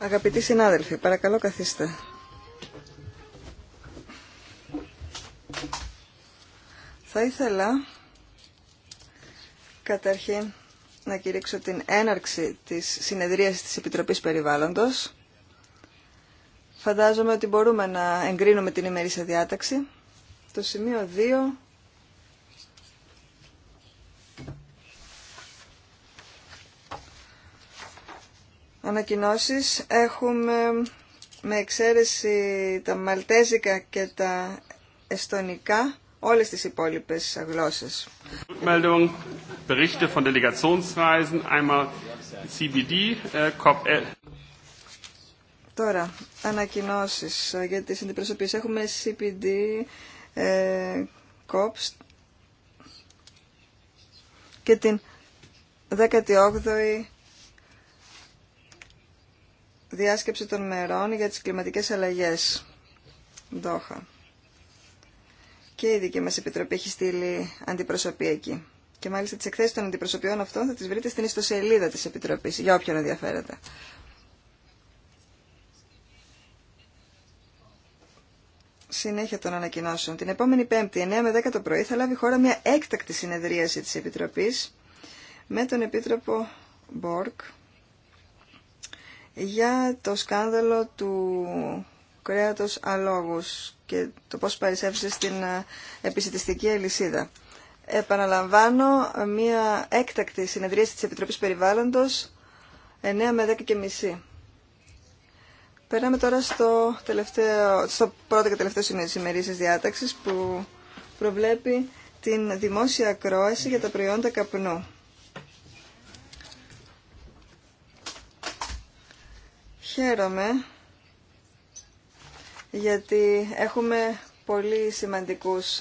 Αγαπητοί συνάδελφοι, παρακαλώ καθίστε. Θα ήθελα καταρχήν να κηρύξω την έναρξη της συνεδρίας της Επιτροπής Περιβάλλοντος. Φαντάζομαι ότι μπορούμε να εγκρίνουμε την ημερήσια διάταξη. Το σημείο 2 ανακοινώσεις έχουμε με εξαίρεση τα μαλτέζικα και τα εστονικά όλες τις υπόλοιπες γλώσσες. Berichte von Delegationsreisen, einmal CBD, äh, COP. Τώρα, ανακοινώσεις äh, για τις αντιπροσωπίες. Έχουμε CPD, ε, και την 18η διάσκεψη των μερών για τις κλιματικές αλλαγές. ΔΟΧΑ. Και η δική μας επιτροπή έχει στείλει αντιπροσωπή εκεί. Και μάλιστα τις εκθέσεις των αντιπροσωπιών αυτών θα τις βρείτε στην ιστοσελίδα της Επιτροπής, για όποιον ενδιαφέρεται. συνέχεια των ανακοινώσεων. Την επόμενη Πέμπτη, 9 με 10 το πρωί, θα λάβει χώρα μια έκτακτη συνεδρίαση της Επιτροπής με τον Επίτροπο Μπόρκ για το σκάνδαλο του κρέατος αλόγους και το πώς παρισέφησε στην ε, επισητιστική αλυσίδα. Επαναλαμβάνω μια έκτακτη συνεδρίαση της Επιτροπής Περιβάλλοντος 9 με 10 και μισή. Περνάμε τώρα στο, τελευταίο, στο πρώτο και τελευταίο σημείο της που προβλέπει την δημόσια ακρόαση για τα προϊόντα καπνού. Χαίρομαι γιατί έχουμε πολύ σημαντικούς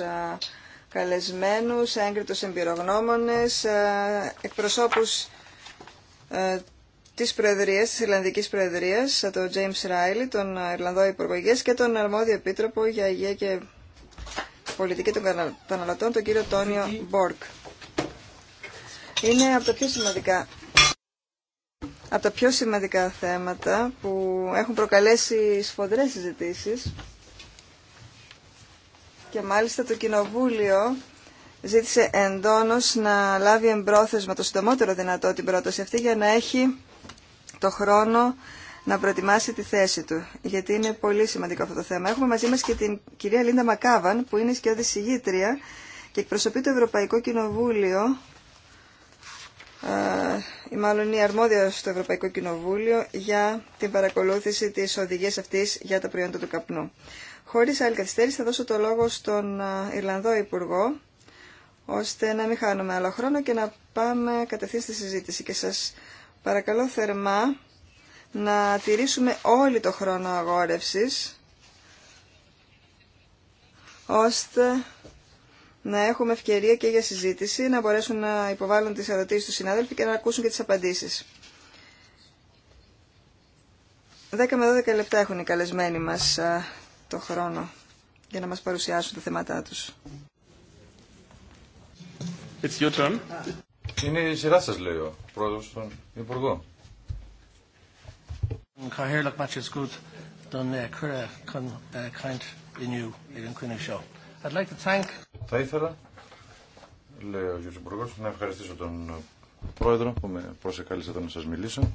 καλεσμένους, έγκριτους εμπειρογνώμονες, εκπροσώπους της Προεδρίας, της Ιρλανδικής Προεδρίας, τον James Ράιλι, τον Ιρλανδό Υπουργό και τον Αρμόδιο Επίτροπο για Υγεία και Πολιτική των Καταναλωτών, τον κύριο Τόνιο Μπόρκ. Είναι από τα πιο σημαντικά από τα πιο σημαντικά θέματα που έχουν προκαλέσει σφοδρές συζητήσεις και μάλιστα το Κοινοβούλιο ζήτησε εντόνως να λάβει εμπρόθεσμα το συντομότερο δυνατό την πρόταση αυτή για να έχει το χρόνο να προετοιμάσει τη θέση του, γιατί είναι πολύ σημαντικό αυτό το θέμα. Έχουμε μαζί μας και την κυρία Λίντα Μακάβαν, που είναι σκιώδη συγγήτρια και εκπροσωπεί το Ευρωπαϊκό Κοινοβούλιο, ε, ή μάλλον η αρμόδια στο Ευρωπαϊκό Κοινοβούλιο, για την παρακολούθηση της οδηγίας αυτής για τα προϊόντα του καπνού. Χωρίς άλλη καθυστέρηση θα δώσω το λόγο στον ε, Ιρλανδό Υπουργό, ώστε να μην χάνουμε άλλο χρόνο και να πάμε κατευθείαν στη συζήτηση. Και σας Παρακαλώ θερμά να τηρήσουμε όλοι το χρόνο αγόρευσης ώστε να έχουμε ευκαιρία και για συζήτηση, να μπορέσουν να υποβάλουν τις ερωτήσεις του συνάδελφοι και να ακούσουν και τις απαντήσεις. 10 με 12 λεπτά έχουν οι καλεσμένοι μας το χρόνο για να μας παρουσιάσουν τα θέματά τους. It's your turn. Είναι η σειρά σας, λέει ο πρόεδρος στον Υπουργό. Uh, uh, θα ήθελα, λέει ο Γιώργος Υπουργός, να ευχαριστήσω τον πρόεδρο που με προσεκάλεσε να σας μιλήσω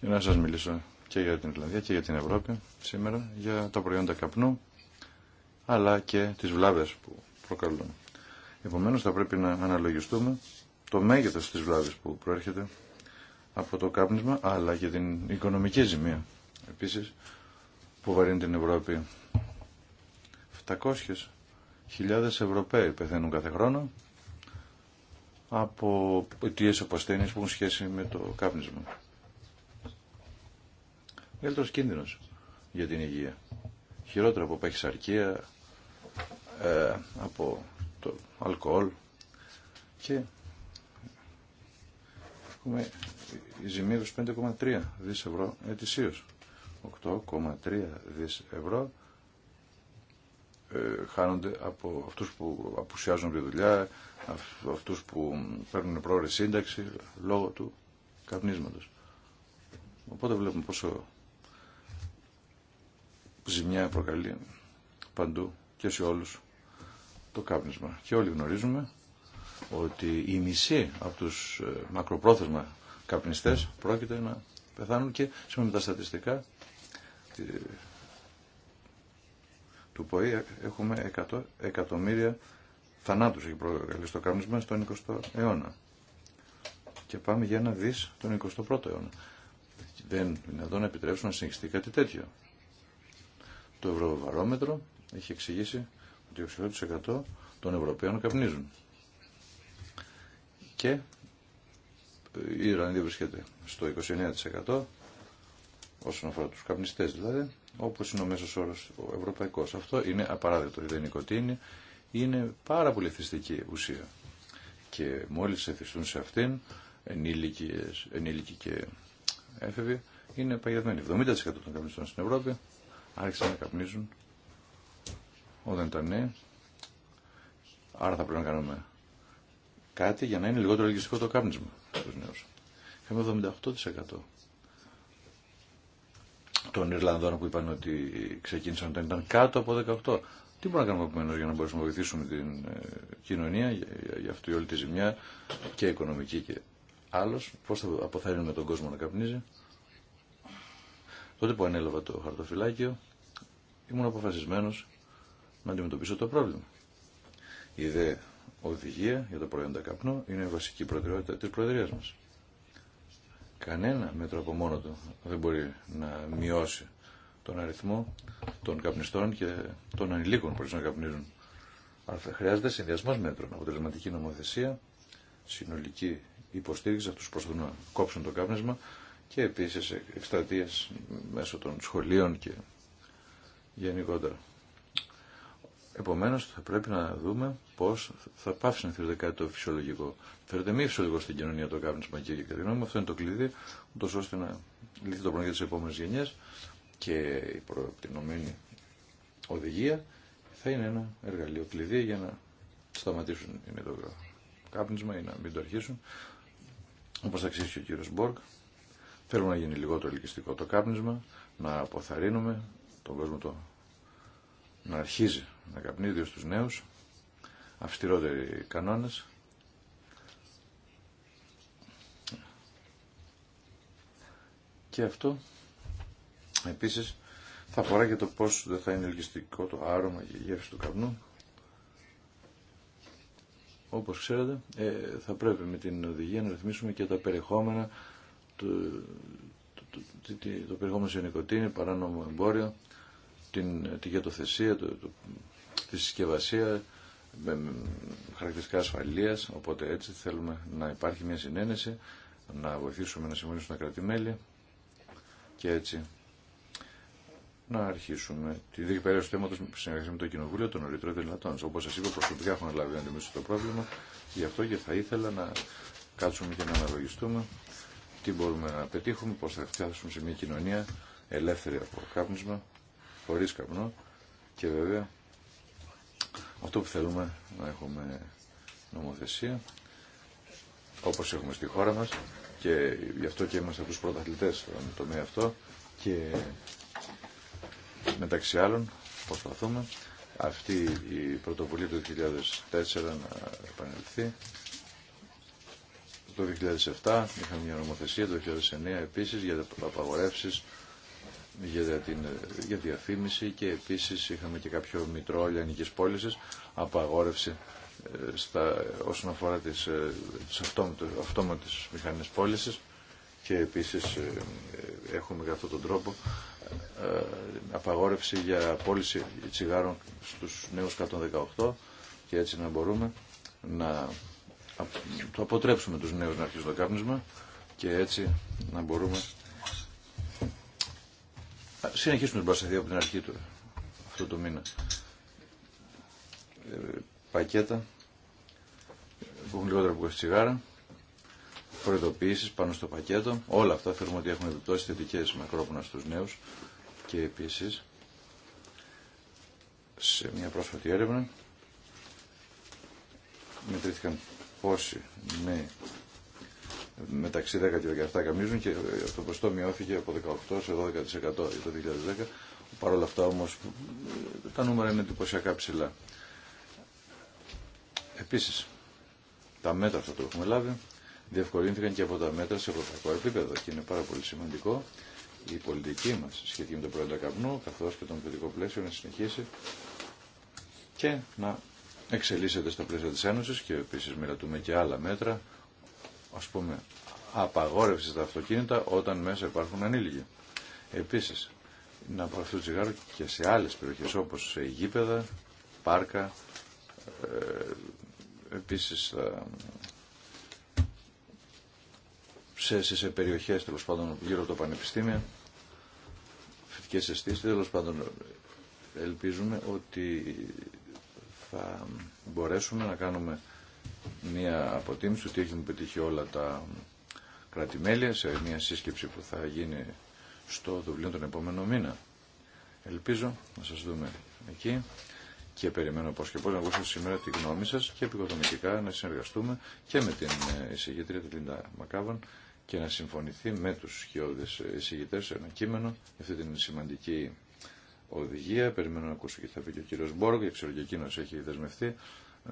και να σας μιλήσω και για την Ιρλανδία και για την Ευρώπη σήμερα για τα προϊόντα καπνού αλλά και τις βλάβες που προκαλούν. Επομένως θα πρέπει να αναλογιστούμε το μέγεθος της βλάβης που προέρχεται από το κάπνισμα, αλλά και την οικονομική ζημία επίσης που βαρύνει την Ευρώπη. 700.000 Ευρωπαίοι πεθαίνουν κάθε χρόνο από αιτίες από που έχουν σχέση με το κάπνισμα. Μεγαλύτερος κίνδυνος για την υγεία. Χειρότερα από παχυσαρκία, ε, από το αλκοόλ και έχουμε ζημιά 5,3 δις ευρώ ετησίως. 8,3 δις ευρώ ε, χάνονται από αυτούς που απουσιάζουν τη δουλειά, αυτούς που παίρνουν πρόορη σύνταξη λόγω του καπνίσματος. Οπότε βλέπουμε πόσο ζημιά προκαλεί παντού και σε όλους το κάπνισμα. Και όλοι γνωρίζουμε ότι η μισοί από τους ε, μακροπρόθεσμα καπνιστές πρόκειται να πεθάνουν και σήμερα με τα στατιστικά του ΠΟΗ έχουμε 100 εκατομμύρια θανάτους έχει προκαλεί στο κάπνισμα στον 20ο αιώνα. Και πάμε για ένα δις τον 21ο αιώνα. Δεν είναι εδώ να επιτρέψουν να συνεχιστεί κάτι τέτοιο. Το Ευρωβαρόμετρο έχει εξηγήσει ότι 60% των Ευρωπαίων καπνίζουν και η Ιρλανδία βρίσκεται στο 29% όσον αφορά τους καπνιστές δηλαδή, όπως είναι ο μέσος όρος ο ευρωπαϊκός. Αυτό είναι απαράδεκτο, η νοικοτήνη είναι πάρα πολύ θυστική ουσία και μόλις εθιστούν σε αυτήν ενήλικοι και έφηβοι είναι παγιδευμένοι 70% των καπνιστών στην Ευρώπη άρχισαν να καπνίζουν όταν ήταν νέοι. Άρα θα πρέπει να κάνουμε κάτι για να είναι λιγότερο ελκυστικό το κάπνισμα στου νέου. Είχαμε 78% των Ιρλανδών που είπαν ότι ξεκίνησαν όταν ήταν κάτω από 18. Τι μπορούμε να κάνουμε επομένω για να μπορέσουμε να βοηθήσουμε την ε, κοινωνία για, για αυτή όλη τη ζημιά και οικονομική και άλλο. Πώ θα αποθαρρύνουμε τον κόσμο να καπνίζει. Τότε που ανέλαβα το χαρτοφυλάκιο ήμουν αποφασισμένο να αντιμετωπίσω το πρόβλημα. Η ιδέα οδηγία για το προϊόντα καπνό είναι η βασική προτεραιότητα της Προεδρίας μας. Κανένα μέτρο από μόνο του δεν μπορεί να μειώσει τον αριθμό των καπνιστών και των ανηλίκων που να καπνίζουν. Αλλά χρειάζεται συνδυασμό μέτρων, αποτελεσματική νομοθεσία, συνολική υποστήριξη αυτού που προσπαθούν να κόψουν το κάπνισμα και επίση εκστρατείε μέσω των σχολείων και γενικότερα. Επομένως θα πρέπει να δούμε πώς θα πάψει να θεωρείται κάτι το φυσιολογικό. Θεωρείται μη φυσιολογικό στην κοινωνία το κάπνισμα και κατά γνώμη αυτό είναι το κλειδί, ούτως ώστε να λυθεί το πρόβλημα για τις επόμενες γενιές και η προεκτηνομένη οδηγία θα είναι ένα εργαλείο κλειδί για να σταματήσουν είναι το κάπνισμα ή να μην το αρχίσουν. Όπως θα αξίσει ο κύριος Μπόρκ, θέλουμε να γίνει λιγότερο ελκυστικό το κάπνισμα, να αποθαρρύνουμε τον κόσμο το να αρχίζει να καπνίζει ιδίως τους νέους, αυστηρότεροι κανόνες. Και αυτό επίσης θα αφορά και το πώς δεν θα είναι ελκυστικό το άρωμα και η γεύση του καπνού. Όπως ξέρετε, ε, θα πρέπει με την οδηγία να ρυθμίσουμε και τα περιεχόμενα, το, το, το, το περιεχόμενο σε νοικοτήνη, παράνομο εμπόριο, την τυχετοθεσία, το, τη συσκευασία με, με χαρακτηριστικά ασφαλείας, οπότε έτσι θέλουμε να υπάρχει μια συνένεση, να βοηθήσουμε να συμφωνήσουν τα κράτη-μέλη και έτσι να αρχίσουμε τη περίοδο του θέματο που συνεργασία με το Κοινοβούλιο των Ορειτρών Δυνατών. Όπω σα είπα, προσωπικά έχω αναλάβει να αντιμετωπίσω το πρόβλημα, γι' αυτό και θα ήθελα να κάτσουμε και να αναλογιστούμε τι μπορούμε να πετύχουμε, πώ θα φτιάξουμε σε μια κοινωνία ελεύθερη από κάπνισμα χωρίς καπνό και βέβαια αυτό που θέλουμε να έχουμε νομοθεσία όπως έχουμε στη χώρα μας και γι' αυτό και είμαστε από τους πρωταθλητές στον τομέα αυτό και μεταξύ άλλων προσπαθούμε αυτή η πρωτοβουλία του 2004 να επανελθεί το 2007 είχαμε μια νομοθεσία, το 2009 επίσης για τα απαγορεύσεις για, την, για διαφήμιση και επίσης είχαμε και κάποιο μητρό λιανικής πώλησης, απαγόρευση ε, στα, όσον αφορά τις, ε, τις αυτόματες μηχανές πώλησης και επίσης ε, έχουμε για αυτόν τον τρόπο απαγόρευση για πώληση τσιγάρων στους νέους 118 και έτσι να μπορούμε να το αποτρέψουμε τους νέους να αρχίσουν το κάπνισμα και έτσι να μπορούμε συνεχίσουμε την προστασία από την αρχή του αυτού του μήνα. Ε, πακέτα που έχουν λιγότερο από τσιγάρα, Προειδοποιήσει πάνω στο πακέτο. Όλα αυτά θεωρούμε ότι έχουν επιπτώσει θετικές μακρόπονα στους νέους και επίσης σε μια πρόσφατη έρευνα μετρήθηκαν πόσοι νέοι μεταξύ 10 και 17 καμίζουν και το ποστό μειώθηκε από 18% σε 12% το 2010. Παρ' όλα αυτά όμως τα νούμερα είναι εντυπωσιακά ψηλά. Επίσης, τα μέτρα αυτά που έχουμε λάβει διευκολύνθηκαν και από τα μέτρα σε ευρωπαϊκό επίπεδο και είναι πάρα πολύ σημαντικό η πολιτική μας σχετική με τον πρόεδρο καπνού καθώς και τον παιδικό πλαίσιο να συνεχίσει και να εξελίσσεται στα πλαίσια της Ένωσης και επίσης μοιρατούμε και άλλα μέτρα ας πούμε, απαγόρευση στα αυτοκίνητα όταν μέσα υπάρχουν ανήλικοι. Επίσης, να προωθούν τσιγάρο και σε άλλες περιοχές όπως σε γήπεδα, πάρκα, ε, επίσης σε, σε, σε περιοχές τέλος πάντων γύρω από το πανεπιστήμιο, φυτικές αισθήσεις, τέλος πάντων ελπίζουμε ότι θα μπορέσουμε να κάνουμε μία αποτίμηση ότι έχουν πετύχει όλα τα κρατη σε μία σύσκεψη που θα γίνει στο Δουβλίνο τον επόμενο μήνα. Ελπίζω να σας δούμε εκεί και περιμένω πώς και πώς να ακούσω σήμερα τη γνώμη σας και επικοδομητικά να συνεργαστούμε και με την ε, εισηγητρία την Λίντα Μακάβων και να συμφωνηθεί με τους χειώδες εισηγητές σε ένα κείμενο για αυτή την σημαντική οδηγία. Περιμένω να ακούσω και θα πει και ο κύριος Μπόρο και ξέρω και εκείνος έχει δεσμευτεί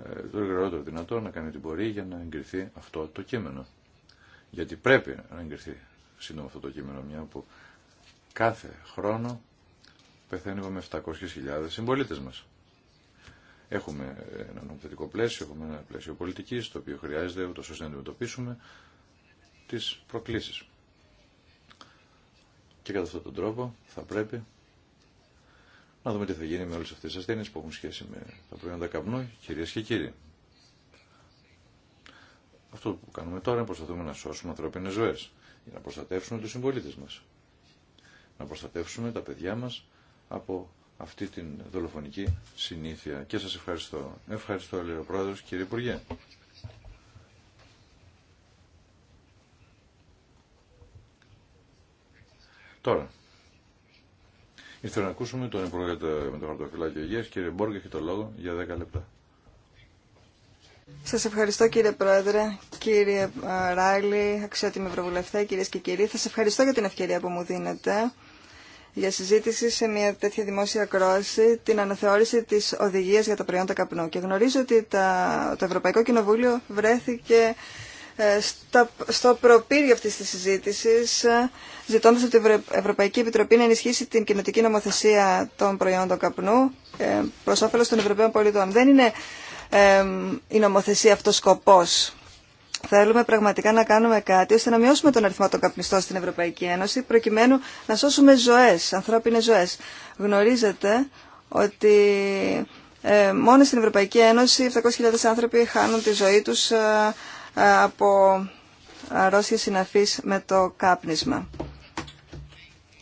ε, το εργαλείο δυνατό να κάνει την πορεία για να εγκριθεί αυτό το κείμενο. Γιατί πρέπει να εγκριθεί σύντομα αυτό το κείμενο, μια που κάθε χρόνο πεθαίνουμε με 700.000 συμπολίτε μας. Έχουμε ένα νομοθετικό πλαίσιο, έχουμε ένα πλαίσιο πολιτικής, το οποίο χρειάζεται ούτω ώστε να αντιμετωπίσουμε τις προκλήσεις. Και κατά αυτόν τον τρόπο θα πρέπει να δούμε τι θα γίνει με όλες αυτές τις ασθένειες που έχουν σχέση με τα προϊόντα καπνού, κυρίες και κύριοι. Αυτό που κάνουμε τώρα είναι προσπαθούμε να σώσουμε ανθρώπινες ζωές, για να προστατεύσουμε τους συμπολίτε μας. Να προστατεύσουμε τα παιδιά μας από αυτή την δολοφονική συνήθεια. Και σας ευχαριστώ. Ευχαριστώ, λέει ο κύριε Υπουργέ. Τώρα, Ήρθε να ακούσουμε τον Υπουργό με τον Χαρτοφυλάκιο Υγεία, Κύριε Μπόργκ, έχει το λόγο για 10 λεπτά. Σας ευχαριστώ κύριε Πρόεδρε, κύριε ε, Ράιλι, αξιότιμοι Ευρωβουλευτέ, κύριε και κύριοι. Θα σας ευχαριστώ για την ευκαιρία που μου δίνετε για συζήτηση σε μια τέτοια δημόσια ακρόαση την αναθεώρηση τη οδηγία για τα προϊόντα καπνού. Και γνωρίζω ότι το Ευρωπαϊκό Κοινοβούλιο βρέθηκε ε, στο προπύριο αυτής της συζήτησης, ε, ζητώντας από την Ευρωπαϊκή Επιτροπή να ενισχύσει την κοινοτική νομοθεσία των προϊόντων καπνού ε, προς όφελος των Ευρωπαίων πολιτών. Δεν είναι η νομοθεσία αυτός σκοπός. Θέλουμε πραγματικά να κάνουμε κάτι ώστε να μειώσουμε τον αριθμό των καπνιστών στην Ευρωπαϊκή Ένωση προκειμένου να σώσουμε ζωές, ανθρώπινες ζωές. Γνωρίζετε ότι μόνο στην Ευρωπαϊκή Ένωση 700.000 άνθρωποι χάνουν τη ζωή τους από αρρώστιες συναφής με το κάπνισμα.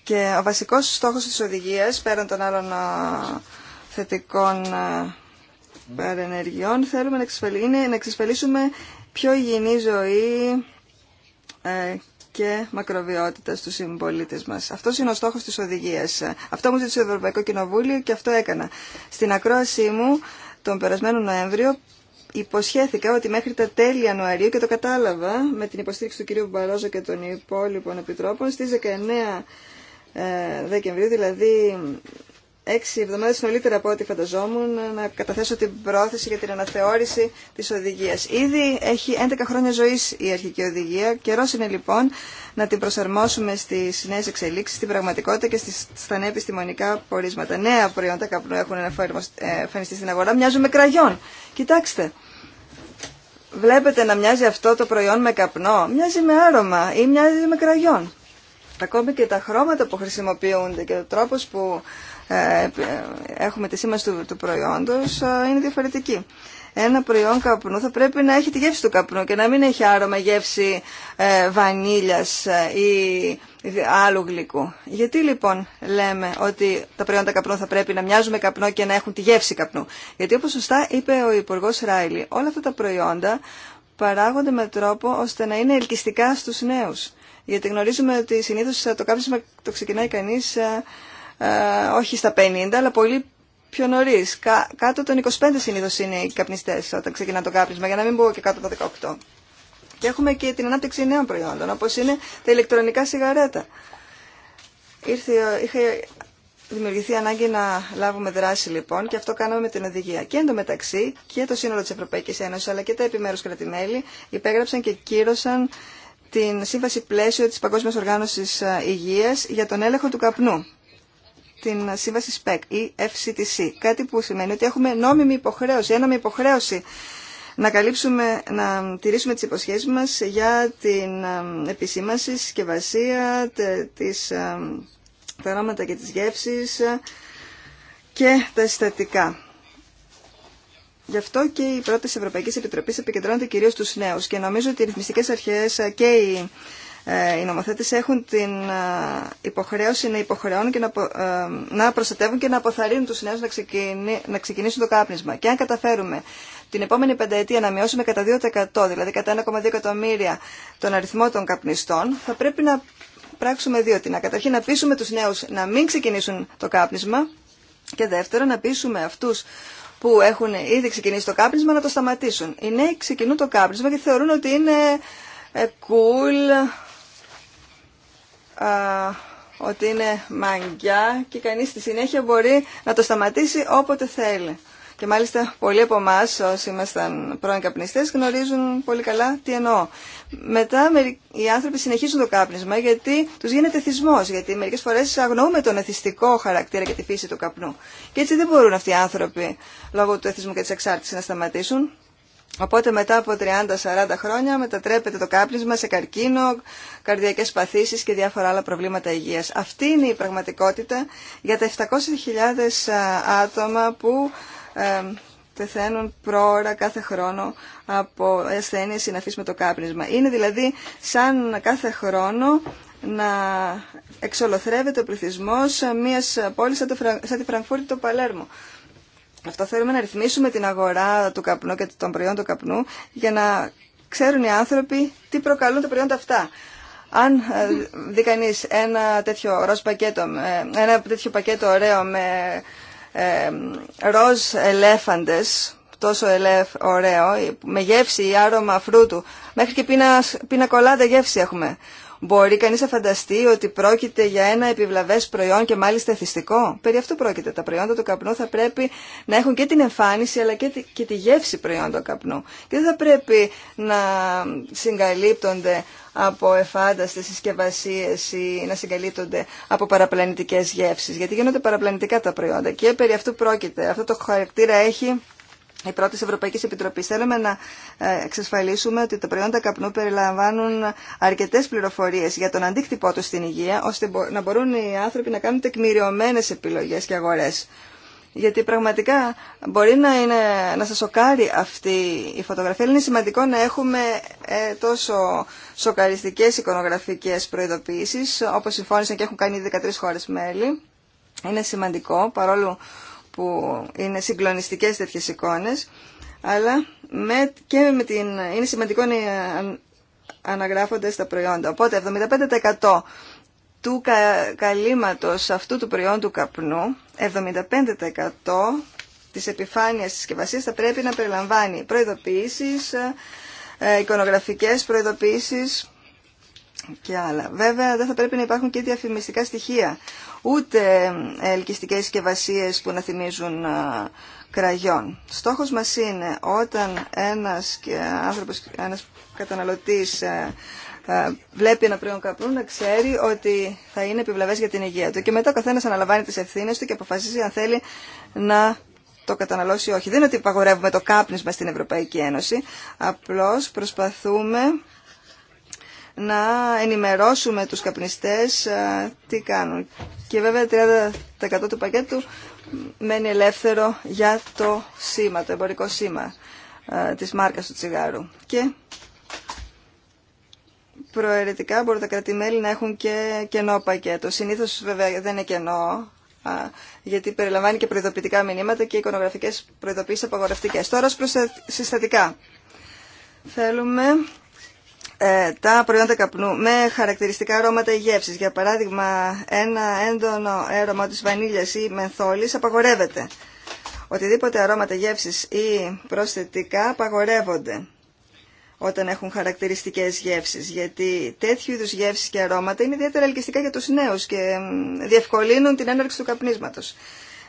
Και ο βασικός στόχος της οδηγίας, πέραν των άλλων θετικών παρενεργειών, θέλουμε να εξασφαλίσουμε, να εξασφαλίσουμε πιο υγιεινή ζωή ε, και μακροβιότητα στους συμπολίτε μας. Αυτό είναι ο στόχος της οδηγίας. Αυτό μου ζήτησε το Ευρωπαϊκό Κοινοβούλιο και αυτό έκανα. Στην ακρόασή μου τον περασμένο Νοέμβριο υποσχέθηκα ότι μέχρι τα τέλη Ιανουαρίου και το κατάλαβα με την υποστήριξη του κυρίου Μπαρόζο και των υπόλοιπων επιτρόπων στις 19 ε, Δεκεμβρίου, δηλαδή έξι εβδομάδες νωρίτερα από ό,τι φανταζόμουν να καταθέσω την πρόθεση για την αναθεώρηση της οδηγίας. Ήδη έχει 11 χρόνια ζωής η αρχική οδηγία. Καιρός είναι λοιπόν να την προσαρμόσουμε στις νέες εξελίξεις, στην πραγματικότητα και στις, στα νέα επιστημονικά πορίσματα. Νέα προϊόντα καπνού έχουν ε, εμφανιστεί στην αγορά, μοιάζουν με κραγιόν. Κοιτάξτε. Βλέπετε να μοιάζει αυτό το προϊόν με καπνό, μοιάζει με άρωμα ή μοιάζει με κραγιόν. Ακόμη και τα χρώματα που χρησιμοποιούνται και ο τρόπος που ε, έχουμε τη σήμανση του, του προϊόντος ε, είναι διαφορετική. Ένα προϊόν καπνού θα πρέπει να έχει τη γεύση του καπνού και να μην έχει άρωμα γεύση ε, βανίλιας ή άλλου γλυκού. Γιατί λοιπόν λέμε ότι τα προϊόντα καπνού θα πρέπει να μοιάζουν με καπνό και να έχουν τη γεύση καπνού. Γιατί όπως σωστά είπε ο υπουργό Ράιλι, όλα αυτά τα προϊόντα παράγονται με τρόπο ώστε να είναι ελκυστικά στους νέους. Γιατί γνωρίζουμε ότι συνήθως το κάψιμα το ξεκινάει κανείς ε, όχι στα 50, αλλά πολύ πιο νωρί. κάτω των 25 συνήθω είναι οι καπνιστέ όταν ξεκινά το κάπνισμα, για να μην πω και κάτω τα 18. Και έχουμε και την ανάπτυξη νέων προϊόντων, όπω είναι τα ηλεκτρονικά σιγαρέτα. Ήρθε, είχε δημιουργηθεί ανάγκη να λάβουμε δράση λοιπόν και αυτό κάναμε με την οδηγία. Και εντωμεταξύ και το σύνολο τη Ευρωπαϊκή Ένωση αλλά και τα επιμέρου κρατημέλη υπέγραψαν και κύρωσαν την σύμβαση πλαίσιο της Παγκόσμιας Οργάνωσης ε, Υγείας για τον έλεγχο του καπνού την σύμβαση SPEC ή FCTC. Κάτι που σημαίνει ότι έχουμε νόμιμη υποχρέωση, ένομη υποχρέωση να, καλύψουμε, να τηρήσουμε τις υποσχέσεις μας για την επισήμανση, συσκευασία, τις, τα αρώματα και τις γεύσεις και τα συστατικά. Γι' αυτό και η πρώτες Ευρωπαϊκή Επιτροπή επικεντρώνονται κυρίω στου νέου και νομίζω ότι οι ρυθμιστικέ αρχέ και οι ε, οι νομοθέτες έχουν την ε, υποχρέωση να υποχρεώνουν και να, ε, να προστατεύουν και να αποθαρρύνουν τους νέους να, να ξεκινήσουν το κάπνισμα. Και αν καταφέρουμε την επόμενη πενταετία να μειώσουμε κατά 2%, δηλαδή κατά 1,2 εκατομμύρια τον αριθμό των καπνιστών, θα πρέπει να πράξουμε δύο. Να καταρχήν να πείσουμε τους νέους να μην ξεκινήσουν το κάπνισμα και δεύτερον να πείσουμε αυτούς που έχουν ήδη ξεκινήσει το κάπνισμα να το σταματήσουν. Οι νέοι ξεκινούν το κάπνισμα και θεωρούν ότι είναι cool, ότι είναι μαγκιά και κανείς στη συνέχεια μπορεί να το σταματήσει όποτε θέλει. Και μάλιστα πολλοί από εμά, όσοι ήμασταν πρώην καπνιστές, γνωρίζουν πολύ καλά τι εννοώ. Μετά οι άνθρωποι συνεχίζουν το κάπνισμα γιατί τους γίνεται θυσμός, γιατί μερικές φορές αγνοούμε τον εθιστικό χαρακτήρα και τη φύση του καπνού. Και έτσι δεν μπορούν αυτοί οι άνθρωποι, λόγω του εθισμού και της εξάρτησης, να σταματήσουν. Οπότε μετά από 30-40 χρόνια μετατρέπεται το κάπνισμα σε καρκίνο, καρδιακές παθήσεις και διάφορα άλλα προβλήματα υγείας. Αυτή είναι η πραγματικότητα για τα 700.000 ε, άτομα που ε, πεθαίνουν πρόωρα κάθε χρόνο από ασθένειε συναφείς με το κάπνισμα. Είναι δηλαδή σαν κάθε χρόνο να εξολοθρεύεται ο πληθυσμός μιας πόλης σαν τη Φραγκφούρτη το Παλέρμο. Αυτό θέλουμε να ρυθμίσουμε την αγορά του καπνού και των προϊόντων του καπνού για να ξέρουν οι άνθρωποι τι προκαλούν τα προϊόντα αυτά. Αν ε, δει κανεί ένα τέτοιο ροζ πακέτο, ένα τέτοιο πακέτο ωραίο με ε, ροζ ελέφαντες, τόσο ωραίο, με γεύση ή άρωμα φρούτου, μέχρι και πίνα, πίνα γεύση έχουμε. Μπορεί κανείς να φανταστεί ότι πρόκειται για ένα επιβλαβές προϊόν και μάλιστα εθιστικό. Περί αυτού πρόκειται. Τα προϊόντα του καπνού θα πρέπει να έχουν και την εμφάνιση αλλά και τη, γεύση προϊόντων καπνού. Και δεν θα πρέπει να συγκαλύπτονται από εφάνταστες συσκευασίε ή να συγκαλύπτονται από παραπλανητικέ γεύσει. Γιατί γίνονται παραπλανητικά τα προϊόντα. Και περί αυτού πρόκειται. Αυτό το χαρακτήρα έχει η πρώτη Ευρωπαϊκή Επιτροπή. Θέλουμε να ε, εξασφαλίσουμε ότι τα προϊόντα καπνού περιλαμβάνουν αρκετέ πληροφορίε για τον αντίκτυπό του στην υγεία, ώστε να μπορούν οι άνθρωποι να κάνουν τεκμηριωμένε επιλογέ και αγορέ. Γιατί πραγματικά μπορεί να, είναι, να σας σοκάρει αυτή η φωτογραφία. Είναι σημαντικό να έχουμε ε, τόσο σοκαριστικές εικονογραφικές προειδοποιήσεις, όπως συμφώνησαν και έχουν κάνει 13 χώρες μέλη. Είναι σημαντικό, παρόλο που είναι συγκλονιστικές τέτοιες εικόνες, αλλά με, και με την, είναι σημαντικό να αναγράφονται στα προϊόντα. Οπότε 75% του κα, αυτού του προϊόντου καπνού, 75% της επιφάνειας της συσκευασίας θα πρέπει να περιλαμβάνει προειδοποιήσεις, ε, ε, εικονογραφικές προειδοποιήσεις και άλλα. Βέβαια δεν θα πρέπει να υπάρχουν και διαφημιστικά στοιχεία, ούτε ελκυστικές συσκευασίε που να θυμίζουν κραγιόν. Στόχος μας είναι όταν ένας, άνθρωπος, ένας καταναλωτής ε, ε, βλέπει ένα προϊόν καπνού να ξέρει ότι θα είναι επιβλαβές για την υγεία του. Και μετά ο καθένας αναλαμβάνει τις ευθύνες του και αποφασίζει αν θέλει να το καταναλώσει ή όχι. Δεν είναι ότι υπαγορεύουμε το κάπνισμα στην Ευρωπαϊκή Ένωση, απλώς προσπαθούμε να ενημερώσουμε τους καπνιστές τι κάνουν. Και βέβαια 30% του πακέτου μένει ελεύθερο για το σήμα, το εμπορικό σήμα της μάρκας του τσιγάρου. Και προαιρετικά μπορούν τα κρατημέλη να έχουν και κενό πακέτο. Συνήθως βέβαια δεν είναι κενό, γιατί περιλαμβάνει και προειδοποιητικά μηνύματα και εικονογραφικές προειδοποίησεις απαγορευτικές. Τώρα Θέλουμε ε, τα προϊόντα καπνού με χαρακτηριστικά αρώματα ή γεύσεις, για παράδειγμα ένα έντονο αρώμα της βανίλιας ή μενθόλης απαγορεύεται. Οτιδήποτε αρώματα γεύσεις ή προσθετικά απαγορεύονται όταν έχουν χαρακτηριστικές γεύσεις, γιατί τέτοιου είδους γεύσεις και αρώματα είναι ιδιαίτερα ελκυστικά για τους νέους και διευκολύνουν την έναρξη του καπνίσματος.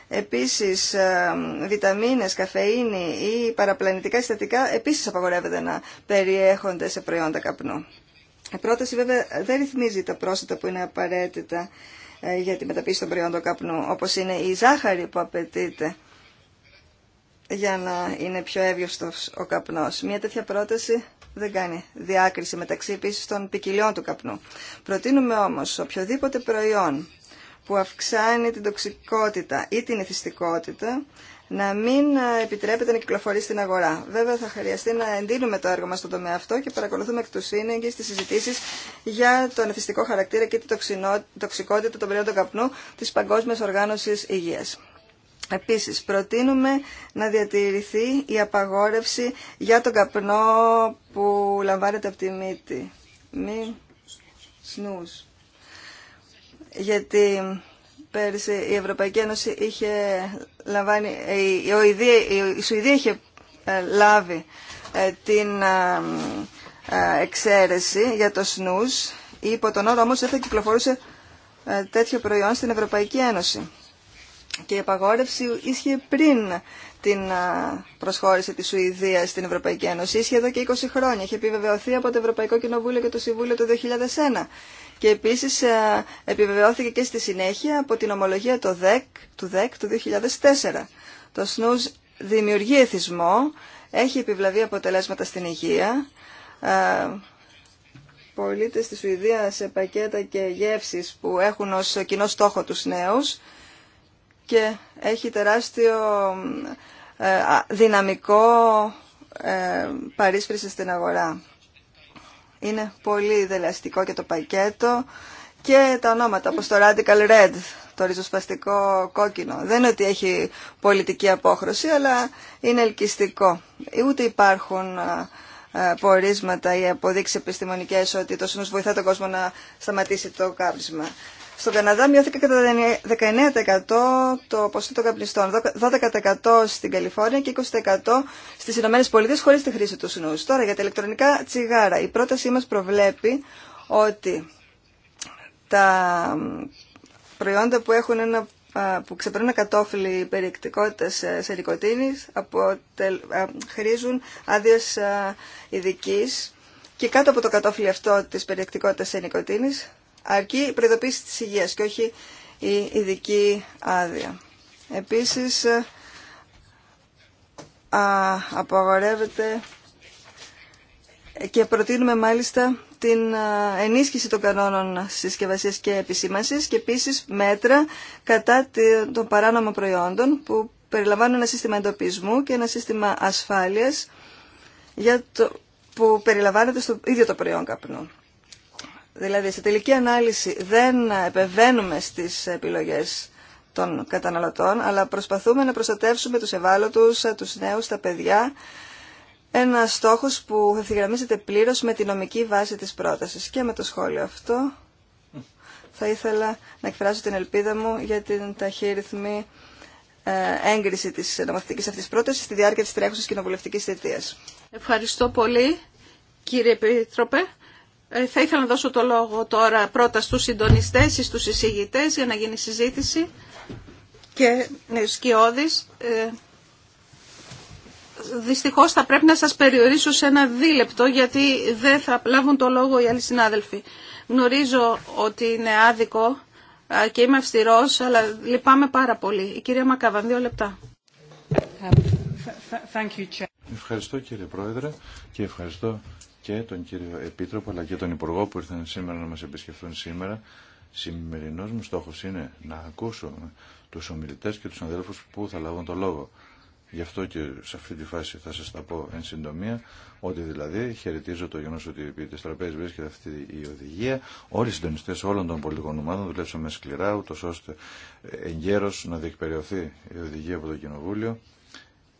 Επίσης, ε, βιταμίνες, καφεΐνη ή παραπλανητικά συστατικά επίσης απαγορεύεται να περιέχονται σε προϊόντα καπνού. Η πρόταση βέβαια δεν ρυθμίζει τα πρόσθετα που είναι απαραίτητα ε, για τη μεταποίηση των προϊόντων καπνού, όπως είναι η ζάχαρη που απαιτείται για να είναι πιο εύγευστος ο καπνός. Μία τέτοια πρόταση δεν κάνει διάκριση μεταξύ επίσης των ποικιλιών του καπνού. Προτείνουμε όμως οποιοδήποτε προϊόν που αυξάνει την τοξικότητα ή την εθιστικότητα να μην ε, επιτρέπεται να κυκλοφορεί στην αγορά. Βέβαια θα χρειαστεί να εντείνουμε το έργο μας στον τομέα αυτό και παρακολουθούμε εκ του σύνεγγυ τις συζητήσεις για τον εθιστικό χαρακτήρα και την τοξικότητα των προϊόντων καπνού της Παγκόσμιας Οργάνωσης Υγείας. Επίσης, προτείνουμε να διατηρηθεί η απαγόρευση για τον καπνό που λαμβάνεται από τη μύτη. σνούς γιατί πέρυσι η Ευρωπαϊκή Ένωση είχε λαμβάνει, η, η Σουηδία είχε ε, λάβει ε, την ε, εξαίρεση για το σνούς υπό τον όρο όμως δεν θα κυκλοφορούσε τέτοιο προϊόν στην Ευρωπαϊκή Ένωση. Και η απαγόρευση ίσχυε πριν την προσχώρηση της Σουηδίας στην Ευρωπαϊκή Ένωση. Ίσχυε εδώ και 20 χρόνια. Είχε επιβεβαιωθεί από το Ευρωπαϊκό Κοινοβούλιο και το Συμβούλιο το 2001 και επίσης ε, επιβεβαιώθηκε και στη συνέχεια από την ομολογία του ΔΕΚ του 2004. Το σνούς δημιουργεί εθισμό, έχει επιβλαβεί αποτελέσματα στην υγεία, ε, πολίτες στη Σουηδία σε πακέτα και γεύσεις που έχουν ως κοινό στόχο τους νέους και έχει τεράστιο ε, δυναμικό παρίσπριση στην αγορά είναι πολύ δελαστικό και το πακέτο και τα ονόματα, όπως το Radical Red, το ριζοσπαστικό κόκκινο. Δεν είναι ότι έχει πολιτική απόχρωση, αλλά είναι ελκυστικό. Ούτε υπάρχουν πορίσματα ή αποδείξει επιστημονικές ότι το ΣΥΝΟΣ βοηθά τον κόσμο να σταματήσει το κάψιμα. Στον Καναδά μειώθηκε κατά 19% το ποσοστό των καπνιστών, 12% στην Καλιφόρνια και 20% στις Ηνωμένε Πολιτείε χωρίς τη χρήση του snus. Τώρα για τα ηλεκτρονικά τσιγάρα. Η πρότασή μας προβλέπει ότι τα προϊόντα που έχουν ένα που ξεπερνούν κατόφλι περιεκτικότητα σε νοικοτήνη χρήζουν άδειε ειδική και κάτω από το κατόφλι αυτό τη περιεκτικότητα σε νοικοτήνη αρκεί η προειδοποίηση της υγείας και όχι η ειδική άδεια. Επίσης, ε, α, απαγορεύεται και προτείνουμε μάλιστα την ε, ενίσχυση των κανόνων συσκευασία και επισήμασης και επίσης μέτρα κατά των παράνομων προϊόντων που περιλαμβάνουν ένα σύστημα εντοπισμού και ένα σύστημα ασφάλειας για το, που περιλαμβάνεται στο ίδιο το προϊόν καπνού. Δηλαδή, σε τελική ανάλυση δεν επεβαίνουμε στις επιλογές των καταναλωτών, αλλά προσπαθούμε να προστατεύσουμε τους ευάλωτους, τους νέους, τα παιδιά. Ένα στόχος που θα ευθυγραμμίζεται πλήρως με τη νομική βάση της πρότασης. Και με το σχόλιο αυτό θα ήθελα να εκφράσω την ελπίδα μου για την ταχύρυθμη ε, έγκριση της νομοθετικής αυτής πρότασης στη διάρκεια της τρέχουσας κοινοβουλευτικής θητείας. Ευχαριστώ πολύ κύριε Επίτροπε. Ε, θα ήθελα να δώσω το λόγο τώρα πρώτα στους συντονιστές ή στους εισηγητές για να γίνει συζήτηση και ναι, σκιώδης. Ε, δυστυχώς θα πρέπει να σας περιορίσω σε ένα δίλεπτο γιατί δεν θα λάβουν το λόγο οι άλλοι συνάδελφοι. Γνωρίζω ότι είναι άδικο και είμαι αυστηρός, αλλά λυπάμαι πάρα πολύ. Η κυρία Μακάβαν, δύο λεπτά. Ευχαριστώ κύριε Πρόεδρε και ευχαριστώ και τον κύριο Επίτροπο αλλά και τον Υπουργό που ήρθαν σήμερα να μας επισκεφθούν σήμερα. Σημερινός μου στόχος είναι να ακούσω τους ομιλητές και τους αδέλφους που θα λάβουν το λόγο. Γι' αυτό και σε αυτή τη φάση θα σας τα πω εν συντομία, ότι δηλαδή χαιρετίζω το γεγονό ότι επί τη τραπέζη βρίσκεται αυτή η οδηγία. Όλοι οι συντονιστέ όλων των πολιτικών ομάδων δουλέψαμε σκληρά, ούτω ώστε εγκαίρω να διεκπεριωθεί η οδηγία από το Κοινοβούλιο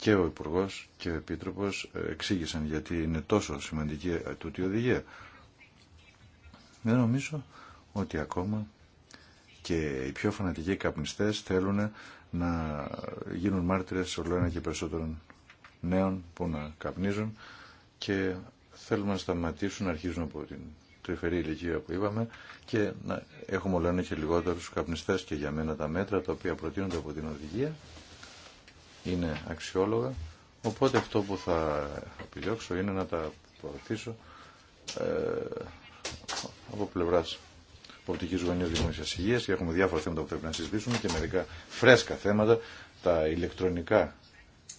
και ο Υπουργό και ο Επίτροπο εξήγησαν γιατί είναι τόσο σημαντική ε, τούτη η οδηγία. Δεν νομίζω ότι ακόμα και οι πιο φανατικοί καπνιστές θέλουν να γίνουν μάρτυρε όλο ένα και περισσότερων νέων που να καπνίζουν και θέλουμε να σταματήσουν να αρχίζουν από την τρυφερή ηλικία που είπαμε και να έχουμε όλο ένα και λιγότερου καπνιστέ και για μένα τα μέτρα τα οποία προτείνονται από την οδηγία είναι αξιόλογα. Οπότε αυτό που θα επιλέξω είναι να τα προωθήσω ε, από πλευρά πολιτική γωνία δημόσια υγεία και έχουμε διάφορα θέματα που πρέπει να συζητήσουμε και μερικά φρέσκα θέματα. Τα ηλεκτρονικά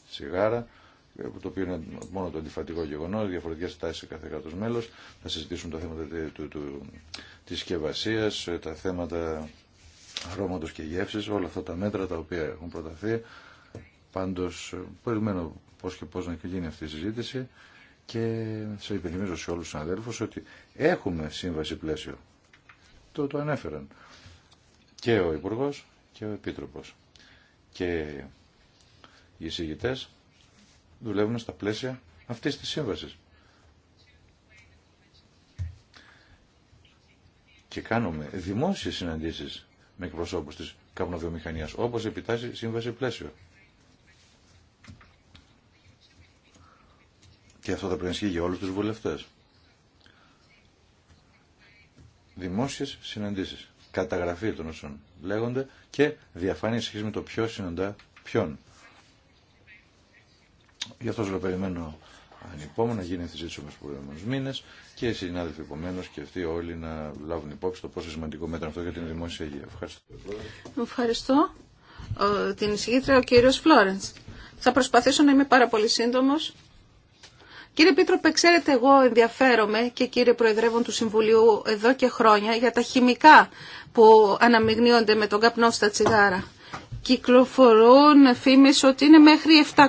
σιγάρα, ε, το οποίο είναι μόνο το αντιφατικό γεγονό, διαφορετικέ τάσει σε κάθε κράτο μέλο. Θα συζητήσουμε τα θέματα τη συσκευασία, ε, τα θέματα αρώματο και γεύση, όλα αυτά τα μέτρα τα οποία έχουν προταθεί Πάντως, περιμένω πώς και πώς να γίνει αυτή η συζήτηση και σε υπενθυμίζω σε όλους τους αδέρφους ότι έχουμε σύμβαση πλαίσιο. Το, το ανέφεραν και ο υπουργό και ο Επίτροπος. Και οι εισηγητές δουλεύουν στα πλαίσια αυτής της σύμβασης. Και κάνουμε δημόσιες συναντήσεις με εκπροσώπους της καπνοβιομηχανίας, όπως επιτάσσει σύμβαση πλαίσιο. Και αυτό θα πρέπει να ισχύει για όλους τους βουλευτές. Δημόσιες συναντήσεις. Καταγραφή των όσων λέγονται και διαφάνεια σχέση με το ποιο συναντά ποιον. Γι' αυτό σας περιμένω ανυπόμονα, γίνει η συζήτηση μας προηγούμενους μήνες και οι συνάδελφοι επομένω και αυτοί όλοι να λάβουν υπόψη το πόσο σημαντικό μέτρο αυτό για την δημόσια υγεία. Ευχαριστώ. Ευχαριστώ ε, την εισηγήτρια ο κύριος Φλόρενς. Θα προσπαθήσω να είμαι πάρα πολύ σύντομος Κύριε Πίτροπε, ξέρετε εγώ ενδιαφέρομαι και κύριε Προεδρεύον του Συμβουλίου εδώ και χρόνια για τα χημικά που αναμειγνύονται με τον καπνό στα τσιγάρα. Κυκλοφορούν φήμες ότι είναι μέχρι 700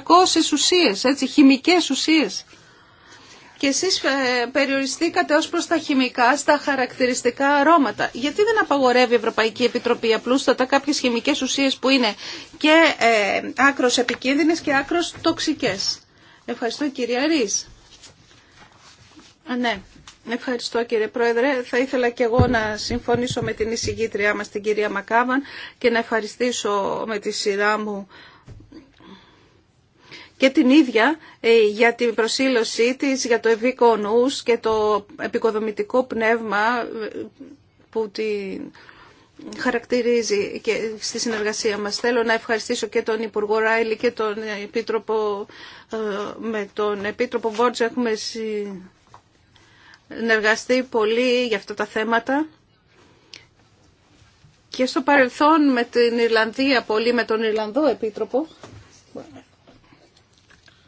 ουσίε, έτσι, χημικές ουσίες. Και εσείς ε, περιοριστήκατε ως προς τα χημικά, στα χαρακτηριστικά αρώματα. Γιατί δεν απαγορεύει η Ευρωπαϊκή Επιτροπή απλούστατα κάποιε χημικέ ουσίε που είναι και ε, άκρος και άκρο τοξικέ. Ευχαριστώ κυρία ναι, ευχαριστώ κύριε Πρόεδρε. Θα ήθελα και εγώ να συμφωνήσω με την εισηγήτριά μας την κυρία Μακάβαν και να ευχαριστήσω με τη σειρά μου και την ίδια ε, για την προσήλωσή της, για το ευήκο και το επικοδομητικό πνεύμα ε, που την χαρακτηρίζει και στη συνεργασία μας. Θέλω να ευχαριστήσω και τον Υπουργό Ράιλι και τον Επίτροπο, ε, με τον Επίτροπο έχουμε Ενεργαστεί πολύ για αυτά τα θέματα και στο παρελθόν με την Ιρλανδία πολύ, με τον Ιρλανδό Επίτροπο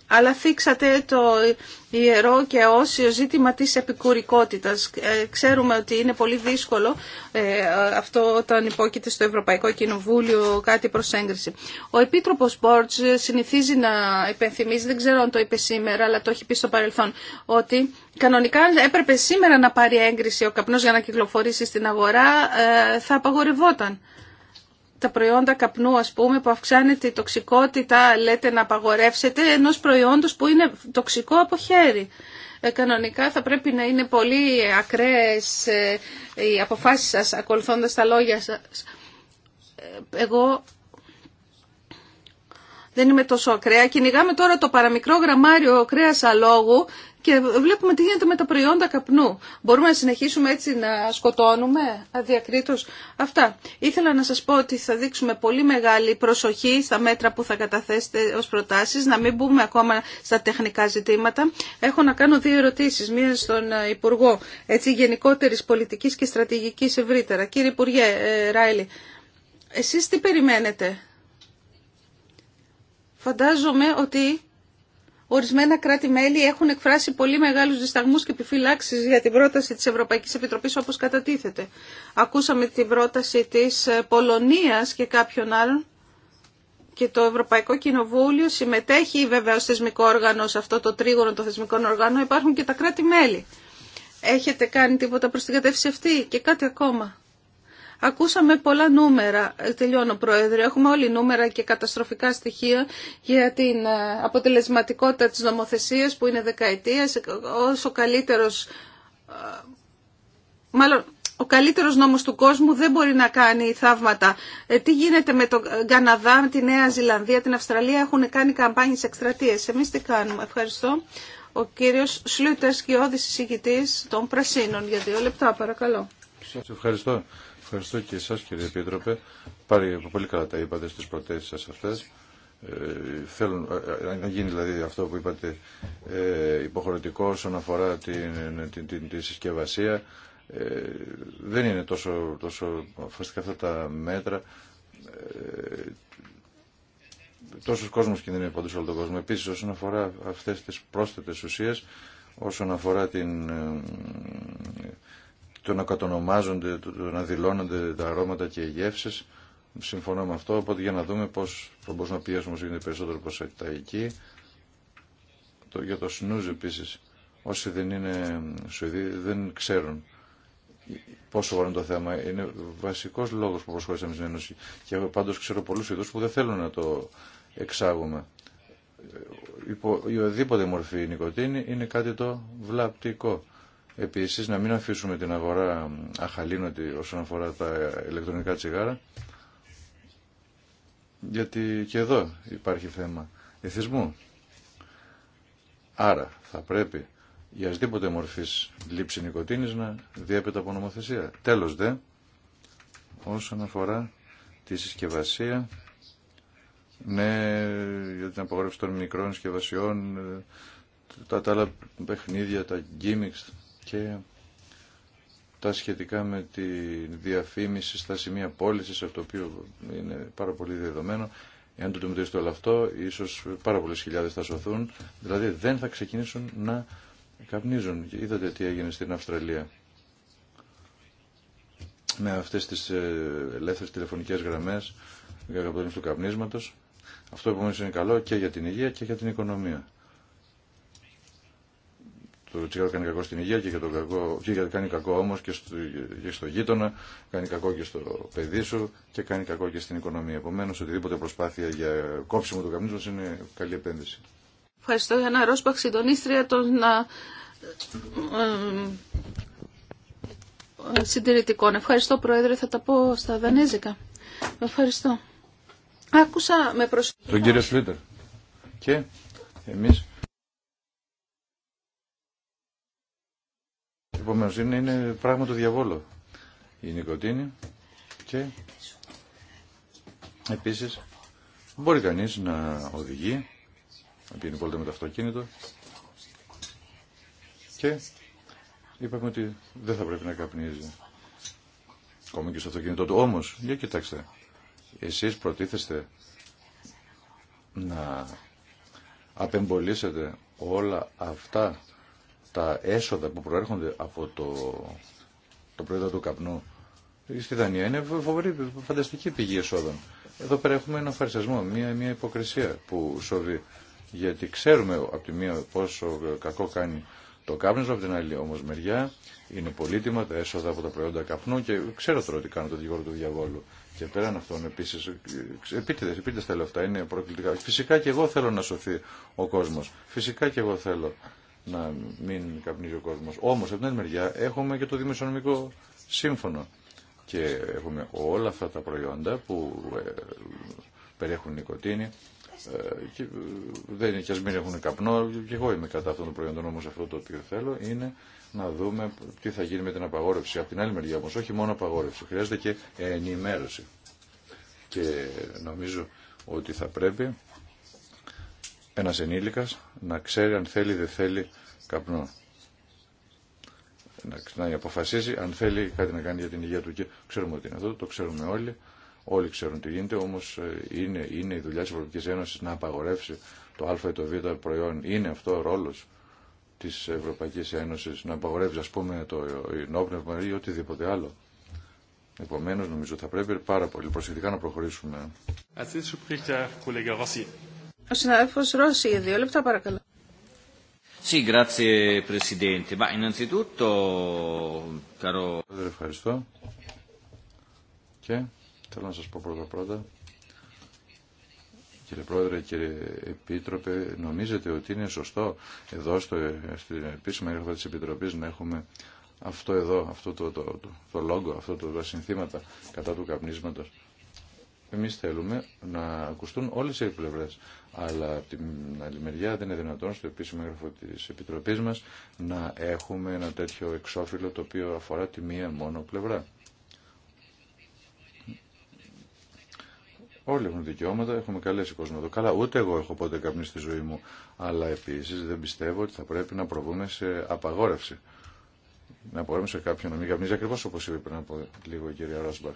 αλλά θίξατε το ιερό και όσιο ζήτημα της επικουρικότητας. Ε, ξέρουμε ότι είναι πολύ δύσκολο ε, αυτό όταν υπόκειται στο Ευρωπαϊκό Κοινοβούλιο κάτι προς έγκριση. Ο Επίτροπος Μπόρτς συνηθίζει να υπενθυμίζει, δεν ξέρω αν το είπε σήμερα, αλλά το έχει πει στο παρελθόν, ότι κανονικά έπρεπε σήμερα να πάρει έγκριση ο καπνός για να κυκλοφορήσει στην αγορά, ε, θα απαγορευόταν τα προϊόντα καπνού, ας πούμε, που αυξάνεται η τοξικότητα, λέτε να απαγορεύσετε, ενός προϊόντος που είναι τοξικό από χέρι. Ε, κανονικά θα πρέπει να είναι πολύ ακραίες ε, οι αποφάσεις σας, ακολουθώντας τα λόγια σας. Ε, εγώ δεν είμαι τόσο ακραία. Κυνηγάμε τώρα το παραμικρό γραμμάριο κρέα αλόγου και βλέπουμε τι γίνεται με τα προϊόντα καπνού. Μπορούμε να συνεχίσουμε έτσι να σκοτώνουμε αδιακρίτω. αυτά. Ήθελα να σα πω ότι θα δείξουμε πολύ μεγάλη προσοχή στα μέτρα που θα καταθέσετε ω προτάσει, να μην μπούμε ακόμα στα τεχνικά ζητήματα. Έχω να κάνω δύο ερωτήσει: μία στον ε, Υπουργό έτσι, γενικότερης πολιτική και στρατηγική ευρύτερα. Κύριε Υπουργέ ε, Ράιλι, εσείς τι περιμένετε Φαντάζομαι ότι ορισμένα κράτη-μέλη έχουν εκφράσει πολύ μεγάλους δισταγμού και επιφυλάξει για την πρόταση της Ευρωπαϊκής Επιτροπής όπως κατατίθεται. Ακούσαμε την πρόταση της Πολωνίας και κάποιων άλλων και το Ευρωπαϊκό Κοινοβούλιο συμμετέχει βέβαια ως θεσμικό όργανο σε αυτό το τρίγωνο των θεσμικών οργάνων. Υπάρχουν και τα κράτη-μέλη. Έχετε κάνει τίποτα προς την κατεύθυνση αυτή και κάτι ακόμα. Ακούσαμε πολλά νούμερα, ε, τελειώνω Πρόεδρε, έχουμε όλοι νούμερα και καταστροφικά στοιχεία για την ε, αποτελεσματικότητα της νομοθεσίας που είναι δεκαετία, ε, όσο καλύτερος, μάλλον ο καλύτερος νόμος του κόσμου δεν μπορεί να κάνει θαύματα. τι γίνεται με τον Καναδά, με τη Νέα Ζηλανδία, την Αυστραλία, έχουν κάνει καμπάνιες εκστρατείες. Εμείς τι κάνουμε. Ευχαριστώ. Ο κύριος Σλούτερς και ο των Πρασίνων. Για δύο λεπτά, παρακαλώ. Σας ευχαριστώ. Ευχαριστώ και εσάς κύριε Επίτροπε. Πάρει πολύ καλά τα είπατε στις προτέσεις σας αυτές. Ε, ε, ε να γίνει δηλαδή αυτό που είπατε ε, υποχρεωτικό όσον αφορά την, την, την, τη συσκευασία. δεν είναι τόσο, τόσο αυτά τα μέτρα. Ε, τόσος κόσμος κινδυνεύει παντού σε όλο τον κόσμο. Επίσης όσον αφορά αυτές τις πρόσθετες ουσίες, όσον αφορά την το να κατονομάζονται, το να δηλώνονται τα αρώματα και οι γέύσει. Συμφωνώ με αυτό, οπότε για να δούμε πω θα μπορούσαμε να πιέσουμε όσο γίνεται περισσότερο προ τα εκεί. Το, για το σνούζ επίση, όσοι δεν είναι Σουηδοί δεν ξέρουν πόσο βαρύνει το θέμα. Είναι βασικό λόγο που προσχωρήσαμε στην Ένωση. Και πάντω ξέρω πολλού Σουηδού που δεν θέλουν να το εξάγουμε. Ε, Υπό οδήποτε μορφή νοικοτήνη είναι κάτι το βλαπτικό. Επίσης, να μην αφήσουμε την αγορά αχαλήνοτη όσον αφορά τα ηλεκτρονικά τσιγάρα, γιατί και εδώ υπάρχει θέμα εθισμού. Άρα, θα πρέπει για ασδήποτε μορφής λήψη νοικοτήνης να διέπεται από νομοθεσία. Τέλος δε, όσον αφορά τη συσκευασία, ναι, για την απαγόρευση των μικρών συσκευασιών, ε, τα, τα άλλα παιχνίδια, τα gimmicks, και τα σχετικά με τη διαφήμιση στα σημεία πώληση, αυτό το οποίο είναι πάρα πολύ δεδομένο. Εάν το αντιμετωπίσετε όλο αυτό, ίσω πάρα πολλέ χιλιάδε θα σωθούν. Δηλαδή δεν θα ξεκινήσουν να καπνίζουν. Είδατε τι έγινε στην Αυστραλία. Με αυτές τις ε, ελεύθερες τηλεφωνικές γραμμές για του καπνίσματος. Αυτό επομένως είναι καλό και για την υγεία και για την οικονομία το τσιγάρο κάνει κακό στην υγεία και το κακό, και κάνει κακό όμως και στο, και στο γείτονα, κάνει κακό και στο παιδί σου και κάνει κακό και στην οικονομία. Επομένω, οτιδήποτε προσπάθεια για κόψιμο του καπνίσματος είναι καλή επένδυση. Ευχαριστώ Γιάννα Ρόσπαχ, συντονίστρια των ε, συντηρητικών. Ευχαριστώ Πρόεδρε, θα τα πω στα δανέζικα. Ευχαριστώ. Άκουσα με προσοχή. Τον κύριο Σλίτερ. Και εμείς Επομένως είναι, είναι πράγμα του διαβόλου η νοικοτήνη και επίσης μπορεί κανείς να οδηγεί να πίνει πολύ με το αυτοκίνητο και είπαμε ότι δεν θα πρέπει να καπνίζει ακόμη και στο αυτοκίνητό του. Όμως, για κοιτάξτε, εσείς προτίθεστε να απεμπολίσετε όλα αυτά τα έσοδα που προέρχονται από το, το προϊόντα του καπνού στη Δανία είναι φοβερή, φανταστική πηγή εσόδων. Εδώ πέρα έχουμε ένα φαρσιασμό, μια, μια υποκρισία που σοβεί. Γιατί ξέρουμε από τη μία πόσο κακό κάνει το κάπνισμα, από την άλλη όμω μεριά είναι πολύτιμα τα έσοδα από τα προϊόντα καπνού και ξέρω τώρα τι κάνω το δικηγόρο του διαβόλου. Και πέραν αυτών επίση, επίτηδε, επίτηδε θέλω είναι προκλητικά. Φυσικά και εγώ θέλω να σωθεί ο κόσμο. Φυσικά και εγώ θέλω να μην καπνίζει ο κόσμος. Όμως, από την άλλη μεριά, έχουμε και το δημοσιονομικό σύμφωνο και έχουμε όλα αυτά τα προϊόντα που ε, περιέχουν νοικοτήνη ε, και ε, δεν είναι και ας μην έχουν καπνό και εγώ είμαι κατά αυτών των προϊόντων όμως αυτό το οποίο θέλω είναι να δούμε τι θα γίνει με την απαγόρευση από την άλλη μεριά όμως όχι μόνο απαγόρευση χρειάζεται και ενημέρωση και νομίζω ότι θα πρέπει ένα ενήλικας να ξέρει αν θέλει ή δεν θέλει καπνό. Να, να αποφασίζει αν θέλει κάτι να κάνει για την υγεία του. Και ξέρουμε ότι είναι αυτό, το ξέρουμε όλοι. Όλοι ξέρουν τι γίνεται, όμω ε, είναι, είναι η δουλειά τη Ευρωπαϊκή Ένωση να απαγορεύσει το α ή το β προϊόν. Είναι αυτό ο ρόλο τη Ευρωπαϊκή Ένωση, να απαγορεύσει α πούμε το ενόπνευμα ή οτιδήποτε άλλο. Επομένω, νομίζω θα πρέπει πάρα πολύ προσεκτικά να προχωρήσουμε. Ο συνάδελφος Ρώση δύο λεπτά παρακαλώ. Ευχαριστώ. Και θέλω να σας πω πρώτα πρώτα. Κύριε Πρόεδρε, κύριε Επίτροπε, νομίζετε ότι είναι σωστό εδώ στο, στην επίσημη έγγραφα της Επιτροπής να έχουμε αυτό εδώ, αυτό το, το, το, το λόγο, αυτό το, τα συνθήματα κατά του καπνίσματος. Εμείς θέλουμε να ακουστούν όλες οι πλευρές. Αλλά από την άλλη μεριά δεν είναι δυνατόν στο επίσημο έγγραφο της Επιτροπής μας να έχουμε ένα τέτοιο εξώφυλλο το οποίο αφορά τη μία μόνο πλευρά. Όλοι έχουν δικαιώματα, έχουμε καλέσει κόσμο εδώ. Καλά, ούτε εγώ έχω πότε καπνίσει στη ζωή μου. Αλλά επίση δεν πιστεύω ότι θα πρέπει να προβούμε σε απαγόρευση. Να προβούμε σε κάποιον να μην καπνίζει, ακριβώ όπω είπε πριν από λίγο η κυρία Ρόσμπαρ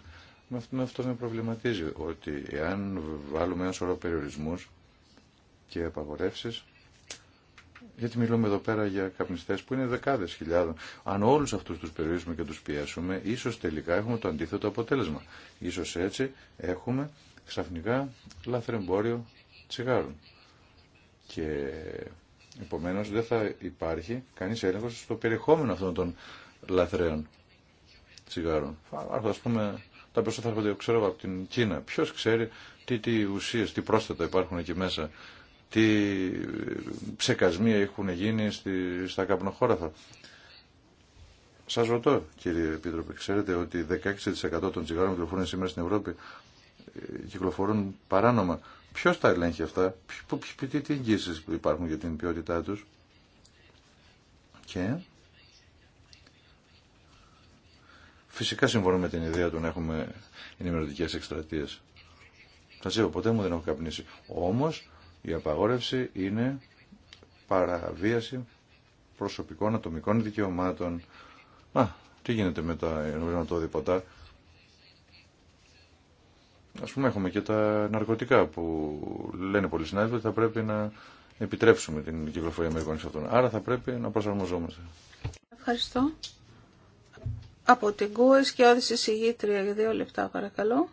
με αυτό, με αυτό με προβληματίζει, ότι εάν βάλουμε ένα σωρό περιορισμούς και απαγορεύσεις, γιατί μιλούμε εδώ πέρα για καπνιστές που είναι δεκάδες χιλιάδων. Αν όλους αυτούς τους περιορίσουμε και τους πιέσουμε, ίσως τελικά έχουμε το αντίθετο αποτέλεσμα. Ίσως έτσι έχουμε ξαφνικά λαθρεμπόριο τσιγάρων. Και επομένως δεν θα υπάρχει κανείς έλεγχος στο περιεχόμενο αυτών των λαθρέων τσιγάρων. Άρα, ας πούμε, τα περισσότερα, έρχονται, ξέρω, από την Κίνα. Ποιο ξέρει τι, τι ουσίες, τι πρόσθετα υπάρχουν εκεί μέσα, τι ψεκασμοί έχουν γίνει στη, στα καπνοχώραθα. Σας ρωτώ, κύριε Επίτροπε, ξέρετε ότι 16% των τσιγάρων που κυκλοφορούν σήμερα στην Ευρώπη ε, κυκλοφορούν παράνομα. Ποιο τα ελέγχει αυτά, τι εγγύσει υπάρχουν για την ποιότητά του και Φυσικά συμφωνώ με την ιδέα του να έχουμε ενημερωτικέ εκστρατείε. Θα σα ποτέ μου δεν έχω καπνίσει. Όμω η απαγόρευση είναι παραβίαση προσωπικών ατομικών δικαιωμάτων. Α, τι γίνεται με τα ενωμένα ποτά. Ας πούμε έχουμε και τα ναρκωτικά που λένε πολλοί συνάδελφοι ότι θα πρέπει να επιτρέψουμε την κυκλοφορία μερικών αυτών. Άρα θα πρέπει να προσαρμοζόμαστε. Ευχαριστώ από την ΚΟΕΣ και όδηση συγγήτρια για δύο λεπτά παρακαλώ.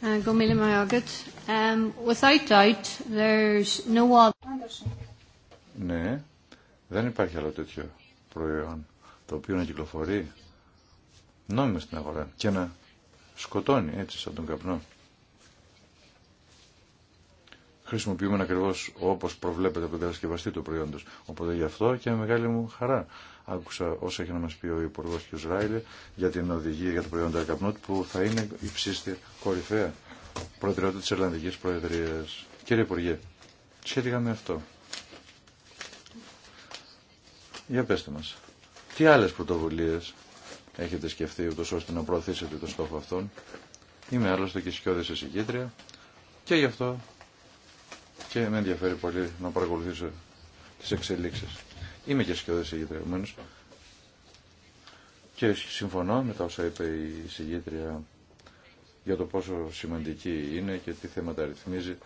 Ε, ναι, δεν υπάρχει άλλο τέτοιο προϊόν το οποίο να κυκλοφορεί νόμιμα στην αγορά και να σκοτώνει έτσι σαν τον καπνό χρησιμοποιούμε ακριβώ όπω προβλέπεται από τον κατασκευαστή του προϊόντο. Οπότε γι' αυτό και μεγάλη μου χαρά άκουσα όσα έχει να μα πει ο Υπουργό ο για την οδηγία για το προϊόντα καπνού που θα είναι υψίστη κορυφαία προτεραιότητα τη Ελλανδική Προεδρία. Κύριε Υπουργέ, σχετικά με αυτό. Για πέστε μας, τι άλλες πρωτοβουλίες έχετε σκεφτεί ούτως ώστε να προωθήσετε το στόχο αυτόν. Είμαι άλλωστε και σε εισηγήτρια και γι' αυτό και με ενδιαφέρει πολύ να παρακολουθήσω τις εξελίξεις. Είμαι και σκιώδης ηγητρευμένος και συμφωνώ με τα όσα είπε η συγγήτρια για το πόσο σημαντική είναι και τι θέματα ρυθμίζει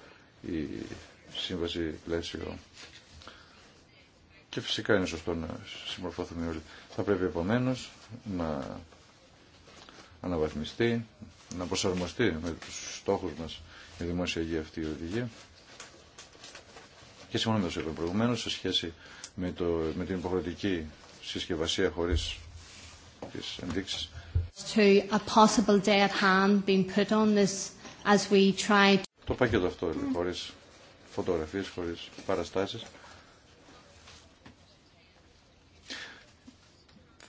η σύμβαση πλαίσιο. Και φυσικά είναι σωστό να συμμορφωθούμε όλοι. Θα πρέπει επομένως να αναβαθμιστεί, να προσαρμοστεί με τους στόχους μας η δημόσια υγεία αυτή η οδηγία. Και συμφωνούμε με το προηγουμένω σε σχέση με, το, με την υποχρεωτική συσκευασία χωρί τι ενδείξει. Το πακέτο αυτό, mm. Λοιπόν, χωρί φωτογραφίε, χωρί παραστάσει.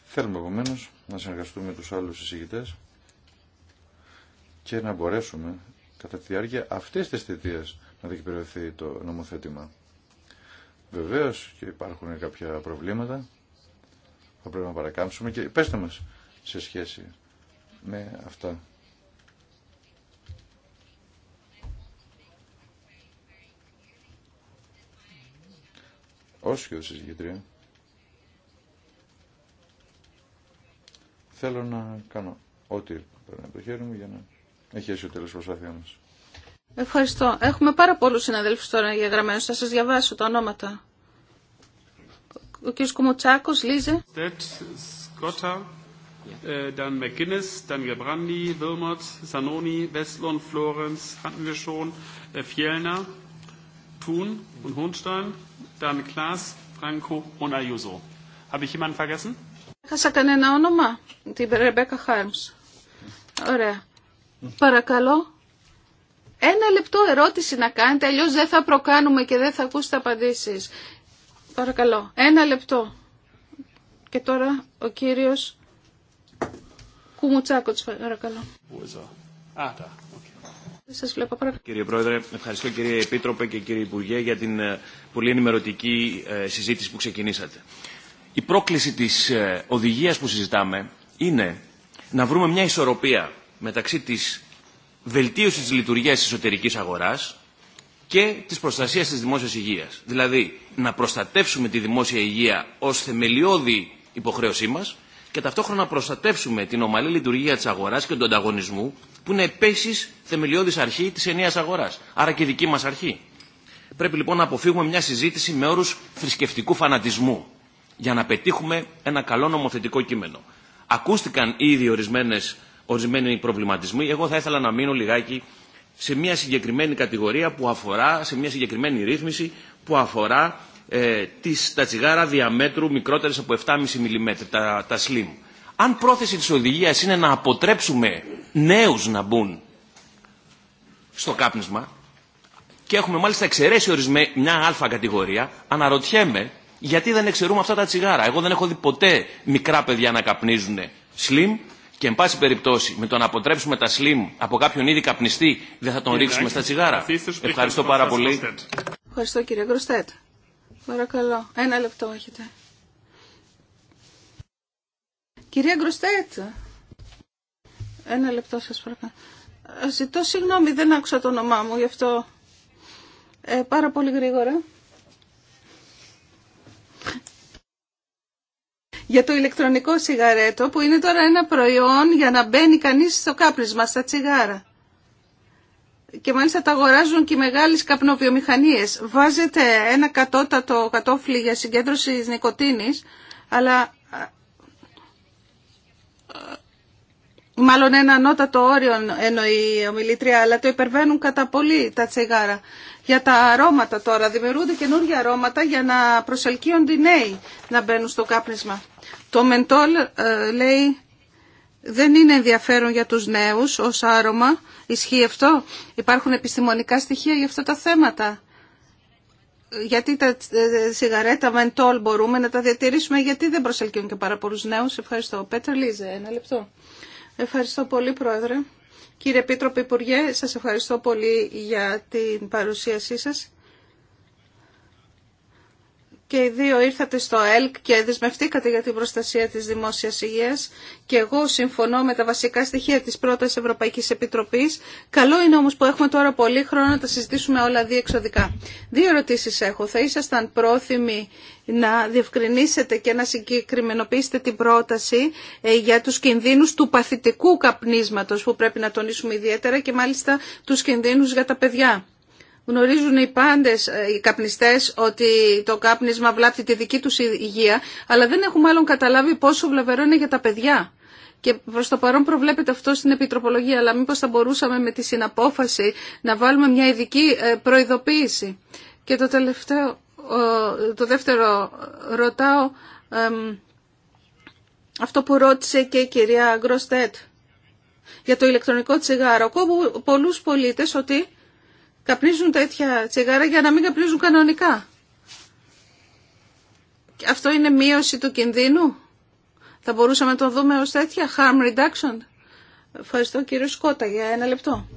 Θέλουμε επομένω να συνεργαστούμε με του άλλου συζητητέ και να μπορέσουμε κατά τη διάρκεια αυτή τη θητεία να διεκπαιρεωθεί το νομοθέτημα. Βεβαίω και υπάρχουν κάποια προβλήματα θα πρέπει να παρακάμψουμε και πέστε μας σε σχέση με αυτά. Όσο και συζητητρία. Θέλω να κάνω ό,τι πρέπει να το μου για να έχει έσει ο τέλος προσπάθειά μας. Ευχαριστώ. Έχουμε πάρα πολλούς συναδέλφους τώρα για γραμμένο. Θα σας διαβάσω τα ονόματα. Ο κ. Κουμουτσάκος, Λίζε. Σκότα, dann McGuinness, dann Gebrandi, Wilmot, Sanoni, Westlund, Florenz hatten wir schon, Fjellner, Thun und Hohenstein, dann Klaas, Franco und Ayuso. Habe ich jemanden vergessen? Έχασα κανένα όνομα, την Rebecca Harms. Ωραία. Παρακαλώ, ένα λεπτό ερώτηση να κάνετε, αλλιώς δεν θα προκάνουμε και δεν θα ακούσετε απαντήσεις. Παρακαλώ, ένα λεπτό. Και τώρα ο κύριος Κουμουτσάκοτς, παρακαλώ. Σας βλέπω, Κύριε Πρόεδρε, ευχαριστώ κύριε Επίτροπε και κύριε Υπουργέ για την ε, πολύ ενημερωτική ε, συζήτηση που ξεκινήσατε. Η πρόκληση της ε, οδηγίας που συζητάμε είναι να βρούμε μια ισορροπία μεταξύ της βελτίωση της λειτουργίας της εσωτερικής αγοράς και της προστασίας της δημόσιας υγείας. Δηλαδή, να προστατεύσουμε τη δημόσια υγεία ως θεμελιώδη υποχρέωσή μας και ταυτόχρονα να προστατεύσουμε την ομαλή λειτουργία της αγοράς και του ανταγωνισμού που είναι επίση θεμελιώδης αρχή της ενιαίας αγοράς, άρα και δική μας αρχή. Πρέπει λοιπόν να αποφύγουμε μια συζήτηση με όρους θρησκευτικού φανατισμού για να πετύχουμε ένα καλό νομοθετικό κείμενο. Ακούστηκαν ήδη ορισμένε ορισμένοι προβληματισμοί. Εγώ θα ήθελα να μείνω λιγάκι σε μια συγκεκριμένη κατηγορία που αφορά, σε μια συγκεκριμένη ρύθμιση που αφορά ε, τις, τα τσιγάρα διαμέτρου μικρότερες από 7,5 mm, τα, τα slim. Αν πρόθεση της οδηγίας είναι να αποτρέψουμε νέους να μπουν στο κάπνισμα και έχουμε μάλιστα εξαιρέσει ορισμέ, μια αλφα κατηγορία, αναρωτιέμαι γιατί δεν εξαιρούμε αυτά τα τσιγάρα. Εγώ δεν έχω δει ποτέ μικρά παιδιά να καπνίζουν slim και εν πάση περιπτώσει, με το να αποτρέψουμε τα σλίμ από κάποιον ήδη καπνιστή, δεν θα τον ρίξουμε στα τσιγάρα. Ευχαριστώ πάρα πολύ. Ευχαριστώ κύριε Γκροστέτ. Παρακαλώ. Ένα λεπτό έχετε. Κυρία Γκροστέτ. Ένα λεπτό σας παρακαλώ. Ζητώ συγγνώμη, δεν άκουσα το όνομά μου, γι' αυτό ε, πάρα πολύ γρήγορα. για το ηλεκτρονικό σιγαρέτο που είναι τώρα ένα προϊόν για να μπαίνει κανείς στο κάπνισμα, στα τσιγάρα. Και μάλιστα τα αγοράζουν και οι μεγάλες καπνοβιομηχανίες. Βάζετε ένα κατώτατο κατόφλι για συγκέντρωση νικοτίνης αλλά ε, ε, μάλλον ένα ανώτατο όριο εννοεί η ομιλήτρια, αλλά το υπερβαίνουν κατά πολύ τα τσιγάρα. Για τα αρώματα τώρα, δημιουργούνται καινούργια αρώματα για να προσελκύονται οι νέοι να μπαίνουν στο κάπνισμα. Το μεντόλ ε, λέει δεν είναι ενδιαφέρον για τους νέους ως άρωμα. Ισχύει αυτό. Υπάρχουν επιστημονικά στοιχεία για αυτά τα θέματα. Γιατί τα ε, σιγαρέτα μεντόλ μπορούμε να τα διατηρήσουμε, γιατί δεν προσελκύουν και πάρα πολλού νέου. Ευχαριστώ. Πέτρα Λίζε, ένα λεπτό. Ευχαριστώ πολύ, Πρόεδρε. Κύριε Επίτροπε Υπουργέ, σας ευχαριστώ πολύ για την παρουσίασή σας και οι δύο ήρθατε στο ΕΛΚ και δεσμευτήκατε για την προστασία της δημόσιας υγείας και εγώ συμφωνώ με τα βασικά στοιχεία της πρώτας Ευρωπαϊκής Επιτροπής. Καλό είναι όμως που έχουμε τώρα πολύ χρόνο να τα συζητήσουμε όλα διεξοδικά. Δύο ερωτήσεις έχω. Θα ήσασταν πρόθυμοι να διευκρινίσετε και να συγκεκριμενοποιήσετε την πρόταση ε, για τους κινδύνους του παθητικού καπνίσματος που πρέπει να τονίσουμε ιδιαίτερα και μάλιστα τους κινδύνους για τα παιδιά. Γνωρίζουν οι πάντες, ε, οι καπνιστές, ότι το κάπνισμα βλάπτει τη δική τους υγεία, αλλά δεν έχουμε μάλλον καταλάβει πόσο βλαβερό είναι για τα παιδιά. Και προ το παρόν προβλέπεται αυτό στην επιτροπολογία, αλλά μήπω θα μπορούσαμε με τη συναπόφαση να βάλουμε μια ειδική ε, προειδοποίηση. Και το τελευταίο, το δεύτερο ρωτάω αυτό που ρώτησε και η κυρία Γκροστέτ για το ηλεκτρονικό τσιγάρο. Ακούω πολλούς πολίτες ότι καπνίζουν τέτοια τσιγάρα για να μην καπνίζουν κανονικά. αυτό είναι μείωση του κινδύνου. Θα μπορούσαμε να το δούμε ως τέτοια, harm reduction. Ευχαριστώ κύριο Σκότα για ένα λεπτό.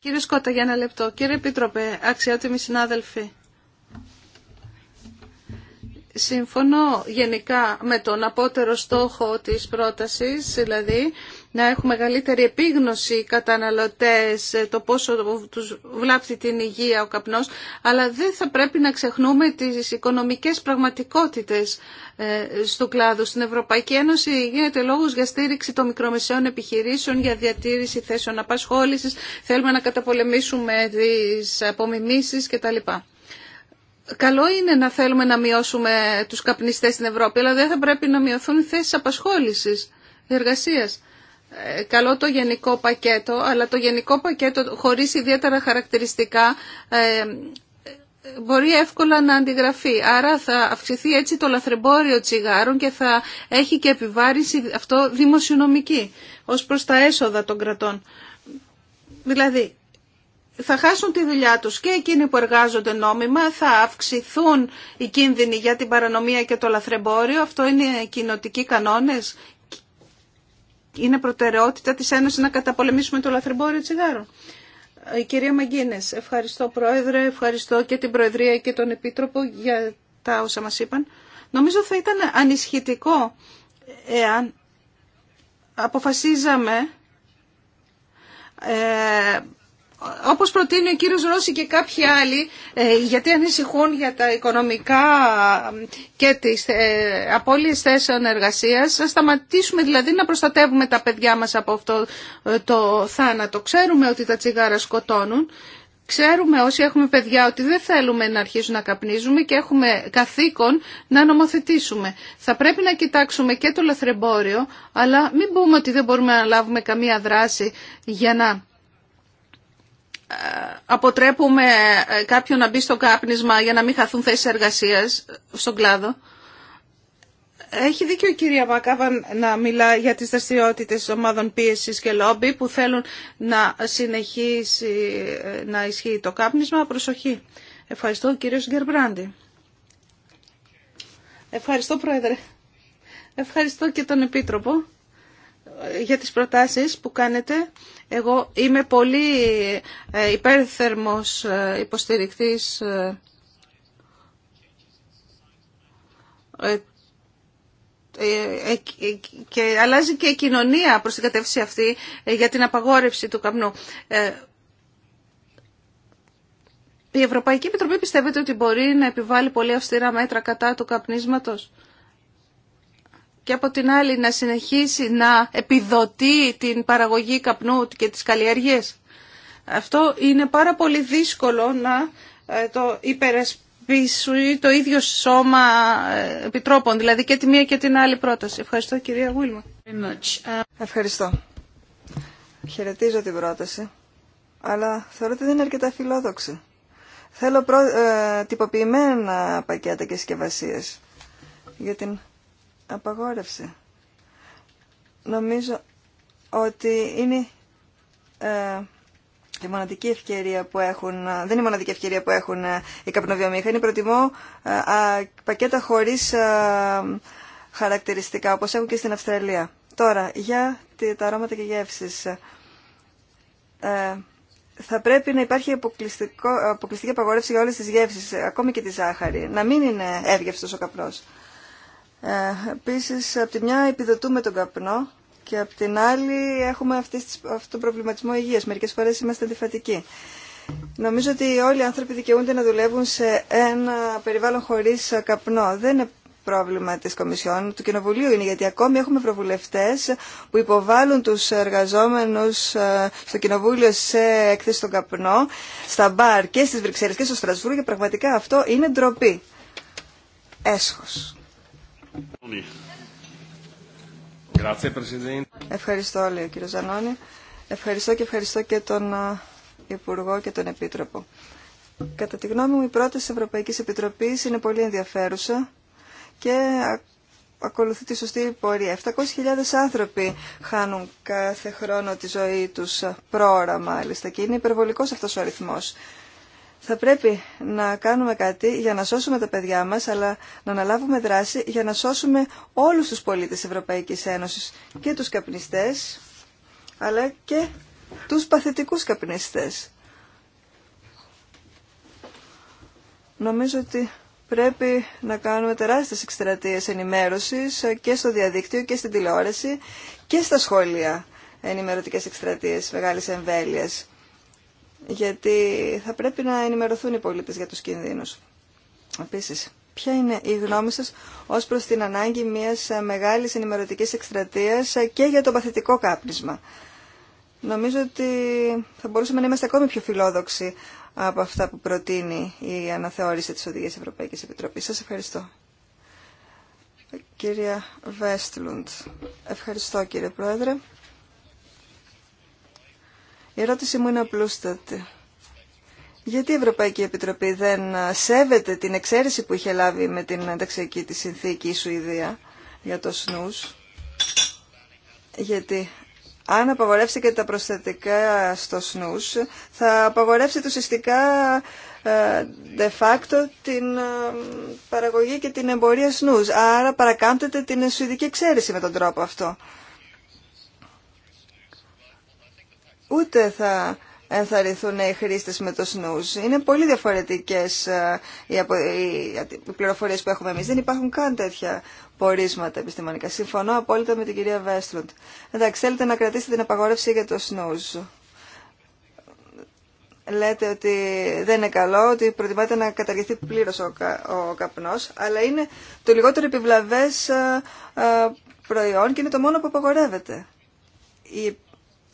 Κύριε Σκότα, για ένα λεπτό. Κύριε Επίτροπε, αξιότιμοι συνάδελφοι. Συμφωνώ γενικά με τον απότερο στόχο της πρότασης, δηλαδή να έχουν μεγαλύτερη επίγνωση οι καταναλωτές το πόσο τους βλάπτει την υγεία ο καπνός, αλλά δεν θα πρέπει να ξεχνούμε τις οικονομικές πραγματικότητες ε, στο κλάδο. Στην Ευρωπαϊκή Ένωση γίνεται λόγος για στήριξη των μικρομεσαίων επιχειρήσεων, για διατήρηση θέσεων απασχόλησης, θέλουμε να καταπολεμήσουμε τις απομιμήσεις κτλ. Καλό είναι να θέλουμε να μειώσουμε τους καπνιστές στην Ευρώπη, αλλά δεν θα πρέπει να μειωθούν οι θέσεις απασχόλησης, εργασίας. Ε, καλό το γενικό πακέτο, αλλά το γενικό πακέτο χωρίς ιδιαίτερα χαρακτηριστικά ε, μπορεί εύκολα να αντιγραφεί. Άρα θα αυξηθεί έτσι το λαθρεμπόριο τσιγάρων και θα έχει και επιβάρηση αυτό δημοσιονομική ως προς τα έσοδα των κρατών. Δηλαδή, θα χάσουν τη δουλειά τους και εκείνοι που εργάζονται νόμιμα, θα αυξηθούν οι κίνδυνοι για την παρανομία και το λαθρεμπόριο. Αυτό είναι κοινοτικοί κανόνες. Είναι προτεραιότητα της Ένωσης να καταπολεμήσουμε το λαθρεμπόριο τσιγάρο. Η ε, κυρία Μαγκίνες, ευχαριστώ Πρόεδρε, ευχαριστώ και την Προεδρία και τον Επίτροπο για τα όσα μας είπαν. Νομίζω θα ήταν ανισχυτικό εάν αποφασίζαμε ε, όπως προτείνει ο κύριος Ρώση και κάποιοι άλλοι, ε, γιατί ανησυχούν για τα οικονομικά και τις ε, απώλειες θέσεων εργασίας, να σταματήσουμε δηλαδή να προστατεύουμε τα παιδιά μας από αυτό ε, το θάνατο. Ξέρουμε ότι τα τσιγάρα σκοτώνουν. Ξέρουμε όσοι έχουμε παιδιά ότι δεν θέλουμε να αρχίσουν να καπνίζουμε και έχουμε καθήκον να νομοθετήσουμε. Θα πρέπει να κοιτάξουμε και το λαθρεμπόριο, αλλά μην πούμε ότι δεν μπορούμε να λάβουμε καμία δράση για να αποτρέπουμε ε, κάποιον να μπει στο κάπνισμα για να μην χαθούν θέσεις εργασίας στον κλάδο. Έχει δίκιο η κυρία Μακάβαν να μιλά για τις δραστηριότητε ομάδων πίεσης και λόμπι που θέλουν να συνεχίσει ε, να ισχύει το κάπνισμα. Προσοχή. Ευχαριστώ κύριο Γκερμπράντη. Ευχαριστώ Πρόεδρε. Ευχαριστώ και τον Επίτροπο για τις προτάσεις που κάνετε. Εγώ είμαι πολύ ε, υπέρθερμος ε, υποστηρικτής ε, και αλλάζει και η κοινωνία προς την κατεύθυνση αυτή για την απαγόρευση του καπνού. Η Ευρωπαϊκή Επιτροπή πιστεύετε ότι μπορεί να επιβάλλει πολύ αυστηρά μέτρα κατά του καπνίσματος και από την άλλη να συνεχίσει να επιδοτεί την παραγωγή καπνού και τις καλλιεργείες. Αυτό είναι πάρα πολύ δύσκολο να ε, το υπερασπίσει το ίδιο σώμα ε, επιτρόπων, δηλαδή και τη μία και την άλλη πρόταση. Ευχαριστώ κυρία Γουίλμα. Ε, Ευχαριστώ. Χαιρετίζω την πρόταση, αλλά θεωρώ ότι δεν είναι αρκετά φιλόδοξη. Θέλω προ... τυποποιημένα πακέτα και συσκευασίε για την απαγόρευση. Νομίζω ότι είναι ε, η μοναδική ευκαιρία που έχουν, ε, δεν είναι η μοναδική ευκαιρία που έχουν ε, οι καπνοβιομήχανοι. Προτιμώ α, πακέτα χωρίς χαρακτηριστικά, όπως έχουν και στην Αυστραλία. Τώρα, για τα αρώματα και γεύσεις. θα πρέπει να υπάρχει αποκλειστική απαγόρευση για όλες τις γεύσεις, ακόμη και τη ζάχαρη. Να μην είναι εύγευστος ο καπνός. Ε, επίσης, από τη μια επιδοτούμε τον καπνό και από την άλλη έχουμε αυτό αυτόν τον προβληματισμό υγείας. Μερικές φορές είμαστε αντιφατικοί. Νομίζω ότι όλοι οι άνθρωποι δικαιούνται να δουλεύουν σε ένα περιβάλλον χωρίς καπνό. Δεν είναι πρόβλημα της Κομισιόν, του Κοινοβουλίου είναι, γιατί ακόμη έχουμε προβουλευτές που υποβάλλουν τους εργαζόμενους ε, στο Κοινοβούλιο σε έκθεση στον καπνό, στα μπαρ και στις Βρυξέλλες και στο Στρασβούργο και πραγματικά αυτό είναι ντροπή. Έσχος. Ευχαριστώ, όλοι, κύριε κύριο Ζανώνη. Ευχαριστώ και ευχαριστώ και τον Υπουργό και τον Επίτροπο. Κατά τη γνώμη μου, η πρόταση τη Ευρωπαϊκή Επιτροπή είναι πολύ ενδιαφέρουσα και ακολουθεί τη σωστή πορεία. 700.000 άνθρωποι χάνουν κάθε χρόνο τη ζωή τους πρόωρα, μάλιστα, και είναι υπερβολικό αυτό ο αριθμός θα πρέπει να κάνουμε κάτι για να σώσουμε τα παιδιά μας, αλλά να αναλάβουμε δράση για να σώσουμε όλους τους πολίτες Ευρωπαϊκής Ένωσης και τους καπνιστές, αλλά και τους παθητικούς καπνιστές. Νομίζω ότι πρέπει να κάνουμε τεράστιες εκστρατείες ενημέρωσης και στο διαδίκτυο και στην τηλεόραση και στα σχόλια ενημερωτικές εκστρατείες μεγάλης εμβέλειας γιατί θα πρέπει να ενημερωθούν οι πολίτες για τους κινδύνους. Επίσης, ποια είναι η γνώμη σας ως προς την ανάγκη μιας μεγάλης ενημερωτικής εκστρατείας και για το παθητικό κάπνισμα. Νομίζω ότι θα μπορούσαμε να είμαστε ακόμη πιο φιλόδοξοι από αυτά που προτείνει η αναθεώρηση της Οδηγίας Ευρωπαϊκής Επιτροπής. Σας ευχαριστώ. Κυρία Βέστλουντ. Ευχαριστώ κύριε Πρόεδρε. Η ερώτηση μου είναι απλούστατη. Γιατί η Ευρωπαϊκή Επιτροπή δεν ε, σέβεται την εξαίρεση που είχε λάβει με την ενταξιακή τη συνθήκη η Σουηδία για το σνούς. Γιατί αν και τα προσθετικά στο σνούς, θα απαγορεύσετε ουσιαστικά ε, de facto την ε, παραγωγή και την εμπορία σνούς. Άρα παρακάμπτεται την σουηδική εξαίρεση με τον τρόπο αυτό. ούτε θα ενθαρρυνθούν οι χρήστες με το snooze. Είναι πολύ διαφορετικές ε, οι, απο... οι πληροφορίες που έχουμε εμείς. Δεν υπάρχουν καν τέτοια πορίσματα επιστημονικά. Συμφωνώ απόλυτα με την κυρία Βέστροντ. Εντάξει, θέλετε να κρατήσετε την απαγόρευση για το snooze. Λέτε ότι δεν είναι καλό, ότι προτιμάτε να καταργηθεί πλήρως ο, κα... ο καπνός, αλλά είναι το λιγότερο επιβλαβές ε, ε, προϊόν και είναι το μόνο που απαγορεύεται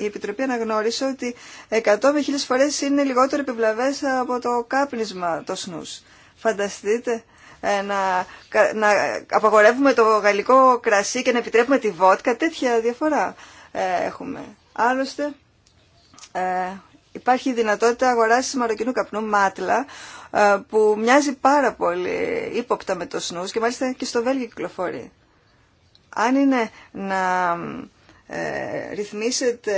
η Επιτροπή αναγνώρισε ότι 100 με 1000 φορές είναι λιγότερο επιβλαβές από το κάπνισμα το σνούς. Φανταστείτε ε, να, να απαγορεύουμε το γαλλικό κρασί και να επιτρέπουμε τη βότκα, τέτοια διαφορά ε, έχουμε. Άλλωστε ε, υπάρχει η δυνατότητα αγοράσης μαροκινού καπνού μάτλα που μοιάζει πάρα πολύ ύποπτα με το σνούς και μάλιστα και στο Βέλγιο κυκλοφορεί. Αν είναι να ε, ρυθμίσετε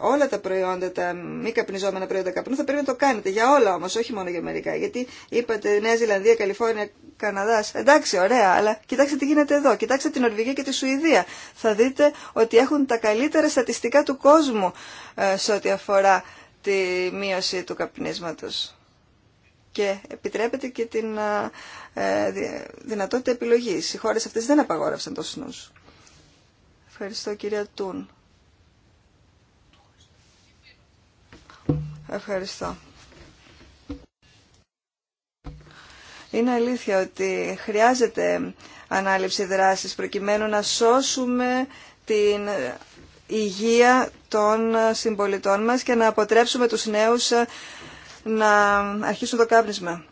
όλα τα προϊόντα, τα μη καπνιζόμενα προϊόντα καπνού, θα πρέπει να το κάνετε. Για όλα όμως, όχι μόνο για μερικά. Γιατί είπατε Νέα Ζηλανδία, Καλιφόρνια, Καναδάς. Εντάξει, ωραία, αλλά κοιτάξτε τι γίνεται εδώ. Κοιτάξτε την Ορβηγία και τη Σουηδία. Θα δείτε ότι έχουν τα καλύτερα στατιστικά του κόσμου ε, σε ό,τι αφορά τη μείωση του καπνίσματος. Και επιτρέπεται και την ε, δυνατότητα επιλογής. Οι χώρες αυτές δεν απαγόρευσαν το σνούς. Ευχαριστώ κυρία Τούν. Ευχαριστώ. Είναι αλήθεια ότι χρειάζεται ανάληψη δράσης προκειμένου να σώσουμε την υγεία των συμπολιτών μας και να αποτρέψουμε τους νέους να αρχίσουν το κάπνισμα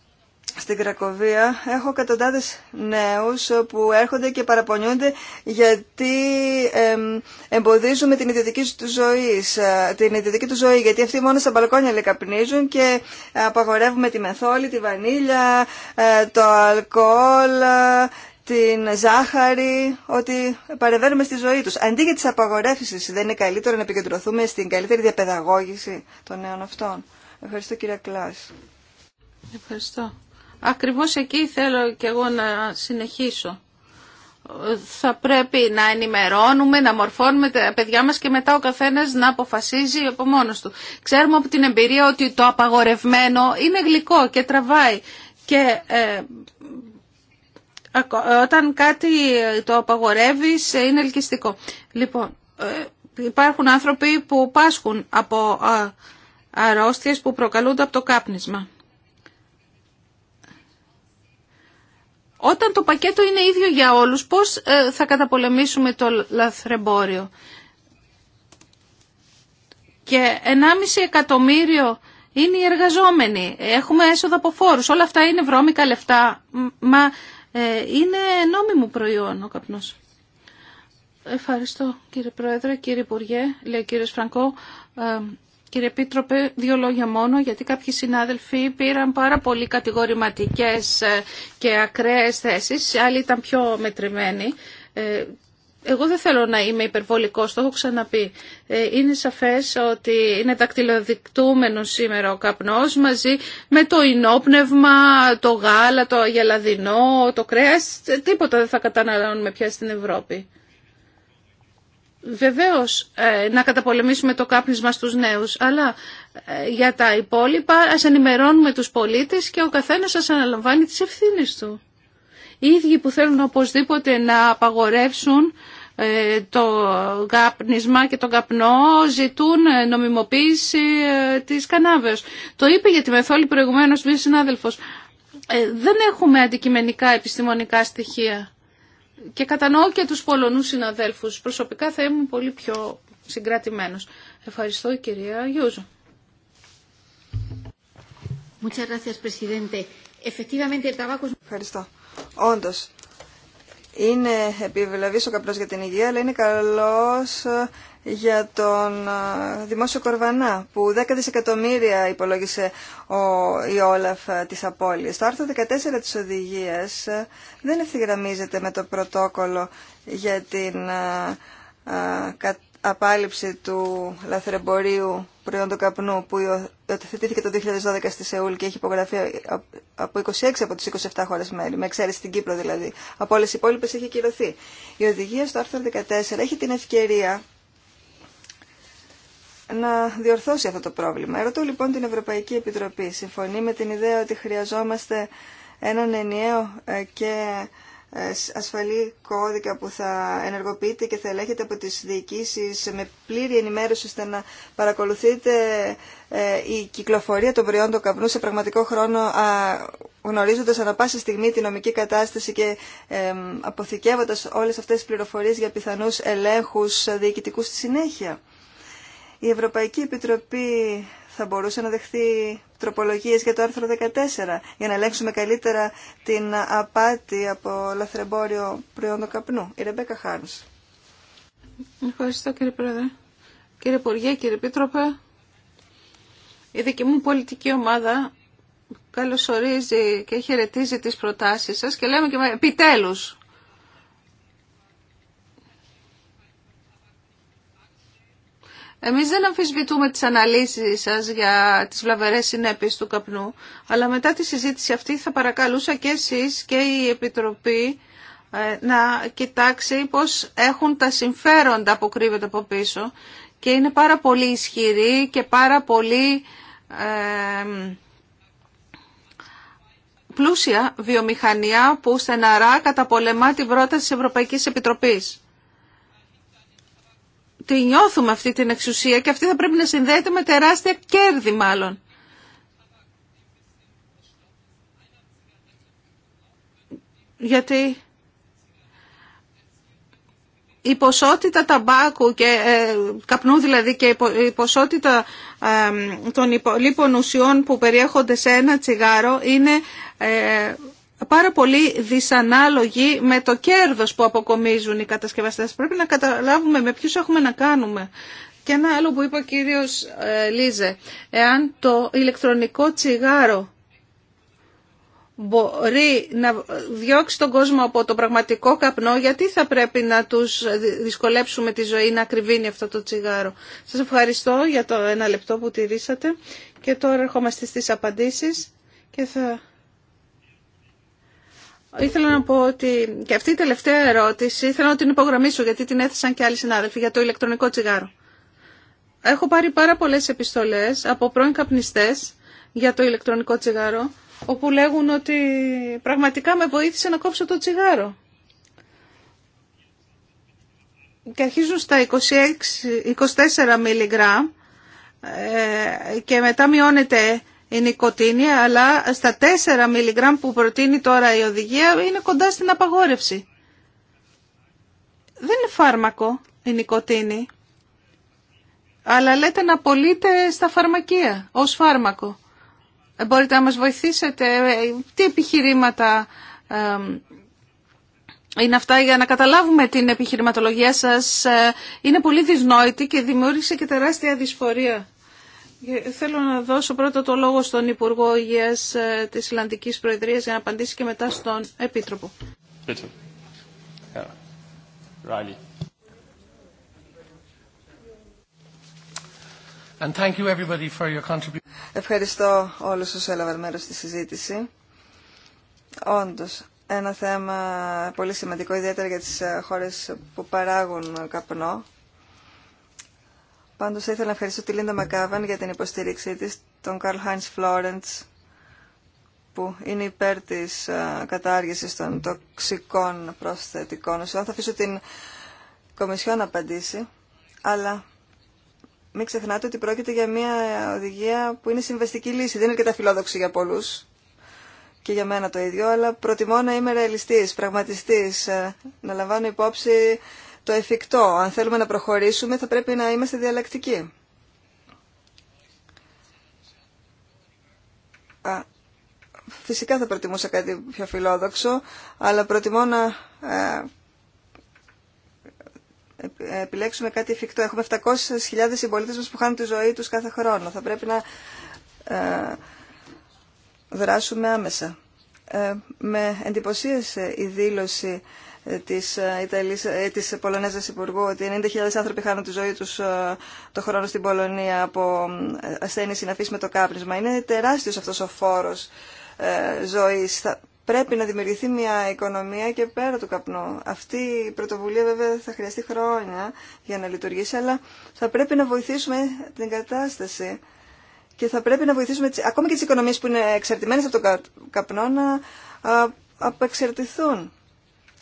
στην Κρακοβία έχω εκατοντάδε νέους που έρχονται και παραπονιούνται γιατί εμποδίζουμε την ιδιωτική του ζωή, ε, την ιδιωτική του ζωή, γιατί αυτοί μόνο στα μπαλκόνια λεκαπνίζουν και απαγορεύουμε τη μεθόλη, τη βανίλια, ε, το αλκοόλ, ε, την ζάχαρη, ότι παρεβαίνουμε στη ζωή τους. Αντί για τις απαγορεύσεις, δεν είναι καλύτερο να επικεντρωθούμε στην καλύτερη διαπαιδαγώγηση των νέων αυτών. Ευχαριστώ κύριε Κλάς. Ευχαριστώ. Ακριβώς εκεί θέλω και εγώ να συνεχίσω. Θα πρέπει να ενημερώνουμε, να μορφώνουμε τα παιδιά μας και μετά ο καθένας να αποφασίζει από μόνος του. Ξέρουμε από την εμπειρία ότι το απαγορευμένο είναι γλυκό και τραβάει. Και ε, όταν κάτι το απαγορεύεις είναι ελκυστικό. Λοιπόν, ε, υπάρχουν άνθρωποι που πάσχουν από αρρώστιες που προκαλούνται από το κάπνισμα. Όταν το πακέτο είναι ίδιο για όλους, πώς ε, θα καταπολεμήσουμε το λαθρεμπόριο. Και 1,5 εκατομμύριο είναι οι εργαζόμενοι. Έχουμε έσοδα από φόρους. Όλα αυτά είναι βρώμικα λεφτά. Μα ε, είναι νόμιμο προϊόν ο καπνός. Ευχαριστώ κύριε Πρόεδρε, κύριε Υπουργέ, λέει ο κύριος Φραγκό. Ε, Κύριε Επίτροπε, δύο λόγια μόνο, γιατί κάποιοι συνάδελφοι πήραν πάρα πολύ κατηγορηματικές ε, και ακραίες θέσεις, άλλοι ήταν πιο μετρημένοι. Ε, εγώ δεν θέλω να είμαι υπερβολικός, το έχω ξαναπεί. Ε, είναι σαφές ότι είναι δακτυλοδεικτούμενο σήμερα ο καπνός μαζί με το ινόπνευμα, το γάλα, το γελαδινό, το κρέας. Τίποτα δεν θα καταναλώνουμε πια στην Ευρώπη. Βεβαίως ε, να καταπολεμήσουμε το κάπνισμα στους νέους, αλλά ε, για τα υπόλοιπα α ενημερώνουμε τους πολίτε και ο καθένα ας αναλαμβάνει τι ευθύνε του. Οι ίδιοι που θέλουν οπωσδήποτε να απαγορεύσουν ε, το καπνισμά και τον καπνό ζητούν νομιμοποίηση της κανάβεως. Το είπε για τη Μεθόλη προηγουμένως μία συνάδελφος. Δεν έχουμε αντικειμενικά επιστημονικά στοιχεία και κατανοώ και τους Πολωνούς συναδέλφους. Προσωπικά θα ήμουν πολύ πιο συγκρατημένος. Ευχαριστώ η κυρία Γιούζο. Ευχαριστώ. Όντως, είναι επιβλαβής ο καπνός για την υγεία, αλλά είναι καλός ε, για τον ε, δημόσιο κορβανά, που 10 δισεκατομμύρια υπολόγισε ο, η Όλαφ ε, της απώλειας. Το άρθρο 14 της οδηγίας δεν ευθυγραμμίζεται με το πρωτόκολλο για την απάλληψη του λαθρεμπορίου προϊόντο καπνού που υιοθετήθηκε το 2012 στη Σεούλ και έχει υπογραφεί από 26 από τις 27 χώρες μέλη, με εξαίρεση την Κύπρο δηλαδή. Από όλες οι υπόλοιπες έχει κυρωθεί. Η οδηγία στο άρθρο 14 έχει την ευκαιρία να διορθώσει αυτό το πρόβλημα. Ερωτώ λοιπόν την Ευρωπαϊκή Επιτροπή. Συμφωνεί με την ιδέα ότι χρειαζόμαστε έναν ενιαίο ε, και ε, ασφαλή κώδικα που θα ενεργοποιείται και θα ελέγχετε από τις διοικήσεις με πλήρη ενημέρωση ώστε να παρακολουθείτε ε, η κυκλοφορία των προϊόντων καπνού σε πραγματικό χρόνο γνωρίζοντα ανα πάσα στιγμή τη νομική κατάσταση και αποθηκεύοντας όλες αυτές τις πληροφορίες για πιθανούς ελέγχους διοικητικούς στη συνέχεια. Η Ευρωπαϊκή Επιτροπή θα μπορούσε να δεχθεί τροπολογίες για το άρθρο 14 για να ελέγξουμε καλύτερα την απάτη από λαθρεμπόριο προϊόντο καπνού. Η Ρεμπέκα Χάρνς. Ευχαριστώ κύριε Πρόεδρε. Κύριε Υπουργέ, κύριε Πίτροπε, η δική μου πολιτική ομάδα καλωσορίζει και χαιρετίζει τις προτάσεις σας και λέμε και επιτέλους Εμείς δεν αμφισβητούμε τις αναλύσεις σας για τις βλαβερές συνέπειες του καπνού, αλλά μετά τη συζήτηση αυτή θα παρακαλούσα και εσείς και η Επιτροπή ε, να κοιτάξει πώς έχουν τα συμφέροντα που κρύβεται από πίσω και είναι πάρα πολύ ισχυρή και πάρα πολύ πλούσια βιομηχανία που στεναρά καταπολεμά την πρόταση της Ευρωπαϊκής Επιτροπής τη νιώθουμε αυτή την εξουσία και αυτή θα πρέπει να συνδέεται με τεράστια κέρδη μάλλον. Γιατί η ποσότητα ταμπάκου και ε, καπνού δηλαδή και η ποσότητα ε, των υπολείπων ουσιών που περιέχονται σε ένα τσιγάρο είναι ε, πάρα πολύ δυσανάλογη με το κέρδος που αποκομίζουν οι κατασκευαστές. Πρέπει να καταλάβουμε με ποιους έχουμε να κάνουμε. Και ένα άλλο που είπε ο κύριος ε, Λίζε, εάν το ηλεκτρονικό τσιγάρο μπορεί να διώξει τον κόσμο από το πραγματικό καπνό, γιατί θα πρέπει να τους δυσκολέψουμε τη ζωή να ακριβίνει αυτό το τσιγάρο. Σας ευχαριστώ για το ένα λεπτό που τηρήσατε και τώρα ερχόμαστε στις απαντήσεις και θα Ήθελα να πω ότι και αυτή η τελευταία ερώτηση ήθελα να την υπογραμμίσω γιατί την έθεσαν και άλλοι συνάδελφοι για το ηλεκτρονικό τσιγάρο. Έχω πάρει πάρα πολλές επιστολές από πρώην καπνιστές για το ηλεκτρονικό τσιγάρο όπου λέγουν ότι πραγματικά με βοήθησε να κόψω το τσιγάρο. Και αρχίζουν στα 26, 24 μιλιγκράμμ ε, και μετά μειώνεται η νοικοτήνη, αλλά στα 4 μιλιγκράμμ που προτείνει τώρα η οδηγία είναι κοντά στην απαγόρευση. Δεν είναι φάρμακο η νοικοτήνη, αλλά λέτε να πωλείτε στα φαρμακεία ως φάρμακο. Ε, μπορείτε να μας βοηθήσετε, ε, τι επιχειρήματα είναι αυτά για να καταλάβουμε την επιχειρηματολογία σας. Ε, είναι πολύ δυσνόητη και δημιούργησε και τεράστια δυσφορία. Ε, θέλω να δώσω πρώτα το λόγο στον Υπουργό Υγεία ε, της Ιλλανδικής Προεδρία για να απαντήσει και μετά στον Επίτροπο. Ε, Ευχαριστώ όλους όσους έλαβαν μέρος στη συζήτηση. Όντως, ένα θέμα πολύ σημαντικό, ιδιαίτερα για τις χώρες που παράγουν καπνό Πάντως ήθελα να ευχαριστήσω τη Λίντα Μακάβαν για την υποστήριξή τη, τον Καρλ Χάινς Φλόρεντ που είναι υπέρ τη ε, κατάργηση των τοξικών προσθετικών ουσιών. Θα αφήσω την Κομισιό να απαντήσει, αλλά μην ξεχνάτε ότι πρόκειται για μια ε, οδηγία που είναι συμβαστική λύση. Δεν είναι αρκετά φιλόδοξη για πολλού και για μένα το ίδιο, αλλά προτιμώ να είμαι ρεαλιστή, πραγματιστής, ε, να λαμβάνω υπόψη το εφικτό. Αν θέλουμε να προχωρήσουμε θα πρέπει να είμαστε διαλλακτικοί. Φυσικά θα προτιμούσα κάτι πιο φιλόδοξο, αλλά προτιμώ να ε, ε, επιλέξουμε κάτι εφικτό. Έχουμε 700.000 συμπολίτε μας που χάνουν τη ζωή τους κάθε χρόνο. Θα πρέπει να ε, δράσουμε άμεσα. Με εντυπωσίασε η δήλωση της, ε, Ιταλής, ε, της Πολωνέζας Υπουργού ότι 90.000 άνθρωποι χάνουν τη ζωή τους ε, το χρόνο στην Πολωνία από ασθένειες συναφής με το κάπνισμα. Είναι τεράστιος αυτός ο φόρος ζωής. Πρέπει να δημιουργηθεί μια οικονομία και πέρα του καπνού. Αυτή η πρωτοβουλία βέβαια θα χρειαστεί χρόνια για να λειτουργήσει, αλλά θα πρέπει να βοηθήσουμε την κατάσταση και θα πρέπει να βοηθήσουμε ακόμα και τις οικονομίες που είναι εξαρτημένες από τον καπνό να απεξαρτηθούν.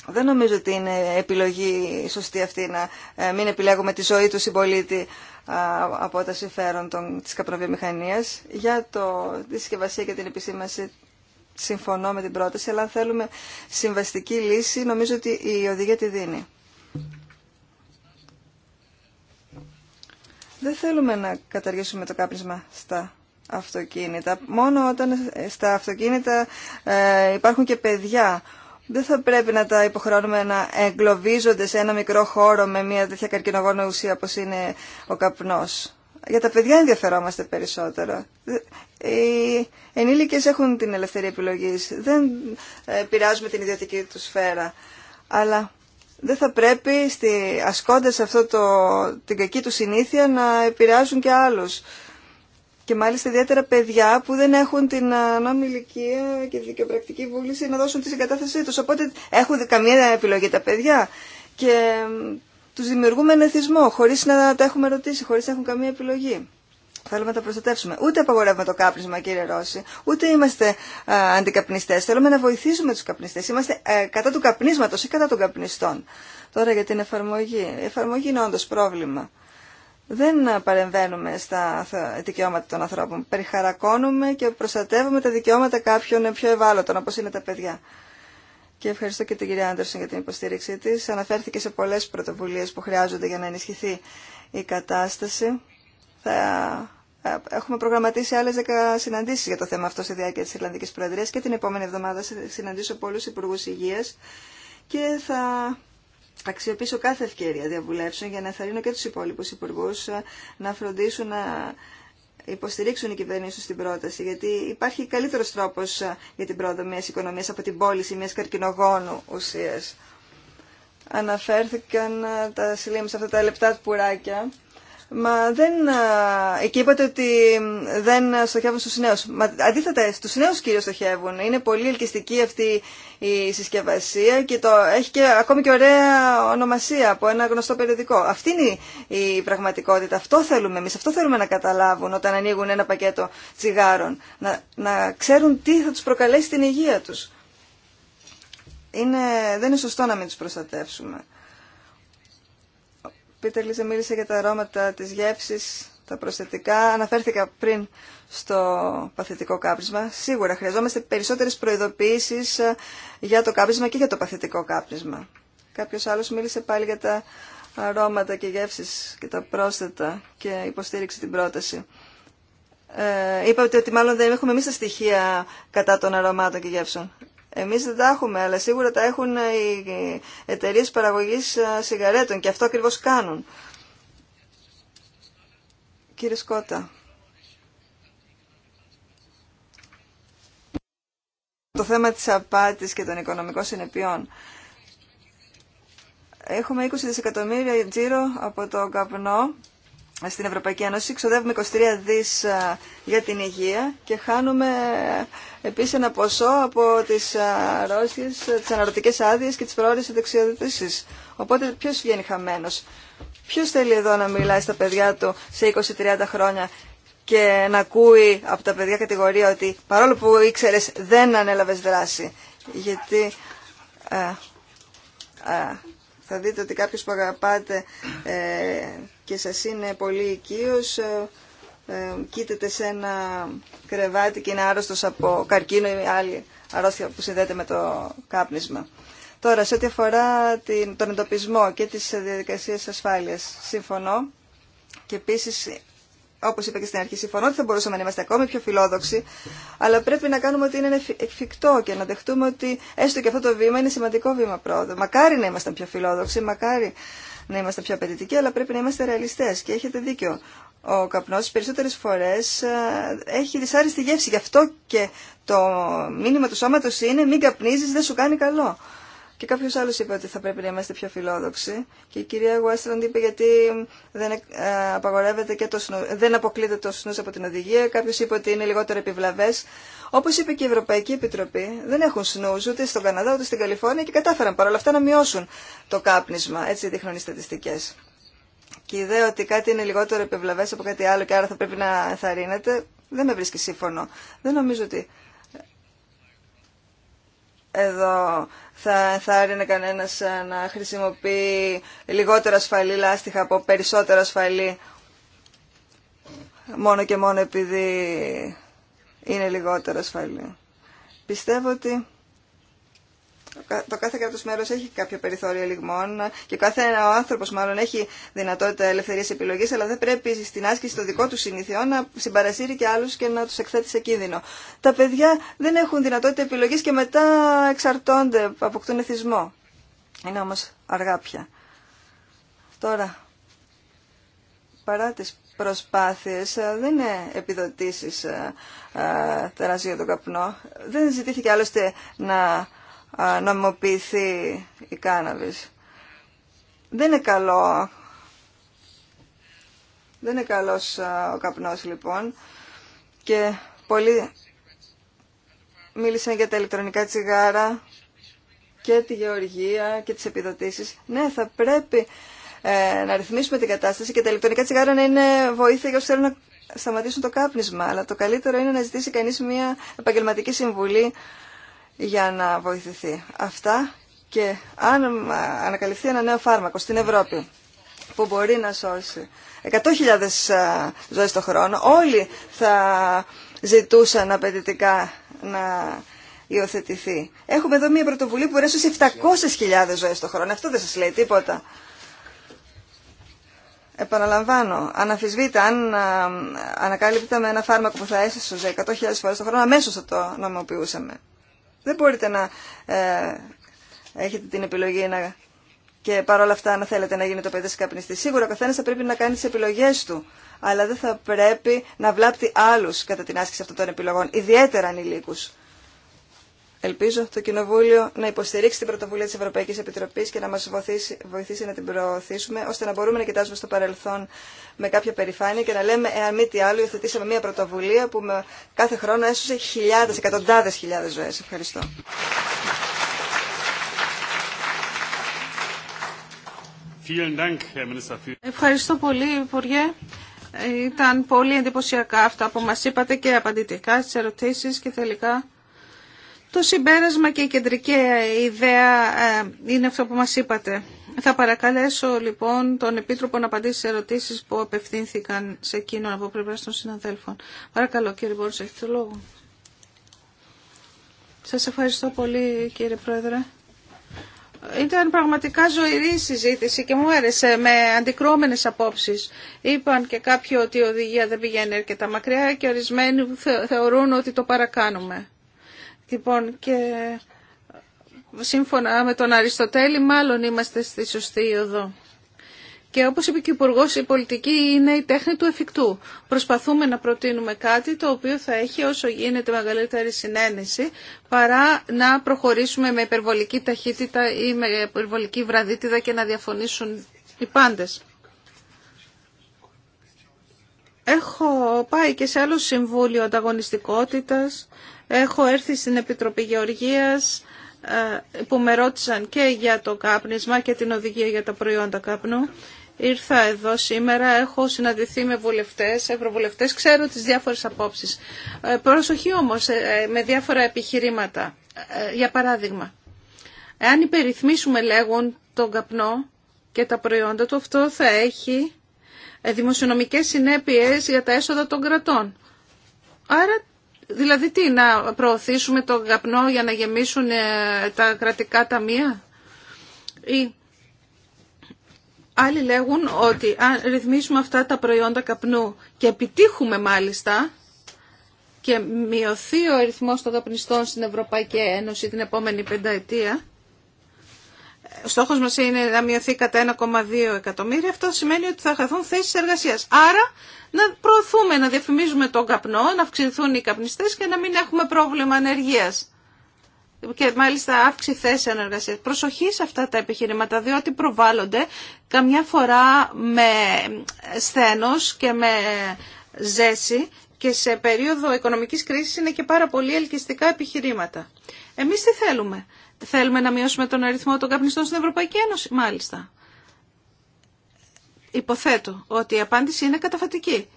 Δεν νομίζω ότι είναι επιλογή σωστή αυτή να ε, μην επιλέγουμε τη ζωή του συμπολίτη από τα συμφέρον των, της καπνοβιομηχανίας. Για το, τη συσκευασία και την επισήμαση συμφωνώ με την πρόταση, αλλά αν θέλουμε συμβαστική λύση νομίζω ότι η οδηγία τη δίνει. Δεν θέλουμε να καταργήσουμε το κάπνισμα στα αυτοκίνητα. Μόνο όταν ε, στα αυτοκίνητα ε, υπάρχουν και παιδιά δεν θα πρέπει να τα υποχρεώνουμε να εγκλωβίζονται σε ένα μικρό χώρο με μια τέτοια καρκινογόνο ουσία όπως είναι ο καπνός. Για τα παιδιά ενδιαφερόμαστε περισσότερο. Οι ενήλικες έχουν την ελευθερία επιλογής. Δεν ε, πειράζουμε την ιδιωτική του σφαίρα. Αλλά δεν θα πρέπει στη, ασκώντας αυτό το, την κακή του συνήθεια να επηρεάζουν και άλλους. Και μάλιστα ιδιαίτερα παιδιά που δεν έχουν την ε, νόμη ηλικία και τη δικαιοπρακτική βούληση να δώσουν τη συγκατάθεσή τους. Οπότε έχουν καμία επιλογή τα παιδιά και τους δημιουργούμε εθισμό χωρίς να τα έχουμε ρωτήσει, χωρίς να έχουν καμία επιλογή. Θέλουμε να τα προστατεύσουμε. Ούτε απαγορεύουμε το κάπνισμα, κύριε Ρώση, ούτε είμαστε α, ε, αντικαπνιστές. Θέλουμε να βοηθήσουμε τους καπνιστές. Είμαστε ε, κατά του καπνίσματος ή κατά των καπνιστών. Τώρα για την εφαρμογή. Η εφαρμογή είναι όντω πρόβλημα δεν παρεμβαίνουμε στα δικαιώματα των ανθρώπων. Περιχαρακώνουμε και προστατεύουμε τα δικαιώματα κάποιων πιο ευάλωτων, όπως είναι τα παιδιά. Και ευχαριστώ και την κυρία Άντερσον για την υποστήριξή της. Αναφέρθηκε σε πολλές πρωτοβουλίες που χρειάζονται για να ενισχυθεί η κατάσταση. Θα... Ε, έχουμε προγραμματίσει άλλες 10 συναντήσεις για το θέμα αυτό στη διάρκεια της Ιρλανδικής Προεδρίας και την επόμενη εβδομάδα θα συναντήσω πολλούς υπουργού Υγεία. και θα αξιοποιήσω κάθε ευκαιρία διαβουλεύσεων για να θαρρύνω και τους υπόλοιπους υπουργού ε, να φροντίσουν να υποστηρίξουν οι κυβερνήσει στην πρόταση. Γιατί υπάρχει καλύτερος τρόπος ε, για την πρόοδο μιας οικονομίας από την πώληση μιας καρκινογόνου ουσίας. Αναφέρθηκαν ε, τα σε αυτά τα λεπτά πουράκια Μα δεν. Εκεί είπατε ότι δεν στοχεύουν στου νέου. Μα αντίθετα, στου νέου κυρίω στοχεύουν. Είναι πολύ ελκυστική αυτή η συσκευασία και το, έχει και ακόμη και ωραία ονομασία από ένα γνωστό περιοδικό. Αυτή είναι η πραγματικότητα. Αυτό θέλουμε εμεί. Αυτό θέλουμε να καταλάβουν όταν ανοίγουν ένα πακέτο τσιγάρων. Να, να ξέρουν τι θα του προκαλέσει την υγεία του. Είναι, δεν είναι σωστό να μην τους προστατεύσουμε. Πίτερ Λίζε μίλησε για τα αρώματα, τις γεύσεις, τα προσθετικά. Αναφέρθηκα πριν στο παθητικό κάπνισμα. Σίγουρα χρειαζόμαστε περισσότερες προειδοποιήσεις ε, για το κάπνισμα και για το παθητικό κάπνισμα. Κάποιος άλλος μίλησε πάλι για τα αρώματα και γεύσεις και τα πρόσθετα και υποστήριξε την πρόταση. Ε, είπατε ότι μάλλον δεν έχουμε εμεί τα στοιχεία κατά των αρωμάτων και γεύσεων. Εμείς δεν τα έχουμε, αλλά σίγουρα τα έχουν οι εταιρείες παραγωγής ε, σιγαρέτων και αυτό ακριβώς κάνουν. Κύριε Σκότα. Το θέμα της απάτης και των οικονομικών συνεπειών. Έχουμε 20 δισεκατομμύρια τζίρο από το καπνό στην Ευρωπαϊκή Ένωση. Ξοδεύουμε 23 δις ε, για την υγεία και χάνουμε ε, επίσης ένα ποσό από τις ε, αρρώστιες, τις αναρωτικές άδειες και τις προώρες δεξιοδοτήσεις. Οπότε ποιος βγαίνει χαμένος. Ποιος θέλει εδώ να μιλάει στα παιδιά του σε 20-30 χρόνια και να ακούει από τα παιδιά κατηγορία ότι παρόλο που ήξερε δεν ανέλαβες δράση. Γιατί α, θα δείτε ότι κάποιο που αγαπάτε ε, και σας είναι πολύ οικείος, ε, ε, κοίτατε σε ένα κρεβάτι και είναι άρρωστος από καρκίνο ή άλλη αρρώστια που συνδέεται με το κάπνισμα. Τώρα, σε ό,τι αφορά την, τον εντοπισμό και τις διαδικασίες ασφάλειας, συμφωνώ. Και επίση, όπω είπα και στην αρχή, συμφωνώ ότι θα μπορούσαμε να είμαστε ακόμη πιο φιλόδοξοι, αλλά πρέπει να κάνουμε ότι είναι εφικτό και να δεχτούμε ότι έστω και αυτό το βήμα είναι σημαντικό βήμα πρόοδο. Μακάρι να ήμασταν πιο φιλόδοξοι, μακάρι να είμαστε πιο απαιτητικοί, αλλά πρέπει να είμαστε ρεαλιστές και έχετε δίκιο. Ο καπνός περισσότερες φορές ε, έχει δυσάρεστη γεύση, γι' αυτό και το μήνυμα του σώματος είναι μην καπνίζεις, δεν σου κάνει καλό. Και κάποιο άλλο είπε ότι θα πρέπει να είμαστε πιο φιλόδοξοι. Και η κυρία Γουάστραντ είπε γιατί δεν, ε, απαγορεύεται και το σνου, δεν αποκλείεται το σνου από την οδηγία. Κάποιο είπε ότι είναι λιγότερο επιβλαβέ. Όπω είπε και η Ευρωπαϊκή Επιτροπή, δεν έχουν σνου ούτε στον Καναδά ούτε στην Καλιφόρνια και κατάφεραν παρόλα αυτά να μειώσουν το κάπνισμα. Έτσι δείχνουν οι στατιστικέ. Και η ιδέα ότι κάτι είναι λιγότερο επιβλαβέ από κάτι άλλο και άρα θα πρέπει να ενθαρρύνεται, δεν με βρίσκει σύμφωνο. Δεν νομίζω ότι εδώ θα, θα κανένα κανένας ε, να χρησιμοποιεί λιγότερο ασφαλή λάστιχα από περισσότερο ασφαλή μόνο και μόνο επειδή είναι λιγότερο ασφαλή. Πιστεύω ότι το κάθε κράτο μέρο έχει κάποιο περιθώρια λιγμών και κάθε ο άνθρωπος μάλλον έχει δυνατότητα ελευθερίας επιλογής, αλλά δεν πρέπει στην άσκηση των δικών του συνήθειών να συμπαρασύρει και άλλους και να τους εκθέτει σε κίνδυνο. Τα παιδιά δεν έχουν δυνατότητα επιλογής και μετά εξαρτώνται, αποκτούν εθισμό. Είναι όμω αργά πια. Τώρα, παρά τις προσπάθειες, ε, δεν είναι επιδοτήσεις ε, ε, τεράστιο για τον καπνό. Δεν ζητήθηκε άλλωστε να νομιμοποιηθεί η κάναβης. Δεν είναι καλό. Δεν είναι καλός ο καπνός λοιπόν. Και πολλοί μίλησαν για τα ηλεκτρονικά τσιγάρα και τη γεωργία και τις επιδοτήσεις. Ναι, θα πρέπει ε, να ρυθμίσουμε την κατάσταση και τα ηλεκτρονικά τσιγάρα να είναι βοήθεια για όσους θέλουν να σταματήσουν το κάπνισμα. Αλλά το καλύτερο είναι να ζητήσει κανείς μια επαγγελματική συμβουλή για να βοηθηθεί. Αυτά και αν ανακαλυφθεί ένα νέο φάρμακο στην Ευρώπη που μπορεί να σώσει 100.000 ε, ζωές το χρόνο, όλοι θα ζητούσαν απαιτητικά να υιοθετηθεί. Έχουμε εδώ μια πρωτοβουλία που μπορεί 700.000 ζωές το χρόνο. Αυτό δεν σας λέει τίποτα. Επαναλαμβάνω, αφισβήτα, αν ε, ανακάλυπτα με ένα φάρμακο που θα έσωσε 100.000 φορές το χρόνο, αμέσως θα το νομοποιούσαμε. Δεν μπορείτε να ε, έχετε την επιλογή να, και παρόλα αυτά να θέλετε να γίνετε το παιδί καπνιστή. Σίγουρα ο καθένα θα πρέπει να κάνει τι επιλογέ του, αλλά δεν θα πρέπει να βλάπτει άλλου κατά την άσκηση αυτών των επιλογών, ιδιαίτερα ανηλίκου. Ελπίζω το Κοινοβούλιο να υποστηρίξει την πρωτοβουλία της Ευρωπαϊκής Επιτροπής και να μας βοηθήσει, βοηθήσει να την προωθήσουμε, ώστε να μπορούμε να κοιτάζουμε στο παρελθόν με κάποια περηφάνεια και να λέμε, εάν μη τι άλλο, υιοθετήσαμε μια πρωτοβουλία που με κάθε χρόνο έσωσε χιλιάδες, εκατοντάδες χιλιάδες ζωές. Ευχαριστώ. Ευχαριστώ πολύ, Υπουργέ. Ε, ήταν πολύ εντυπωσιακά αυτά που μας είπατε και απαντητικά στις ερωτήσεις και τελικά το συμπέρασμα και η κεντρική ιδέα ε, είναι αυτό που μας είπατε. Θα παρακαλέσω λοιπόν τον Επίτροπο να απαντήσει σε ερωτήσεις που απευθύνθηκαν σε εκείνον από πλευρά των συναδέλφων. Παρακαλώ κύριε Μπόρους, έχετε το λόγο. Σας ευχαριστώ πολύ κύριε Πρόεδρε. Ήταν πραγματικά ζωηρή συζήτηση και μου άρεσε με αντικρώμενες απόψεις. Είπαν και κάποιοι ότι η οδηγία δεν πηγαίνει αρκετά μακριά και ορισμένοι θεωρούν ότι το παρακάνουμε. Λοιπόν, και σύμφωνα με τον Αριστοτέλη, μάλλον είμαστε στη σωστή οδό. Και όπως είπε και ο Υπουργός, η πολιτική είναι η τέχνη του εφικτού. Προσπαθούμε να προτείνουμε κάτι το οποίο θα έχει όσο γίνεται μεγαλύτερη συνένεση, παρά να προχωρήσουμε με υπερβολική ταχύτητα ή με υπερβολική βραδίτιδα και να διαφωνήσουν οι πάντες. Έχω πάει και σε άλλο συμβούλιο ανταγωνιστικότητας Έχω έρθει στην Επιτροπή Γεωργίας ε, που με ρώτησαν και για το κάπνισμα και την οδηγία για τα προϊόντα καπνού. Ήρθα εδώ σήμερα, έχω συναντηθεί με βουλευτές, ευρωβουλευτές, ξέρω τις διάφορες απόψεις. Ε, προσοχή όμως ε, με διάφορα επιχειρήματα. Για παράδειγμα, εάν υπεριθμίσουμε λέγουν τον καπνό και τα προϊόντα του, αυτό θα έχει δημοσιονομικές συνέπειες για τα έσοδα των κρατών. Άρα Δηλαδή τι, να προωθήσουμε το καπνό για να γεμίσουν ε, τα κρατικά ταμεία. Ή... Άλλοι λέγουν ότι αν ρυθμίσουμε αυτά τα προϊόντα καπνού και επιτύχουμε μάλιστα και μειωθεί ο αριθμός των καπνιστών στην Ευρωπαϊκή Ένωση την επόμενη πενταετία, ο στόχος μας είναι να μειωθεί κατά 1,2 εκατομμύρια, αυτό σημαίνει ότι θα χαθούν θέσεις εργασίας. Άρα να προωθούμε, να διαφημίζουμε τον καπνό, να αυξηθούν οι καπνιστές και να μην έχουμε πρόβλημα ανεργίας. Και μάλιστα αύξηση θέση ανεργασία. Προσοχή σε αυτά τα επιχειρήματα, διότι προβάλλονται καμιά φορά με σθένος και με ζέση και σε περίοδο οικονομικής κρίσης είναι και πάρα πολύ ελκυστικά επιχειρήματα. Εμείς τι θέλουμε. Θέλουμε να μειώσουμε τον αριθμό των καπνιστών στην Ευρωπαϊκή Ένωση, μάλιστα. Υποθέτω ότι η απάντηση είναι καταφατική.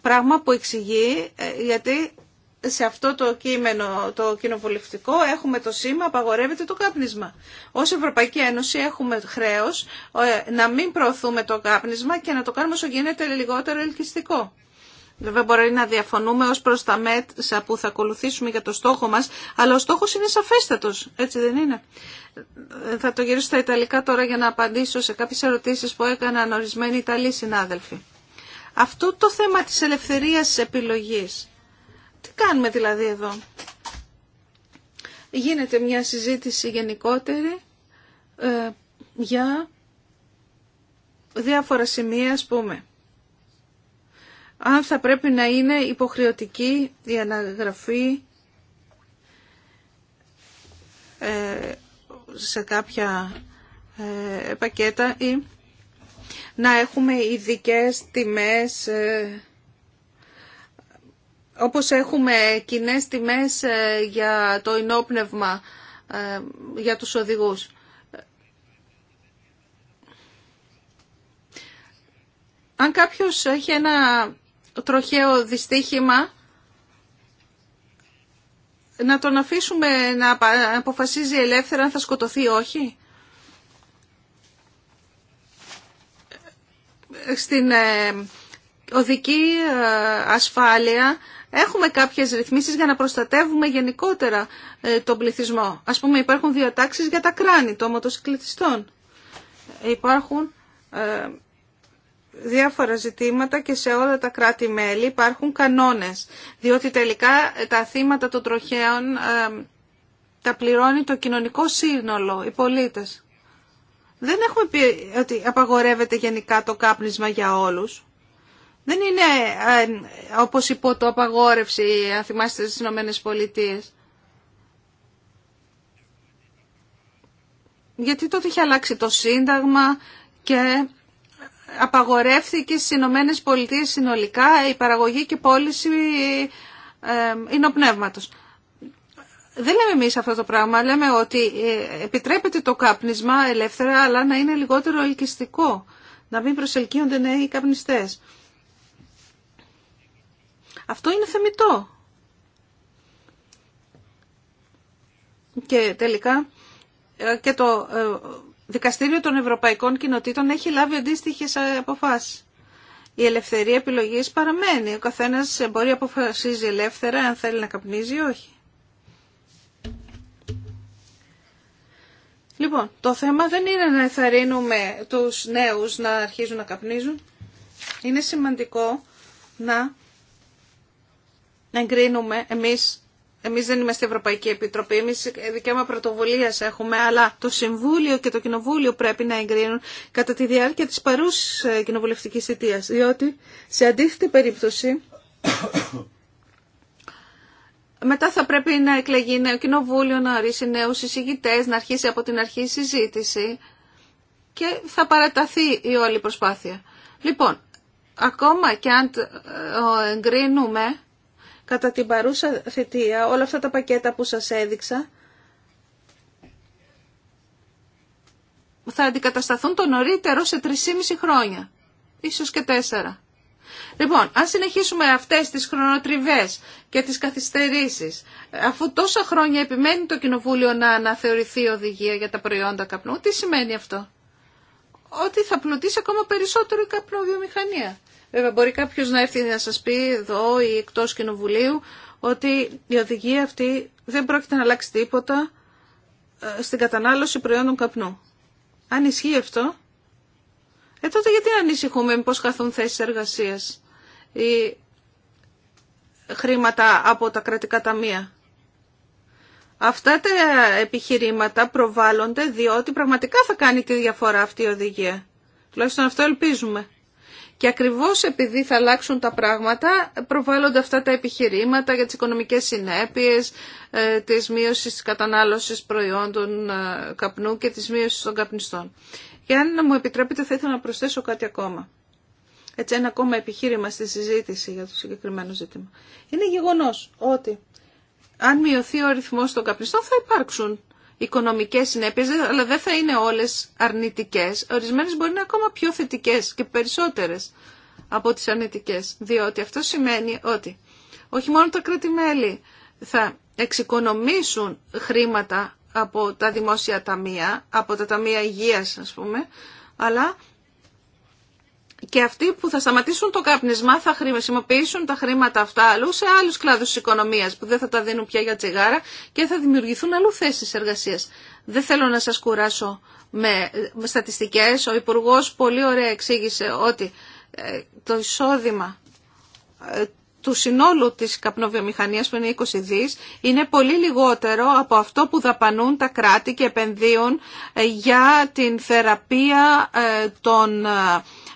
Πράγμα που εξηγεί ε, γιατί σε αυτό το κείμενο το κοινοβουλευτικό έχουμε το σήμα απαγορεύεται το κάπνισμα. Ως Ευρωπαϊκή Ένωση έχουμε χρέος ε, να μην προωθούμε το κάπνισμα και να το κάνουμε όσο γίνεται λιγότερο ελκυστικό. Βέβαια μπορεί να διαφωνούμε ως προς τα μέσα που θα ακολουθήσουμε για το στόχο μας, αλλά ο στόχος είναι σαφέστατος, έτσι δεν είναι. Θα το γυρίσω στα Ιταλικά τώρα για να απαντήσω σε κάποιες ερωτήσεις που έκαναν ορισμένοι Ιταλοί συνάδελφοι. Αυτό το θέμα της ελευθερίας επιλογής, τι κάνουμε δηλαδή εδώ. Γίνεται μια συζήτηση γενικότερη ε, για διάφορα σημεία, ας πούμε αν θα πρέπει να είναι υποχρεωτική η αναγραφή ε, σε κάποια ε, πακέτα ή να έχουμε ειδικέ τιμές ε, όπως έχουμε κοινέ τιμές για το ενόπνευμα για τους οδηγούς. Αν κάποιος έχει ένα τροχαίο δυστύχημα να τον αφήσουμε να αποφασίζει ελεύθερα αν θα σκοτωθεί όχι. Στην ε, οδική ε, ασφάλεια έχουμε κάποιες ρυθμίσεις για να προστατεύουμε γενικότερα ε, τον πληθυσμό. Ας πούμε υπάρχουν δύο τάξεις για τα κράνη των μοτοσυκλητιστών. Υπάρχουν διάφορα ζητήματα και σε όλα τα κράτη-μέλη υπάρχουν κανόνες, διότι τελικά τα θύματα των τροχαίων τα πληρώνει το κοινωνικό σύνολο, οι πολίτες. Δεν έχουμε πει ότι απαγορεύεται γενικά το κάπνισμα για όλους. Δεν είναι ε, όπως υπό το απαγόρευση, αν θυμάστε, στις Ηνωμένες Πολιτείες. Γιατί τότε είχε αλλάξει το Σύνταγμα και απαγορεύθηκε στι Ηνωμένε Πολιτείε συνολικά η παραγωγή και πώληση εινοπνεύματος. Δεν λέμε εμεί αυτό το πράγμα, λέμε ότι ε, επιτρέπεται το κάπνισμα ελεύθερα, αλλά να είναι λιγότερο ελκυστικό, να μην προσελκύονται νέοι καπνιστές. Αυτό είναι θεμητό. Και τελικά ε, και το ε, Δικαστήριο των Ευρωπαϊκών Κοινοτήτων έχει λάβει αντίστοιχε αποφάσεις. Η ελευθερία επιλογής παραμένει. Ο καθένας μπορεί να αποφασίζει ελεύθερα αν θέλει να καπνίζει ή όχι. Λοιπόν, το θέμα δεν είναι να εθαρρύνουμε τους νέους να αρχίζουν να καπνίζουν. Είναι σημαντικό να εγκρίνουμε εμείς Εμεί δεν είμαστε Ευρωπαϊκή Επιτροπή, εμεί δικαίωμα πρωτοβουλία έχουμε, αλλά το Συμβούλιο και το Κοινοβούλιο πρέπει να εγκρίνουν κατά τη διάρκεια της παρούς ε, κοινοβουλευτική θητεία. διότι σε αντίθετη περίπτωση μετά θα πρέπει να εκλεγεί νέο κοινοβούλιο, να ορίσει νέους εισηγητές, να αρχίσει από την αρχή η συζήτηση και θα παραταθεί η όλη προσπάθεια. Λοιπόν, ακόμα και αν ε, εγκρίνουμε κατά την παρούσα θητεία όλα αυτά τα πακέτα που σας έδειξα θα αντικατασταθούν το νωρίτερο σε 3,5 χρόνια, ίσως και 4. Λοιπόν, αν συνεχίσουμε αυτές τις χρονοτριβές και τις καθυστερήσεις, αφού τόσα χρόνια επιμένει το Κοινοβούλιο να αναθεωρηθεί η οδηγία για τα προϊόντα καπνού, τι σημαίνει αυτό. Ότι θα πλουτίσει ακόμα περισσότερο η καπνοβιομηχανία. Βέβαια μπορεί κάποιο να έρθει να σας πει εδώ ή εκτός κοινοβουλίου ότι η οδηγία αυτή δεν πρόκειται να αλλάξει τίποτα ε, στην κατανάλωση προϊόντων καπνού. Αν ισχύει αυτό, ε, τότε γιατί να ανησυχούμε πώς καθούν θέσεις εργασίας ή χρήματα από τα κρατικά ταμεία. Αυτά τα επιχειρήματα προβάλλονται διότι πραγματικά θα κάνει τη διαφορά αυτή η οδηγία. Τουλάχιστον αυτό ελπίζουμε. Και ακριβώς επειδή θα αλλάξουν τα πράγματα, προβάλλονται αυτά τα επιχειρήματα για τις οικονομικές συνέπειες, τη ε, της μείωσης της κατανάλωσης προϊόντων ε, καπνού και της μείωσης των καπνιστών. Και αν μου επιτρέπετε θα ήθελα να προσθέσω κάτι ακόμα. Έτσι ένα ακόμα επιχείρημα στη συζήτηση για το συγκεκριμένο ζήτημα. Είναι γεγονός ότι αν μειωθεί ο αριθμός των καπνιστών θα υπάρξουν οικονομικές συνέπειες, αλλά δεν θα είναι όλες αρνητικές. Ορισμένες μπορεί να είναι ακόμα πιο θετικές και περισσότερες από τις αρνητικές, διότι αυτό σημαίνει ότι όχι μόνο τα κρατη θα εξοικονομήσουν χρήματα από τα δημόσια ταμεία, από τα ταμεία υγείας ας πούμε, αλλά και αυτοί που θα σταματήσουν το καπνισμά θα χρησιμοποιήσουν τα χρήματα αυτά αλλού σε άλλου κλάδου τη οικονομία που δεν θα τα δίνουν πια για τσιγάρα και θα δημιουργηθούν αλλού θέσεις εργασία. Δεν θέλω να σα κουράσω με στατιστικέ. Ο Υπουργό, πολύ ωραία εξήγησε ότι ε, το εισόδημα ε, του συνόλου της καπνοβιομηχανίας που είναι 20 δις είναι πολύ λιγότερο από αυτό που δαπανούν τα κράτη και επενδύουν ε, για την θεραπεία των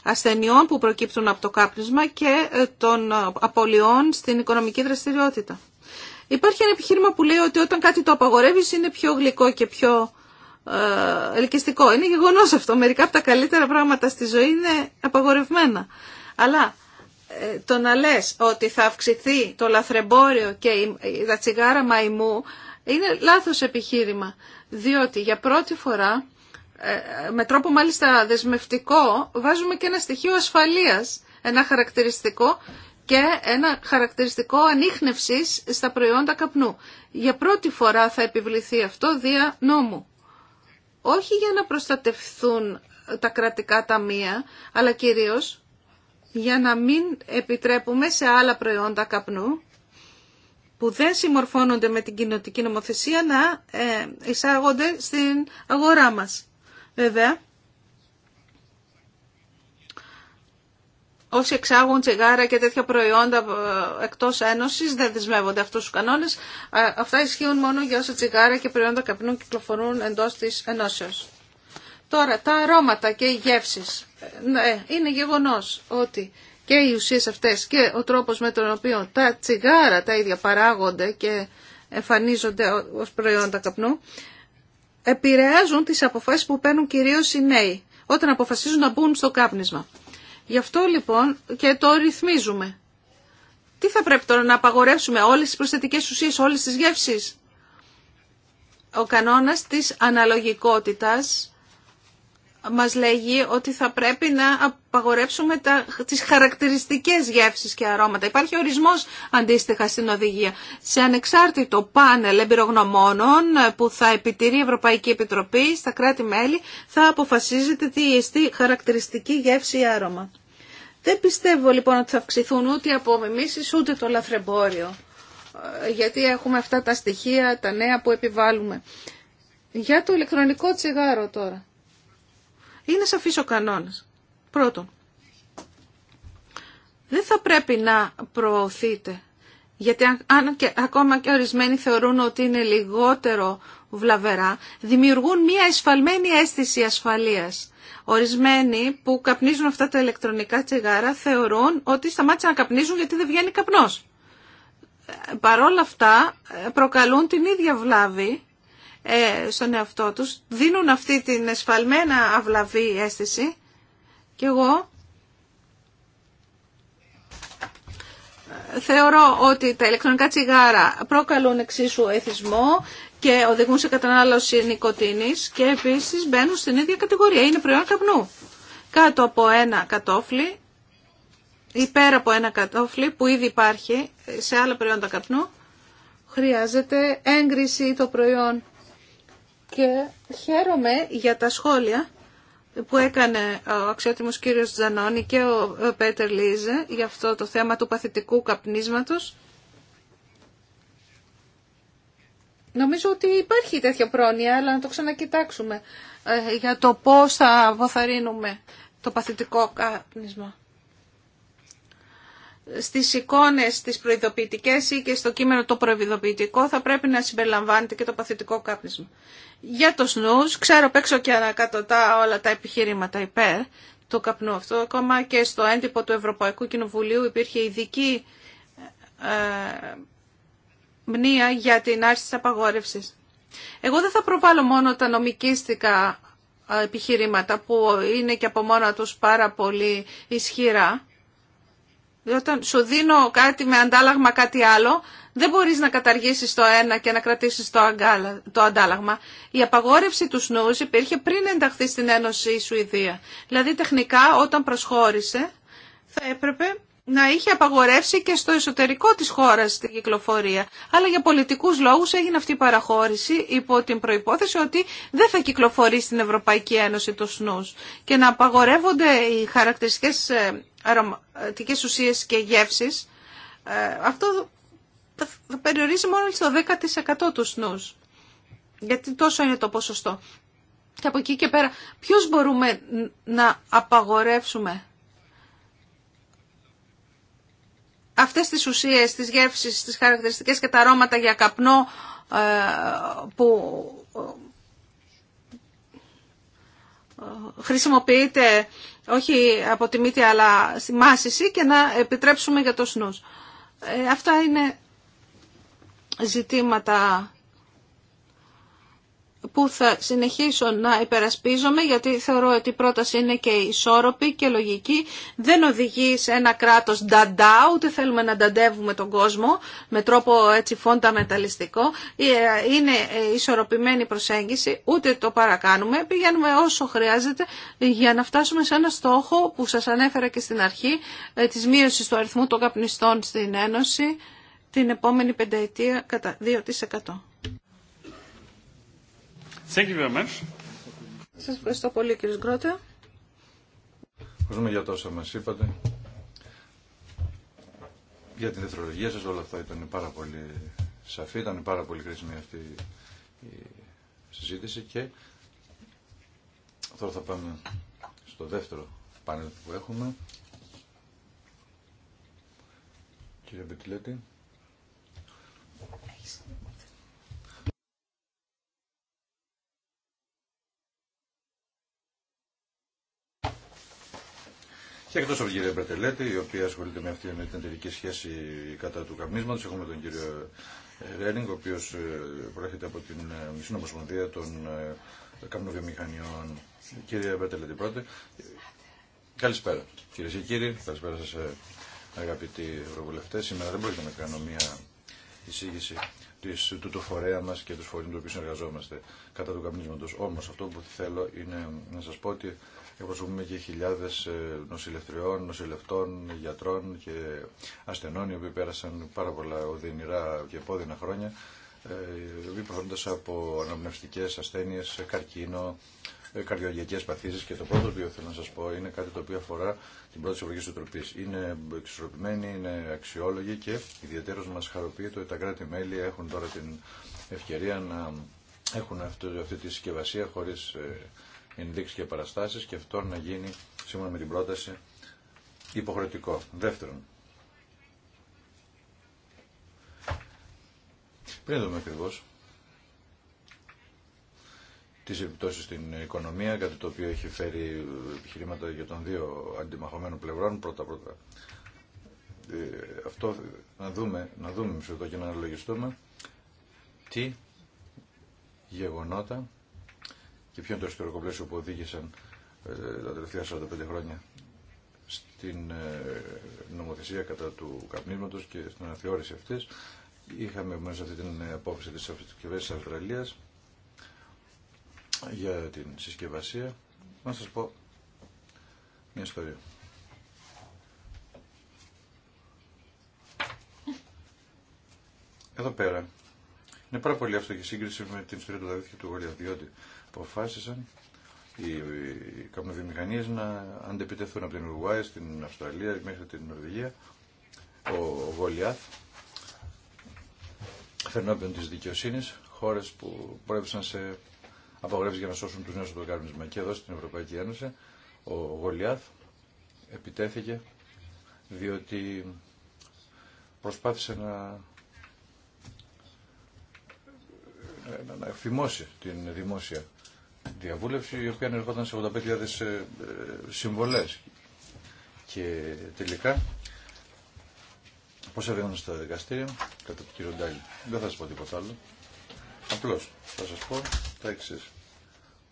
ασθενειών που προκύπτουν από το κάπνισμα και ε, των ε, απολειών στην οικονομική δραστηριότητα. Υπάρχει ένα επιχείρημα που λέει ότι όταν κάτι το απαγορεύεις είναι πιο γλυκό και πιο ε, ελκυστικό. Είναι γεγονό αυτό. Μερικά από τα καλύτερα πράγματα στη ζωή είναι απαγορευμένα. Αλλά το να λε ότι θα αυξηθεί το λαθρεμπόριο και η τσιγάρα μαϊμού είναι λάθο επιχείρημα. Διότι για πρώτη φορά ε, με τρόπο μάλιστα δεσμευτικό βάζουμε και ένα στοιχείο ασφαλείας, ένα χαρακτηριστικό και ένα χαρακτηριστικό ανείχνευσης στα προϊόντα καπνού. Για πρώτη φορά θα επιβληθεί αυτό δια νόμου. Όχι για να προστατευθούν τα κρατικά ταμεία, αλλά κυρίως για να μην επιτρέπουμε σε άλλα προϊόντα καπνού που δεν συμμορφώνονται με την κοινωτική νομοθεσία να ε, εισάγονται στην αγορά μας. Βέβαια, όσοι εξάγουν τσιγάρα και τέτοια προϊόντα ε, εκτός ένωσης δεν δεσμεύονται αυτούς τους κανόνες. Ε, αυτά ισχύουν μόνο για όσα τσιγάρα και προϊόντα καπνού κυκλοφορούν εντός της ενώσεως. Τώρα, τα αρώματα και οι γεύσεις. Ε, ναι, είναι γεγονός ότι και οι ουσίες αυτές και ο τρόπος με τον οποίο τα τσιγάρα τα ίδια παράγονται και εμφανίζονται ως προϊόντα καπνού επηρεάζουν τις αποφάσεις που παίρνουν κυρίως οι νέοι όταν αποφασίζουν να μπουν στο κάπνισμα. Γι' αυτό λοιπόν και το ρυθμίζουμε. Τι θα πρέπει τώρα να απαγορεύσουμε όλες τις προσθετικές ουσίες, όλες τις γεύσεις. Ο κανόνας της αναλογικότητας μας λέγει ότι θα πρέπει να απαγορεύσουμε τα, τις χαρακτηριστικές γεύσεις και αρώματα. Υπάρχει ορισμός αντίστοιχα στην οδηγία. Σε ανεξάρτητο πάνελ εμπειρογνωμόνων που θα επιτηρεί η Ευρωπαϊκή Επιτροπή στα κράτη-μέλη θα αποφασίζεται τι εστί χαρακτηριστική γεύση ή άρωμα. Δεν πιστεύω λοιπόν ότι θα αυξηθούν ούτε οι απομιμήσεις ούτε το λαθρεμπόριο. Ε, γιατί έχουμε αυτά τα στοιχεία, τα νέα που επιβάλλουμε. Για το ηλεκτρονικό τσιγάρο τώρα. Είναι σαφής ο κανόνας. Πρώτον, δεν θα πρέπει να προωθείτε, γιατί αν και ακόμα και ορισμένοι θεωρούν ότι είναι λιγότερο βλαβερά, δημιουργούν μια εσφαλμένη αίσθηση ασφαλείας. Ορισμένοι που καπνίζουν αυτά τα ηλεκτρονικά τσιγάρα θεωρούν ότι σταμάτησαν να καπνίζουν γιατί δεν βγαίνει καπνός. Ε, παρόλα αυτά ε, προκαλούν την ίδια βλάβη ε, στον εαυτό τους, δίνουν αυτή την εσφαλμένα αυλαβή αίσθηση και εγώ ε, θεωρώ ότι τα ηλεκτρονικά τσιγάρα προκαλούν εξίσου εθισμό και οδηγούν σε κατανάλωση νοικοτήνης και επίσης μπαίνουν στην ίδια κατηγορία. Είναι προϊόν καπνού. Κάτω από ένα κατόφλι ή πέρα από ένα κατόφλι που ήδη υπάρχει σε άλλα προϊόντα καπνού χρειάζεται έγκριση το προϊόν και χαίρομαι για τα σχόλια που έκανε ο αξιότιμος κύριος Τζανόνι και ο Πέτερ Λίζε για αυτό το θέμα του παθητικού καπνίσματος. Νομίζω ότι υπάρχει τέτοια πρόνοια, αλλά να το ξανακοιτάξουμε ε, για το πώς θα βοθαρίνουμε το παθητικό καπνίσμα. Στις εικόνες, στις προειδοποιητικές ή και στο κείμενο το προειδοποιητικό θα πρέπει να συμπεριλαμβάνεται και το παθητικό κάπνισμα για το σνούς. Ξέρω απ' και ανακατοτά όλα τα επιχειρήματα υπέρ του καπνού αυτού. Ακόμα και στο έντυπο του Ευρωπαϊκού Κοινοβουλίου υπήρχε ειδική ε, για την άρση της απαγόρευσης. Εγώ δεν θα προβάλλω μόνο τα νομικίστικα ε, επιχειρήματα που είναι και από μόνα τους πάρα πολύ ισχυρά όταν σου δίνω κάτι με αντάλλαγμα κάτι άλλο, δεν μπορείς να καταργήσεις το ένα και να κρατήσεις το αντάλλαγμα. Η απαγόρευση του σνούς υπήρχε πριν ενταχθεί στην Ένωση η Σουηδία. Δηλαδή τεχνικά όταν προσχώρησε θα έπρεπε να είχε απαγορεύσει και στο εσωτερικό της χώρας την κυκλοφορία. Αλλά για πολιτικούς λόγους έγινε αυτή η παραχώρηση υπό την προϋπόθεση ότι δεν θα κυκλοφορεί στην Ευρωπαϊκή Ένωση το σνούς. Και να απαγορεύονται οι χαρακτηριστικές ε, αρωματικές ουσίες και γεύσεις, ε, αυτό θα περιορίζει μόνο στο 10% του σνούς. Γιατί τόσο είναι το ποσοστό. Και από εκεί και πέρα, ποιους μπορούμε να απαγορεύσουμε αυτές τις ουσίες, τις γεύσεις, τις χαρακτηριστικές και τα αρώματα για καπνό ε, που ε, χρησιμοποιείται όχι από τη μύτη αλλά στη μάσηση και να επιτρέψουμε για το σνούς. Ε, αυτά είναι ζητήματα που θα συνεχίσω να υπερασπίζομαι γιατί θεωρώ ότι η πρόταση είναι και ισόρροπη και λογική. Δεν οδηγεί σε ένα κράτος νταντά, ούτε θέλουμε να νταντεύουμε τον κόσμο με τρόπο έτσι φόντα ε, Είναι ε, ισορροπημένη προσέγγιση, ούτε το παρακάνουμε. Πηγαίνουμε όσο χρειάζεται για να φτάσουμε σε ένα στόχο που σας ανέφερα και στην αρχή ε, της μείωση του αριθμού των καπνιστών στην Ένωση την επόμενη πενταετία κατά 2%. Thank you very Σας ευχαριστώ πολύ κύριε Γκρότα. Ευχαριστούμε για τόσα μας είπατε. Για την δευτερολογία σας όλα αυτά ήταν πάρα πολύ σαφή, ήταν πάρα πολύ χρήσιμη αυτή η συζήτηση και τώρα θα πάμε στο δεύτερο πάνελ που έχουμε. Κύριε Μπετλέτη. Και εκτό από την κυρία Μπρετελέτη, η οποία ασχολείται με αυτή την εταιρική σχέση κατά του καπνίσματο, έχουμε τον κύριο ε, Ρέλινγκ, ο οποίο ε, προέρχεται από την ε, Συνομοσπονδία των Καπνοβιομηχανιών. Κύριε Μπρετελέτη, πρώτη. Καλησπέρα, κυρίε και κύριοι. Καλησπέρα σα, αγαπητοί ευρωβουλευτέ. Σήμερα δεν πρόκειται να κάνω μια εισήγηση της, του, του φορέα μα και του φορεί με οποίου συνεργαζόμαστε κατά του καπνίσματο. Όμω αυτό που θέλω είναι να σα πω ότι Εκπροσωπούμε και χιλιάδε ε, νοσηλευτριών, νοσηλευτών, γιατρών και ασθενών οι οποίοι πέρασαν πάρα πολλά οδυνηρά και πόδινα χρόνια ε, οι οποίοι προχωρούνται από αναπνευστικέ ασθένειε, καρκίνο, ε, καρδιολογικέ παθήσει. Και το πρώτο που θέλω να σα πω είναι κάτι το οποίο αφορά την πρώτη ευρωπαϊκή τροπή. Είναι εξισορροπημένη, είναι αξιόλογη και ιδιαίτερω μα χαροποιεί το ότι τα κράτη-μέλη έχουν τώρα την ευκαιρία να έχουν αυτή, αυτή τη συσκευασία χωρί ενδείξει και παραστάσεις και αυτό να γίνει σύμφωνα με την πρόταση υποχρεωτικό. Δεύτερον, πριν δούμε ακριβώ τι επιπτώσει στην οικονομία, κάτι το οποίο έχει φέρει επιχειρήματα για τον δύο αντιμαχωμένων πλευρών, πρώτα-πρώτα. Ε, αυτό να δούμε, να δούμε μισό και να αναλογιστούμε τι γεγονότα και ποιο είναι το ιστορικό πλαίσιο που οδήγησαν ε, τα τελευταία 45 χρόνια στην ε, νομοθεσία κατά του καπνίσματος και στην αναθεώρηση αυτής. Είχαμε μέσα αυτή την απόφαση της κυβέρνησης της για την συσκευασία. Να σας πω μια ιστορία. Εδώ πέρα είναι πάρα πολύ αυτό και σύγκριση με την ιστορία του Δαβίδ και του Γολιαδιώτη αποφάσισαν οι, οι καπνοβιομηχανίες να αντεπιτεθούν από την Ουρουάη στην Αυστραλία μέχρι την Νορβηγία. Ο, ο Γολιάθ φαινόμενο της δικαιοσύνης, χώρες που προέβησαν σε απαγορεύσεις για να σώσουν τους νέους από το κάρνισμα. Και εδώ στην Ευρωπαϊκή Ένωση ο Γολιάθ επιτέθηκε διότι προσπάθησε να να, να φημώσει την δημόσια διαβούλευση η οποία ανερχόταν σε 85.000 ε, ε, συμβολές και τελικά πώς έβγαιναν στα δικαστήρια κατά τον κύριο Ντάλη. Δεν θα σας πω τίποτα άλλο. Απλώς θα σας πω τα εξή.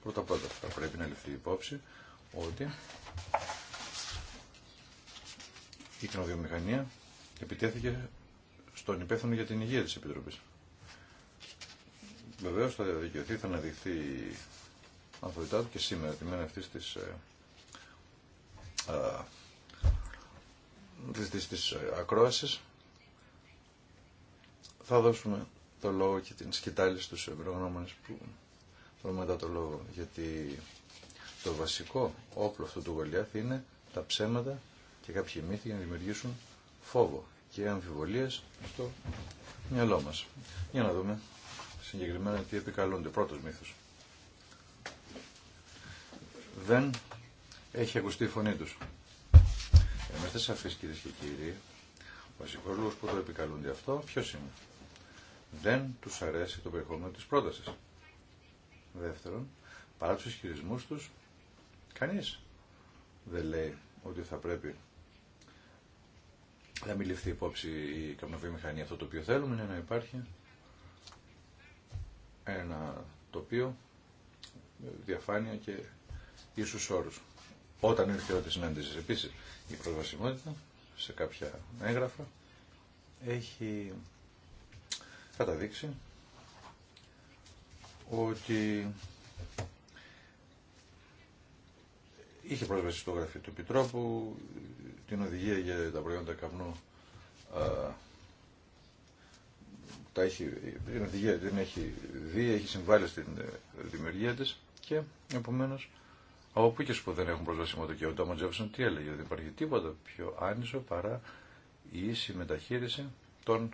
Πρώτα πρώτα θα πρέπει να ληφθεί υπόψη ότι η κοινοβιομηχανία επιτέθηκε στον υπεύθυνο για την υγεία της Επιτροπής. Βεβαίως θα δικαιωθεί, θα αναδειχθεί του και σήμερα, τη μέρα αυτή της, ε, α, ε, ακρόασης, θα δώσουμε το λόγο και την σκητάλη στους ευρωγνώμονες που μετά το λόγο, γιατί το βασικό όπλο αυτού του Γολιάθ είναι τα ψέματα και κάποιοι μύθοι για να δημιουργήσουν φόβο και αμφιβολίες στο μυαλό μας. Για να δούμε συγκεκριμένα τι επικαλούνται. Πρώτος μύθος δεν έχει ακουστεί η φωνή τους. Είμαστε σαφείς κυρίε και κύριοι. Ο βασικός που το επικαλούνται αυτό ποιος είναι. Δεν τους αρέσει το περιεχόμενο της πρότασης. Δεύτερον, παρά τους ισχυρισμού τους, κανείς δεν λέει ότι θα πρέπει να μην ληφθεί υπόψη η καπνοβιομηχανία. Αυτό το οποίο θέλουμε είναι να υπάρχει ένα τοπίο διαφάνεια και ίσους όρους. Όταν ήρθε η ώρα της συνάντησης επίσης, η προσβασιμότητα σε κάποια έγγραφα έχει καταδείξει ότι είχε πρόσβαση στο γραφείο του Επιτρόπου, την οδηγία για τα προϊόντα καπνού α, τα έχει, την οδηγία την έχει δει, έχει συμβάλει στην ε, δημιουργία της και επομένως όπου και που δεν έχουν προσβασιμότητα. Και ο Τόμα Τζέφερσον τι έλεγε, δεν υπάρχει τίποτα πιο άνισο παρά η ίση μεταχείριση των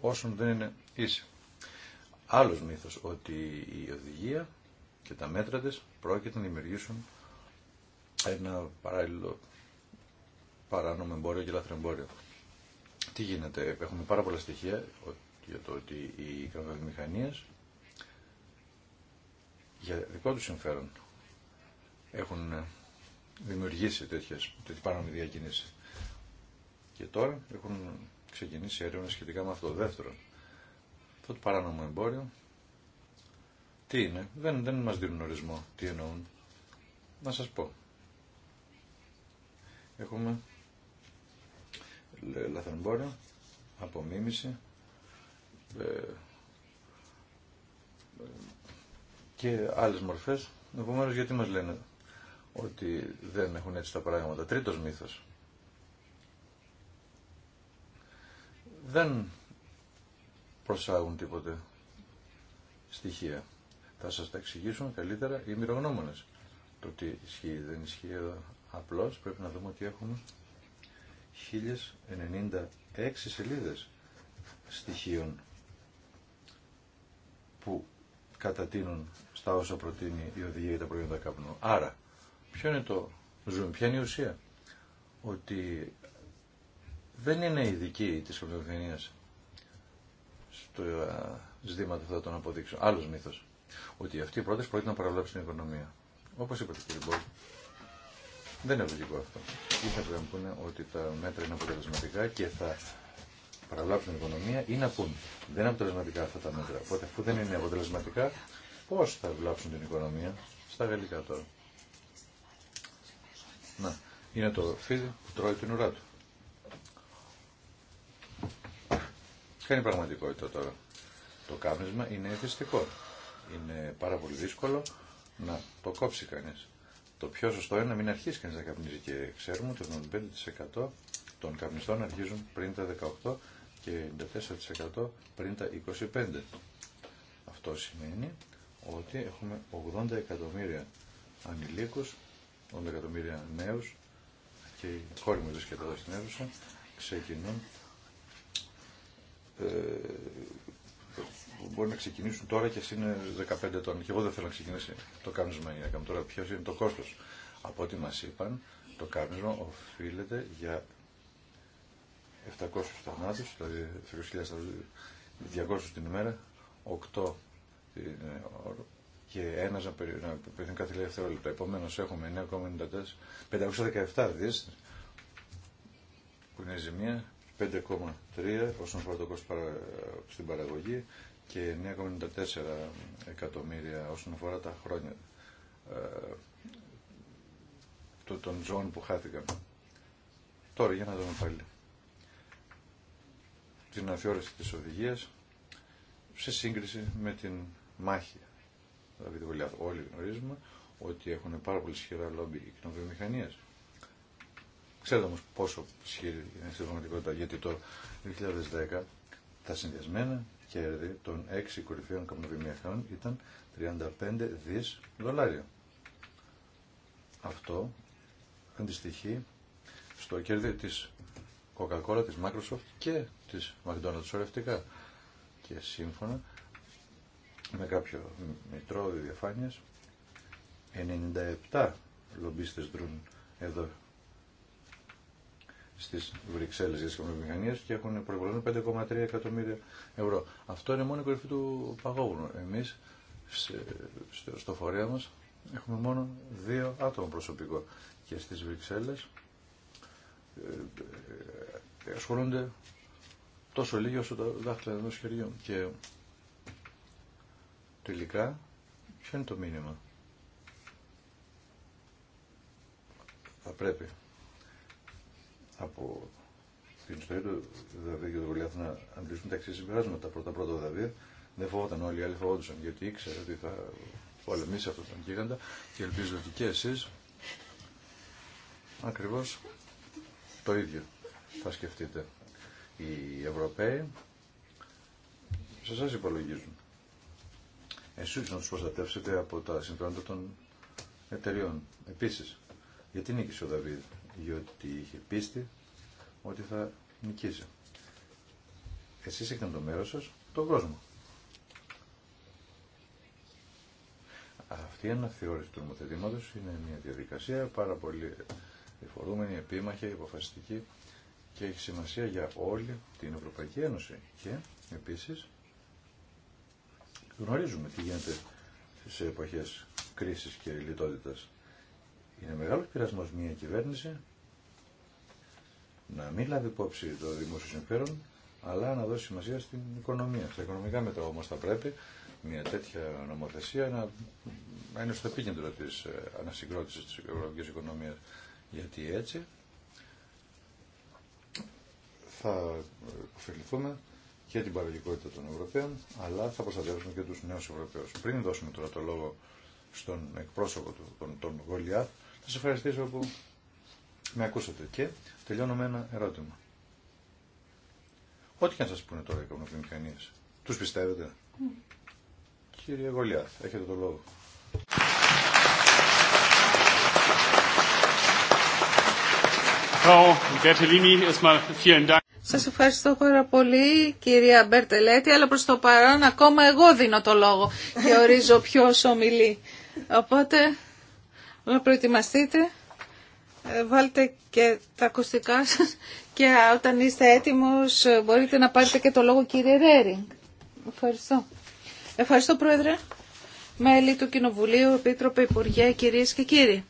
όσων δεν είναι ίση. Άλλος μύθος, ότι η οδηγία και τα μέτρα της πρόκειται να δημιουργήσουν ένα παράλληλο παράνομο εμπόριο και λαθρεμπόριο. Τι γίνεται, έχουμε πάρα πολλά στοιχεία για το ότι οι κρατοβιομηχανίες για δικό του συμφέρον έχουν ε, δημιουργήσει τέτοιες, τέτοιες παράνομη διακίνηση. Και τώρα έχουν ξεκινήσει έρευνα σχετικά με αυτό. δεύτερο, αυτό το παράνομο εμπόριο, τι είναι, δεν, δεν μας δίνουν ορισμό, τι εννοούν. Να σας πω. Έχουμε λαθρεμπόριο, απομίμηση, ε, και άλλες μορφές. Επομένως, γιατί μας λένε ότι δεν έχουν έτσι τα πράγματα. Τρίτος μύθος. Δεν προσάγουν τίποτε στοιχεία. Θα σας τα εξηγήσουν καλύτερα οι μυρογνώμονες. Το ότι ισχύει δεν ισχύει εδώ απλώς. Πρέπει να δούμε ότι έχουμε 1096 σελίδες στοιχείων που κατατείνουν στα όσα προτείνει η οδηγία για τα προϊόντα καπνού. Άρα, ποιο είναι το ζούμε ποια είναι η ουσία. Ότι δεν είναι ειδική της καπνοβιομηχανίας στο ε, αυτό θα τον αποδείξω. Άλλος μύθος. Ότι αυτοί οι πρόταση πρόκειται να παραβλέψουν την οικονομία. Όπως είπατε κύριε Μπόλ, δεν είναι λογικό αυτό. Ή θα πρέπει να πούνε ότι τα μέτρα είναι αποτελεσματικά και θα παραβλάψουν την οικονομία ή να πούν δεν είναι αποτελεσματικά αυτά τα μέτρα. Οπότε αφού δεν είναι αποτελεσματικά, πώ θα βλάψουν την οικονομία στα γαλλικά τώρα. Να, είναι το φίδι που τρώει την ουρά του. Κάνει πραγματικότητα τώρα. Το κάπνισμα είναι εθιστικό. Είναι πάρα πολύ δύσκολο να το κόψει κανείς. Το πιο σωστό είναι να μην αρχίσει κανείς να καπνίζει και ξέρουμε ότι το 75% των καπνιστών αρχίζουν πριν τα 18 και 94% πριν τα 25. Αυτό σημαίνει ότι έχουμε 80 εκατομμύρια ανηλίκους, 80 εκατομμύρια νέους και οι κόρη μου βρίσκεται εδώ στην αίθουσα, ξεκινούν ε, μπορεί να ξεκινήσουν τώρα και είναι 15 ετών. Και εγώ δεν θέλω να ξεκινήσει το κάμισμα να Τώρα ποιο είναι το κόστος; Από ό,τι μα είπαν, το κάμισμα οφείλεται για 700 θανάτους, δηλαδή 200 την ημέρα, 8 ε, και ένας να περιμένει κάθε δευτερόλεπτο. Επομένω έχουμε 9,94, 517 δις που είναι ζημία, 5,3 όσον αφορά το κόστος στην παραγωγή και 9,94 εκατομμύρια όσον αφορά τα χρόνια ε, των ζώων που χάθηκαν. Τώρα για να δούμε πάλι την αφιόρεση της οδηγίας σε σύγκριση με την μάχη. Δηλαδή όλοι γνωρίζουμε ότι έχουν πάρα πολύ ισχυρά λόμπι οι κοινοβιομηχανίες. Ξέρετε όμως πόσο ισχυρή είναι στην πραγματικότητα, γιατί το 2010 τα συνδυασμένα κέρδη των 6 κορυφαίων κοινοβιομηχανών ήταν 35 δις δολάρια. Αυτό αντιστοιχεί στο κέρδη της Coca-Cola, της Microsoft και της McDonald's ορευτικά. Και σύμφωνα με κάποιο μητρό διαφάνειας, 97 λομπίστες δρούν εδώ στις Βρυξέλλες για τις και έχουν προβολούν 5,3 εκατομμύρια ευρώ. Αυτό είναι μόνο η κορυφή του παγόβουνου. Εμείς στο φορέα μας έχουμε μόνο δύο άτομα προσωπικό και στις Βρυξέλλες ε, ε, ασχολούνται τόσο λίγοι όσο τα δάχτυλα ενό χεριού. Και τελικά, ποιο είναι το μήνυμα. Θα πρέπει από την ιστορία του Δαβίδ και του Γολιάθ να αντιληφθούν τα εξή συμπεράσματα. Πρώτα πρώτα ο Δαβίδ δεν φοβόταν όλοι οι άλλοι φοβόντουσαν γιατί ήξερε ότι θα πολεμήσει αυτόν τον γίγαντα και ελπίζω ότι και εσεί ακριβώ το ίδιο θα σκεφτείτε. Οι Ευρωπαίοι σε εσάς υπολογίζουν. Εσείς να τους προστατεύσετε από τα συμφέροντα των εταιριών. Επίσης, γιατί νίκησε ο Δαβίδ, γιατί είχε πίστη ότι θα νικήσει. Εσείς έχετε το μέρος σας, τον κόσμο. Αυτή η αναθεώρηση του νομοθετήματος είναι μια διαδικασία πάρα πολύ διφορούμενη, επίμαχη, υποφασιστική και έχει σημασία για όλη την Ευρωπαϊκή Ένωση. Και επίσης γνωρίζουμε τι γίνεται σε εποχές κρίσης και λιτότητας. Είναι μεγάλος πειρασμός μια κυβέρνηση να μην λάβει υπόψη το δημόσιο συμφέρον, αλλά να δώσει σημασία στην οικονομία. Στα οικονομικά μέτρα όμω θα πρέπει μια τέτοια νομοθεσία να, είναι στο επίκεντρο της ε, ανασυγκρότηση της ευρωπαϊκή οικονομία γιατί έτσι θα ωφεληθούμε και την παραγωγικότητα των Ευρωπαίων, αλλά θα προστατεύσουμε και τους νέους Ευρωπαίους. Πριν δώσουμε τώρα το λόγο στον εκπρόσωπο του, τον, τον Γολιάθ, θα σας ευχαριστήσω που με ακούσατε και τελειώνω με ένα ερώτημα. Ό,τι και αν σας πούνε τώρα οι οικονομικοί τους πιστεύετε. Mm. Κύριε Γολιάθ, έχετε το λόγο. Σας ευχαριστώ πάρα πολύ κυρία Μπερτελέτη, αλλά προς το παρόν ακόμα εγώ δίνω το λόγο και ορίζω ποιος ομιλεί. Οπότε, να προετοιμαστείτε, ε, βάλτε και τα ακουστικά σας και όταν είστε έτοιμος ε, μπορείτε να πάρετε και το λόγο κύριε Ρέρινγκ. Ευχαριστώ. Ευχαριστώ Πρόεδρε, μέλη του Κοινοβουλίου, Επίτροπε Υπουργέ, κυρίες και κύριοι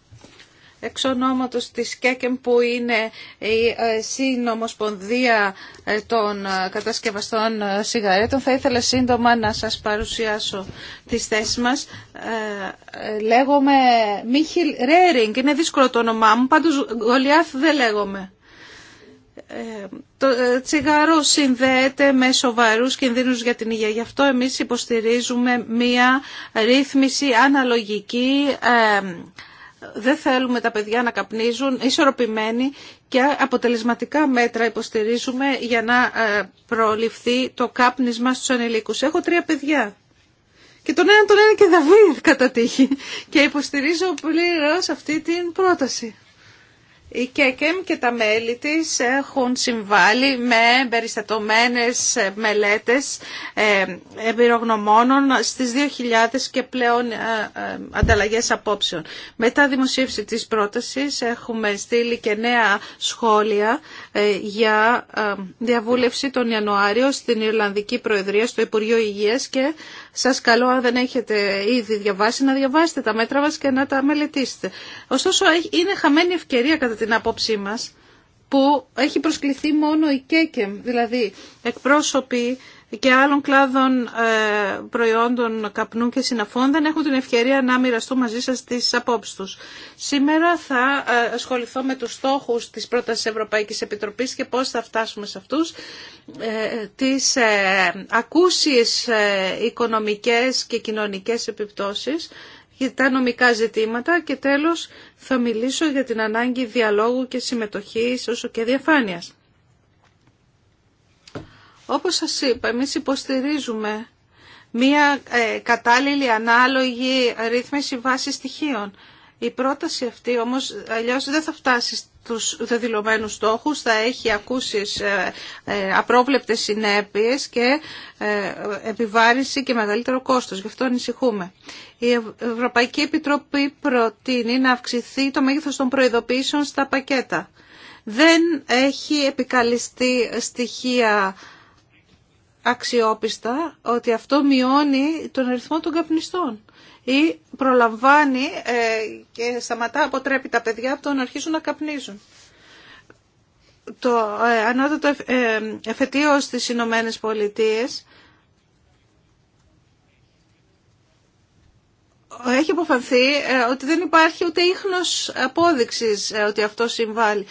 εξ ονόματος της ΚΕΚΕΜ που είναι η ε, Συνομοσπονδία ε, των ε, Κατασκευαστών Σιγαρέτων. Θα ήθελα σύντομα να σας παρουσιάσω τις θέσεις μας. Λέγομαι Μίχιλ Ρέρινγκ, είναι δύσκολο το όνομά μου, πάντως Γολιάθ δεν λέγομαι. Το τσιγάρο συνδέεται με σοβαρούς κινδύνους για την υγεία. Γι' αυτό εμείς υποστηρίζουμε μία ρύθμιση αναλογική δεν θέλουμε τα παιδιά να καπνίζουν, ισορροπημένοι και αποτελεσματικά μέτρα υποστηρίζουμε για να ε, προληφθεί το κάπνισμα στους ανηλίκους. Έχω τρία παιδιά και τον έναν τον έναν και Δαβίδ κατά τύχη και υποστηρίζω πολύ αυτή την πρόταση. Η ΚΕΚΕΜ και τα μέλη της έχουν συμβάλει με περιστατωμένες μελέτες ε, εμπειρογνωμόνων στις 2.000 και πλέον ε, ε, ανταλλαγές απόψεων. Μετά δημοσίευση της πρότασης έχουμε στείλει και νέα σχόλια για διαβούλευση τον Ιανουάριο στην Ιρλανδική Προεδρία στο Υπουργείο Υγείας και σας καλώ αν δεν έχετε ήδη διαβάσει να διαβάσετε τα μέτρα μας και να τα μελετήσετε. Ωστόσο είναι χαμένη ευκαιρία κατά την άποψή μας που έχει προσκληθεί μόνο η ΚΕΚΕΜ, δηλαδή εκπρόσωποι και άλλων κλάδων ε, προϊόντων καπνού και συναφών δεν έχουν την ευκαιρία να μοιραστούν μαζί σας τις απόψεις τους. Σήμερα θα ε, ασχοληθώ με τους στόχους της πρότασης Ευρωπαϊκής Επιτροπής και πώς θα φτάσουμε σε αυτούς, ε, τις ακούσιες οικονομικές και κοινωνικές επιπτώσεις για τα νομικά ζητήματα και τέλος θα μιλήσω για την ανάγκη διαλόγου και συμμετοχής όσο και διαφάνειας. Όπως σας είπα, εμείς υποστηρίζουμε μία ε, κατάλληλη ανάλογη ρύθμιση βάση στοιχείων. Η πρόταση αυτή όμως αλλιώς δεν θα φτάσει στους δεδηλωμένους στόχους, θα έχει ακούσεις ε, ε, απρόβλεπτες συνέπειες και επιβάρηση και μεγαλύτερο κόστος. Γι' αυτό ανησυχούμε. Η Ευρωπαϊκή Επιτροπή προτείνει να αυξηθεί το μέγεθος των προειδοποιήσεων στα πακέτα. Δεν έχει επικαλυστεί στοιχεία αξιόπιστα ότι αυτό μειώνει τον αριθμό των καπνιστών ή προλαμβάνει ε, και σταματά, αποτρέπει τα παιδιά από το να αρχίσουν να καπνίζουν. Το ε, ανώτατο ε, εφετείο στις Ηνωμένε Πολιτείε. έχει αποφανθεί ότι δεν υπάρχει ούτε ίχνος απόδειξης ότι αυτό συμβάλλει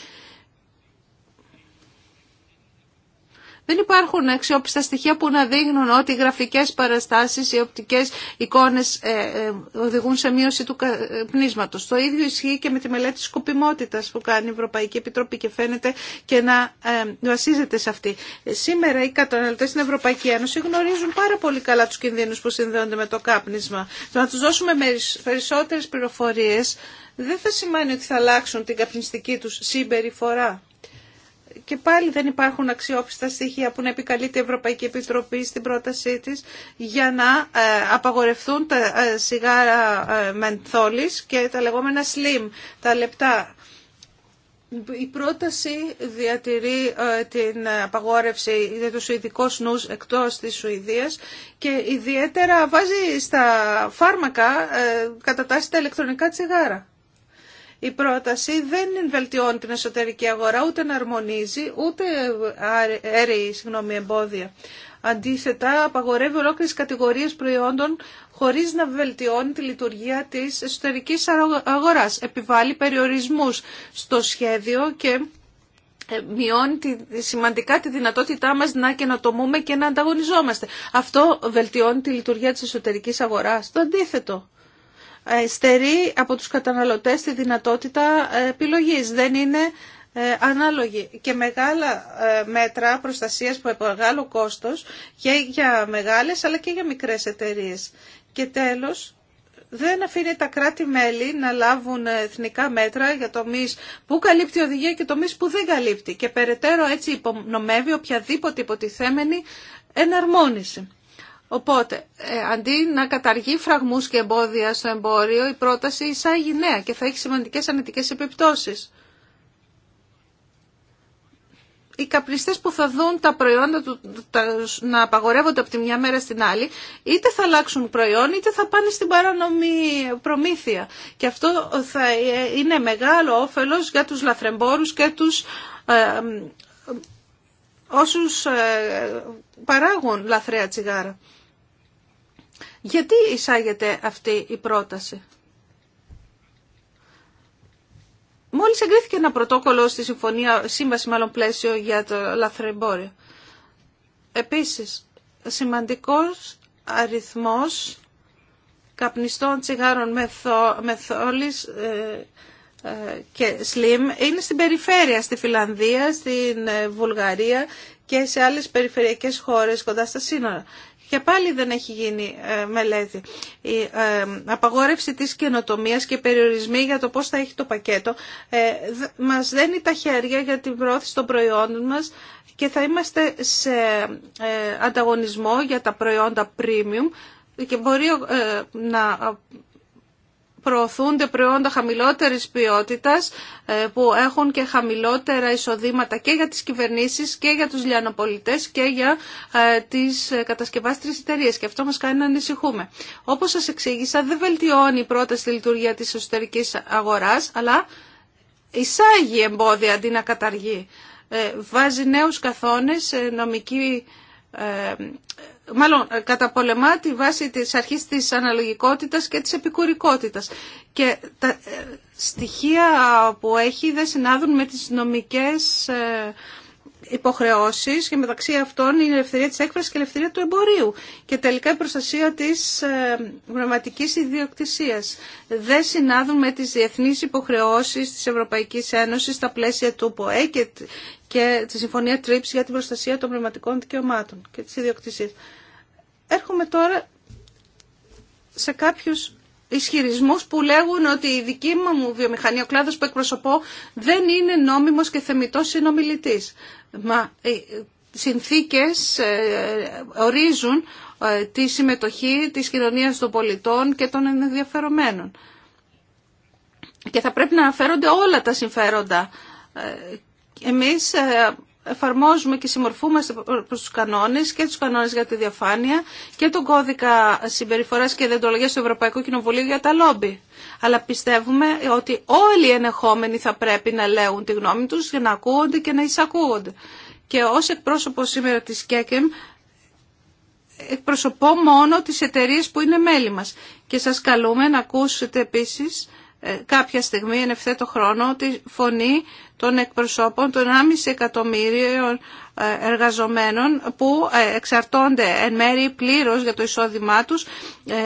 Δεν υπάρχουν αξιόπιστα στοιχεία που να δείχνουν ότι οι γραφικές παραστάσεις, οι οπτικές εικόνες ε, ε, οδηγούν σε μείωση του πνίσματος. Το ίδιο ισχύει και με τη μελέτη σκοπιμότητας που κάνει η Ευρωπαϊκή Επιτροπή και φαίνεται και να ε, βασίζεται σε αυτή. Σήμερα οι καταναλωτέ στην Ευρωπαϊκή Ένωση γνωρίζουν πάρα πολύ καλά τους κινδύνους που συνδέονται με το κάπνισμα. Το να τους δώσουμε περισσότερες πληροφορίες δεν θα σημαίνει ότι θα αλλάξουν την καπνιστική τους συμπεριφορά και πάλι δεν υπάρχουν αξιόπιστα στοιχεία που να επικαλείται η Ευρωπαϊκή Επιτροπή στην πρότασή της για να ε, απαγορευτούν τα ε, σιγάρα ε, μενθόλης και τα λεγόμενα slim, τα λεπτά. Η πρόταση διατηρεί την απαγόρευση για τους ειδικό νους εκτός της Σουηδίας και ιδιαίτερα βάζει στα φάρμακα κατά τα ηλεκτρονικά τσιγάρα η πρόταση δεν βελτιώνει την εσωτερική αγορά, ούτε να αρμονίζει, ούτε έρει συγγνώμη, εμπόδια. Αντίθετα, απαγορεύει ολόκληρε κατηγορίε προϊόντων χωρί να βελτιώνει τη λειτουργία τη εσωτερική αγορά. Επιβάλλει περιορισμού στο σχέδιο και ε, μειώνει σημαντικά τη δυνατότητά μας να καινοτομούμε και να ανταγωνιζόμαστε. Αυτό βελτιώνει τη λειτουργία της εσωτερικής αγοράς. Το αντίθετο. Ε, στερεί από τους καταναλωτές τη δυνατότητα ε, επιλογής. Δεν είναι ε, ανάλογη. Και μεγάλα μέτρα προστασίας που έχουν μεγάλο κόστος και για μεγάλες αλλά και για μικρές εταιρείες. Και τέλος, δεν αφήνει τα κράτη-μέλη να λάβουν εθνικά μέτρα για τομεί που καλύπτει η οδηγία και τομεί που δεν καλύπτει. Και περαιτέρω έτσι υπονομεύει οποιαδήποτε υποτιθέμενη εναρμόνιση. Οπότε, ε, αντί να καταργεί φραγμούς και εμπόδια στο εμπόριο, η πρόταση εισάγει νέα και θα έχει σημαντικές ανετικές επιπτώσεις. Οι καπνιστές που θα δουν τα προϊόντα του, να απαγορεύονται από τη μια μέρα στην άλλη, είτε θα αλλάξουν προϊόν, είτε θα πάνε στην παρανομή προμήθεια. Και αυτό θα ε, είναι μεγάλο όφελος για τους λαθρεμπόρους και τους ε, όσους παράγουν λαθρέα τσιγάρα. Γιατί εισάγεται αυτή η πρόταση. Μόλις εγκρίθηκε ένα πρωτόκολλο στη συμφωνία, σύμβαση μάλλον πλαίσιο για το λαθρεμπόριο. Επίσης, σημαντικός αριθμός καπνιστών τσιγάρων μεθόλης ε, ε, και slim είναι στην περιφέρεια, στη Φιλανδία, στην ε, Βουλγαρία και σε άλλες περιφερειακές χώρες κοντά στα σύνορα. Και πάλι δεν έχει γίνει ε, μελέτη. Η ε, απαγόρευση της καινοτομίας και περιορισμοί για το πώς θα έχει το πακέτο ε, μας δένει τα χέρια για την πρόθεση των προϊόντων μας και θα είμαστε σε ανταγωνισμό για τα προϊόντα premium και μπορεί να προωθούνται προϊόντα χαμηλότερης ποιότητας ε, που έχουν και χαμηλότερα εισοδήματα και για τις κυβερνήσεις και για τους λιανοπολιτές και για ε, τις κατασκευάστρες εταιρείε. και αυτό μας κάνει να ανησυχούμε. Όπως σας εξήγησα δεν βελτιώνει η πρόταση λειτουργία της εσωτερικής αγοράς αλλά εισάγει εμπόδια αντί να καταργεί. Ε, βάζει νέους καθόνες νομική μάλλον ε, καταπολεμά τη βάση της αρχής της αναλογικότητας και της επικουρικότητας. Και τα ε, στοιχεία που έχει δεν συνάδουν με τις νομικές ε, υποχρεώσεις και μεταξύ αυτών η ελευθερία της έκφρασης και η ελευθερία του εμπορίου και τελικά η προστασία της ε, πνευματικής ιδιοκτησίας. Δεν συνάδουν με τις διεθνείς υποχρεώσεις της Ευρωπαϊκής Ένωσης στα πλαίσια του ΠΟΕ και, τη Συμφωνία Τρίψη για την προστασία των πνευματικών δικαιωμάτων και της ιδιοκτησίας. Έρχομαι τώρα σε κάποιους ισχυρισμούς που λέγουν ότι η δική μου βιομηχανία, ο κλάδος που εκπροσωπώ, δεν είναι νόμιμος και θεμητός συνομιλητής. Μα ε, συνθήκες ε, ορίζουν ε, τη συμμετοχή της κοινωνίας των πολιτών και των ενδιαφερομένων. Και θα πρέπει να αναφέρονται όλα τα συμφέροντα. Εμείς εφαρμόζουμε και συμμορφούμαστε προς τους κανόνες και τους κανόνες για τη διαφάνεια και τον κώδικα συμπεριφοράς και δεντρολογίας του Ευρωπαϊκού Κοινοβουλίου για τα λόμπι. Αλλά πιστεύουμε ότι όλοι οι ενεχόμενοι θα πρέπει να λέγουν τη γνώμη τους για να ακούγονται και να εισακούγονται. Και ως εκπρόσωπο σήμερα της ΚΕΚΕΜ εκπροσωπώ μόνο τις εταιρείε που είναι μέλη μας. Και σας καλούμε να ακούσετε επίσης ε, κάποια στιγμή εν ευθέτω χρόνο τη φωνή των εκπροσώπων των 1,5 εκατομμύριων ε, εργαζομένων που ε, εξαρτώνται εν μέρη πλήρως για το εισόδημά τους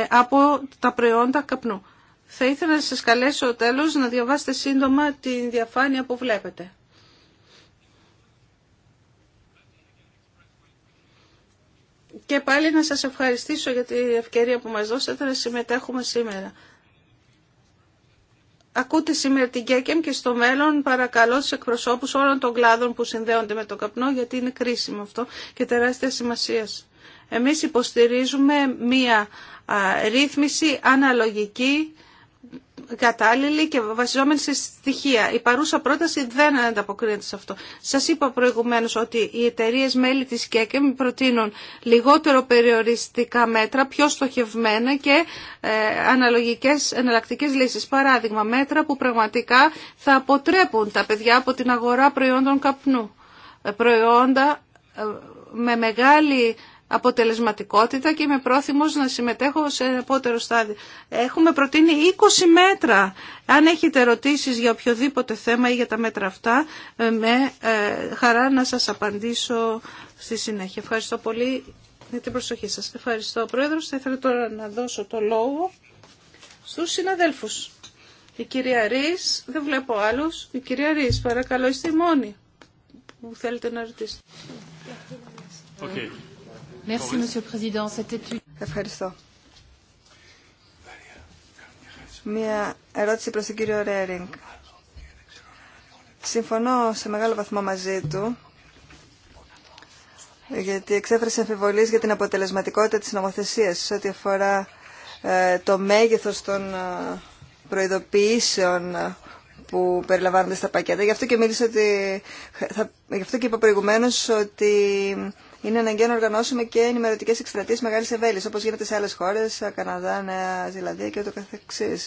από τα προϊόντα καπνού. Θα ήθελα να σας καλέσω τέλος να διαβάσετε σύντομα την διαφάνεια που βλέπετε. Και πάλι να σας ευχαριστήσω για την ευκαιρία που μας δώσατε να συμμετέχουμε σήμερα. Ακούτε σήμερα την ΚΕΚΕΜ και στο μέλλον παρακαλώ τους εκπροσώπους όλων των κλάδων που συνδέονται με τον καπνό γιατί είναι κρίσιμο αυτό και τεράστια σημασία. Εμείς υποστηρίζουμε μία ρύθμιση αναλογική κατάλληλη και βασιζόμενη σε στοιχεία. Η παρούσα πρόταση δεν ανταποκρίνεται σε αυτό. Σας είπα προηγουμένως ότι οι εταιρείε μέλη της ΚΕΚΕΜ προτείνουν λιγότερο περιοριστικά μέτρα, πιο στοχευμένα και ε, αναλογικές εναλλακτικέ λύσεις. Παράδειγμα, μέτρα που πραγματικά θα αποτρέπουν τα παιδιά από την αγορά προϊόντων καπνού. Ε, προϊόντα ε, με μεγάλη αποτελεσματικότητα και είμαι πρόθυμος να συμμετέχω σε επότερο στάδιο. Έχουμε προτείνει 20 μέτρα. Αν έχετε ερωτήσεις για οποιοδήποτε θέμα ή για τα μέτρα αυτά, ε, με ε, χαρά να σας απαντήσω στη συνέχεια. Ευχαριστώ πολύ για την προσοχή σας. Ευχαριστώ, Πρόεδρος. Θα ήθελα τώρα να δώσω το λόγο στους συναδέλφους. Η κυρία Ρης, δεν βλέπω άλλους. Η κυρία Ρης, παρακαλώ, είστε η μόνη που θέλετε να ρωτήσετε. Okay. Ευχαριστώ. Μία ερώτηση προς τον κύριο Ρέρινγκ. Συμφωνώ σε μεγάλο βαθμό μαζί του, γιατί εξέφρασε αμφιβολίες για την αποτελεσματικότητα της νομοθεσίας σε ό,τι αφορά ε, το μέγεθος των ε, προειδοποιήσεων ε, που περιλαμβάνονται στα πακέτα. Γι' αυτό και, μίλησα ότι, γι αυτό και είπα προηγουμένως ότι είναι αναγκαίο να οργανώσουμε και ενημερωτικέ εκστρατείε μεγάλη ευέλεια, όπω γίνεται σε άλλε χώρε, Καναδά, Νέα Ζηλανδία και ούτω καθεξή.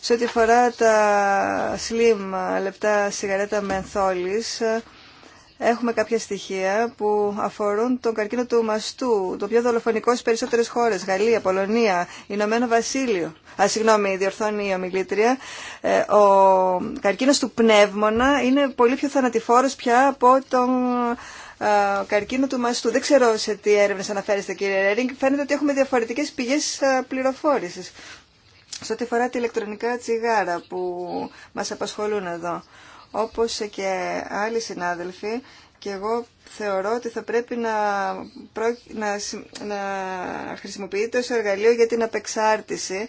Σε ό,τι αφορά τα slim λεπτά σιγαρέτα μενθόλη, έχουμε κάποια στοιχεία που αφορούν τον καρκίνο του μαστού, το πιο δολοφονικό στι περισσότερε χώρε. Γαλλία, Πολωνία, Ηνωμένο Βασίλειο. Α, συγγνώμη, διορθώνει η ομιλήτρια. Ε, ο καρκίνο του πνεύμονα είναι πολύ πιο θανατηφόρο πια από τον καρκίνο του μαστού. Δεν ξέρω σε τι έρευνε αναφέρεστε κύριε Ρέρινγκ. Φαίνεται ότι έχουμε διαφορετικέ πηγέ πληροφόρηση. Σε ό,τι αφορά τα ηλεκτρονικά τσιγάρα που μας απασχολούν εδώ, όπως και άλλοι συνάδελφοι, και εγώ θεωρώ ότι θα πρέπει να, να, να χρησιμοποιείται ως εργαλείο για την απεξάρτηση,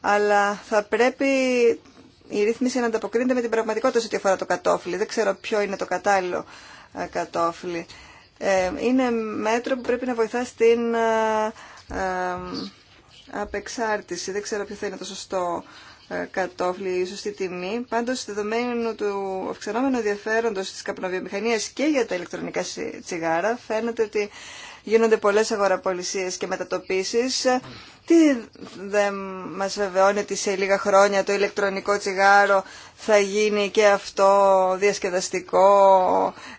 αλλά θα πρέπει η ρύθμιση να ανταποκρίνεται με την πραγματικότητα σε ό,τι αφορά το κατόφλι. Δεν ξέρω ποιο είναι το κατάλληλο κατόφλι. Ε, είναι μέτρο που πρέπει να βοηθά στην ε, ε, απεξάρτηση. Δεν ξέρω ποιο θα είναι το σωστό κατόφλι, η σωστή τιμή. Πάντως, δεδομένου του αυξανόμενου ενδιαφέροντος της καπνοβιομηχανίας και για τα ηλεκτρονικά τσιγάρα, φαίνεται ότι γίνονται πολλές αγοραπολισίες και μετατοπίσεις. Τι δεν μας βεβαιώνει ότι σε λίγα χρόνια το ηλεκτρονικό τσιγάρο θα γίνει και αυτό διασκεδαστικό,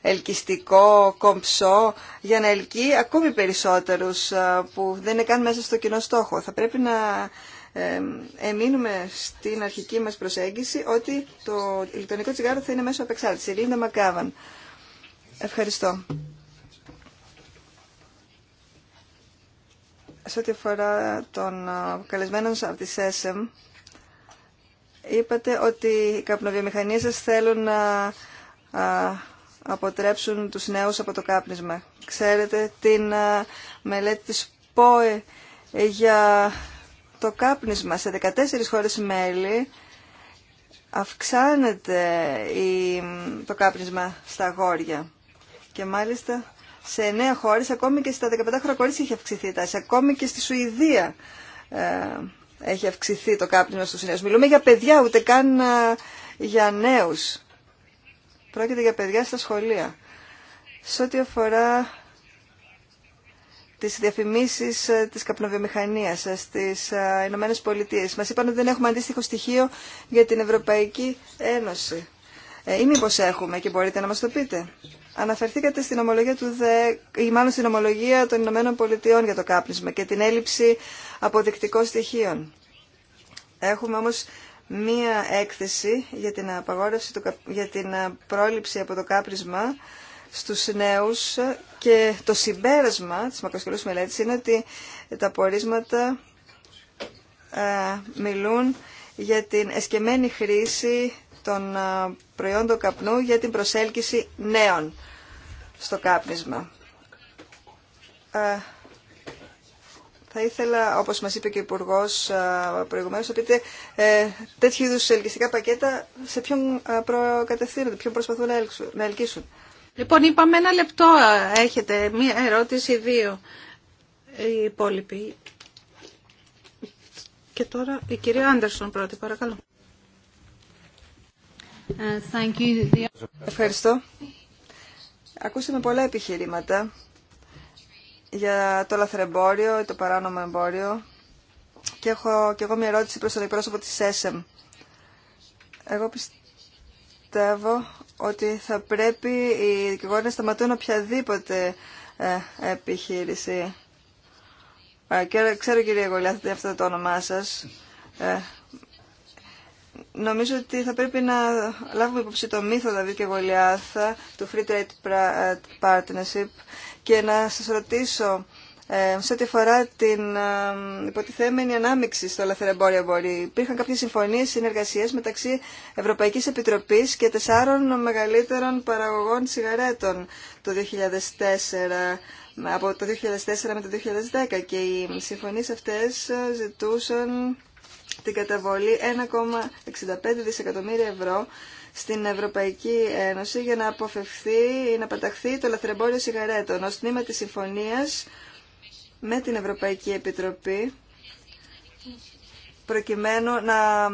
ελκυστικό, κομψό, για να ελκύει ακόμη περισσότερους ε, που δεν είναι καν μέσα στο κοινό στόχο. Θα πρέπει να ε, εμείνουμε στην αρχική μας προσέγγιση ότι το ηλεκτρονικό τσιγάρο θα είναι μέσω απεξάρτηση. Ελίνα Μακάβαν. Ευχαριστώ. σε ό,τι αφορά των καλεσμένων από τη ΣΕΣΕΜ, είπατε ότι οι καπνοβιομηχανίες σας θέλουν να αποτρέψουν τους νέους από το κάπνισμα. Ξέρετε την μελέτη της ΠΟΕ για το κάπνισμα σε 14 χώρες μέλη αυξάνεται το κάπνισμα στα αγόρια. Και μάλιστα σε νέα χώρες, ακόμη και στα 15 χρόνια κορίτσια έχει αυξηθεί η τάση, ακόμη και στη Σουηδία ε, έχει αυξηθεί το κάπνισμα στους νέους. Μιλούμε για παιδιά, ούτε καν ε, για νέους. Πρόκειται για παιδιά στα σχολεία. Σε ό,τι αφορά τις διαφημίσεις ε, της καπνοβιομηχανίας στις Ηνωμένες Πολιτείες. Μας είπαν ότι δεν έχουμε αντίστοιχο στοιχείο για την Ευρωπαϊκή Ένωση. ή μήπως έχουμε και μπορείτε να μας το πείτε. Αναφερθήκατε στην ομολογία, του ΔΕ, ή μάλλον στην ομολογία των Ηνωμένων Πολιτειών για το κάπνισμα και την έλλειψη αποδεικτικών στοιχείων. Έχουμε όμως μία έκθεση για την, απαγόρευση, για την ε, πρόληψη από το κάπνισμα στους νέους και το συμπέρασμα της μακροσκελούς μελέτης είναι ότι τα πορίσματα ε, μιλούν για την εσκεμμένη χρήση των ε, προϊόντων καπνού για την προσέλκυση νέων στο κάπνισμα. Ε, θα ήθελα, όπως μας είπε και ο Υπουργό ε, προηγουμένως, να πείτε ε, τέτοιου είδους ελκυστικά πακέτα σε ποιον προκατευθύνονται, ποιον προσπαθούν να ελκύσουν. Λοιπόν, είπαμε ένα λεπτό έχετε, μία ερώτηση, δύο οι υπόλοιποι. Και τώρα η κυρία Άντερσον πρώτη, παρακαλώ. Ευχαριστώ. Ακούσαμε πολλά επιχειρήματα για το λαθρεμπόριο ή το παράνομο εμπόριο και έχω και εγώ μια ερώτηση προς τον εκπρόσωπο της ΕΣΕΜ. Εγώ πιστεύω ότι θα πρέπει οι δικηγόροι να σταματούν οποιαδήποτε ε, επιχείρηση. Ε, και ξέρω κύριε Γολιά, αυτό το όνομά σας. Ε, Νομίζω ότι θα πρέπει να λάβουμε υπόψη το μύθο Δαβίδ και Γολιάθα του Free Trade ε, Partnership και να σας ρωτήσω ε, σε ό,τι αφορά την ε, υποτιθέμενη ανάμειξη στο λαθρεμπόριο εμπόριο. Υπήρχαν κάποιες συμφωνίες συνεργασίες μεταξύ Ευρωπαϊκής Επιτροπής και τεσσάρων μεγαλύτερων παραγωγών σιγαρέτων το 2004 από το 2004 με το 2010 και οι συμφωνίες αυτές ζητούσαν την καταβολή 1,65 δισεκατομμύρια ευρώ στην Ευρωπαϊκή Ένωση για να αποφευθεί ή να παταχθεί το λαθρεμπόριο σιγαρέτων ως τμήμα της συμφωνίας με την Ευρωπαϊκή Επιτροπή προκειμένου να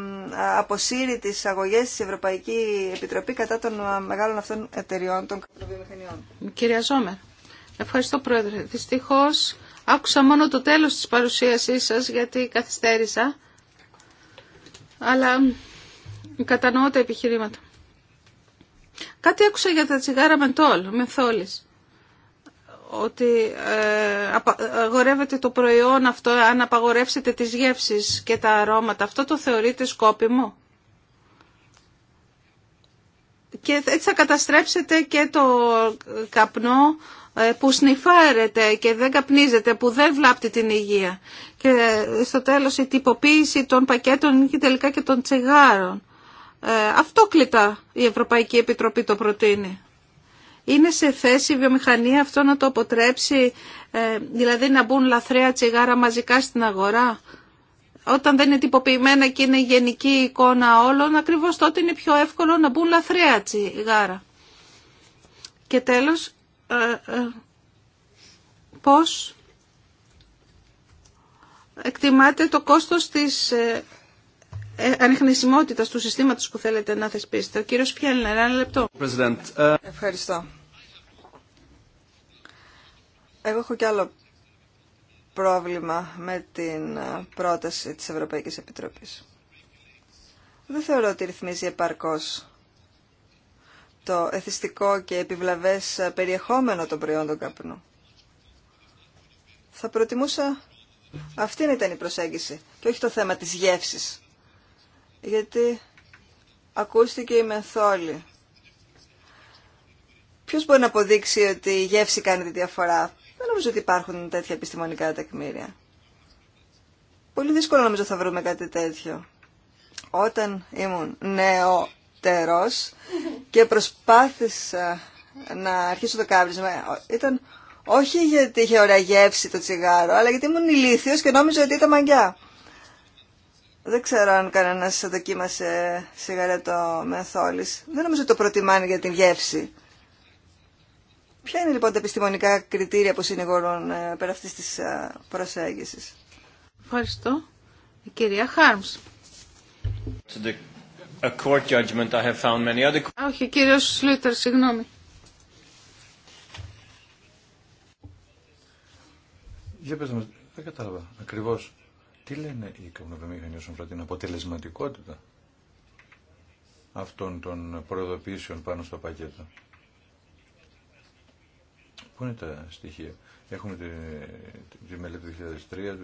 αποσύρει τις αγωγές της Ευρωπαϊκή Επιτροπή κατά των μεγάλων αυτών εταιριών των βιομηχανιών. Κυρία Ζόμερ, ευχαριστώ Πρόεδρε. Δυστυχώς άκουσα μόνο το τέλος της παρουσίασής σας γιατί καθυστέρησα αλλά κατανοώ τα επιχειρήματα. Κάτι άκουσα για τα τσιγάρα με με ε, Ότι αγορεύεται το προϊόν αυτό αν απαγορεύσετε τις γεύσεις και τα αρώματα. Αυτό το θεωρείτε σκόπιμο. Και έτσι θα καταστρέψετε και το καπνό ε, που σνιφάρεται και δεν καπνίζεται, που δεν βλάπτει την υγεία. Και στο τέλος η τυποποίηση των πακέτων και τελικά και των τσιγάρων. Ε, αυτό κλειτά η Ευρωπαϊκή Επιτροπή το προτείνει. Είναι σε θέση η βιομηχανία αυτό να το αποτρέψει, ε, δηλαδή να μπουν λαθρέα τσιγάρα μαζικά στην αγορά. Όταν δεν είναι τυποποιημένα και είναι γενική εικόνα όλων, ακριβώς τότε είναι πιο εύκολο να μπουν λαθρέα τσιγάρα. Και τέλος, ε, ε, πώς εκτιμάτε το κόστος της ε, ανιχνησιμότητας του συστήματος που θέλετε να θεσπίσετε. Ο κύριος Πιέλνερ, ένα λεπτό. Ευχαριστώ. Εγώ έχω κι άλλο πρόβλημα με την πρόταση της Ευρωπαϊκής Επιτροπής. Δεν θεωρώ ότι ρυθμίζει επαρκώς το εθιστικό και επιβλαβές περιεχόμενο των προϊόντων καπνού. Θα προτιμούσα αυτή ήταν η προσέγγιση και όχι το θέμα της γεύσης. Γιατί ακούστηκε η μεθόλη. Ποιος μπορεί να αποδείξει ότι η γεύση κάνει τη διαφορά. Δεν νομίζω ότι υπάρχουν τέτοια επιστημονικά τεκμήρια. Πολύ δύσκολο νομίζω θα βρούμε κάτι τέτοιο. Όταν ήμουν νεότερος και προσπάθησα να αρχίσω το κάβρισμα ήταν όχι γιατί είχε ωραία γεύση το τσιγάρο, αλλά γιατί ήμουν ηλίθιος και νόμιζα ότι ήταν μαγιά. Δεν ξέρω αν κανένα δοκίμασε σιγαρέτο με θόλης. Δεν νομίζω ότι το προτιμάνε για την γεύση. Ποια είναι λοιπόν τα επιστημονικά κριτήρια που συνηγορούν ε, πέρα αυτή τη ε, προσέγγιση. Ευχαριστώ. Η κυρία Χάρμς a court judgment. I Όχι, κύριο Σλούτερ, συγγνώμη. Για πες μας, δεν κατάλαβα ακριβώς. Τι λένε οι καπνοβιομηχανοί όσον αφορά την αποτελεσματικότητα αυτών των προειδοποιήσεων πάνω στο πακέτο. Πού είναι τα στοιχεία. Έχουμε τη, τη μελέτη του 2003,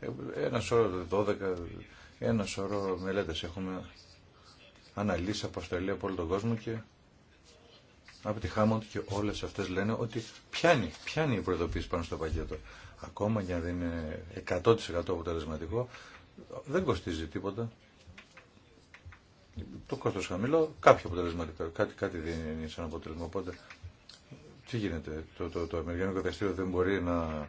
ε, ένα σώρο 12, ένα σώρο μελέτες. Έχουμε αναλύσει, αποστολή από όλο τον κόσμο και από τη Χάμοντ και όλες αυτές λένε ότι πιάνει, πιάνει η προειδοποίηση πάνω στο πακέτο. Ακόμα και αν είναι 100% αποτελεσματικό, δεν κοστίζει τίποτα. Το κόστος χαμηλό, κάποιο αποτελεσματικό, κάτι, κάτι δίνει σαν αποτέλεσμα. Οπότε, τι γίνεται, το, το, το Αμερικανικό δεν μπορεί να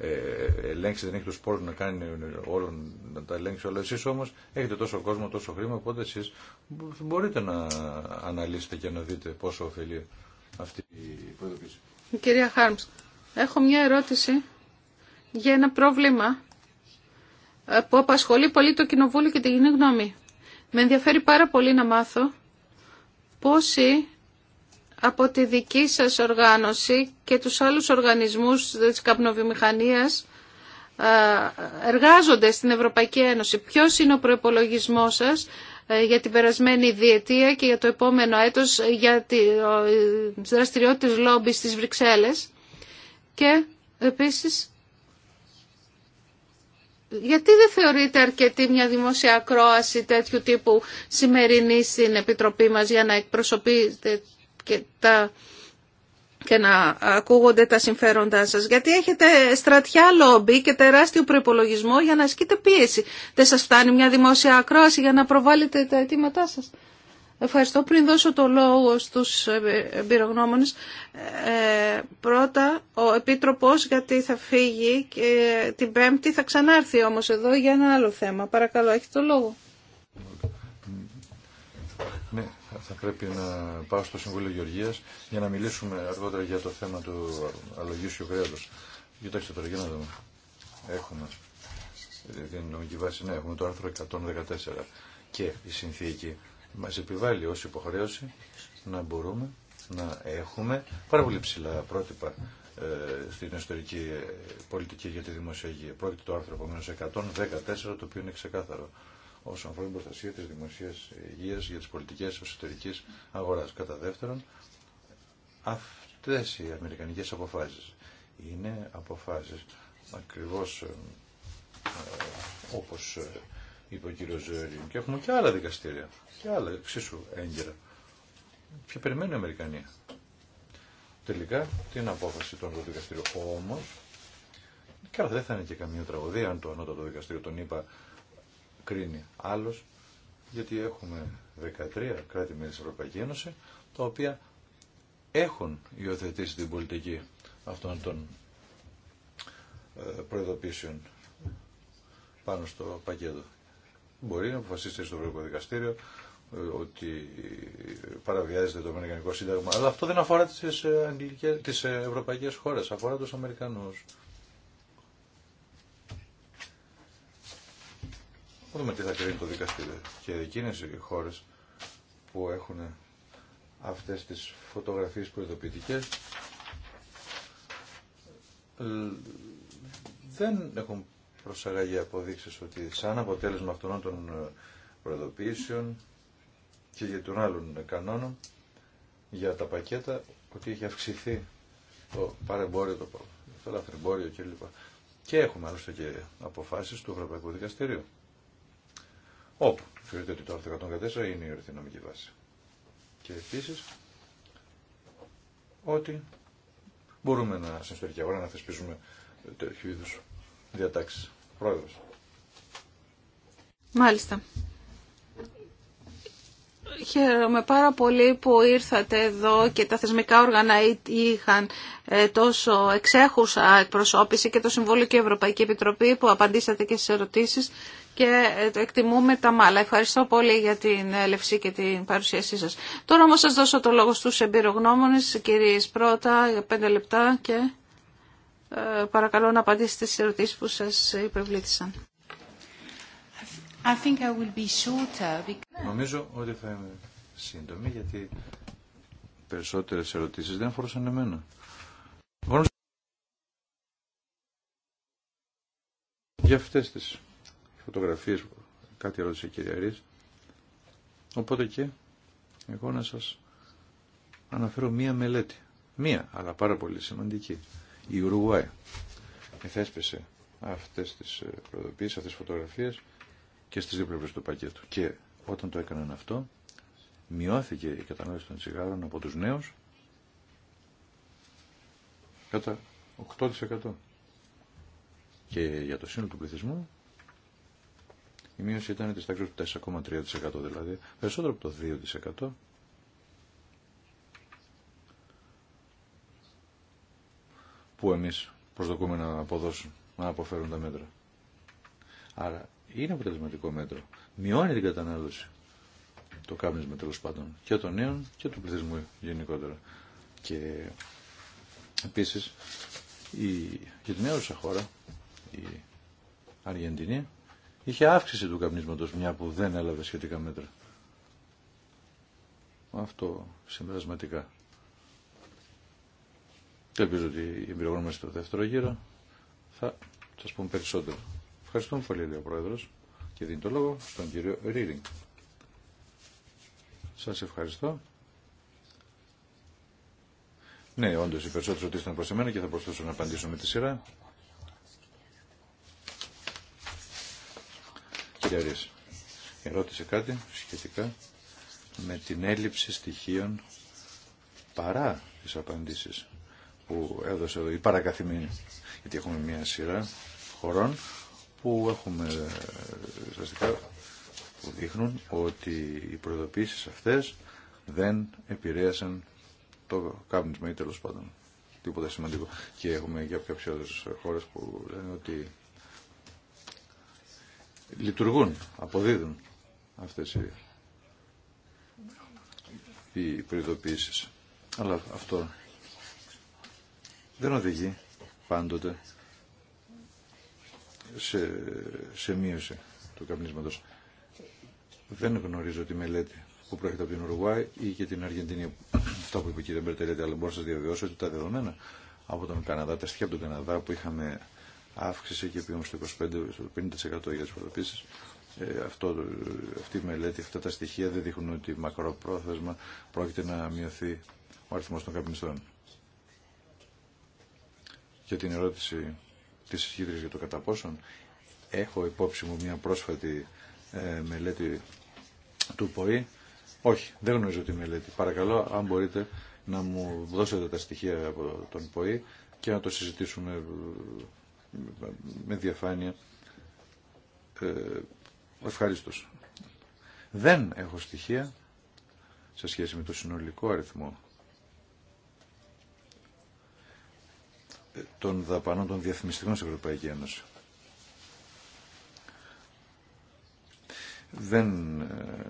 ε, ελέγξει, δεν έχει τους πόρους να κάνει όλων, να τα ελέγξει όλα. Εσείς όμως έχετε τόσο κόσμο, τόσο χρήμα, οπότε εσεί μπορείτε να αναλύσετε και να δείτε πόσο ωφελεί αυτή η υποδοχή. Κυρία Χάρμ, έχω μια ερώτηση για ένα πρόβλημα ε, που απασχολεί πολύ το Κοινοβούλιο και την κοινή γνώμη. Με ενδιαφέρει πάρα πολύ να μάθω πόσοι από τη δική σας οργάνωση και τους άλλους οργανισμούς της καπνοβιομηχανίας ε, εργάζονται στην Ευρωπαϊκή Ένωση. Ποιος είναι ο προπολογισμό σας ε, για την περασμένη διετία και για το επόμενο έτος ε, για τις δραστηριότητες λόμπι στις Βρυξέλλες και επίσης γιατί δεν θεωρείται αρκετή μια δημόσια ακρόαση τέτοιου τύπου σημερινή στην Επιτροπή μας για να εκπροσωπείτε και, να ακούγονται τα συμφέροντά σας. Γιατί έχετε στρατιά λόμπι και τεράστιο προπολογισμό για να ασκείτε πίεση. Δεν σας φτάνει μια δημόσια ακρόαση για να προβάλλετε τα αιτήματά σας. Ευχαριστώ. Πριν δώσω το λόγο στους εμπειρογνώμονες, ε, πρώτα ο Επίτροπος γιατί θα φύγει και την Πέμπτη θα ξανάρθει όμως εδώ για ένα άλλο θέμα. Παρακαλώ, έχετε το λόγο θα πρέπει να πάω στο Συμβούλιο Γεωργίας για να μιλήσουμε αργότερα για το θέμα του αλογίσιου κρέατος. Κοιτάξτε τώρα, για να δούμε. Έχουμε την νομική βάση, ναι, έχουμε το άρθρο 114 και η συνθήκη μας επιβάλλει ω υποχρέωση να μπορούμε να έχουμε πάρα πολύ ψηλά πρότυπα ε, στην ιστορική πολιτική για τη δημοσιογεία. Πρόκειται το άρθρο 114, το οποίο είναι ξεκάθαρο όσον αφορά την προστασία τη δημοσία υγεία για τι πολιτικέ εσωτερική αγορά. Κατά δεύτερον, αυτέ οι αμερικανικέ αποφάσει είναι αποφάσεις ακριβώς ε, ε, όπως ε, είπε ο κύριο Ζέρι, Και έχουμε και άλλα δικαστήρια, και άλλα εξίσου έγκαιρα. Και περιμένουν η Αμερικανία. Τελικά την απόφαση των δικαστήριων. Όμω, καλά δεν θα είναι και καμία τραγωδία αν το ανώτατο δικαστήριο τον είπα κρίνει άλλος, γιατί έχουμε 13 κράτη μέλη της Ευρωπαϊκή Ένωση, τα οποία έχουν υιοθετήσει την πολιτική αυτών των ε, προειδοποίησεων πάνω στο πακέτο. Μπορεί να αποφασίσει στο Ευρωπαϊκό Δικαστήριο ε, ότι παραβιάζεται το Αμερικανικό Σύνταγμα. Αλλά αυτό δεν αφορά τις, ε, τις ευρωπαϊκές χώρες, αφορά τους Αμερικανούς. Θα δούμε τι θα κρίνει το δικαστήριο. Και εκείνε οι χώρε που έχουν αυτέ τι φωτογραφίε προειδοποιητικέ ε, δεν έχουν προσαραγεί αποδείξει ότι σαν αποτέλεσμα αυτών των ε, προειδοποιήσεων και για τον άλλον κανόνων για τα πακέτα ότι έχει αυξηθεί το παρεμπόριο, το, το λαθρεμπόριο κλπ. Και έχουμε άλλωστε και αποφάσεις του Ευρωπαϊκού Δικαστηρίου όπου θεωρείται ότι το άρθρο 114 είναι η ορθινομική βάση. Και επίσης ότι μπορούμε να στην ιστορική αγορά να θεσπίζουμε τέτοιου είδου διατάξει Πρόεδρος. Μάλιστα. Χαίρομαι πάρα πολύ που ήρθατε εδώ και τα θεσμικά όργανα είχαν ε, τόσο εξέχουσα εκπροσώπηση και το Συμβούλιο και η Ευρωπαϊκή Επιτροπή που απαντήσατε και στις ερωτήσεις και ε, το εκτιμούμε τα μάλα. Ευχαριστώ πολύ για την έλευση και την παρουσίασή σας. Τώρα όμως σας δώσω το λόγο στους εμπειρογνώμονες, κυρίες πρώτα, για πέντε λεπτά και ε, παρακαλώ να απαντήσετε στις ερωτήσεις που σας υπευλήθησαν. Νομίζω ότι θα είμαι σύντομη γιατί περισσότερες ερωτήσεις δεν αφορούσαν εμένα. Για αυτές τις φωτογραφίες, κάτι ρώτησε η κυρία Οπότε και εγώ να σας αναφέρω μία μελέτη. Μία, αλλά πάρα πολύ σημαντική. Η Ουρουάη θέσπισε αυτές τις ε, προδοποίησεις, αυτές τις φωτογραφίες και στις δύο πλευρές του πακέτου. Και όταν το έκαναν αυτό, μειώθηκε η κατανόηση των τσιγάρων από τους νέους κατά 8%. Και για το σύνολο του πληθυσμού η μείωση ήταν της τάξης του 4,3% δηλαδή, περισσότερο από το 2%. που εμείς προσδοκούμε να αποδώσουν, να αποφέρουν τα μέτρα. Άρα είναι αποτελεσματικό μέτρο. Μειώνει την κατανάλωση το κάπνισμα τέλο πάντων και των νέων και του πληθυσμού γενικότερα. Και επίσης η, για την έωσα χώρα, η Αργεντινή, είχε αύξηση του καπνίσματος μια που δεν έλαβε σχετικά μέτρα. Αυτό συμπερασματικά. Και ελπίζω ότι η εμπειρογνώμες στο δεύτερο γύρο θα σας πούμε περισσότερο. Ευχαριστούμε πολύ, ο Πρόεδρος, και δίνει το λόγο στον κύριο Ρίρινγκ. Σας ευχαριστώ. Ναι, όντως οι περισσότεροι ρωτήσαν προς εμένα και θα προσθέσω να απαντήσω με τη σειρά. κυρία ερώτησε κάτι σχετικά με την έλλειψη στοιχείων παρά τις απαντήσεις που έδωσε εδώ η παρακαθημένη. Γιατί έχουμε μια σειρά χωρών που έχουμε ε, ουσιαστικά που δείχνουν ότι οι προειδοποίησεις αυτές δεν επηρέασαν το κάπνισμα ή τέλο πάντων τίποτα σημαντικό. Και έχουμε για κάποιε άλλε χώρε που λένε ότι λειτουργούν, αποδίδουν αυτές οι, οι προειδοποιήσεις. Αλλά αυτό δεν οδηγεί πάντοτε σε, σε μείωση του καπνίσματος. Δεν γνωρίζω τη μελέτη που πρόκειται από την Ουρουάη ή και την Αργεντινή. Αυτό που είπε ο κ. Μπερτελέτη, αλλά μπορώ να σα διαβεβαιώσω ότι τα δεδομένα από τον Καναδά, τα στοιχεία από τον Καναδά που είχαμε αύξηση και πήγαμε στο 25% 50% για τις προδοποίησεις. Ε, αυτό, αυτή η μελέτη, αυτά τα στοιχεία δεν δείχνουν ότι μακροπρόθεσμα πρόκειται να μειωθεί ο αριθμός των καπνιστών. Για την ερώτηση της ισχύτρης για το κατά πόσον, έχω υπόψη μου μια πρόσφατη ε, μελέτη του ΠΟΗ. Όχι, δεν γνωρίζω τη μελέτη. Παρακαλώ, αν μπορείτε να μου δώσετε τα στοιχεία από τον ΠΟΗ και να το συζητήσουμε ε, με διαφάνεια ε, ευχαρίστως. Δεν έχω στοιχεία σε σχέση με το συνολικό αριθμό των δαπανών των διαφημιστικών στην Ευρωπαϊκή Ένωση. Δεν ε,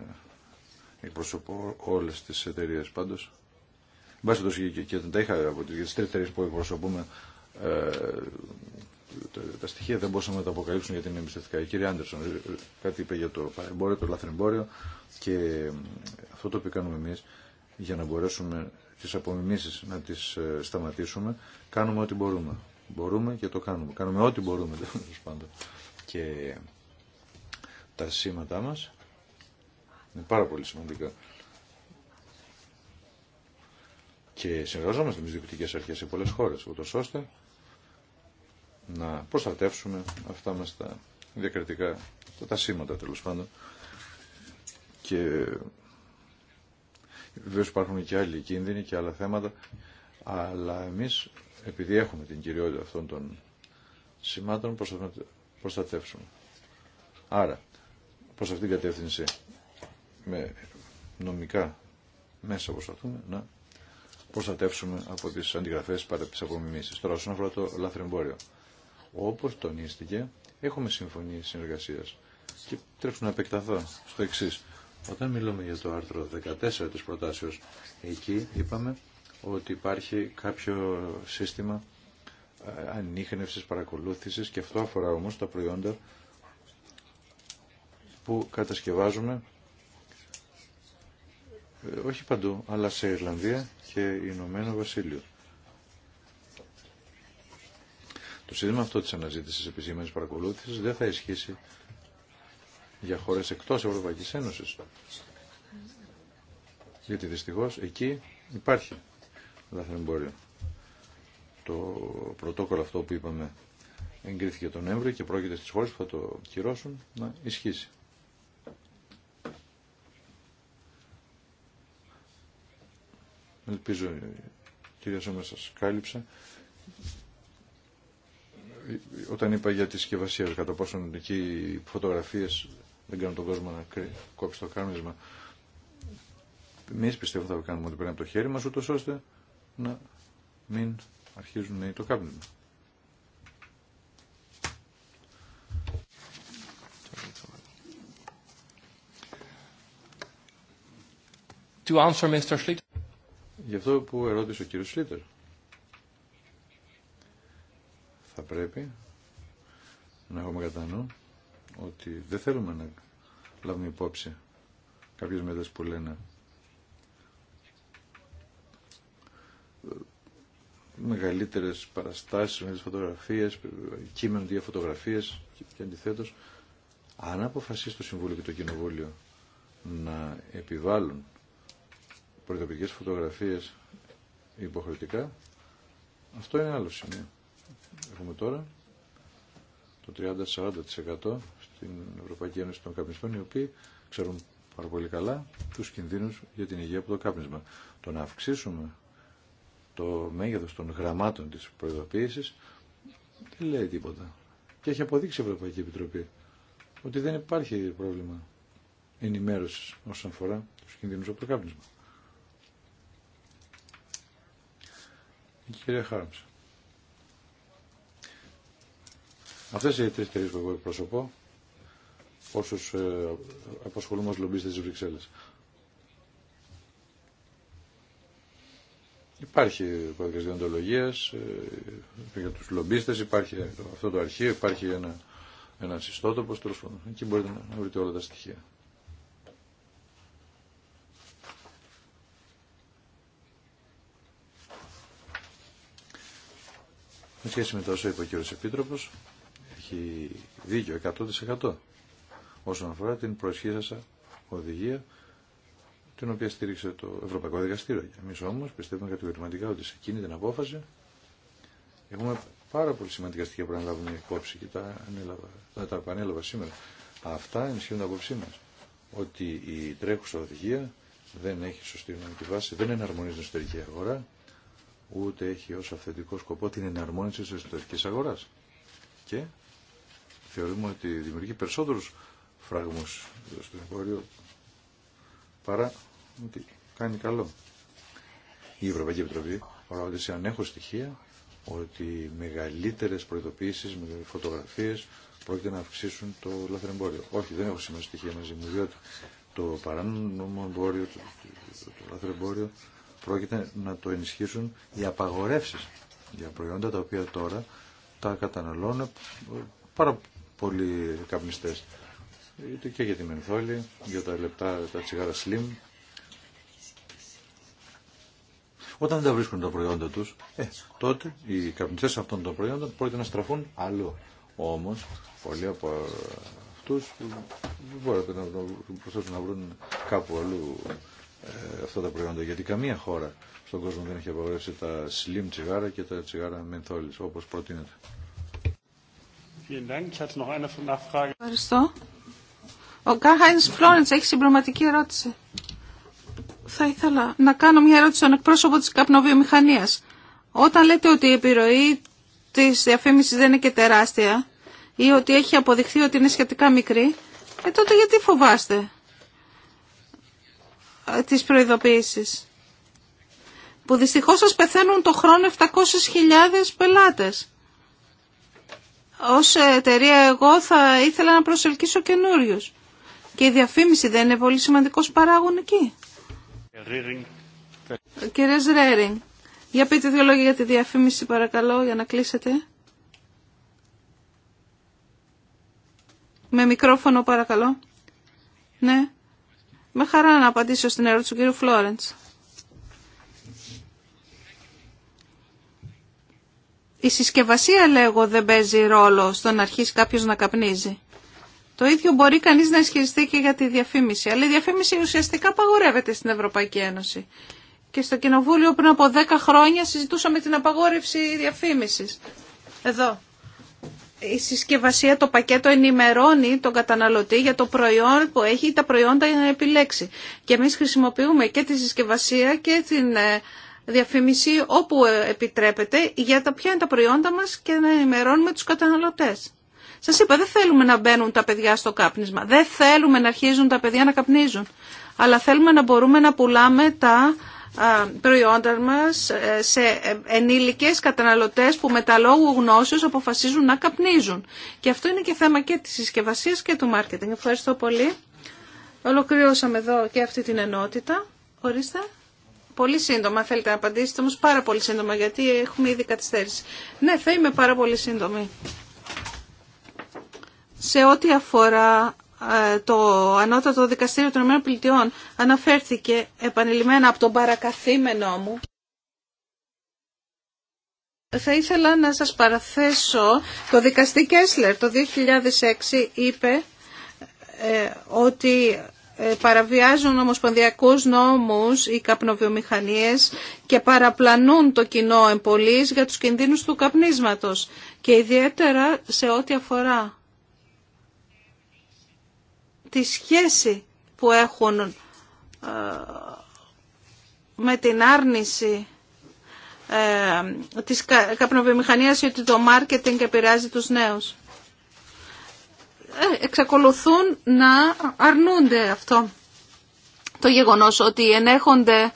εκπροσωπώ όλες τις εταιρείες πάντως. Μπάσχετος και, και, και τα είχα από τις τρεις εταιρείες που εκπροσωπούμε ε, τα, στοιχεία δεν μπορούσαμε να τα αποκαλύψουμε γιατί είναι εμπιστευτικά. Η κυρία Άντερσον ε, ε, κάτι είπε για το παρεμπόριο, το λαθρεμπόριο και ε, αυτό το οποίο κάνουμε εμεί για να μπορέσουμε τις απομιμήσει να τις σταματήσουμε κάνουμε ό,τι μπορούμε. Μπορούμε και το κάνουμε. Κάνουμε ό,τι μπορούμε τέλο πάντων. Και τα σήματα μα είναι πάρα πολύ σημαντικά. Και συνεργαζόμαστε με τι διοικητικέ αρχέ σε πολλέ χώρε, ούτω ώστε να προστατεύσουμε αυτά μας τα διακριτικά, τα σήματα τέλο πάντων. Και βέβαια υπάρχουν και άλλοι κίνδυνοι και άλλα θέματα, αλλά εμείς επειδή έχουμε την κυριότητα αυτών των σημάτων προστατεύσουμε. Άρα, προς αυτήν την κατεύθυνση με νομικά μέσα προσπαθούμε να προστατεύσουμε από τις αντιγραφές παρά τις απομιμήσεις. Τώρα, όσον αφορά το λάθρεμπόριο. εμπόριο όπως τονίστηκε, έχουμε συμφωνίες συνεργασίας. Και τρέψω να επεκταθώ στο εξή. Όταν μιλούμε για το άρθρο 14 της προτάσεως, εκεί είπαμε ότι υπάρχει κάποιο σύστημα ε, ανείχνευσης, παρακολούθησης και αυτό αφορά όμως τα προϊόντα που κατασκευάζουμε ε, όχι παντού, αλλά σε Ιρλανδία και Ηνωμένο Βασίλειο. Το σύστημα αυτό της αναζήτησης επισήμενης παρακολούθησης δεν θα ισχύσει για χώρες εκτός Ευρωπαϊκής Ένωσης. Γιατί δυστυχώς εκεί υπάρχει λάθο. εμπόριο. Το πρωτόκολλο αυτό που είπαμε εγκρίθηκε τον Νοέμβριο και πρόκειται στις χώρες που θα το κυρώσουν να ισχύσει. Ελπίζω, ε, κυρία Σόμα σας κάλυψα όταν είπα για τη συσκευασία, κατά πόσο εκεί οι φωτογραφίες δεν κάνουν τον κόσμο να κόψει το καμισμα. Εμεί πιστεύω θα κάνουμε ότι πρέπει από το χέρι μας, ούτως ώστε να μην αρχίζουν το κάπνισμα. To answer Mr. Γι' αυτό που ερώτησε ο κύριος Σλίτερ θα πρέπει να έχουμε κατά νου ότι δεν θέλουμε να λάβουμε υπόψη κάποιες μέτρες που λένε ε, μεγαλύτερες παραστάσεις, μεγαλύτερες φωτογραφίες, κείμενο για φωτογραφίες και αντιθέτως αν αποφασίσει το Συμβούλιο και το Κοινοβούλιο να επιβάλλουν πρωτοπικές φωτογραφίες υποχρεωτικά αυτό είναι άλλο σημείο. Έχουμε τώρα το 30-40% στην Ευρωπαϊκή Ένωση των καπνιστών, οι οποίοι ξέρουν πάρα πολύ καλά τους κινδύνους για την υγεία από το κάπνισμα. Το να αυξήσουμε το μέγεθος των γραμμάτων της προειδοποίησης δεν λέει τίποτα. Και έχει αποδείξει η Ευρωπαϊκή Επιτροπή ότι δεν υπάρχει πρόβλημα ενημέρωσης όσον αφορά τους κινδύνους από το κάπνισμα. Η κυρία Χάρμψα. Αυτέ οι τρει εταιρείε που εγώ εκπροσωπώ, όσους ε, απασχολούμε ως λομπίστες της Υπάρχει κώδικα διοντολογία ε, για του λομπίστε, υπάρχει αυτό το αρχείο, υπάρχει ένα, ένα ιστότοπο. Τέλο πάντων, εκεί μπορείτε να βρείτε όλα τα στοιχεία. Με σχέση με τα όσα είπε ο κύριο Επίτροπο, έχει δίκιο 100% όσον αφορά την προσχήσασα οδηγία την οποία στήριξε το Ευρωπαϊκό Δικαστήριο. Εμεί όμω πιστεύουμε κατηγορηματικά ότι σε εκείνη την απόφαση έχουμε πάρα πολύ σημαντικά στοιχεία που να λάβουμε υπόψη και τα, ανέλαβα, τα επανέλαβα σήμερα. Αυτά ενισχύουν την απόψη μα. Ότι η τρέχουσα οδηγία δεν έχει σωστή νομική βάση, δεν εναρμονίζει την εσωτερική αγορά, ούτε έχει ω αυθεντικό σκοπό την εναρμόνιση τη εσωτερική αγορά. Και θεωρούμε ότι δημιουργεί περισσότερους φραγμούς στο εμπόριο παρά ότι κάνει καλό. Η Ευρωπαϊκή Επιτροπή ρώτησε αν έχω στοιχεία ότι μεγαλύτερε προειδοποίησει με φωτογραφίες πρόκειται να αυξήσουν το λαθρεμπόριο. Όχι, δεν έχω σημασία στοιχεία μαζί μου, διότι το παράνομο εμπόριο, το, το, το λαθρεμπόριο πρόκειται να το ενισχύσουν οι απαγορεύσει για προϊόντα τα οποία τώρα τα καταναλώνουν πάρα πολλοί καπνιστές. Και για τη μενθόλη, για τα λεπτά, τα τσιγάρα slim. Όταν δεν τα βρίσκουν τα προϊόντα τους, ε, τότε οι καπνιστές αυτών των προϊόντων πρόκειται να στραφούν άλλο Όμως, πολλοί από αυτούς μπορεί να προσθέσουν να βρουν κάπου αλλού ε, αυτά τα προϊόντα. Γιατί καμία χώρα στον κόσμο δεν έχει απαγορεύσει τα slim τσιγάρα και τα τσιγάρα μενθόλης, όπως προτείνεται. Ευχαριστώ. Ο Γκάχάινς Φλόρεντς έχει συμπληρωματική ερώτηση. Θα ήθελα να κάνω μια ερώτηση στον εκπρόσωπο της καπνοβιομηχανίας. Όταν λέτε ότι η επιρροή της διαφήμιση δεν είναι και τεράστια ή ότι έχει αποδειχθεί ότι είναι σχετικά μικρή, ε, τότε γιατί φοβάστε ε, τι προειδοποιήσει. που δυστυχώς σας πεθαίνουν το χρόνο 700.000 πελάτες ως εταιρεία εγώ θα ήθελα να προσελκύσω καινούριου. Και η διαφήμιση δεν είναι πολύ σημαντικός παράγον εκεί. Κύριε Ρέρινγκ, για πείτε δύο λόγια για τη διαφήμιση παρακαλώ για να κλείσετε. Με μικρόφωνο παρακαλώ. Ναι. Με χαρά να απαντήσω στην ερώτηση του κύριου Φλόρεντς. Η συσκευασία, λέγω, δεν παίζει ρόλο στο να αρχίσει κάποιος να καπνίζει. Το ίδιο μπορεί κανείς να ισχυριστεί και για τη διαφήμιση. Αλλά η διαφήμιση ουσιαστικά απαγορεύεται στην Ευρωπαϊκή Ένωση. Και στο Κοινοβούλιο πριν από 10 χρόνια συζητούσαμε την απαγόρευση διαφήμισης. Εδώ. Η συσκευασία, το πακέτο ενημερώνει τον καταναλωτή για το προϊόν που έχει ή τα προϊόντα για να επιλέξει. Και εμείς χρησιμοποιούμε και τη συσκευασία και την ε, διαφήμιση όπου επιτρέπεται για τα ποια είναι τα προϊόντα μας και να ενημερώνουμε τους καταναλωτές. Σας είπα, δεν θέλουμε να μπαίνουν τα παιδιά στο κάπνισμα. Δεν θέλουμε να αρχίζουν τα παιδιά να καπνίζουν. Αλλά θέλουμε να μπορούμε να πουλάμε τα προϊόντα μας ε, σε ενήλικες καταναλωτές που με τα λόγου γνώσεως αποφασίζουν να καπνίζουν. Και αυτό είναι και θέμα και της συσκευασία και του μάρκετινγκ. Ευχαριστώ πολύ. Ολοκληρώσαμε εδώ και αυτή την ενότητα. Ορίστε. Πολύ σύντομα θέλετε να απαντήσετε, όμως πάρα πολύ σύντομα, γιατί έχουμε ήδη καθυστέρηση. Ναι, θα είμαι πάρα πολύ σύντομη. Σε ό,τι αφορά ε, το Ανώτατο Δικαστήριο των ΗΠΑ αναφέρθηκε επανειλημμένα από τον παρακαθήμενό μου. Θα ήθελα να σας παραθέσω, το δικαστή Κέσλερ το 2006 είπε ε, ότι ε, παραβιάζουν ομοσπονδιακούς νόμους οι καπνοβιομηχανίες και παραπλανούν το κοινό εμπολής για τους κινδύνους του καπνίσματος και ιδιαίτερα σε ό,τι αφορά τη σχέση που έχουν ε, με την άρνηση ε, της καπνοβιομηχανίας ότι το μάρκετινγκ επηρεάζει τους νέους. Ε, εξακολουθούν να αρνούνται αυτό. Το γεγονός ότι ενέχονται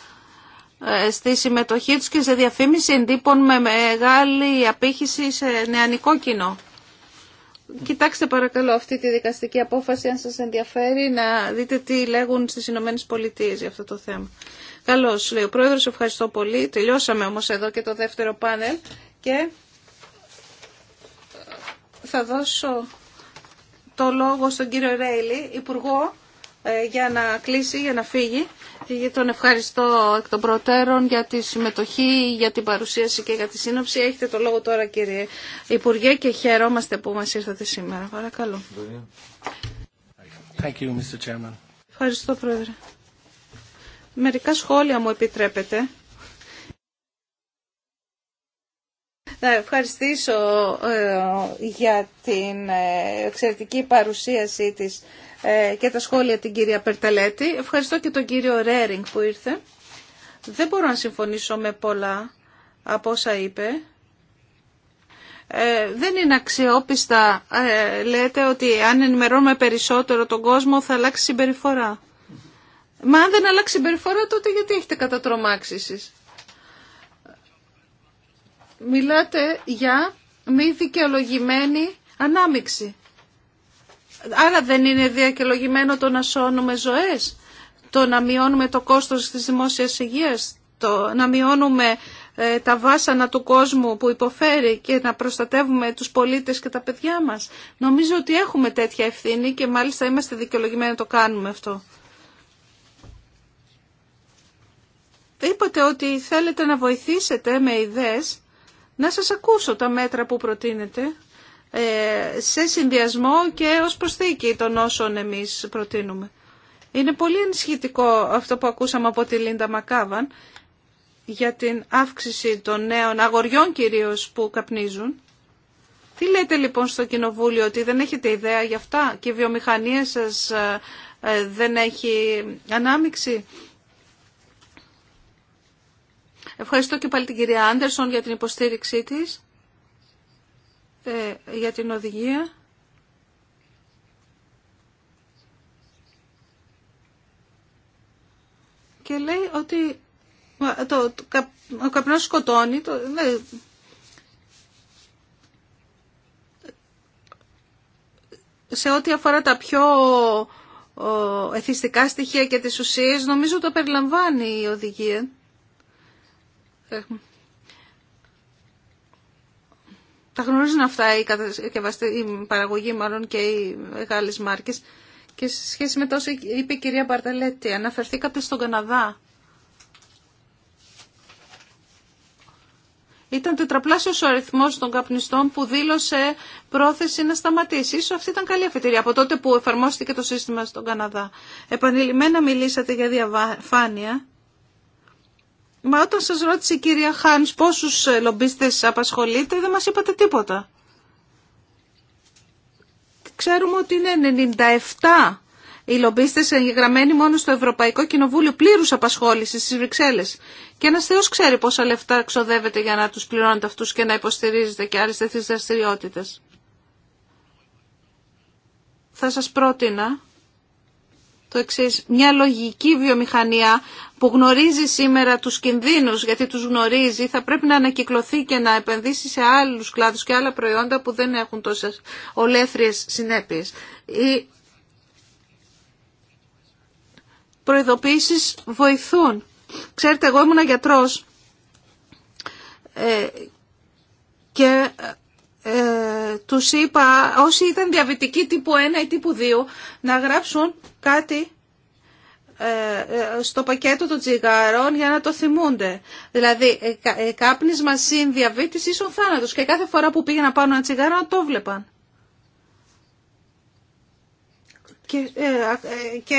ε, στη συμμετοχή τους και σε διαφήμιση εντύπων με μεγάλη απήχηση σε νεανικό κοινό. Κοιτάξτε παρακαλώ αυτή τη δικαστική απόφαση αν σας ενδιαφέρει να δείτε τι λέγουν στις Ηνωμένες Πολιτείες για αυτό το θέμα. Καλώς λέει ο Πρόεδρος, ευχαριστώ πολύ. Τελειώσαμε όμως εδώ και το δεύτερο πάνελ και θα δώσω το λόγο στον κύριο Ρέιλι, υπουργό, ε, για να κλείσει, για να φύγει. Ε, τον ευχαριστώ εκ των προτέρων για τη συμμετοχή, για την παρουσίαση και για τη σύνοψη. Έχετε το λόγο τώρα κύριε Υπουργέ και χαιρόμαστε που μας ήρθατε σήμερα. Παρακαλώ. Thank you, Mr. Ευχαριστώ Πρόεδρε. Μερικά σχόλια μου επιτρέπετε Να ευχαριστήσω ε, για την ε, εξαιρετική παρουσίασή της ε, και τα σχόλια την κυρία Περταλέτη. Ευχαριστώ και τον κύριο Ρέρινγκ που ήρθε. Δεν μπορώ να συμφωνήσω με πολλά από όσα είπε. δεν είναι αξιόπιστα. λέτε ότι αν ενημερώνουμε περισσότερο τον κόσμο θα αλλάξει συμπεριφορά. Μα αν δεν αλλάξει συμπεριφορά τότε γιατί έχετε κατατρομάξει μιλάτε για μη δικαιολογημένη ανάμιξη. Άρα δεν είναι δικαιολογημένο το να σώνουμε ζωές, το να μειώνουμε το κόστος της δημόσιας υγείας, το να μειώνουμε ε, τα βάσανα του κόσμου που υποφέρει και να προστατεύουμε τους πολίτες και τα παιδιά μας. Νομίζω ότι έχουμε τέτοια ευθύνη και μάλιστα είμαστε δικαιολογημένοι να το κάνουμε αυτό. Είπατε ότι θέλετε να βοηθήσετε με ιδέες να σας ακούσω τα μέτρα που προτείνετε ε, σε συνδυασμό και ως προσθήκη των όσων εμείς προτείνουμε. Είναι πολύ ενισχυτικό αυτό που ακούσαμε από τη Λίντα Μακάβαν για την αύξηση των νέων αγοριών κυρίως που καπνίζουν. Τι λέτε λοιπόν στο Κοινοβούλιο ότι δεν έχετε ιδέα για αυτά και η βιομηχανία σας ε, ε, δεν έχει ανάμειξη. Ευχαριστώ και πάλι την κυρία Άντερσον για την υποστήριξή της, ε, για την οδηγία. Και λέει ότι το, ο καπνός σκοτώνει, σε ό,τι αφορά τα πιο εθιστικά στοιχεία και τις ουσίες, νομίζω το περιλαμβάνει η οδηγία. Τα γνωρίζουν αυτά οι, οι παραγωγοί μάλλον και οι μεγάλες μάρκες. Και σε σχέση με τόσο είπε η κυρία Μπαρταλέτη, αναφερθήκατε στον Καναδά. Ήταν τετραπλάσιος ο αριθμός των καπνιστών που δήλωσε πρόθεση να σταματήσει. Ίσως αυτή ήταν καλή αφετηρία από τότε που εφαρμόστηκε το σύστημα στον Καναδά. Επανειλημμένα μιλήσατε για διαφάνεια Μα όταν σας ρώτησε η κυρία Χάνς πόσους ε, λομπίστες απασχολείτε, δεν μας είπατε τίποτα. Ξέρουμε ότι είναι 97 οι λομπίστες εγγεγραμμένοι μόνο στο Ευρωπαϊκό Κοινοβούλιο πλήρους απασχόληση στις Βρυξέλλες. Και ένας θεός ξέρει πόσα λεφτά ξοδεύετε για να τους πληρώνετε αυτούς και να υποστηρίζετε και άλλες τέτοιες δραστηριότητε. Θα σας πρότεινα το εξή. Μια λογική βιομηχανία που γνωρίζει σήμερα τους κινδύνους, γιατί τους γνωρίζει, θα πρέπει να ανακυκλωθεί και να επενδύσει σε άλλους κλάδους και άλλα προϊόντα που δεν έχουν τόσες ολέθριες συνέπειες. Οι προειδοποίησεις βοηθούν. Ξέρετε, εγώ ήμουν γιατρός ε, και ε, τους είπα όσοι ήταν διαβητικοί τύπου 1 ή τύπου 2 να γράψουν κάτι ε, ε, στο πακέτο των τσιγάρων για να το θυμούνται. Δηλαδή, ε, κάπνισμα συν διαβήτης ίσον θάνατος και κάθε φορά που πήγαινα πάνω ένα τσιγάρο να το βλέπαν. Και, και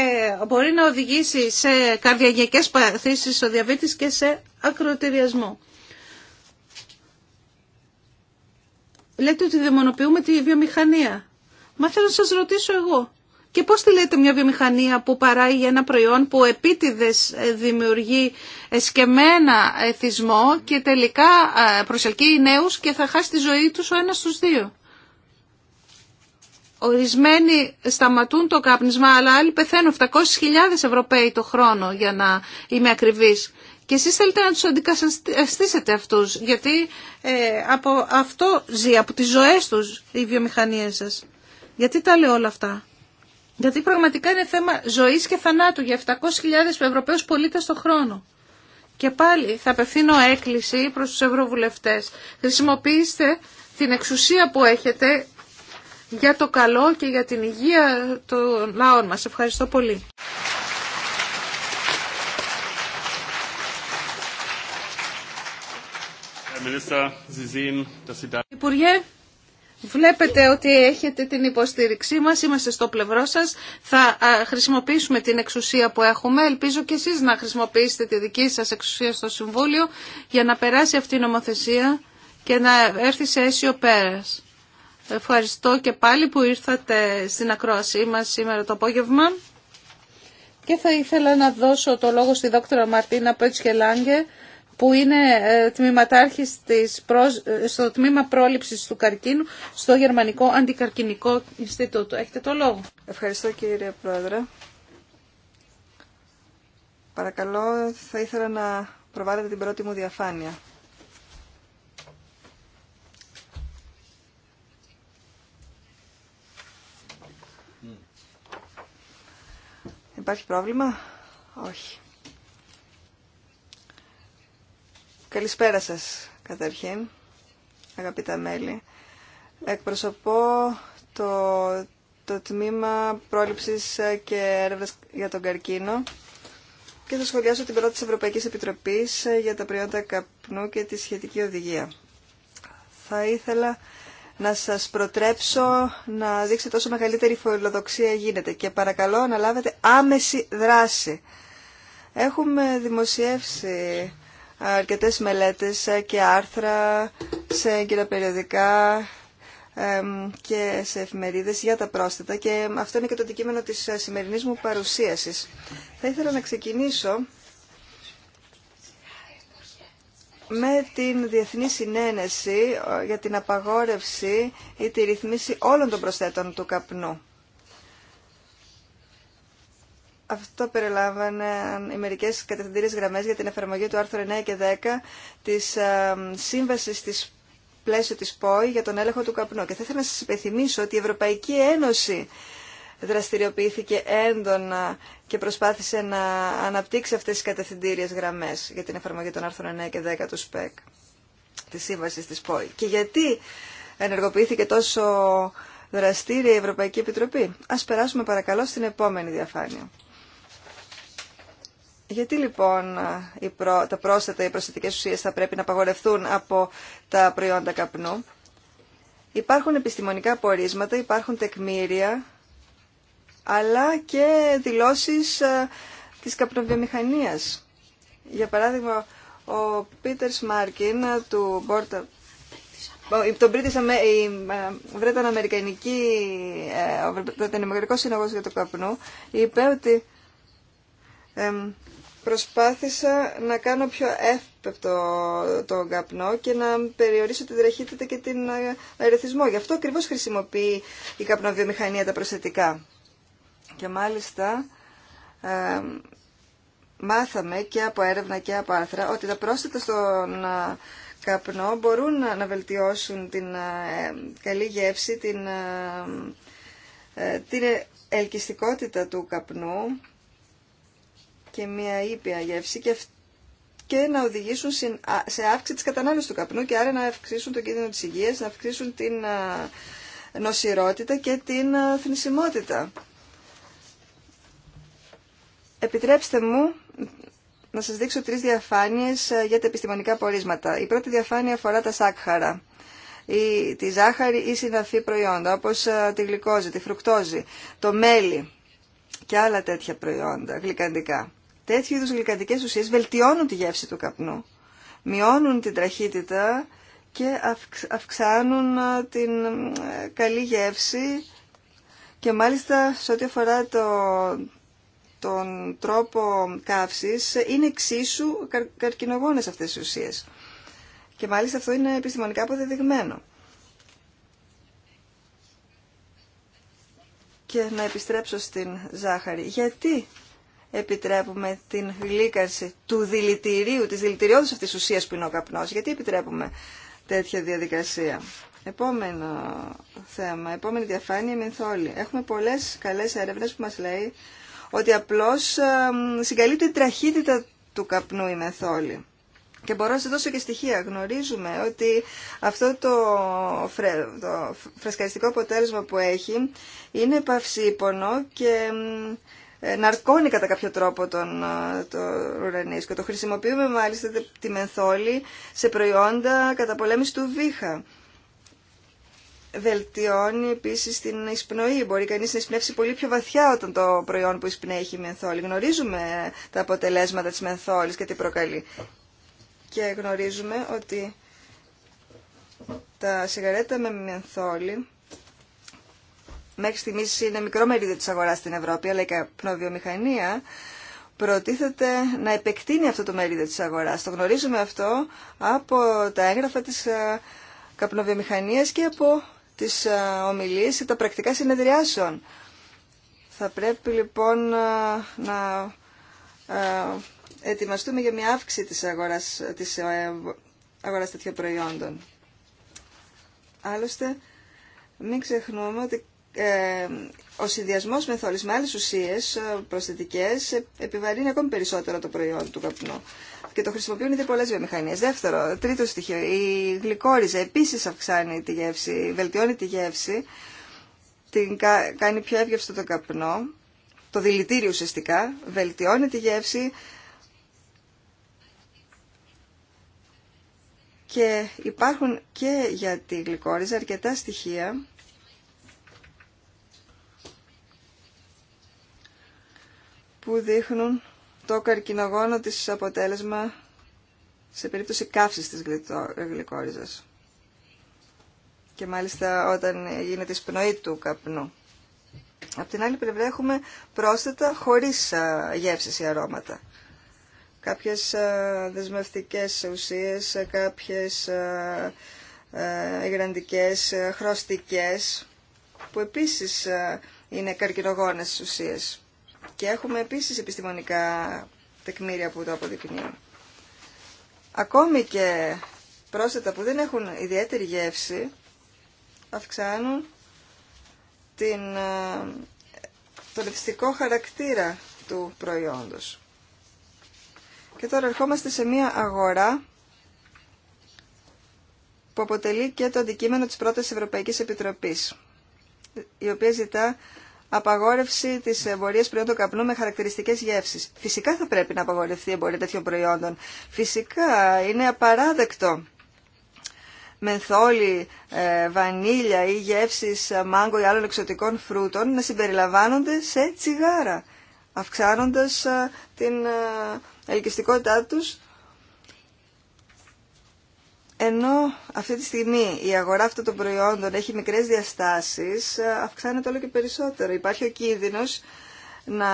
μπορεί να οδηγήσει σε καρδιαγιακές παθήσεις ο διαβήτης και σε ακροτηριασμό. Λέτε ότι δαιμονοποιούμε τη βιομηχανία. Μα θέλω να σας ρωτήσω εγώ. Και πώς τη λέτε μια βιομηχανία που παράγει ένα προϊόν που επίτηδες ε, δημιουργεί εσκεμένα εθισμό και τελικά ε, προσελκύει νέους και θα χάσει τη ζωή τους ο ένας στους δύο. Ορισμένοι σταματούν το κάπνισμα, αλλά άλλοι πεθαίνουν. 700.000 Ευρωπαίοι το χρόνο για να είμαι ακριβής. Και εσείς θέλετε να τους αντικαταστήσετε αυτούς, γιατί ε, από αυτό ζει, από τις ζωές τους η βιομηχανία σας. Γιατί τα λέω όλα αυτά. Γιατί πραγματικά είναι θέμα ζωή και θανάτου για 700.000 Ευρωπαίους πολίτες το χρόνο. Και πάλι θα απευθύνω έκκληση προς του Ευρωβουλευτές. Χρησιμοποιήστε την εξουσία που έχετε για το καλό και για την υγεία των λαών μας. Ευχαριστώ πολύ. Υπουργέ, Βλέπετε ότι έχετε την υποστήριξή μας, είμαστε στο πλευρό σας. Θα χρησιμοποιήσουμε την εξουσία που έχουμε. Ελπίζω και εσείς να χρησιμοποιήσετε τη δική σας εξουσία στο Συμβούλιο για να περάσει αυτή η νομοθεσία και να έρθει σε αίσιο πέρας. Ευχαριστώ και πάλι που ήρθατε στην ακρόασή μας σήμερα το απόγευμα. Και θα ήθελα να δώσω το λόγο στη δόκτωρα Μαρτίνα Πέτσχελάνγκε, που είναι ε, τμήματάρχη ε, στο τμήμα πρόληψης του καρκίνου στο Γερμανικό Αντικαρκινικό Ινστιτούτο. Έχετε το λόγο. Ευχαριστώ κύριε Πρόεδρε. Παρακαλώ, θα ήθελα να προβάλλετε την πρώτη μου διαφάνεια. Υπάρχει πρόβλημα? Όχι. Καλησπέρα σας, καταρχήν, αγαπητά μέλη. Εκπροσωπώ το, Τμήμα Πρόληψης και Έρευνας για τον Καρκίνο και θα σχολιάσω την πρώτη της Ευρωπαϊκής Επιτροπής για τα προϊόντα καπνού και τη σχετική οδηγία. Θα ήθελα να σας προτρέψω να δείξετε όσο μεγαλύτερη φιλοδοξία γίνεται και παρακαλώ να λάβετε άμεση δράση. Έχουμε δημοσιεύσει αρκετές μελέτες και άρθρα σε έγκυρα περιοδικά και σε εφημερίδες για τα πρόσθετα και αυτό είναι και το αντικείμενο της σημερινής μου παρουσίασης. Θα ήθελα να ξεκινήσω με την Διεθνή Συνένεση ε, για την απαγόρευση ή τη ρυθμίση όλων των προσθέτων του καπνού. Αυτό περιλάμβαναν οι μερικέ κατευθυντήριε γραμμέ για την εφαρμογή του άρθρου 9 και 10 τη ε, σύμβαση τη πλαίσιο της ΠΟΗ για τον έλεγχο του καπνού. Και θα ήθελα να σας υπενθυμίσω ότι η Ευρωπαϊκή Ένωση δραστηριοποιήθηκε έντονα και προσπάθησε να αναπτύξει αυτές τις κατευθυντήριες γραμμές για την εφαρμογή των άρθρων 9 και 10 του ΣΠΕΚ, τη σύμβαση της ΠΟΗ. Και γιατί ενεργοποιήθηκε τόσο δραστήρια η Ευρωπαϊκή Επιτροπή. Ας περάσουμε παρακαλώ στην επόμενη διαφάνεια. Γιατί λοιπόν τα πρόσθετα, οι προσθετικές ουσίες θα πρέπει να απαγορευτούν από τα προϊόντα καπνού. Υπάρχουν επιστημονικά πορίσματα, υπάρχουν τεκμήρια, αλλά και δηλώσεις ε, της καπνοβιομηχανίας. Για παράδειγμα, ο Πίτερ Σμάρκιν ε, του Μπόρτα, Το British, η ε, ο Συνεγός για το Καπνού, είπε ότι προσπάθησα να κάνω πιο εύπεπτο τον καπνό και να περιορίσω την τραχύτητα και την ε, αερεθισμό. Γι' αυτό ακριβώ χρησιμοποιεί η καπνοβιομηχανία τα προσθετικά. Και μάλιστα ε, μάθαμε και από έρευνα και από άρθρα ότι τα πρόσθετα στον ε, καπνό μπορούν να βελτιώσουν την καλή γεύση, την, την ελκυστικότητα του καπνού και μια ήπια γεύση και, και να οδηγήσουν σε αύξηση της κατανάλωσης του καπνού και άρα να αυξήσουν το κίνδυνο της υγείας, να αυξήσουν την νοσηρότητα και την θνησιμότητα. Επιτρέψτε μου να σας δείξω τρεις διαφάνειες για τα επιστημονικά πορίσματα. Η πρώτη διαφάνεια αφορά τα σάκχαρα, η, τη ζάχαρη ή συναφή προϊόντα, όπως τη γλυκόζη, τη φρουκτόζη, το μέλι και άλλα τέτοια προϊόντα γλυκαντικά τέτοιου είδου γλυκαντικές ουσίες βελτιώνουν τη γεύση του καπνού, μειώνουν την τραχύτητα και αυξάνουν ε, την ε, καλή γεύση και μάλιστα σε ό,τι αφορά το, τον τρόπο καύσης είναι εξίσου καρ, καρκινογόνες αυτές οι ουσίες. Και μάλιστα αυτό είναι επιστημονικά αποδεδειγμένο. Και να επιστρέψω στην ζάχαρη. Γιατί επιτρέπουμε την γλύκαρση του δηλητηρίου, της δηλητηριώδης αυτής της ουσίας που είναι ο καπνός. Γιατί επιτρέπουμε τέτοια διαδικασία. Επόμενο θέμα, επόμενη διαφάνεια, μεθόλη. Έχουμε πολλές καλές έρευνες που μας λέει ότι απλώς συγκαλύπτει την τραχύτητα του καπνού η μεθόλη. Και μπορώ να σας δώσω και στοιχεία. Γνωρίζουμε ότι αυτό το, φρε... το φρεσκαριστικό αποτέλεσμα που έχει είναι παυσίπονο και ε, ναρκώνει κατά κάποιο τρόπο τον ε, το ουρανίσκο. Το χρησιμοποιούμε μάλιστα τη μενθόλη σε προϊόντα κατά πολέμηση του βήχα. Βελτιώνει επίση την εισπνοή. Μπορεί κανεί να εισπνεύσει πολύ πιο βαθιά όταν το προϊόν που εισπνέει έχει μενθόλη. Γνωρίζουμε τα αποτελέσματα τη μενθόλη και τι προκαλεί. Και γνωρίζουμε ότι τα σιγαρέτα με μενθόλη μέχρι στιγμής είναι μικρό μερίδιο της αγοράς στην Ευρώπη, αλλά η καπνοβιομηχανία προτίθεται να επεκτείνει αυτό το μερίδιο της αγοράς. Το γνωρίζουμε αυτό από τα έγγραφα της ε, καπνοβιομηχανίας και από τις ε, ομιλίες και τα πρακτικά συνεδριάσεων. Θα πρέπει λοιπόν ε, να ετοιμαστούμε για μια αύξηση της αγοράς, της αγοράς τέτοιων προϊόντων. Άλλωστε, μην ξεχνούμε ότι ε, ο συνδυασμό μεθόλη με άλλε ουσίε προσθετικέ ε, επιβαρύνει ακόμη περισσότερο το προϊόν του καπνού. Και το χρησιμοποιούν ήδη πολλέ βιομηχανίε. Δεύτερο, τρίτο στοιχείο, η γλυκόριζα επίση αυξάνει τη γεύση, βελτιώνει τη γεύση, την κάνει πιο εύγευστο το καπνό, το δηλητήριο ουσιαστικά, βελτιώνει τη γεύση και υπάρχουν και για τη γλυκόριζα αρκετά στοιχεία που δείχνουν το καρκινογόνο της αποτέλεσμα σε περίπτωση καύσης της γλυκόριζας. Και μάλιστα όταν γίνεται η σπνοή του καπνού. Απ' την άλλη πλευρά έχουμε πρόσθετα χωρίς γεύσεις ή αρώματα. Κάποιες δεσμευτικές ουσίες, κάποιες εγραντικές, χρωστικές, που επίσης είναι καρκινογόνες ουσίες και έχουμε επίσης επιστημονικά τεκμήρια που το αποδεικνύουν. Ακόμη και πρόσθετα που δεν έχουν ιδιαίτερη γεύση αυξάνουν την, ε, τον χαρακτήρα του προϊόντος. Και τώρα ερχόμαστε σε μια αγορά που αποτελεί και το αντικείμενο της πρώτης Ευρωπαϊκής Επιτροπής, η οποία ζητά απαγόρευση τη εμπορία προϊόντων καπνού με χαρακτηριστικέ γεύσει. Φυσικά θα πρέπει να απαγορευτεί η εμπορία τέτοιων προϊόντων. Φυσικά είναι απαράδεκτο μενθόλη, ε, βανίλια ή γεύσεις μάγκο ή άλλων εξωτικών φρούτων να συμπεριλαμβάνονται σε τσιγάρα, αυξάνοντας ε, την ε, ελκυστικότητά τους ενώ αυτή τη στιγμή η αγορά αυτών των προϊόντων έχει μικρές διαστάσεις, ε, αυξάνεται όλο και περισσότερο. Υπάρχει ο κίνδυνος να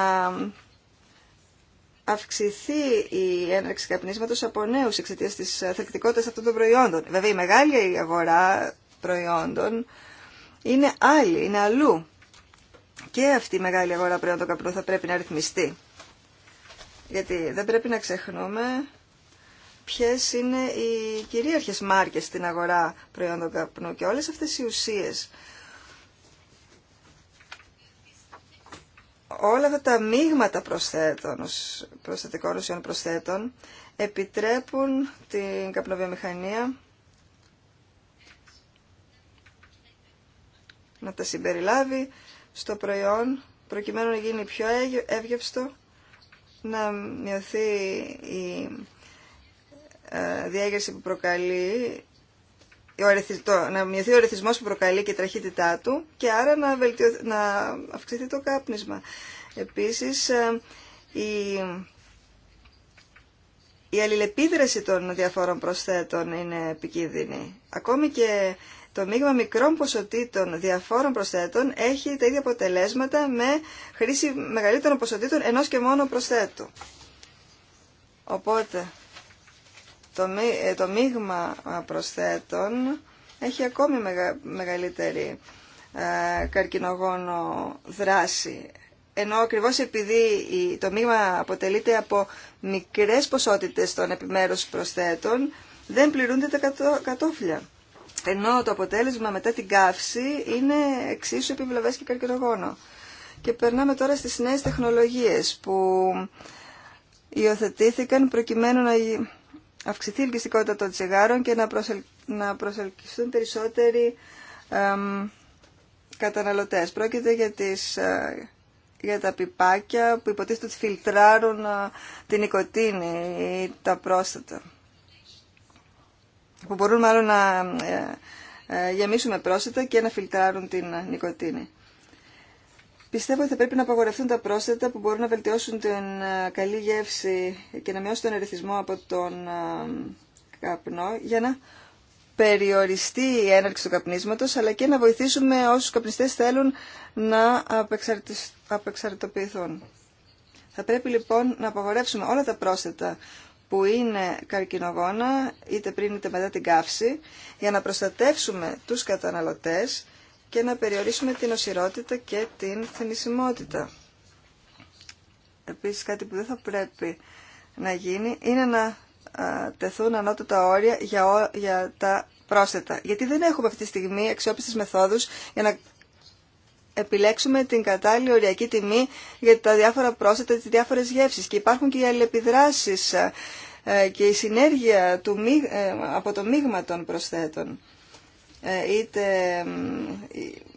αυξηθεί η έναρξη καπνίσματος από νέους εξαιτίας της ε, θεκτικότητας αυτών των προϊόντων. Βέβαια η μεγάλη αγορά προϊόντων είναι άλλη, είναι αλλού. Και αυτή η μεγάλη αγορά προϊόντων καπνού θα πρέπει να ρυθμιστεί. Γιατί δεν πρέπει να ξεχνούμε ποιες είναι οι κυρίαρχες μάρκες στην αγορά προϊόντων καπνού και όλες αυτές οι ουσίες. Όλα αυτά τα μείγματα προσθέτων, προσθετικών ουσιών προσθέτων επιτρέπουν την καπνοβιομηχανία να τα συμπεριλάβει στο προϊόν προκειμένου να γίνει πιο εύγευστο, να μειωθεί η ε, διέγερση που προκαλεί, να μειωθεί ο ρυθμός που προκαλεί και η τραχύτητά του και άρα να, να αυξηθεί το κάπνισμα. Επίσης, ε, η, η αλληλεπίδραση των διαφόρων προσθέτων είναι επικίνδυνη. Ακόμη και το μείγμα μικρών ποσοτήτων διαφόρων προσθέτων έχει τα ίδια αποτελέσματα με χρήση μεγαλύτερων ποσοτήτων ενός και μόνο προσθέτου. Οπότε, το, ε, το μείγμα προσθέτων έχει ακόμη μεγαλύτερη καρκινογόνο δράση. Ενώ ακριβώς επειδή το μείγμα αποτελείται από μικρές ποσότητες των επιμέρους προσθέτων, δεν πληρούνται τα κατώ, κατόφλια. Ενώ το αποτέλεσμα μετά την καύση είναι εξίσου επιβλαβές και καρκινογόνο. Και περνάμε τώρα στις νέες τεχνολογίες που υιοθετήθηκαν προκειμένου να αυξηθεί η ελκυστικότητα των τσιγάρων και να, να προσελκυστούν περισσότεροι εμ, καταναλωτές. Πρόκειται για, τις, ε, για τα πιπάκια που υποτίθεται ότι φιλτράρουν ε, την νοικοτήνη ή τα πρόσθετα. Που μπορούν μάλλον να ε, ε γεμίσουν πρόσθετα και να φιλτράρουν την νοικοτήνη. Πιστεύω ότι θα πρέπει να απαγορευτούν τα πρόσθετα που μπορούν να βελτιώσουν την ε, καλή γεύση και να μειώσουν τον ερεθισμό από τον ε, καπνό για να περιοριστεί η έναρξη του καπνίσματος αλλά και να βοηθήσουμε όσους καπνιστές θέλουν να απεξαρτητοποιηθούν. Θα πρέπει λοιπόν να απαγορεύσουμε όλα τα πρόσθετα που είναι καρκινογόνα είτε πριν είτε μετά την καύση για να προστατεύσουμε τους καταναλωτές και να περιορίσουμε την οσιρότητα και την θνησιμότητα. Επίσης κάτι που δεν θα πρέπει να γίνει είναι να τεθούν ανώτατα όρια για, για τα πρόσθετα. Γιατί δεν έχουμε αυτή τη στιγμή αξιόπιστες μεθόδους για να επιλέξουμε την κατάλληλη οριακή τιμή για τα διάφορα πρόσθετα, τις διάφορες γεύσεις. Και υπάρχουν και οι αλληλεπιδράσεις ε, και η συνέργεια του, ε, από το μείγμα των προσθέτων. Ε, είτε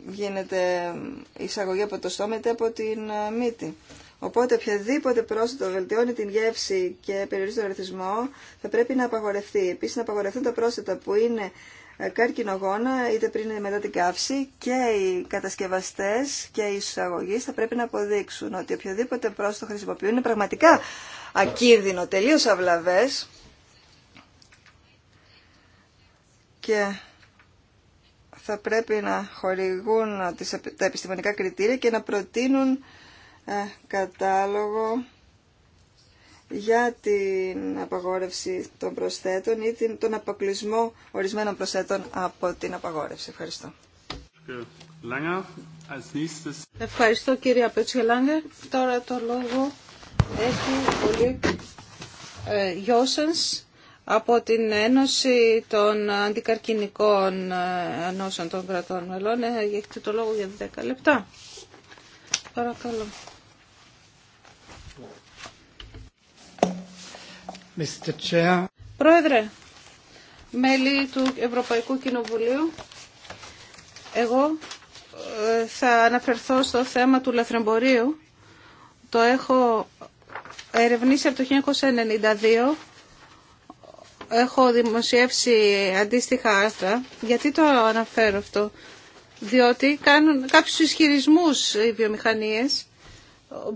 γίνεται εισαγωγή από το στόμα είτε από την ε, μύτη. Οπότε οποιαδήποτε πρόσθετο βελτιώνει την γεύση και περιορίζει τον ρυθμό, θα πρέπει να απαγορευτεί. Επίσης να απαγορευτούν τα πρόσθετα που είναι ε, καρκινογόνα είτε πριν είτε μετά την καύση και οι κατασκευαστές και οι εισαγωγείς θα πρέπει να αποδείξουν ότι οποιοδήποτε πρόσθετο χρησιμοποιούν είναι πραγματικά ακίνδυνο, τελείως αυλαβές και θα πρέπει να χορηγούν τα επιστημονικά κριτήρια και να προτείνουν ε, κατάλογο για την απαγόρευση των προσθέτων ή την, τον αποκλεισμό ορισμένων προσθέτων από την απαγόρευση. Ευχαριστώ. Ευχαριστώ κύριε Λάγκερ. Τώρα το λόγο έχει ο Λίκ ε, από την Ένωση των Αντικαρκυνικών ε, Ενώσεων των Κρατών Μελών. Ε, έχετε το λόγο για 10 λεπτά. Παρακαλώ. Πρόεδρε, μέλη του Ευρωπαϊκού Κοινοβουλίου, εγώ ε, θα αναφερθώ στο θέμα του λαθρεμπορίου. Το έχω ερευνήσει από το 1992 έχω δημοσιεύσει αντίστοιχα άρθρα. Γιατί το αναφέρω αυτό. Διότι κάνουν κάποιους ισχυρισμούς οι βιομηχανίες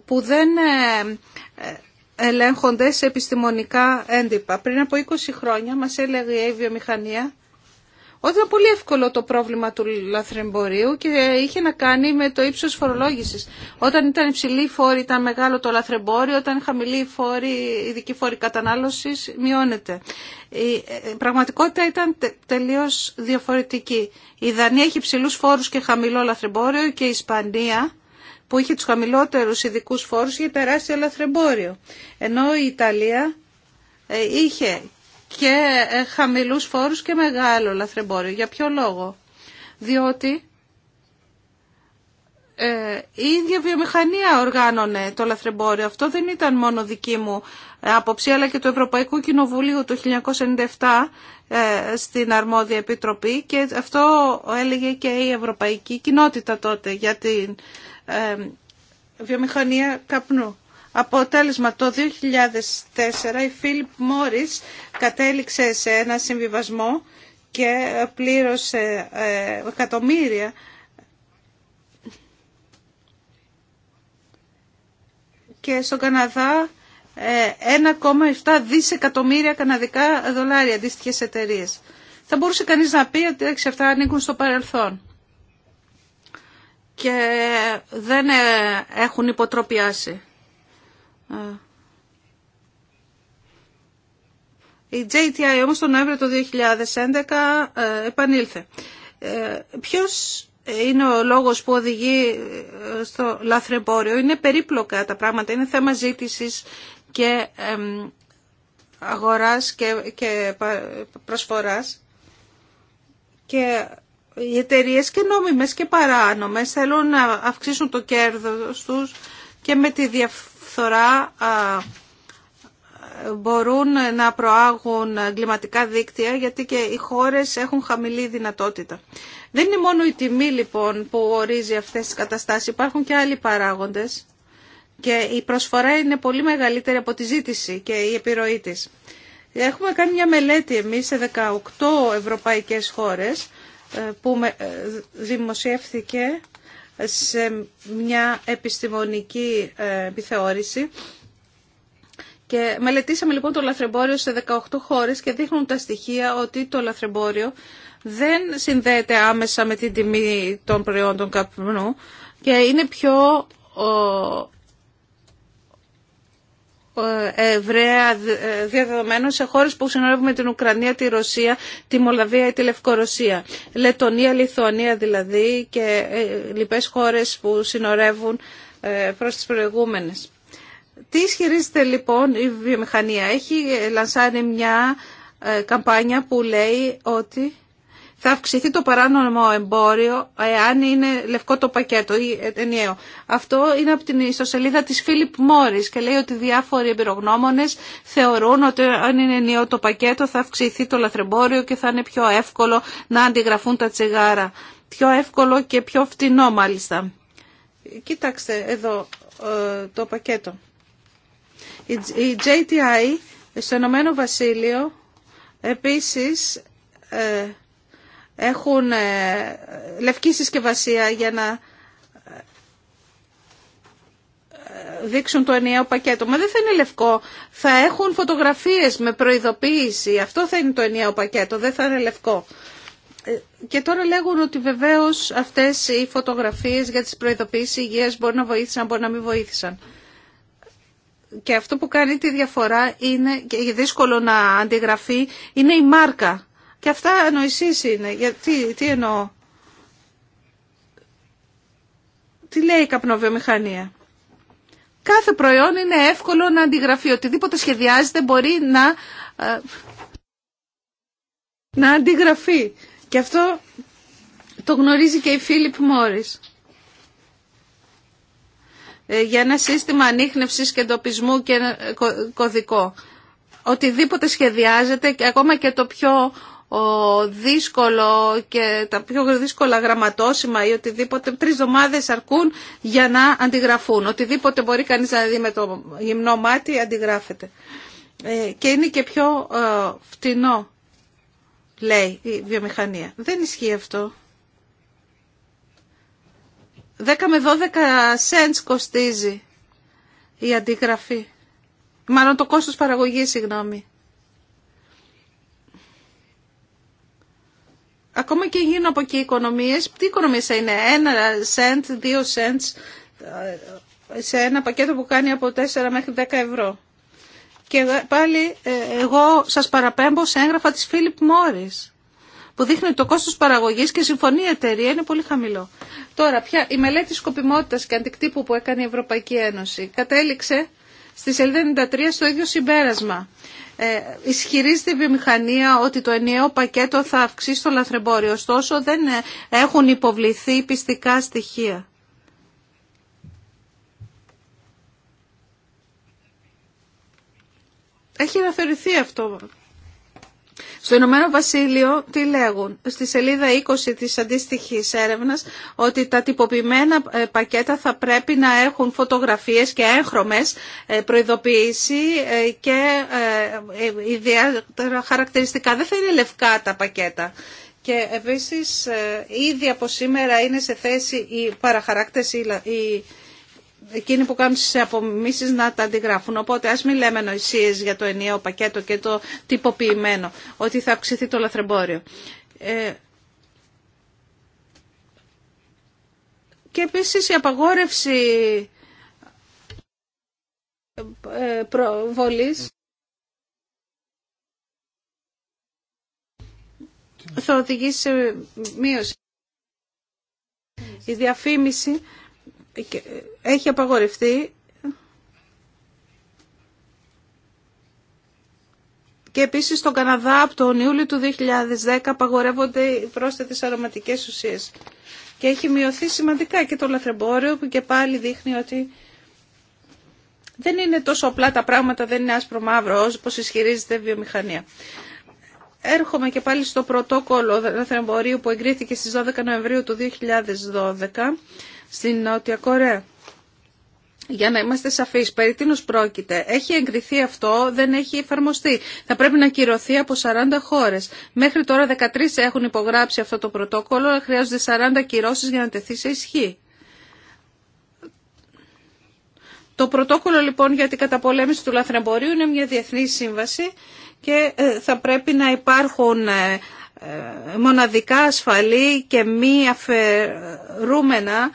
που δεν ε, ελέγχονται σε επιστημονικά έντυπα. Πριν από 20 χρόνια μας έλεγε η βιομηχανία ότι ήταν πολύ εύκολο το πρόβλημα του λαθρεμπορίου και είχε να κάνει με το ύψος φορολόγησης. Όταν ήταν υψηλή η φόρη ήταν μεγάλο το λαθρεμπόριο, όταν χαμηλή η φόρη, ειδική φόρη κατανάλωσης μειώνεται. Η ε, ε, πραγματικότητα ήταν τελείως διαφορετική. Η Δανία έχει υψηλού φόρους και χαμηλό λαθρεμπόριο και η Ισπανία που είχε τους χαμηλότερους ειδικού φόρους είχε τεράστιο λαθρεμπόριο. Ενώ η Ιταλία ε, είχε και ε, χαμηλούς φόρους και μεγάλο λαθρεμπόριο. Για ποιο λόγο. Διότι ε, η ίδια βιομηχανία οργάνωνε το λαθρεμπόριο. Αυτό δεν ήταν μόνο δική μου ε, άποψη, αλλά και το Ευρωπαϊκό Κοινοβούλιο το 1997 στην Αρμόδια Επιτροπή και αυτό έλεγε και η Ευρωπαϊκή Κοινότητα τότε για την βιομηχανία καπνού. Αποτέλεσμα το 2004 η Φίλιπ Μόρις κατέληξε σε ένα συμβιβασμό και πλήρωσε ε, εκατομμύρια και στον Καναδά 1,7 ε, δισεκατομμύρια καναδικά δολάρια αντίστοιχε εταιρείε. Θα μπορούσε κανείς να πει ότι αυτά ανήκουν στο παρελθόν και δεν ε, έχουν υποτροπιάσει. Η JTI όμως τον Νοέμβριο του 2011 ε, επανήλθε. Ε, ποιος είναι ο λόγος που οδηγεί ε, στο λαθρεμπόριο. Είναι περίπλοκα τα πράγματα. Είναι θέμα ζήτησης και αγοράς και προσφοράς. Και οι εταιρείε και νόμιμες και παράνομες θέλουν να αυξήσουν το κέρδος τους και με τη διαφορά φθορά μπορούν να προάγουν εγκληματικά δίκτυα γιατί και οι χώρες έχουν χαμηλή δυνατότητα. Δεν είναι μόνο η τιμή λοιπόν που ορίζει αυτές τις καταστάσεις, υπάρχουν και άλλοι παράγοντες και η προσφορά είναι πολύ μεγαλύτερη από τη ζήτηση και η επιρροή της. Έχουμε κάνει μια μελέτη εμείς σε 18 ευρωπαϊκές χώρες ε, που ε, δημοσιεύθηκε σε μια επιστημονική ε, επιθεώρηση. Και μελετήσαμε λοιπόν το λαθρεμπόριο σε 18 χώρες και δείχνουν τα στοιχεία ότι το λαθρεμπόριο δεν συνδέεται άμεσα με την τιμή των προϊόντων καπνού και είναι πιο ευρέα ε, διαδεδομένων σε χώρες που συνορεύουν με την Ουκρανία, τη Ρωσία, τη Μολδαβία ή τη Λευκορωσία. Λετωνία, Λιθουανία δηλαδή και ε, λοιπές χώρες που συνορεύουν ε, προς τις προηγούμενες. Τι ισχυρίζεται λοιπόν η βιομηχανία. Έχει λανσάνει μια καμπάνια που λέει ότι θα αυξηθεί το παράνομο εμπόριο εάν είναι λευκό το πακέτο ή ε, ενιαίο. Αυτό είναι από την ιστοσελίδα της Φίλιπ Μόρις και λέει ότι διάφοροι εμπειρογνώμονες θεωρούν ότι αν είναι ενιαίο το πακέτο θα αυξηθεί το λαθρεμπόριο και θα είναι πιο εύκολο να αντιγραφούν τα τσιγάρα. Πιο εύκολο και πιο φτηνό μάλιστα. Κοιτάξτε εδώ ε, το πακέτο. Η JTI στο Ηνωμένο Βασίλειο επίσης ε, έχουν ε, λευκή συσκευασία για να ε, δείξουν το ενιαίο πακέτο. Μα δεν θα είναι λευκό. Θα έχουν φωτογραφίες με προειδοποίηση. Αυτό θα είναι το ενιαίο πακέτο. Δεν θα είναι λευκό. Ε, και τώρα λέγουν ότι βεβαίως αυτές οι φωτογραφίες για τις προειδοποίησεις υγείας μπορεί να βοήθησαν, μπορεί να μην βοήθησαν. Και αυτό που κάνει τη διαφορά είναι, και δύσκολο να αντιγραφεί, είναι η μάρκα και αυτά ανοησίες είναι. Γιατί, τι εννοώ. Τι λέει η καπνοβιομηχανία. Κάθε προϊόν είναι εύκολο να αντιγραφεί. Οτιδήποτε σχεδιάζεται μπορεί να, ε, να αντιγραφεί. Και αυτό το γνωρίζει και η Φίλιπ Μόρις. Ε, για ένα σύστημα ανείχνευσης και εντοπισμού και ε, κωδικό. Οτιδήποτε σχεδιάζεται, και ακόμα και το πιο ο δύσκολο και τα πιο δύσκολα γραμματώσιμα ή οτιδήποτε, τρει εβδομάδε αρκούν για να αντιγραφούν. Οτιδήποτε μπορεί κανείς να δει με το γυμνό μάτι αντιγράφεται. Ε, και είναι και πιο ε, φτηνό, λέει η βιομηχανία. Δεν ισχύει αυτό. 10 με 12 cents κοστίζει η αντιγραφή. Μάλλον το κόστος παραγωγής, συγγνώμη. Ακόμα και γίνουν από εκεί οικονομίε, οικονομίες. Τι οικονομίες θα είναι, ένα σέντ, δύο σέντς ε, σε ένα πακέτο που κάνει από 4 μέχρι 10 ευρώ. Και πάλι ε, εγώ σας παραπέμπω σε έγγραφα της Φίλιπ Μόρι, που δείχνει ότι το κόστος παραγωγής και συμφωνεί η εταιρεία είναι πολύ χαμηλό. Τώρα, πια η μελέτη σκοπιμότητας και αντικτύπου που έκανε η Ευρωπαϊκή Ένωση κατέληξε στη σελίδα 93 στο ίδιο συμπέρασμα. Ε, ισχυρίζεται η βιομηχανία ότι το ενιαίο πακέτο θα αυξήσει το λαθρεμπόριο. Ωστόσο δεν ε, έχουν υποβληθεί πιστικά στοιχεία. Έχει αναφερθεί αυτό στο Ηνωμένο Βασίλειο τι λέγουν στη σελίδα 20 της αντίστοιχης έρευνας ότι τα τυποποιημένα ε, πακέτα θα πρέπει να έχουν φωτογραφίες και έγχρωμες ε, προειδοποίηση ε, και ιδιαίτερα χαρακτηριστικά. Δεν θα είναι λευκά τα πακέτα. Και επίσης ήδη από σήμερα είναι σε θέση οι παραχαράκτες, οι εκείνοι που κάνουν τι απομίσεις να τα αντιγράφουν. Οπότε ας μην λέμε νοησίες για το ενιαίο πακέτο και το τυποποιημένο, ότι θα αυξηθεί το λαθρεμπόριο. Ε, και επίσης η απαγόρευση ε, προβολής θα οδηγήσει σε μείωση. Η διαφήμιση έχει απαγορευτεί και επίσης στον Καναδά από τον Ιούλιο του 2010 απαγορεύονται οι πρόσθετες αρωματικές ουσίες. Και έχει μειωθεί σημαντικά και το λαθρεμπόριο που και πάλι δείχνει ότι δεν είναι τόσο απλά τα πράγματα, δεν είναι άσπρο μαύρο όπως ισχυρίζεται η βιομηχανία. Έρχομαι και πάλι στο πρωτόκολλο λαθρεμπορίου που εγκρίθηκε στις 12 Νοεμβρίου του 2012 στην Νότια Κορέα. Για να είμαστε σαφείς, περί τίνος πρόκειται. Έχει εγκριθεί αυτό, δεν έχει εφαρμοστεί. Θα πρέπει να κυρωθεί από 40 χώρες. Μέχρι τώρα 13 έχουν υπογράψει αυτό το πρωτόκολλο, αλλά χρειάζονται 40 κυρώσεις για να τεθεί σε ισχύ. Το πρωτόκολλο λοιπόν για την καταπολέμηση του λαθρεμπορίου είναι μια διεθνή σύμβαση και ε, θα πρέπει να υπάρχουν ε, ε, μοναδικά ασφαλή και μη αφαιρούμενα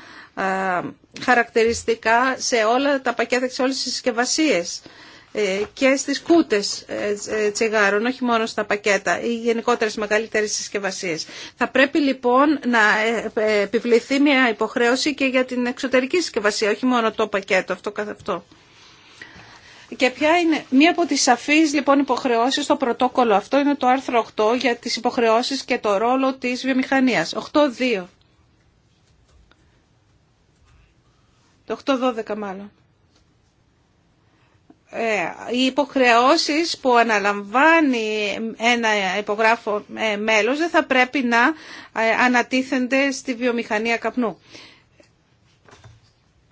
χαρακτηριστικά σε όλα τα πακέτα και σε όλες τις συσκευασίες ε, και στις κούτες ε, ε, τσιγάρων, όχι μόνο στα πακέτα ή γενικότερα στις μεγαλύτερες συσκευασίες. Θα πρέπει λοιπόν να επιβληθεί μια υποχρέωση και για την εξωτερική συσκευασία, όχι μόνο το πακέτο αυτό καθ' αυτό. Και ποια είναι μία από τις σαφείς λοιπόν υποχρεώσεις στο πρωτόκολλο αυτό είναι το άρθρο 8 για τις υποχρεώσεις και το ρόλο της βιομηχανίας. 8.2. το 8-12 μάλλον. Ε, οι υποχρεώσεις που αναλαμβάνει ένα υπογράφο ε, μέλος δεν θα πρέπει να ε, ανατίθενται στη βιομηχανία καπνού.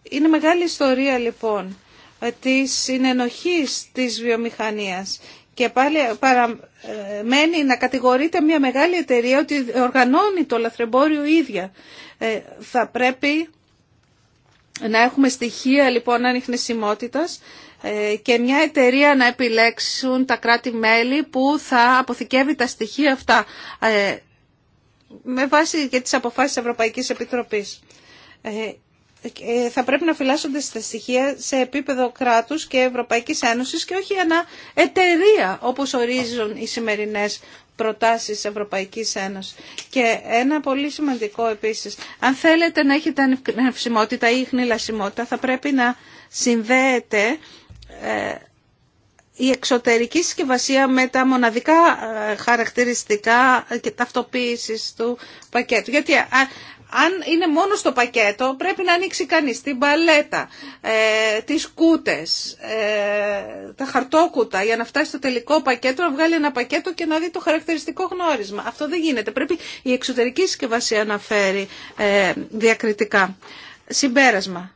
Είναι μεγάλη ιστορία λοιπόν ε, της συνενοχής της βιομηχανίας και πάλι παραμένει να κατηγορείται μια μεγάλη εταιρεία ότι οργανώνει το λαθρεμπόριο ίδια. θα πρέπει να έχουμε στοιχεία λοιπόν ανιχνησιμότητας ε, και μια εταιρεία να επιλέξουν τα κράτη-μέλη που θα αποθηκεύει τα στοιχεία αυτά ε, με βάση και τις αποφάσεις της Ευρωπαϊκής Επιτροπής. Ε, θα πρέπει να φυλάσσονται στα στοιχεία σε επίπεδο κράτους και Ευρωπαϊκής Ένωσης και όχι ένα εταιρεία όπως ορίζουν οι σημερινές προτάσεις Ευρωπαϊκής Ένωσης. Και ένα πολύ σημαντικό επίσης, αν θέλετε να έχετε ανευσιμότητα ή χνηλασιμότητα θα πρέπει να συνδέεται ε, η εξωτερική συσκευασία με τα μοναδικά ε, χαρακτηριστικά και ταυτοποίησης του πακέτου. Γιατί αν είναι μόνο στο πακέτο πρέπει να ανοίξει κανείς την παλέτα, ε, τις κούτες, ε, τα χαρτόκουτα για να φτάσει στο τελικό πακέτο, να βγάλει ένα πακέτο και να δει το χαρακτηριστικό γνώρισμα. Αυτό δεν γίνεται. Πρέπει η εξωτερική συσκευασία να φέρει ε, διακριτικά. Συμπέρασμα.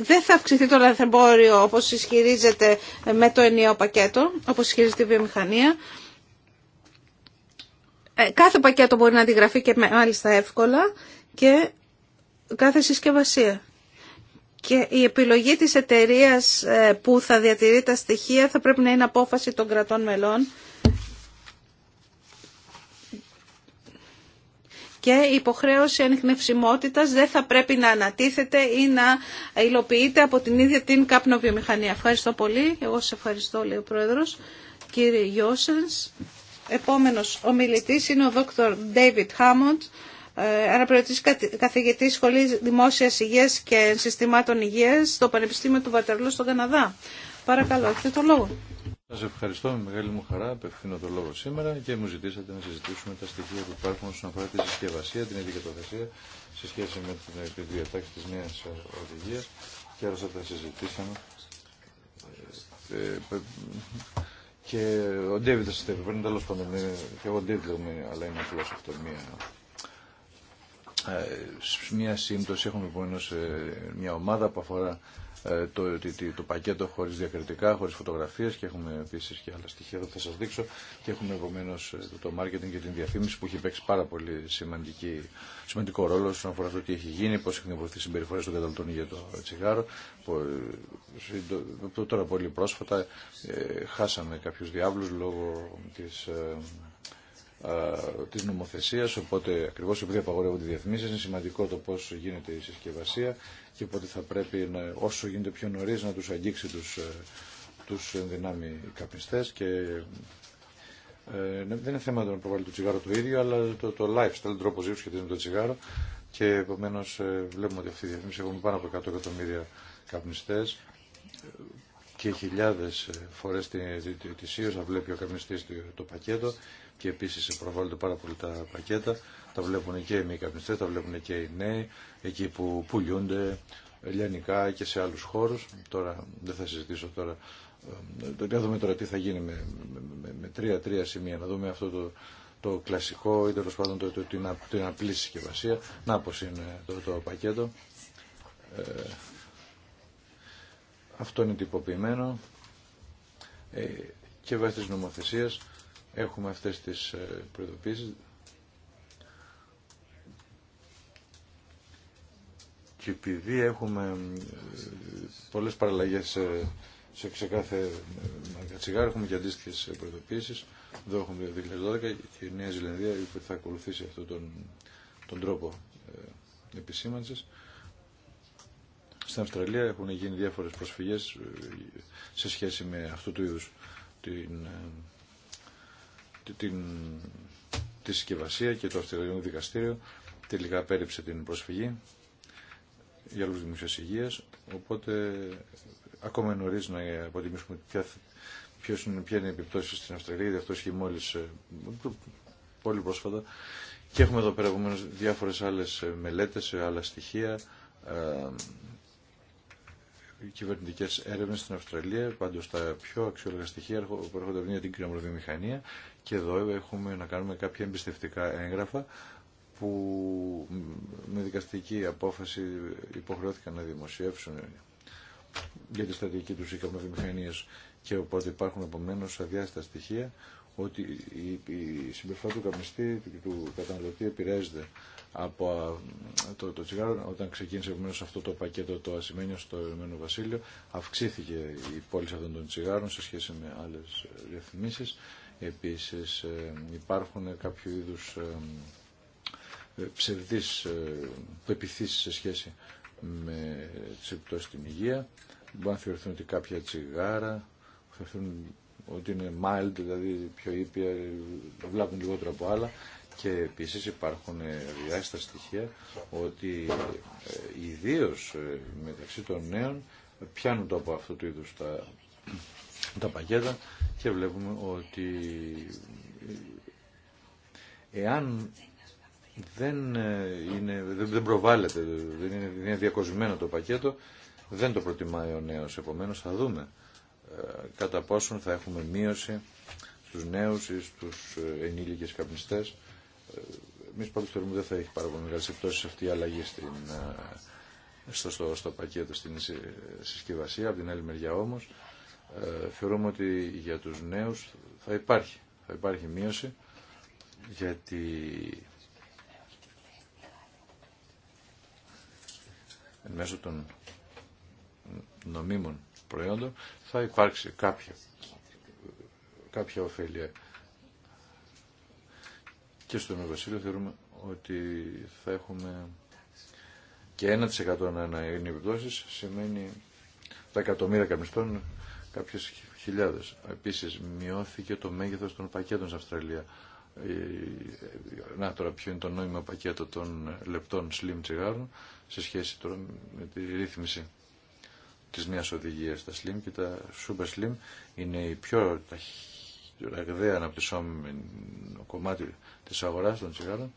Δεν θα αυξηθεί το λαθρεμπόριο όπως ισχυρίζεται με το ενιαίο πακέτο, όπως ισχυρίζεται η βιομηχανία. Ε, κάθε πακέτο μπορεί να αντιγραφεί και μάλιστα εύκολα και κάθε συσκευασία. Και η επιλογή της εταιρεία ε, που θα διατηρεί τα στοιχεία θα πρέπει να είναι απόφαση των κρατών μελών και η υποχρέωση ανιχνευσιμότητας δεν θα πρέπει να ανατίθεται ή να υλοποιείται από την ίδια την καπνοβιομηχανία. Ευχαριστώ πολύ. Εγώ σας ευχαριστώ, λέει ο Πρόεδρος. Κύριε Γιώσενς. Επόμενος ομιλητής είναι ο Δόκτωρ Ντέιβιτ Χάμοντ, ε, αναπληρωτής καθηγητής Σχολής Δημόσιας Υγείας και Συστημάτων Υγείας στο Πανεπιστήμιο του Βατερλού στον Καναδά. Παρακαλώ, έχετε το λόγο. Σας ευχαριστώ με μεγάλη μου χαρά. Απευθύνω το λόγο σήμερα και μου ζητήσατε να συζητήσουμε τα στοιχεία που υπάρχουν όσον αφορά τη συσκευασία, την ειδικατοθεσία σε σχέση με την διατάξη της νέα οδηγία και άλλωστε τα συζητήσαμε ε, ε, και ο Ντέβιτ, πριν τέλο πάντων, ε, και εγώ Ντέβιτ, αλλά είναι απλώ αυτό μια σε μια σύμπτωση έχουμε επομένως ε, μια ομάδα που αφορά ε, το, το, το πακέτο χωρίς διακριτικά, χωρίς φωτογραφίες και έχουμε επίσης και άλλα στοιχεία που θα σας δείξω και έχουμε επομένω ε, το, μάρκετινγκ και την διαφήμιση που έχει παίξει πάρα πολύ σημαντική, σημαντικό ρόλο όσον αφορά το τι έχει γίνει, πώς έχουν υποθεί συμπεριφορές των καταλωτών για το τσιγάρο. Που, τώρα πολύ πρόσφατα χάσαμε κάποιους διάβλους λόγω της ε, της νομοθεσίας, οπότε ακριβώς επειδή απαγορεύονται οι διαφημίσεις είναι σημαντικό το πώς γίνεται η συσκευασία και οπότε θα πρέπει όσο γίνεται πιο νωρίς να τους αγγίξει τους, ε, τους ενδυνάμει καπνιστές και ε, ναι, δεν είναι θέμα να προβάλλει το τσιγάρο το ίδιο, αλλά το, το lifestyle, τον τρόπο ζήτηση σχετίζεται με το τσιγάρο και επομένω βλέπουμε ότι αυτή η διαφήμιση έχουν πάνω από 100 εκατομμύρια καπνιστές και χιλιάδες φορέ τη, τη, βλέπει ο καπνιστής το πακέτο και επίσης προβάλλονται πάρα πολύ τα πακέτα. Τα βλέπουν και οι μη καπνιστές, τα βλέπουν και οι νέοι, εκεί που πουλιούνται λιανικά και σε άλλους χώρους. Τώρα δεν θα συζητήσω τώρα. Ε, να δούμε τώρα τι θα γίνει με, με, με τρία-τρία σημεία. Να δούμε αυτό το, το κλασικό ή τέλο πάντων το, το, την, την απλή συσκευασία. Να πω είναι το, το πακέτο. Ε, αυτό είναι τυποποιημένο ε, και βάσει τη νομοθεσίας έχουμε αυτές τις ε, προειδοποίησεις και επειδή έχουμε ε, πολλές παραλλαγές ε, σε, κάθε τσιγάρο έχουμε και αντίστοιχε προειδοποίησεις εδώ έχουμε το 2012 και η Νέα Ζηλανδία είπε θα ακολουθήσει αυτόν τον, τον τρόπο επισήμανσης στην Αυστραλία έχουν γίνει διάφορες προσφυγές σε σχέση με αυτού του είδους την, την, τη συσκευασία και το αστυνομικό δικαστήριο τελικά πέριψε την προσφυγή για λόγους δημοσίας υγείας, οπότε ακόμα νωρίς να αποτιμήσουμε ποια, ποιος είναι, ποια είναι η επιπτώση στην Αυστραλία, γιατί αυτό έχει μόλις ε, πολύ πρόσφατα. Και έχουμε εδώ πέρα επομένως διάφορες άλλες ε, μελέτες, ε, άλλα στοιχεία, κυβερνητικέ έρευνε στην Αυστραλία. Πάντω τα πιο αξιόλογα στοιχεία προέρχονται από την μηχανία. Και εδώ έχουμε να κάνουμε κάποια εμπιστευτικά έγγραφα που με δικαστική απόφαση υποχρεώθηκαν να δημοσιεύσουν για τη στρατηγική τους οι και οπότε υπάρχουν επομένω αδιάστα στοιχεία ότι η συμπεριφορά του καπνιστή, του καταναλωτή επηρεάζεται από το, το τσιγάρο. Όταν ξεκίνησε επομένω αυτό το πακέτο το ασημένιο στο Ηνωμένο Βασίλειο, αυξήθηκε η πώληση αυτών των τσιγάρων σε σχέση με άλλε διαφημίσει Επίσης ε, υπάρχουν κάποιο είδους ε, ε, ψευδείς πεπιθήσεις σε σχέση με τις επιπτώσεις στην υγεία. Μπορεί να θεωρηθούν ότι κάποια τσιγάρα, ότι είναι mild, δηλαδή πιο ήπια, βλάπτουν λιγότερο από άλλα. Και επίσης υπάρχουν διάστα στοιχεία ότι ιδίω μεταξύ των νέων πιάνουν το από αυτού του είδους τα τα πακέτα και βλέπουμε ότι εάν δεν, ε, είναι, δεν προβάλλεται, δεν είναι, είναι το πακέτο, δεν το προτιμάει ο νέος. Επομένως θα δούμε ε, κατά πόσον θα έχουμε μείωση στους νέους ή στους ε, ενήλικες καπνιστές. Εμεί πάντως θεωρούμε δεν θα έχει πάρα πολύ μεγάλες επιπτώσεις αυτή η αλλαγή στην, στο, στο, στο πακέτο, στην συσκευασία. Από την άλλη μεριά όμως ε, θεωρούμε ότι για τους νέους θα υπάρχει, θα υπάρχει μείωση γιατί μέσω των νομίμων προϊόντων θα υπάρξει κάποια, κάποια ωφέλεια. Και στον Βασίλειο θεωρούμε ότι θα έχουμε και 1% να είναι επιπτώσεις, σημαίνει τα εκατομμύρια καμιστών κάποιες χιλιάδες. Επίσης, μειώθηκε το μέγεθος των πακέτων στην Αυστραλία. Ε, να τώρα ποιο είναι το νόημα πακέτο των λεπτών slim τσιγάρων σε σχέση τώρα με τη ρύθμιση της μιας οδηγίας. Τα slim και τα super slim είναι η πιο ραγδαία αναπτυσσόμενο κομμάτι της αγοράς των τσιγάρων.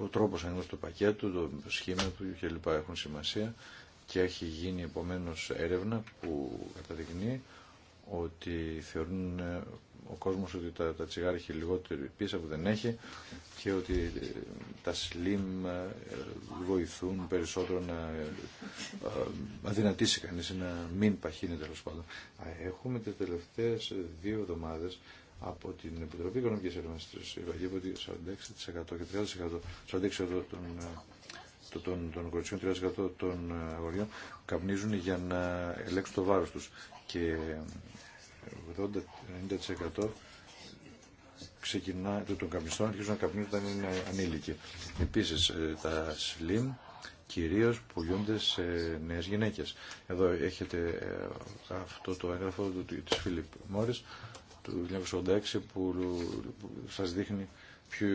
Ο τρόπος ανοίγματος του πακέτο, το σχήμα του κλπ. έχουν σημασία και έχει γίνει επομένως έρευνα που καταδεικνύει ότι θεωρούν ε, ο κόσμος ότι τα, τσιγάρα έχει λιγότερη πίσα που δεν έχει και ότι ε, τα slim ε, βοηθούν περισσότερο να αδυνατήσει κανείς να μην παχύνει τέλο πάντων. Έχουμε τις τελευταίες δύο εβδομάδες από την Επιτροπή Οικονομικής Έρευνας της Ευρωπαϊκής ότι 46% και 30% των των, των κοριτσιών, 30% των αγοριών καπνίζουν για να ελέγξουν το βάρος τους και 80-90% ε, ξεκινά, των καπνιστών αρχίζουν να καπνίζουν όταν είναι ανήλικοι. Επίσης ε, τα slim κυρίως πουλούνται σε νέες γυναίκες. Εδώ έχετε ε, αυτό το έγγραφο της Φίλιπ Μόρις του 1986 που σας δείχνει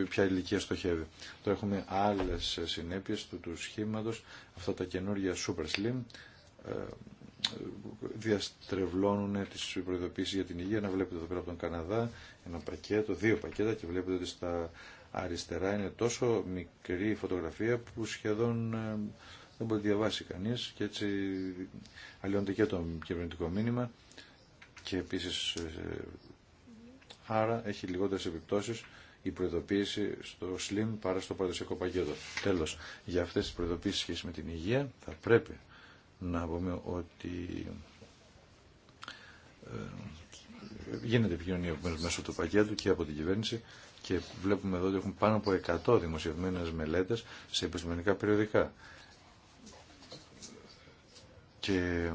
ποια ηλικία στοχεύει. Τώρα έχουμε άλλες συνέπειες του, του σχήματος. Αυτά τα καινούργια super slim ε, διαστρεβλώνουν τις προειδοποίησεις για την υγεία. Να βλέπετε εδώ πέρα από τον Καναδά ένα πακέτο, δύο πακέτα και βλέπετε ότι στα αριστερά είναι τόσο μικρή η φωτογραφία που σχεδόν ε, δεν μπορεί να διαβάσει κανείς και έτσι αλλοιώνεται και το κυβερνητικό μήνυμα και επίσης ε, άρα έχει λιγότερες επιπτώσεις η προειδοποίηση στο SLIM παρά στο παραδοσιακό πακέτο. Τέλος, για αυτές τις προειδοποίησεις σχέση με την υγεία θα πρέπει να πούμε ότι ε, γίνεται επικοινωνία μέσω του πακέτου και από την κυβέρνηση και βλέπουμε εδώ ότι έχουν πάνω από 100 δημοσιευμένες μελέτες σε επιστημονικά περιοδικά. Και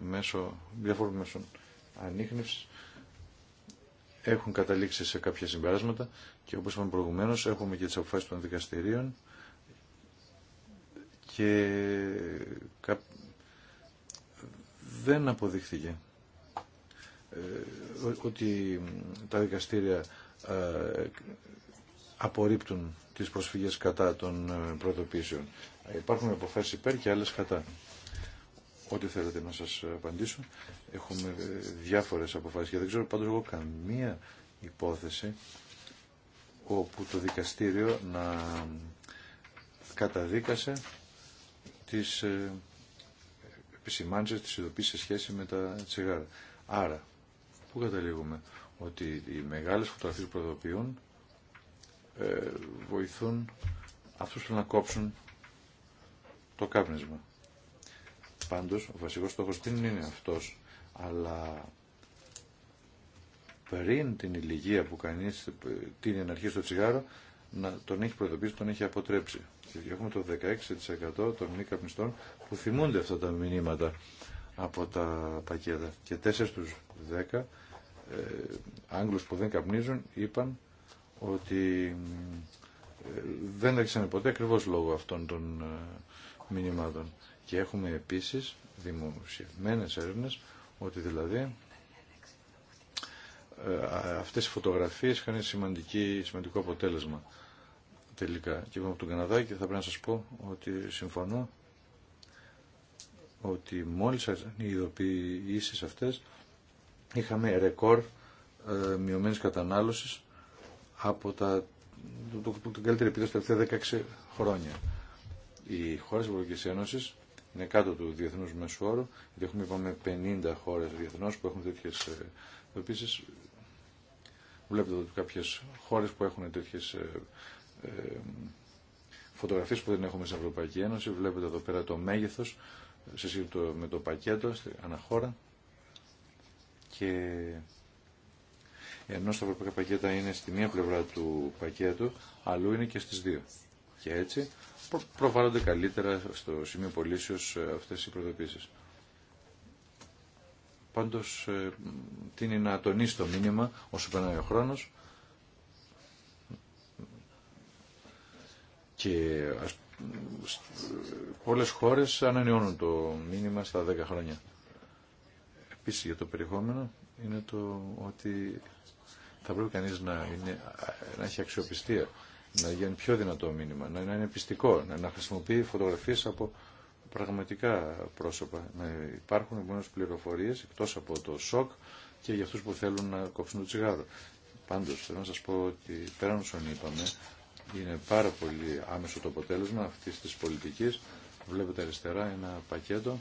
μέσω διαφόρων μέσων ανείχνευσης έχουν καταλήξει σε κάποια συμπεράσματα και όπως είπαμε προηγουμένως έχουμε και τις αποφάσεις των δικαστηρίων και δεν αποδείχθηκε ε, ότι τα δικαστήρια ε, απορρίπτουν τις προσφυγές κατά των ε, πρωτοποίησεων. Υπάρχουν αποφάσεις υπέρ και άλλες κατά. Ό,τι θέλετε να σας απαντήσω. Έχουμε διάφορες αποφάσεις και δεν ξέρω πάντως εγώ καμία υπόθεση όπου το δικαστήριο να καταδίκασε τις ε, επισημάνσεις, τις ειδοποίησεις σε σχέση με τα τσιγάρα. Άρα, πού καταλήγουμε ότι οι μεγάλες φωτογραφίες που προδοποιούν ε, βοηθούν αυτούς που να κόψουν το κάπνισμα. Πάντως, ο βασικός στόχος δεν είναι αυτός, αλλά πριν την ηλικία που κανείς τίνει να αρχίσει το τσιγάρο, να τον έχει προειδοποιήσει, τον έχει αποτρέψει. Και έχουμε το 16% των μη καπνιστών που θυμούνται αυτά τα μηνύματα από τα πακέτα. Και 4 στους 10 ε, Άγγλους που δεν καπνίζουν είπαν ότι ε, δεν έξανε ποτέ ακριβώ λόγω αυτών των ε, μηνυμάτων. Και έχουμε επίσης δημοσιευμένες έρευνες ότι δηλαδή ε, αυτές οι φωτογραφίες είχαν σημαντική, σημαντικό αποτέλεσμα τελικά. Και από τον Καναδά και θα πρέπει να σας πω ότι συμφωνώ ότι μόλις οι ειδοποιήσεις αυτές είχαμε ρεκόρ ε, μειωμένης από τα, το, το, το, το καλύτερη επίδοση τα τελευταία 16 χρόνια. Οι χώρες της Ευρωπαϊκής Ένωσης είναι κάτω του διεθνού μέσου όρου, γιατί έχουμε είπαμε 50 χώρε διεθνώ που έχουν τέτοιε. Επίση, βλέπετε εδώ κάποιε χώρε που έχουν τέτοιε ε, φωτογραφίε που δεν έχουμε στην Ευρωπαϊκή Ένωση, βλέπετε εδώ πέρα το μέγεθο σε με το πακέτο αναχώρα και ενώ στα ευρωπαϊκά πακέτα είναι στη μία πλευρά του πακέτου, αλλού είναι και στις δύο. Και έτσι προβάλλονται καλύτερα στο σημείο πωλήσεως ε, αυτές οι προειδοποίησεις. Πάντως, ε, τίνει να τονίσει το μήνυμα όσο περνάει ο χρόνος και ας, πολλές χώρες ανανεώνουν το μήνυμα στα 10 χρόνια. Επίσης για το περιεχόμενο είναι το ότι θα πρέπει κανείς να, είναι, να έχει αξιοπιστία να γίνει πιο δυνατό μήνυμα, να, είναι πιστικό, να, χρησιμοποιεί φωτογραφίες από πραγματικά πρόσωπα. Να υπάρχουν επομένως πληροφορίες εκτός από το σοκ και για αυτούς που θέλουν να κόψουν το τσιγάρο. Πάντως θέλω να σας πω ότι πέραν όσων είπαμε είναι πάρα πολύ άμεσο το αποτέλεσμα αυτής της πολιτικής. Βλέπετε αριστερά ένα πακέτο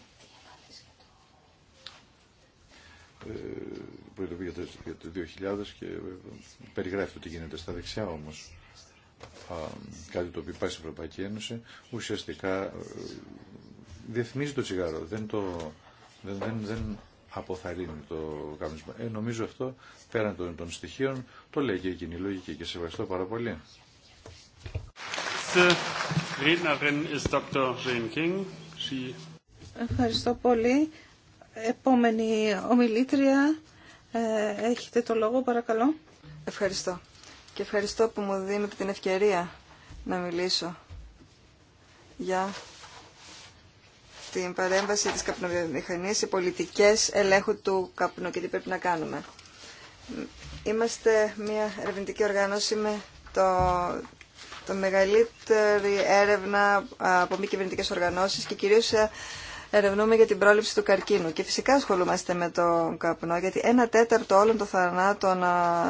ε, που για το 2000 και ε, περιγράφει το τι γίνεται στα δεξιά όμως κάτι το οποίο πάει στην Ευρωπαϊκή Ένωση, ουσιαστικά ε, διεθνίζει το τσιγάρο, δεν το δεν, δεν, αποθαρρύνει το κανονισμό. Ε, νομίζω αυτό πέραν των, των στοιχείων το λέει και η κοινή λογική και σε ευχαριστώ πάρα πολύ. Ευχαριστώ πολύ. Επόμενη ομιλήτρια, ε, έχετε το λόγο παρακαλώ. Ευχαριστώ και ευχαριστώ που μου δίνετε την ευκαιρία να μιλήσω για την παρέμβαση της καπνοβιομηχανίας σε πολιτικές ελέγχου του καπνού και τι πρέπει να κάνουμε. Είμαστε μια ερευνητική οργάνωση με το, το μεγαλύτερη έρευνα από μη κυβερνητικέ οργανώσεις και κυρίως ε, ερευνούμε για την πρόληψη του καρκίνου. Και φυσικά ασχολούμαστε με τον καπνό, γιατί ένα τέταρτο όλων των θανάτων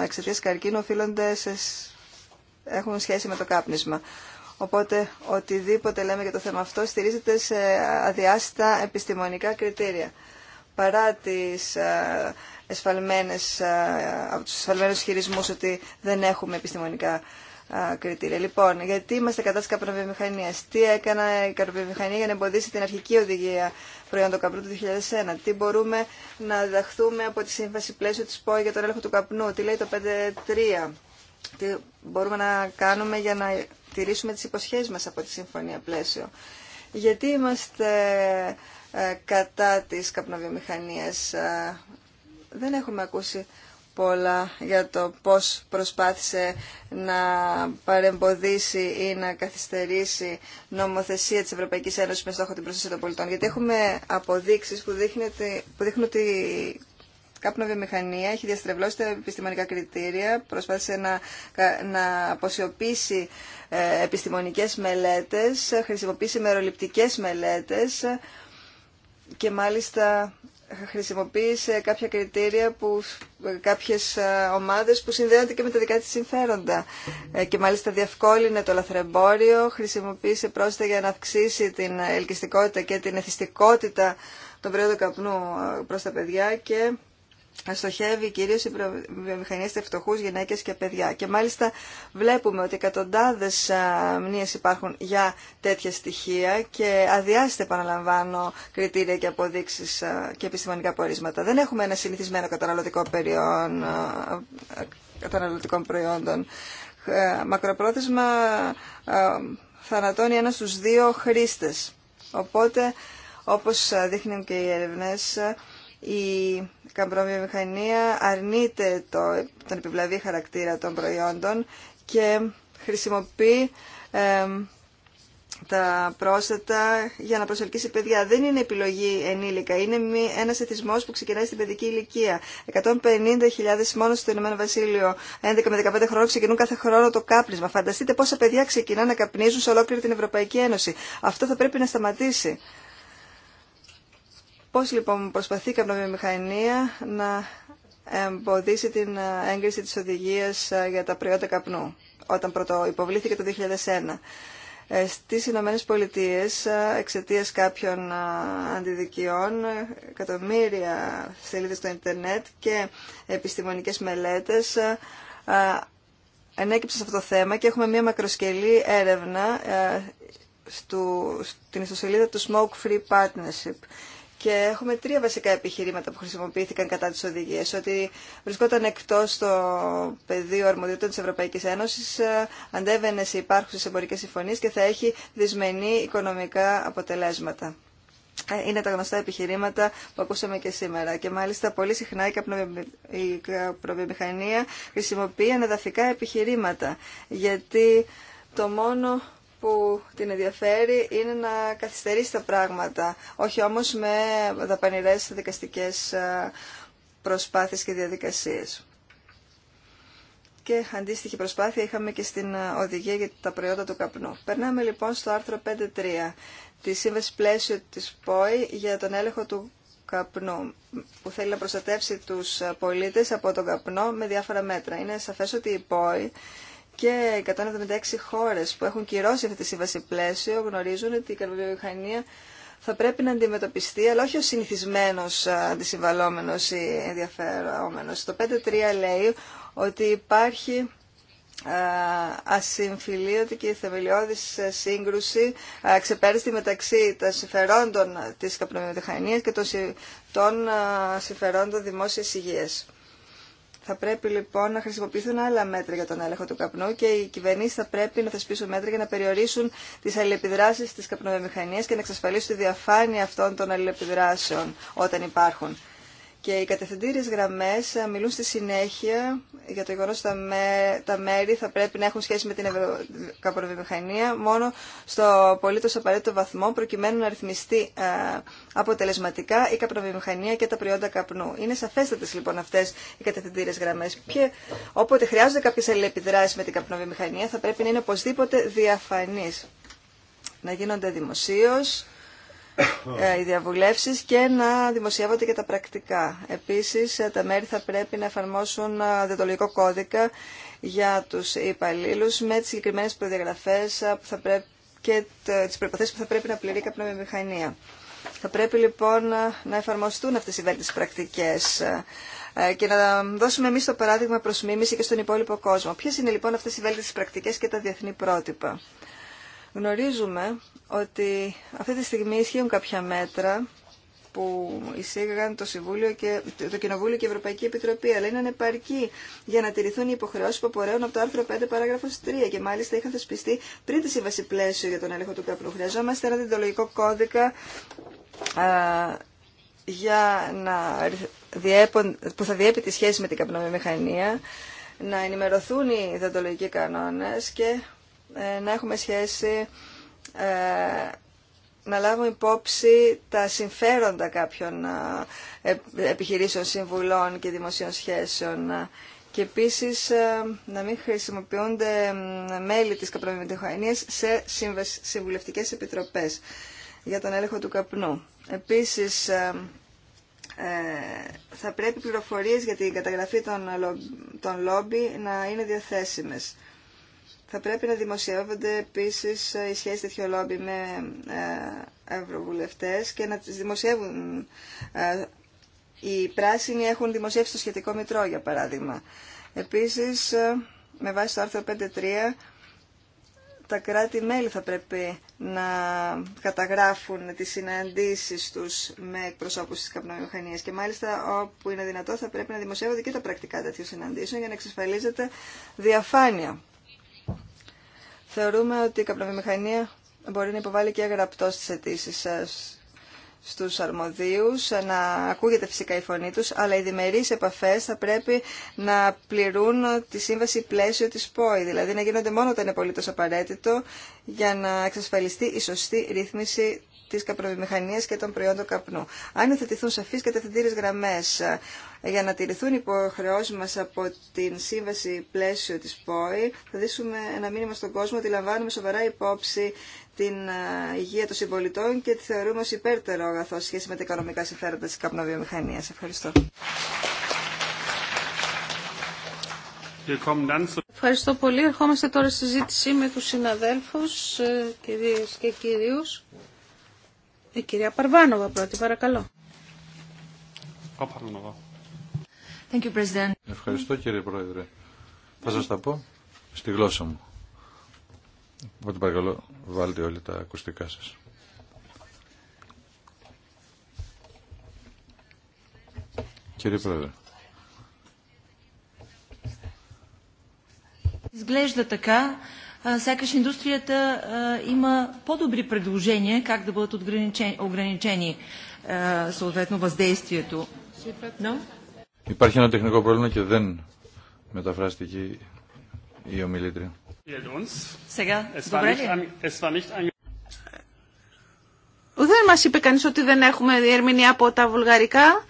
εξαιτία καρκίνου οφείλονται σε... έχουν σχέση με το κάπνισμα. Οπότε οτιδήποτε λέμε για το θέμα αυτό στηρίζεται σε αδιάστα επιστημονικά κριτήρια. Παρά τις εσφαλμένες, από εσφαλμένους χειρισμούς ότι δεν έχουμε επιστημονικά κριτήρια. Λοιπόν, γιατί είμαστε κατά τη καπνοβιομηχανία. Τι έκανα η καπνοβιομηχανία για να εμποδίσει την αρχική οδηγία προϊόντο καπνού του 2001. Τι μπορούμε να διδαχθούμε από τη σύμβαση πλαίσιο τη ΠΟΕ για τον έλεγχο του καπνού. Τι λέει το 5.3. Τι μπορούμε να κάνουμε για να τηρήσουμε τις υποσχέσει μα από τη Συμφωνία Πλαίσιο. Γιατί είμαστε ε, κατά της καπνοβιομηχανίας. δεν έχουμε ακούσει πολλά για το πώς προσπάθησε να παρεμποδίσει ή να καθυστερήσει νομοθεσία της Ευρωπαϊκής Ένωσης με στόχο την προστασία των πολιτών. Γιατί έχουμε αποδείξεις που, που δείχνουν ότι κάποια βιομηχανία έχει διαστρεβλώσει τα επιστημονικά κριτήρια, προσπάθησε να, να αποσιωπήσει ε, επιστημονικές μελέτες, χρησιμοποιήσει μεροληπτικές μελέτες και μάλιστα χρησιμοποίησε κάποια κριτήρια που κάποιες ε, ομάδες που συνδέονται και με τα δικά της συμφέροντα ε, και μάλιστα διευκόλυνε το λαθρεμπόριο, χρησιμοποίησε πρόσθετα για να αυξήσει την ελκυστικότητα και την εθιστικότητα των προϊόντων καπνού ε, προς τα παιδιά και στοχεύει κυρίως η βιομηχανία στα φτωχούς γυναίκες και παιδιά. Και μάλιστα βλέπουμε ότι εκατοντάδες μνήες υπάρχουν για τέτοια στοιχεία και αδειάστε επαναλαμβάνω κριτήρια και αποδείξεις και επιστημονικά πορίσματα. Δεν έχουμε ένα συνηθισμένο καταναλωτικό περιόν καταναλωτικών προϊόντων. Ε, μακροπρόθεσμα θανατώνει ένα στους δύο χρήστες. Οπότε, όπως δείχνουν και οι έρευνες, η καμπροβιομηχανία αρνείται το, τον επιβλαβή χαρακτήρα των προϊόντων και χρησιμοποιεί ε, τα πρόσθετα για να προσελκύσει παιδιά. Δεν είναι επιλογή ενήλικα, είναι ένα εθισμό που ξεκινάει στην παιδική ηλικία. 150.000 μόνο στο Ηνωμένο Βασίλειο, 11 με 15 χρόνια, ξεκινούν κάθε χρόνο το κάπνισμα. Φανταστείτε πόσα παιδιά ξεκινά να καπνίζουν σε ολόκληρη την Ευρωπαϊκή Ένωση. Αυτό θα πρέπει να σταματήσει. Πώς λοιπόν προσπαθεί η καπνοβιομηχανία να εμποδίσει την έγκριση της οδηγίας ε, για τα προϊόντα καπνού, όταν πρώτο υποβλήθηκε το 2001. Ε, στις Ηνωμένες Πολιτείες, ε, εξαιτίας κάποιων αντιδικιών, εκατομμύρια σελίδες στο ίντερνετ και επιστημονικές μελέτες ενέκυψε σε αυτό το θέμα και έχουμε μια μακροσκελή έρευνα στην ιστοσελίδα του Smoke Free Partnership και έχουμε τρία βασικά επιχειρήματα που χρησιμοποιήθηκαν κατά τις οδηγίες. Ότι βρισκόταν εκτός το πεδίο αρμοδιότητα της Ευρωπαϊκής Ένωσης, ε, αντέβαινε σε υπάρχουσες εμπορικές συμφωνίες και θα έχει δυσμενή οικονομικά αποτελέσματα. Ε, είναι τα γνωστά επιχειρήματα που ακούσαμε και σήμερα. Και μάλιστα πολύ συχνά η καπνοβιομηχανία χρησιμοποιεί ανεδαφικά επιχειρήματα. Γιατί το μόνο που την ενδιαφέρει είναι να καθυστερήσει τα πράγματα, όχι όμως με δαπανηρές δικαστικές ε, προσπάθειες και διαδικασίες. Και αντίστοιχη προσπάθεια είχαμε και στην ε, οδηγία για τα προϊόντα του καπνού. Περνάμε λοιπόν στο άρθρο 5.3 τη σύμβαση πλαίσιο της ΠΟΗ για τον έλεγχο του καπνού που θέλει να προστατεύσει τους ε, πολίτες από τον καπνό με διάφορα μέτρα. Είναι σαφές ότι η ΠΟΗ και 176 χώρε που έχουν κυρώσει αυτή τη σύμβαση πλαίσιο γνωρίζουν ότι η καρβιομηχανία θα πρέπει να αντιμετωπιστεί, αλλά όχι ο συνηθισμένος αντισυμβαλόμενο ή ενδιαφερόμενο. Το 5.3 λέει ότι υπάρχει ασυμφιλίωτη και θεμελιώδης ε, σύγκρουση ξεπέριστη μεταξύ των συμφερόντων της καπνομηχανίας και των συμφερόντων δημόσιας υγείας. Θα πρέπει λοιπόν να χρησιμοποιηθούν άλλα μέτρα για τον έλεγχο του καπνού και οι κυβερνήσει θα πρέπει να θεσπίσουν μέτρα για να περιορίσουν τι αλληλεπιδράσει τη καπνοβιομηχανία και να εξασφαλίσουν τη διαφάνεια αυτών των αλληλεπιδράσεων όταν υπάρχουν. Και οι κατευθυντήριες γραμμές ε, μιλούν στη συνέχεια για το γεγονό ότι τα μέρη θα πρέπει να έχουν σχέση με την καπνοβιομηχανία μόνο στο απολύτως απαραίτητο βαθμό προκειμένου να ρυθμιστεί ε, αποτελεσματικά η καπροβιομηχανία και τα προϊόντα καπνού. Είναι σαφέστατες λοιπόν αυτές οι κατευθυντήριες γραμμές. Και όποτε χρειάζονται κάποιες αλληλεπιδράσεις με την καπνοβιομηχανία θα πρέπει να είναι οπωσδήποτε διαφανείς. Να γίνονται δημοσίως, ε, οι διαβουλευσει και να δημοσιεύονται και τα πρακτικά. Επίσης, ε, τα μέρη θα πρέπει να εφαρμόσουν ε, δεντολογικό κώδικα για τους υπαλλήλου με τι συγκεκριμένε προδιαγραφές θα πρέπει και τι προποθέσει που θα πρέπει να πληρεί κάποια μηχανία. Θα πρέπει λοιπόν να εφαρμοστούν αυτέ οι βέλτιστε πρακτικέ. και να δώσουμε εμεί το παράδειγμα προ μίμηση και στον υπόλοιπο κόσμο. Ποιε είναι λοιπόν αυτέ οι βέλτιστες πρακτικέ και τα διεθνή πρότυπα. Γνωρίζουμε ότι αυτή τη στιγμή ισχύουν κάποια μέτρα που εισήγαγαν το, Συμβούλιο και, το Κοινοβούλιο και η Ευρωπαϊκή Επιτροπή, αλλά είναι ανεπαρκή για να τηρηθούν οι υποχρεώσει που απορρέουν από το άρθρο 5, παράγραφο 3 και μάλιστα είχαν θεσπιστεί πριν τη σύμβαση πλαίσιο για τον έλεγχο του καπνού. Χρειαζόμαστε ένα διδολογικό κώδικα α, για να διέπον, που θα διέπει τη σχέση με την καπνομηχανία, να ενημερωθούν οι διδολογικοί κανόνε και ε, να έχουμε σχέση ε, να λάβουμε υπόψη τα συμφέροντα κάποιων ε, ε, επιχειρήσεων συμβουλών και δημοσίων σχέσεων και επίσης να μην χρησιμοποιούνται μέλη της καπνοβιομηχανίας σε συμβουλευτικές επιτροπές για τον έλεγχο του καπνού. Επίσης, θα πρέπει πληροφορίες για την καταγραφή των λόμπι να είναι διαθέσιμες. Θα πρέπει να δημοσιεύονται επίσης ε, οι σχέσεις τέτοιου λόμπι με ε, ευρωβουλευτές και να τις δημοσιεύουν. Ε, οι πράσινοι έχουν δημοσιεύσει το σχετικό μητρό, για παράδειγμα. Επίσης, με βάση το άρθρο 5.3, τα κράτη-μέλη θα πρέπει να καταγράφουν τις συναντήσεις τους με εκπροσώπους της καπνομηχανίας και μάλιστα όπου είναι δυνατό θα πρέπει να δημοσιεύονται και τα πρακτικά τέτοιων συναντήσεων για να εξασφαλίζεται διαφάνεια. Θεωρούμε ότι η καπνοβιομηχανία μπορεί να υποβάλει και γραπτό στι αιτήσει ε, στους αρμοδίους, ε, να ακούγεται φυσικά η φωνή τους, αλλά οι διμερείς επαφές θα πρέπει να πληρούν τη σύμβαση πλαίσιο της ΠΟΗ, δηλαδή να γίνονται μόνο όταν είναι απολύτως απαραίτητο για να εξασφαλιστεί η σωστή ρύθμιση Τη καπνοβιομηχανίας και των προϊόντων καπνού. Αν υιοθετηθούν σαφείς κατευθυντήρες γραμμέ ε, για να τηρηθούν υποχρεώσει μα από την σύμβαση πλαίσιο τη ΠΟΗ, θα δείσουμε ένα μήνυμα στον κόσμο ότι λαμβάνουμε σοβαρά υπόψη την ε, υγεία των συμπολιτών και τη θεωρούμε ω υπέρτερο αγαθό σχέση με τα οικονομικά συμφέροντα τη καπνοβιομηχανίας. Ευχαριστώ. Ευχαριστώ πολύ. Ερχόμαστε τώρα στη συζήτηση με τους συναδέλφους, ε, κυρίες και κυρίους. Η κυρία Παρβάνοβα πρώτη, παρακαλώ. Thank you, President. Ευχαριστώ κύριε Πρόεδρε. Θα σας τα πω στη γλώσσα μου. Οπότε παρακαλώ βάλτε όλοι τα ακουστικά σας. Κύριε Πρόεδρε. τα κά сякаш индустрията има по-добри предложения как да бъдат ограничени съответно въздействието. Υπάρχει ένα τεχνικό πρόβλημα και δεν μεταφράστηκε η ομιλήτρια. Δεν μας είπε κανείς ότι δεν έχουμε ερμηνεία από τα βουλγαρικά.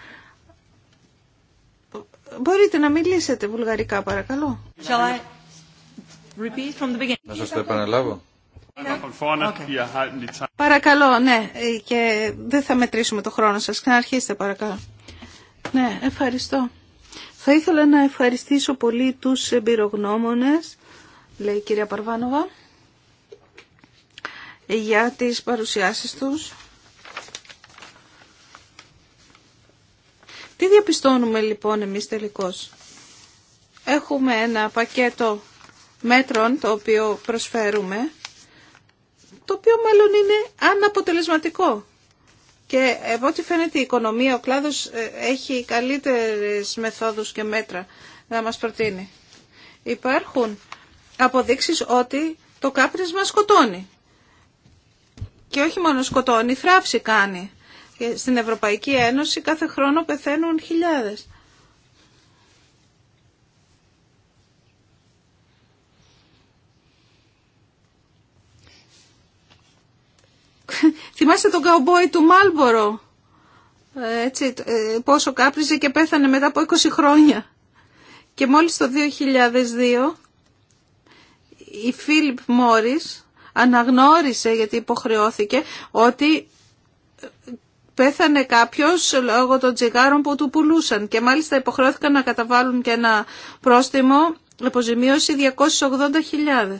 Μπορείτε να μιλήσετε βουλγαρικά, παρακαλώ. Shall I... Repeat from Να σας το επαναλάβω. Παρακαλώ, ναι, και δεν θα μετρήσουμε το χρόνο σας. Ξαναρχίστε παρακαλώ. Ναι, ευχαριστώ. Θα ήθελα να ευχαριστήσω πολύ τους εμπειρογνώμονες, λέει η κυρία Παρβάνοβα, για τις παρουσιάσεις τους. Τι διαπιστώνουμε λοιπόν εμείς τελικώς. Έχουμε ένα πακέτο μέτρων το οποίο προσφέρουμε, το οποίο μάλλον είναι αναποτελεσματικό. Και από ό,τι φαίνεται η οικονομία, ο κλάδος ε, έχει καλύτερες μεθόδους και μέτρα να μας προτείνει. Υπάρχουν αποδείξεις ότι το κάπνισμα σκοτώνει. Και όχι μόνο σκοτώνει, θράψη κάνει. Στην Ευρωπαϊκή Ένωση κάθε χρόνο πεθαίνουν χιλιάδες. Θυμάστε τον καουμπόι του Μάλμπορο. Ε, έτσι, ε, πόσο κάπριζε και πέθανε μετά από 20 χρόνια. Και μόλις το 2002 η Φίλιπ Μόρις αναγνώρισε γιατί υποχρεώθηκε ότι πέθανε κάποιος λόγω των τσιγάρων που του πουλούσαν και μάλιστα υποχρεώθηκαν να καταβάλουν και ένα πρόστιμο αποζημίωση 280.000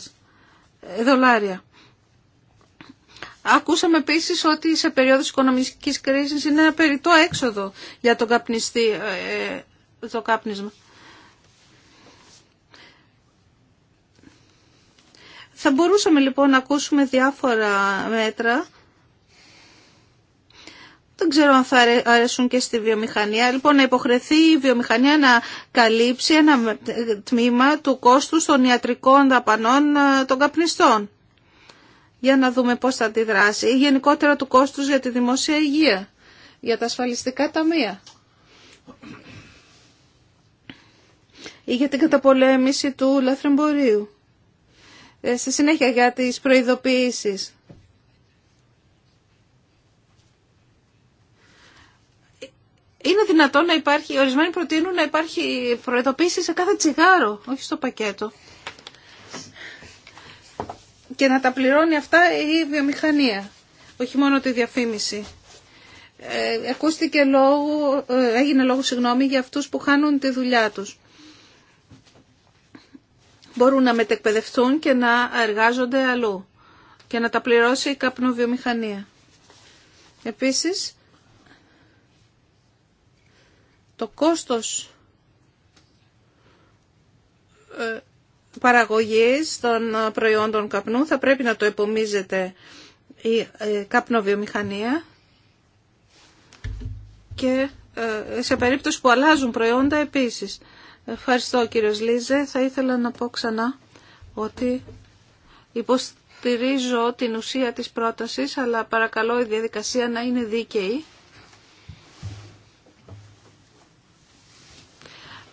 ε, δολάρια. Ακούσαμε επίση ότι σε περιόδο οικονομική κρίσης είναι ένα περιττό έξοδο για τον καπνιστή, ε, ε, το κάπνισμα. Θα μπορούσαμε λοιπόν να ακούσουμε διάφορα μέτρα. Δεν ξέρω αν θα αρέσουν και στη βιομηχανία. Λοιπόν, να υποχρεθεί η βιομηχανία να καλύψει ένα τμήμα του κόστου των ιατρικών δαπανών ε, των καπνιστών για να δούμε πώς θα αντιδράσει ή γενικότερα του κόστους για τη δημόσια υγεία, για τα ασφαλιστικά ταμεία ή για την καταπολέμηση του λαθρεμπορίου. Ε, στη συνέχεια για τις προειδοποιήσεις. Είναι δυνατόν να υπάρχει, ορισμένοι προτείνουν να υπάρχει προειδοποίηση σε κάθε τσιγάρο, όχι στο πακέτο και να τα πληρώνει αυτά η βιομηχανία, όχι μόνο τη διαφήμιση. Ε, ακούστηκε λόγο, ε, έγινε λόγο συγγνώμη για αυτούς που χάνουν τη δουλειά τους. Μπορούν να μετεκπαιδευτούν και να εργάζονται αλλού και να τα πληρώσει η καπνοβιομηχανία. Επίσης, το κόστος ε, παραγωγής των προϊόντων καπνού θα πρέπει να το επομίζεται η ε, καπνοβιομηχανία και ε, σε περίπτωση που αλλάζουν προϊόντα επίσης. Ευχαριστώ κύριος Λίζε. Θα ήθελα να πω ξανά ότι υποστηρίζω την ουσία της πρότασης αλλά παρακαλώ η διαδικασία να είναι δίκαιη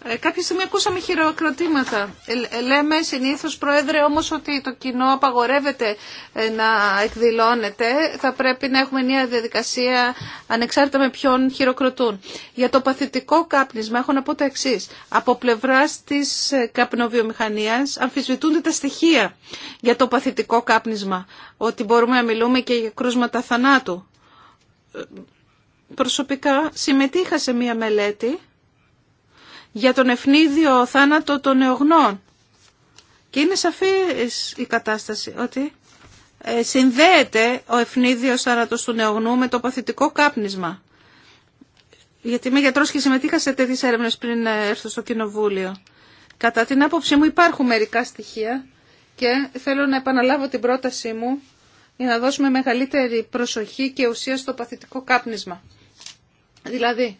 Ε, κάποια στιγμή ακούσαμε χειροκροτήματα. Ε, ε, λέμε συνήθως, Πρόεδρε, όμως ότι το κοινό απαγορεύεται να εκδηλώνεται. Θα πρέπει να έχουμε μια διαδικασία ανεξάρτητα με ποιον χειροκροτούν. Για το παθητικό κάπνισμα έχω να πω το εξή. Από πλευρά τη καπνοβιομηχανίας αμφισβητούνται τα στοιχεία για το παθητικό κάπνισμα. Ότι μπορούμε να μιλούμε και για κρούσματα θανάτου. Προσωπικά συμμετείχα σε μια μελέτη για τον ευνίδιο θάνατο των νεογνών. Και είναι σαφής η κατάσταση ότι ε, συνδέεται ο ευνίδιος θάνατος του νεογνού με το παθητικό κάπνισμα. Γιατί είμαι γιατρός και συμμετείχα σε τέτοιες έρευνες πριν ε, έρθω στο κοινοβούλιο. Κατά την άποψή μου υπάρχουν μερικά στοιχεία και θέλω να επαναλάβω την πρότασή μου για να δώσουμε μεγαλύτερη προσοχή και ουσία στο παθητικό κάπνισμα. Δηλαδή,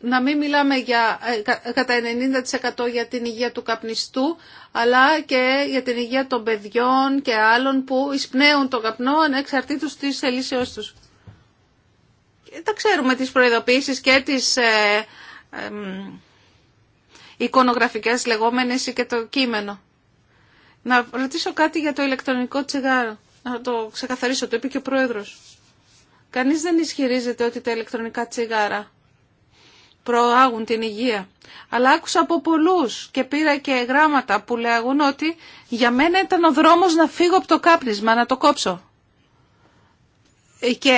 να μην μιλάμε για, ε, κατά 90% για την υγεία του καπνιστού, αλλά και για την υγεία των παιδιών και άλλων που εισπνέουν τον καπνό ανεξαρτήτως της ελίσεως τους. Και τα ξέρουμε τις προειδοποίησεις και τις ε, εικονογραφικές λεγόμενες και το κείμενο. Να ρωτήσω κάτι για το ηλεκτρονικό τσιγάρο. Να το ξεκαθαρίσω, το είπε και ο Πρόεδρος. Κανείς δεν ισχυρίζεται ότι τα ηλεκτρονικά τσιγάρα προάγουν την υγεία. Αλλά άκουσα από πολλούς και πήρα και γράμματα που λέγουν ότι για μένα ήταν ο δρόμος να φύγω από το κάπνισμα, να το κόψω. Και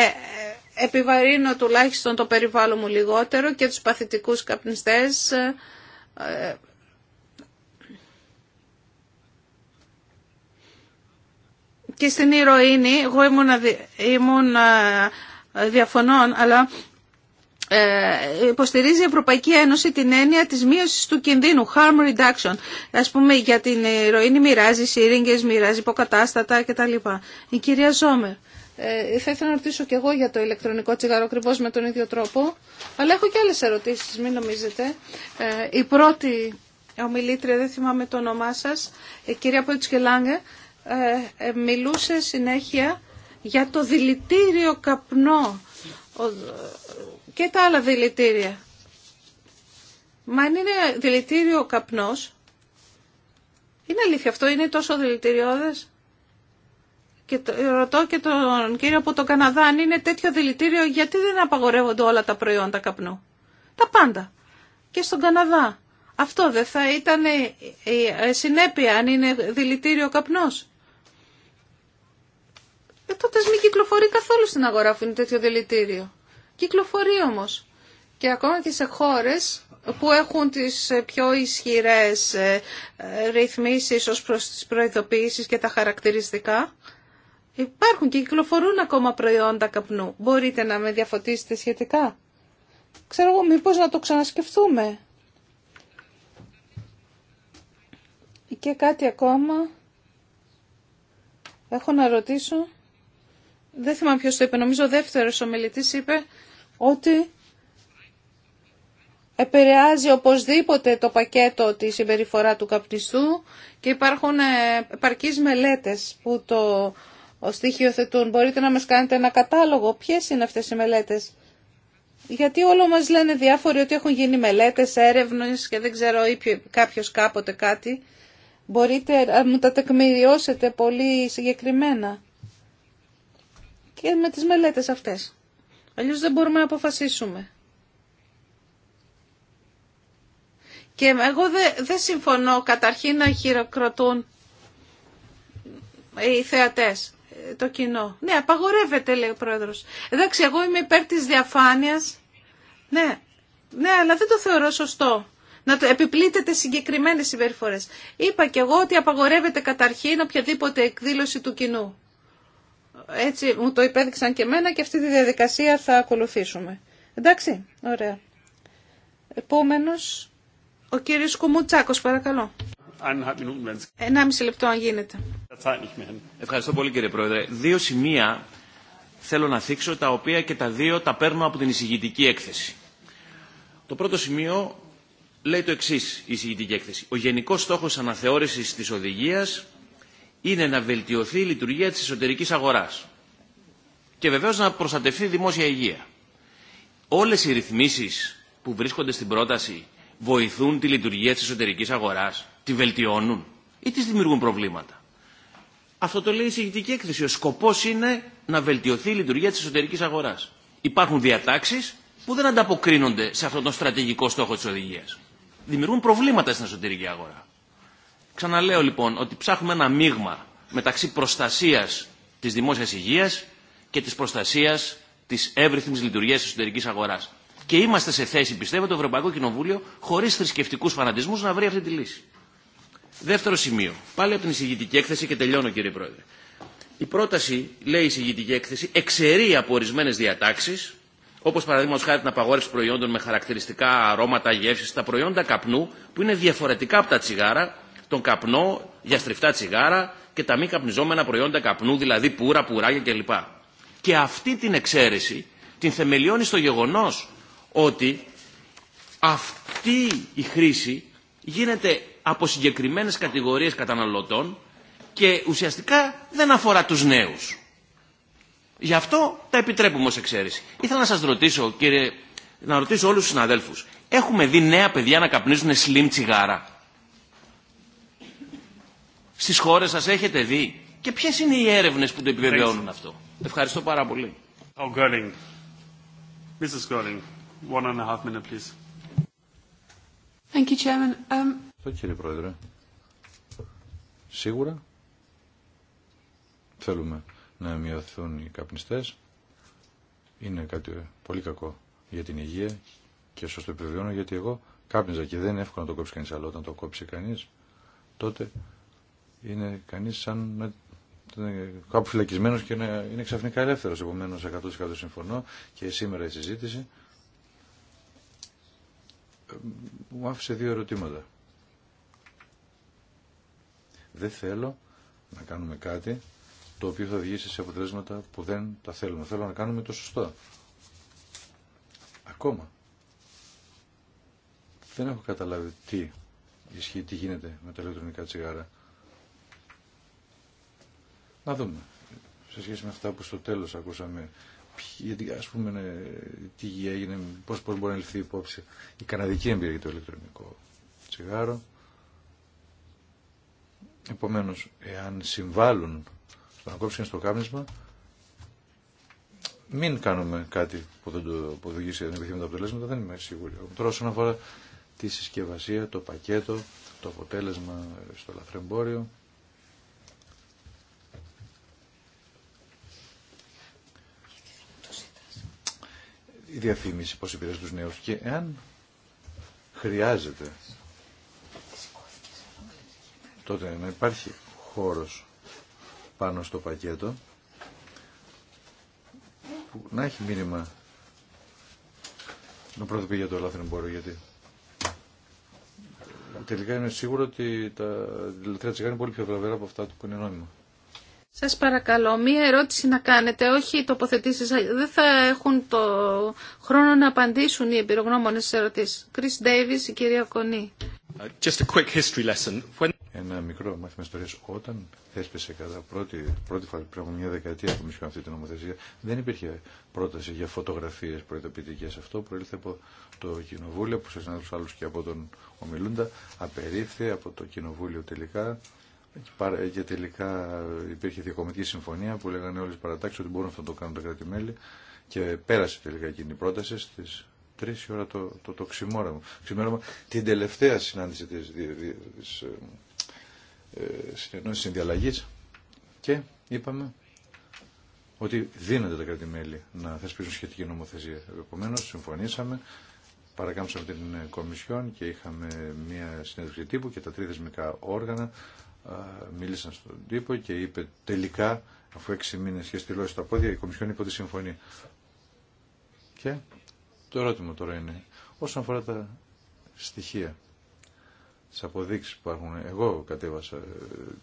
ε, επιβαρύνω τουλάχιστον το περιβάλλον μου λιγότερο και τους παθητικούς καπνιστές. Ε, ε, και στην ηρωίνη, εγώ ήμουν, ήμουν διαφωνών, αλλά ε, υποστηρίζει η Ευρωπαϊκή Ένωση την έννοια της μείωσης του κινδύνου, harm reduction. Ας πούμε για την ηρωίνη μοιράζει σύριγγες, μοιράζει υποκατάστατα κτλ. Η κυρία Ζόμερ. Ε, θα ήθελα να ρωτήσω και εγώ για το ηλεκτρονικό τσιγάρο ακριβώ με τον ίδιο τρόπο, αλλά έχω και άλλες ερωτήσεις, μην νομίζετε. Ε, η πρώτη ομιλήτρια, δεν θυμάμαι το όνομά σας, η κυρία Ποιτσκελάνγκε, ε, ε, μιλούσε συνέχεια για το δηλητήριο καπνό και τα άλλα δηλητήρια. Μα αν είναι δηλητήριο ο καπνός, είναι αλήθεια αυτό, είναι τόσο δηλητηριώδες. Και το, ρωτώ και τον κύριο από τον Καναδά, αν είναι τέτοιο δηλητήριο, γιατί δεν απαγορεύονται όλα τα προϊόντα καπνού. Τα πάντα. Και στον Καναδά. Αυτό δεν θα ήταν η συνέπεια αν είναι δηλητήριο καπνός. Ε, τότε μην κυκλοφορεί καθόλου στην αγορά αφού είναι τέτοιο δηλητήριο. Κυκλοφορεί όμως. Και ακόμα και σε που έχουν τις ε, πιο ισχυρές ε, ε, ρυθμίσει ως προς τι προειδοποιήσει και τα χαρακτηριστικά, υπάρχουν και κυκλοφορούν ακόμα προϊόντα καπνού. Μπορείτε να με διαφωτίσετε σχετικά. Ξέρω εγώ μήπως να το ξανασκεφτούμε. Και κάτι ακόμα. Έχω να ρωτήσω δεν θυμάμαι ποιος το είπε, νομίζω ο δεύτερος ομιλητής είπε ότι επηρεάζει οπωσδήποτε το πακέτο τη συμπεριφορά του καπνιστού και υπάρχουν ε, επαρκείς μελέτες που το στοιχειοθετούν. Μπορείτε να μας κάνετε ένα κατάλογο ποιες είναι αυτές οι μελέτες. Γιατί όλο μας λένε διάφοροι ότι έχουν γίνει μελέτες, έρευνες και δεν ξέρω ή κάποιος κάποτε κάτι. Μπορείτε να μου τα τεκμηριώσετε πολύ συγκεκριμένα και με τις μελέτες αυτές. Αλλιώς δεν μπορούμε να αποφασίσουμε. Και εγώ δεν συμφωνώ καταρχήν να χειροκροτούν οι θεατές, ε, το κοινό. Ναι, απαγορεύεται λέει ο πρόεδρος. Εντάξει, εγώ είμαι υπέρ της διαφάνειας. Ναι, ναι αλλά δεν το θεωρώ σωστό. Να το επιπλήτεται συγκεκριμένες συμπεριφορές. Είπα και εγώ ότι απαγορεύεται καταρχήν οποιαδήποτε εκδήλωση του κοινού έτσι μου το υπέδειξαν και εμένα και αυτή τη διαδικασία θα ακολουθήσουμε. Εντάξει, ωραία. Επόμενος, ο κύριος Κουμουτσάκος, παρακαλώ. Ένα μισή λεπτό αν γίνεται. Ευχαριστώ πολύ κύριε Πρόεδρε. Δύο σημεία θέλω να θίξω τα οποία και τα δύο τα παίρνω από την εισηγητική έκθεση. Το πρώτο σημείο λέει το εξή η εισηγητική έκθεση. Ο γενικό στόχο αναθεώρηση τη οδηγία είναι να βελτιωθεί η λειτουργία της εσωτερικής αγοράς. Και βεβαίως να προστατευτεί η δημόσια υγεία. Όλες οι ρυθμίσεις που βρίσκονται στην πρόταση βοηθούν τη λειτουργία της εσωτερικής αγοράς, τη βελτιώνουν ή της δημιουργούν προβλήματα. Αυτό το λέει η συγκεκριτική έκθεση. Ο σκοπός είναι να βελτιωθεί η λειτουργία συγκεκριτική εσωτερικής αγοράς. Υπάρχουν διατάξεις που δεν ανταποκρίνονται σε αυτόν τον στρατηγικό στόχο της οδηγίας. Δημιουργούν προβλήματα στην εσωτερική αγορά. Ξαναλέω λοιπόν ότι ψάχνουμε ένα μείγμα μεταξύ προστασίας της δημόσιας υγείας και της προστασίας της εύρυθμης λειτουργίας της εσωτερικής αγοράς. Και είμαστε σε θέση, πιστεύω, το Ευρωπαϊκό Κοινοβούλιο, χωρίς θρησκευτικού φανατισμούς, να βρει αυτή τη λύση. Δεύτερο σημείο. Πάλι από την εισηγητική έκθεση και τελειώνω κύριε Πρόεδρε. Η πρόταση, λέει η εισηγητική έκθεση, εξαιρεί από ορισμένε διατάξει, όπω παραδείγματο χάρη την απαγόρευση προϊόντων με χαρακτηριστικά αρώματα, γεύσει, τα προϊόντα καπνού, που είναι διαφορετικά από τα τσιγάρα, τον καπνό για στριφτά τσιγάρα και τα μη καπνιζόμενα προϊόντα καπνού, δηλαδή πουρα, πουράγια κλπ. Και αυτή την εξαίρεση την θεμελιώνει στο γεγονός ότι αυτή η χρήση γίνεται από συγκεκριμένες κατηγορίες καταναλωτών και ουσιαστικά δεν αφορά τους νέους. Γι' αυτό τα επιτρέπουμε ως εξαίρεση. Ήθελα να σας ρωτήσω, κύριε, να ρωτήσω όλους τους συναδέλφους. Έχουμε δει νέα παιδιά να καπνίζουν slim τσιγάρα στις χώρες σας έχετε δει και ποιες είναι οι έρευνες που το επιβεβαιώνουν αυτό. Ευχαριστώ πάρα πολύ. Oh, one and a half please. Thank you, Chairman. κύριε um, Πρόεδρε, σίγουρα θέλουμε να μειωθούν οι καπνιστές. Είναι κάτι πολύ κακό για την υγεία και το επιβεβαιώνω γιατί εγώ κάπνιζα και δεν είναι εύκολο να το κόψει κανείς, αλλά όταν το κόψει κανείς τότε είναι κανείς σαν να κάπου φυλακισμένος και να είναι ξαφνικά ελεύθερος. Επομένως, 100% συμφωνώ και σήμερα η συζήτηση ε, μου άφησε δύο ερωτήματα. Δεν θέλω να κάνουμε κάτι το οποίο θα οδηγήσει σε αποτελέσματα που δεν τα θέλουμε. Θέλω να κάνουμε το σωστό. Ακόμα. Δεν έχω καταλάβει τι ισχύει, τι γίνεται με τα ηλεκτρονικά τσιγάρα. Να δούμε. Σε σχέση με αυτά που στο τέλος ακούσαμε, γιατί ας πούμε ναι, τι έγινε, πώς, μπορεί να ληφθεί υπόψη η καναδική εμπειρία για το ηλεκτρονικό τσιγάρο. Επομένως, εάν συμβάλλουν στο να κόψουν στο κάπνισμα, μην κάνουμε κάτι που δεν το οδηγήσει δεν τα αποτελέσματα, δεν είμαι σίγουρη. Τώρα όσον αφορά τη συσκευασία, το πακέτο, το αποτέλεσμα στο λαθρεμπόριο, η διαφήμιση πώς επηρεάζει τους νέους και εάν χρειάζεται τότε να υπάρχει χώρος πάνω στο πακέτο που να έχει μήνυμα να προοδοποιεί για το ελάθρο εμπόριο γιατί τελικά είναι σίγουρο ότι τα δηλητρία τσιγάρα είναι πολύ πιο βλαβερά από αυτά που είναι νόμιμα. Σας παρακαλώ, μία ερώτηση να κάνετε, όχι τοποθετήσεις, δεν θα έχουν το χρόνο να απαντήσουν οι εμπειρογνώμονες στις ερωτήσεις. Chris Davis, η κυρία Κονή. Uh, just When... Ένα μικρό μάθημα ιστορίας. Όταν έσπεσε κατά πρώτη, πρώτη φορά πριν από μια δεκαετία που αυτή την νομοθεσία, δεν υπήρχε πρόταση για φωτογραφίες προειδοποιητικές. Αυτό προήλθε από το Κοινοβούλιο, που σε συνάδελφους άλλους και από τον ομιλούντα, απερίφθη από το Κοινοβούλιο τελικά και τελικά υπήρχε διακομιτική συμφωνία που λέγανε όλες οι παρατάξεις ότι μπορούν να το κάνουν τα κράτη-μέλη και πέρασε τελικά εκείνη η πρόταση στι 3 η ώρα το, το, το ξημόραμα. ξημέρωμα. Την τελευταία συνάντηση τη της, ε, ε, και είπαμε ότι δίνονται τα κράτη-μέλη να θεσπίσουν σχετική νομοθεσία. Επομένω, συμφωνήσαμε, παρακάμψαμε την Κομισιόν και είχαμε μια συνέντευξη τύπου και τα τρία όργανα ε, μίλησαν στον τύπο και είπε τελικά, αφού έξι μήνες είχε στυλώσει τα πόδια, η Κομισιόν είπε ότι συμφωνεί. Και το ερώτημα τώρα είναι, όσον αφορά τα στοιχεία, τι αποδείξει που υπάρχουν, εγώ κατέβασα ε,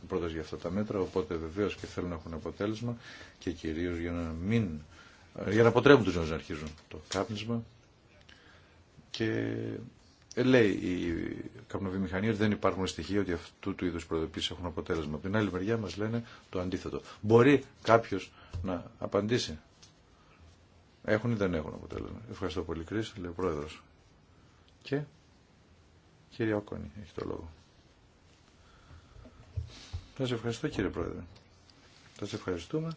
πρώτα για αυτά τα μέτρα, οπότε βεβαίω και θέλουν να έχουν αποτέλεσμα και κυρίω για να μην, ε, για να αποτρέπουν τους νέους να αρχίζουν το κάπνισμα και ε, λέει η καπνοβιομηχανία ότι δεν υπάρχουν στοιχεία ότι αυτού του είδου προειδοποίησει έχουν αποτέλεσμα. Από την άλλη μεριά μα λένε το αντίθετο. Μπορεί κάποιο να απαντήσει. Έχουν ή δεν έχουν αποτέλεσμα. Ευχαριστώ πολύ, Κρίς, λέει ο πρόεδρο. Και κύριε Όκονη έχει το λόγο. Σα ευχαριστώ κύριε Πρόεδρε. Σα ευχαριστούμε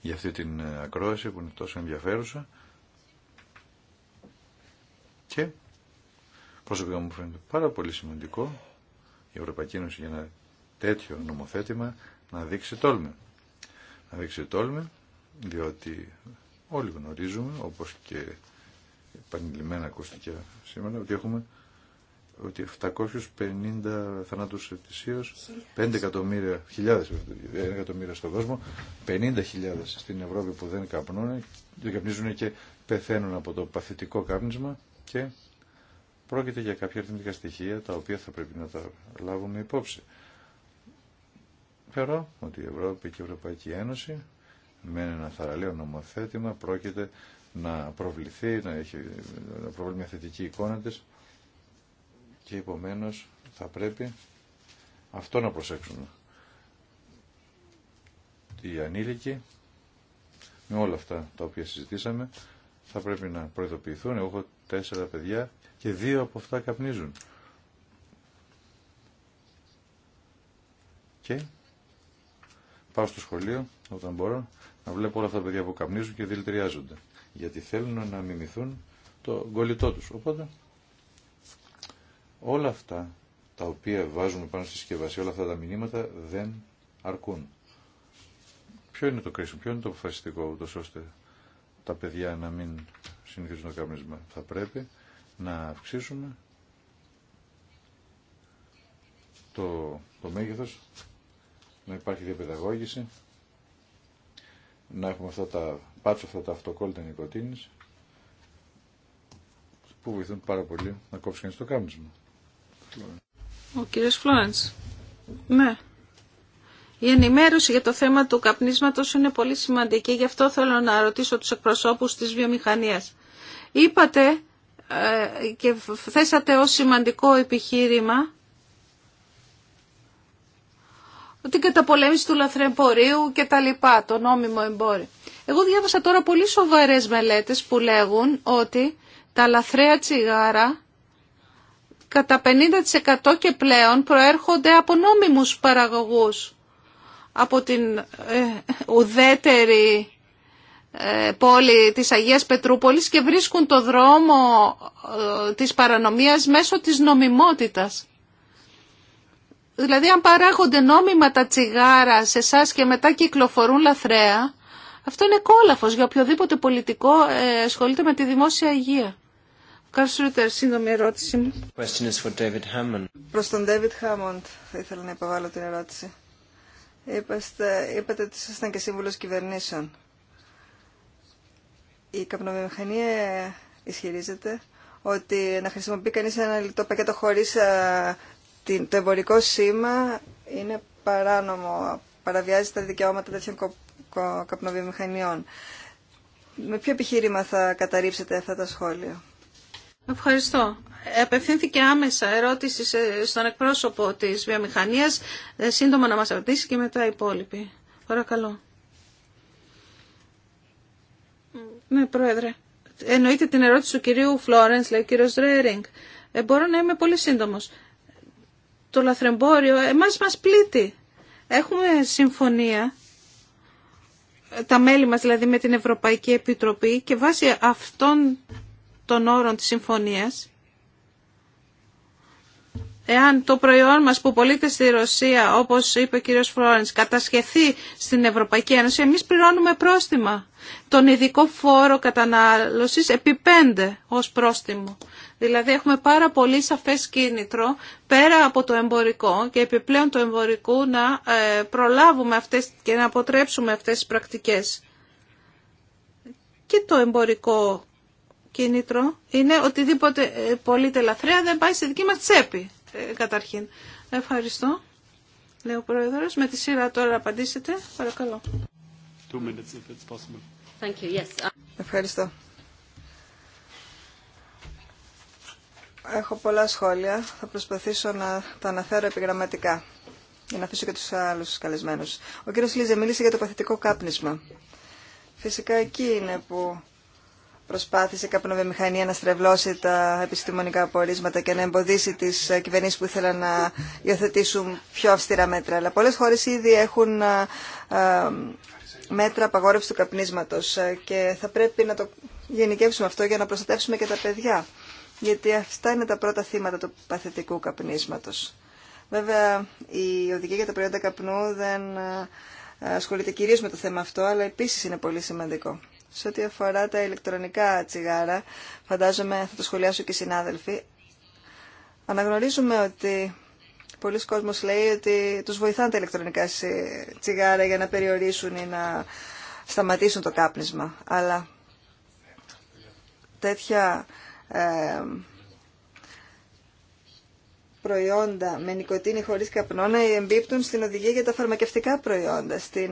για αυτή την ε, ακρόαση που είναι τόσο ενδιαφέρουσα. Και Προσωπικά μου φαίνεται πάρα πολύ σημαντικό η Ευρωπαϊκή Ένωση για ένα τέτοιο νομοθέτημα να δείξει τόλμη. Να δείξει τόλμη διότι όλοι γνωρίζουμε, όπως και επανειλημμένα ακούστηκε σήμερα, ότι έχουμε ότι 750 θανάτους ετησίως, 5 εκατομμύρια, χιλιάδες, εκατομμύρια στον κόσμο, 50.000 στην Ευρώπη που δεν καπνούν, δεν καπνίζουν και πεθαίνουν από το παθητικό κάπνισμα και Πρόκειται για κάποια αριθμητικά στοιχεία τα οποία θα πρέπει να τα λάβουμε υπόψη. Θεωρώ ότι η Ευρώπη και η Ευρωπαϊκή Ένωση με ένα θαραλέο νομοθέτημα πρόκειται να προβληθεί, να έχει να προβληθεί μια θετική εικόνα της και επομένως θα πρέπει αυτό να προσέξουμε. Οι ανήλικοι με όλα αυτά τα οποία συζητήσαμε θα πρέπει να προειδοποιηθούν. Εγώ έχω τέσσερα παιδιά και δύο από αυτά καπνίζουν. Και πάω στο σχολείο όταν μπορώ να βλέπω όλα αυτά τα παιδιά που καπνίζουν και δηλητηριάζονται. Γιατί θέλουν να μιμηθούν το γκολιτό τους. Οπότε όλα αυτά τα οποία βάζουμε πάνω στη συσκευασία, όλα αυτά τα μηνύματα δεν αρκούν. Ποιο είναι το κρίσιμο, ποιο είναι το αποφασιστικό, ούτως ώστε τα παιδιά να μην συνηθίζουν το καπνίσμα. Θα πρέπει να αυξήσουμε το, το μέγεθος, να υπάρχει διαπαιδαγώγηση, να έχουμε αυτά τα πάτσο, αυτά τα αυτοκόλλητα νοικοτήνης, που βοηθούν πάρα πολύ να κόψει κανείς το κάπνισμα. Ο κύριος Φλόρενς. Ναι. Η ενημέρωση για το θέμα του καπνίσματος είναι πολύ σημαντική, γι' αυτό θέλω να ρωτήσω τους εκπροσώπους της βιομηχανίας. Είπατε ε, και θέσατε ως σημαντικό επιχείρημα την καταπολέμηση του λαθρεμπορίου και τα λοιπά, το νόμιμο εμπόριο. Εγώ διάβασα τώρα πολύ σοβαρές μελέτες που λέγουν ότι τα λαθρέα τσιγάρα κατά 50% και πλέον προέρχονται από νόμιμους παραγωγούς, από την ε, ουδέτερη ε, πόλη της Αγίας Πετρούπολης και βρίσκουν το δρόμο ε, της παρανομίας μέσω της νομιμότητας. Δηλαδή αν παράγονται νόμιμα τα τσιγάρα σε εσά και μετά κυκλοφορούν λαθρέα, αυτό είναι κόλαφος για οποιοδήποτε πολιτικό ε, ασχολείται με τη δημόσια υγεία. Καρσούτερ, σύντομη ερώτηση μου. Προς τον David Hammond θα ήθελα να υποβάλω την ερώτηση. είπατε ότι ήσασταν και σύμβουλος κυβερνήσεων. Η καπνοβιομηχανία ισχυρίζεται ότι να χρησιμοποιεί κανεί ένα λιτό πακέτο χωρίς το εμπορικό σήμα είναι παράνομο, παραβιάζει τα δικαιώματα τέτοιων καπνοβιομηχανιών. Με ποιο επιχείρημα θα καταρρύψετε αυτά τα σχόλια. Ευχαριστώ. Απευθύνθηκε άμεσα ερώτηση στον εκπρόσωπο της βιομηχανίας. Ε, σύντομα να μας απαντήσει και μετά οι υπόλοιποι. Παρακαλώ. Ναι, Πρόεδρε. Εννοείται την ερώτηση του κυρίου Φλόρενς, λέει ο κύριος Ρέρινγκ. Ε, μπορώ να είμαι πολύ σύντομος. Το λαθρεμπόριο εμάς μας πλήττει. Έχουμε συμφωνία, τα μέλη μας δηλαδή με την Ευρωπαϊκή Επιτροπή και βάσει αυτών των όρων της συμφωνίας Εάν το προϊόν μας που πωλείται στη Ρωσία, όπως είπε ο κύριος Φρόνης, κατασχεθεί στην Ευρωπαϊκή Ένωση, εμείς πληρώνουμε πρόστιμα. Τον ειδικό φόρο κατανάλωσης επί πέντε ως πρόστιμο. Δηλαδή έχουμε πάρα πολύ σαφές κίνητρο πέρα από το εμπορικό και επιπλέον το εμπορικό να ε, προλάβουμε αυτές και να αποτρέψουμε αυτές τις πρακτικές. Και το εμπορικό κίνητρο είναι οτιδήποτε ε, πολύ λαθρέα δεν πάει στη δική μας τσέπη καταρχήν. Ευχαριστώ. Λέω ο Πρόεδρος. Με τη σειρά τώρα απαντήσετε. Παρακαλώ. Yes. Ευχαριστώ. Έχω πολλά σχόλια. Θα προσπαθήσω να τα αναφέρω επιγραμματικά για να αφήσω και τους άλλους καλεσμένους. Ο κύριος Λίζε μίλησε για το παθητικό κάπνισμα. Φυσικά εκεί είναι που προσπάθησε η καπνοβιομηχανία να στρεβλώσει τα επιστημονικά απορίσματα και να εμποδίσει τι ε, κυβερνήσει που ήθελαν να υιοθετήσουν πιο αυστηρά μέτρα. Αλλά πολλέ χώρε ήδη έχουν ε, ε, μέτρα απαγόρευση του καπνίσματο. και θα πρέπει να το γενικεύσουμε αυτό για να προστατεύσουμε και τα παιδιά. Γιατί αυτά είναι τα πρώτα θύματα του παθητικού καπνίσματο. Βέβαια, η οδηγία για τα προϊόντα καπνού δεν ασχολείται κυρίως με το θέμα αυτό, αλλά επίση είναι πολύ σημαντικό σε ό,τι αφορά τα ηλεκτρονικά τσιγάρα, φαντάζομαι θα το σχολιάσω και οι συνάδελφοι, αναγνωρίζουμε ότι πολλοί κόσμος λέει ότι τους βοηθάνε τα ηλεκτρονικά τσιγάρα για να περιορίσουν ή να σταματήσουν το κάπνισμα. Αλλά τέτοια ε, προϊόντα με νοικοτήνη χωρί καπνό να εμπίπτουν στην οδηγία για τα φαρμακευτικά προϊόντα. Στην,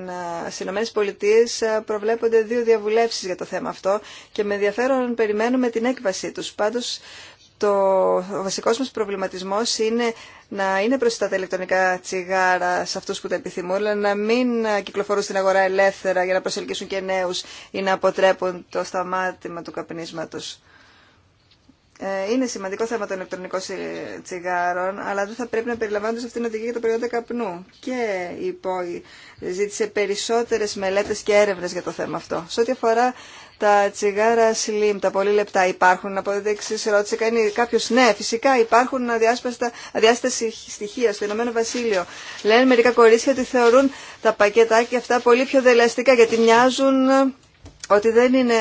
Ηνωμένε ΗΠΑ προβλέπονται δύο διαβουλεύσει για το θέμα αυτό και με ενδιαφέρον περιμένουμε την έκβασή του. Πάντω, το, ο μα μας προβληματισμός είναι να είναι μπροστά τα ηλεκτρονικά τσιγάρα σε αυτού που τα επιθυμούν, αλλά να μην κυκλοφορούν στην αγορά ελεύθερα για να προσελκύσουν και νέου ή να αποτρέπουν το σταμάτημα του καπνίσματο. Ε, είναι σημαντικό θέμα των ηλεκτρονικών τσιγάρων, αλλά δεν θα πρέπει να περιλαμβάνονται σε αυτήν την οδηγία για τα προϊόντα καπνού. Και η ΠΟΗ ζήτησε περισσότερε μελέτε και έρευνε για το θέμα αυτό. Σε ό,τι αφορά τα τσιγάρα slim, τα πολύ λεπτά, υπάρχουν αποδείξει, ρώτησε κανεί κάποιο. Ναι, φυσικά υπάρχουν αδιάσπαστα, στοιχεία στο Ηνωμένο Βασίλειο. Λένε μερικά κορίτσια ότι θεωρούν τα πακετάκια αυτά πολύ πιο δελαστικά γιατί μοιάζουν ε, ότι δεν είναι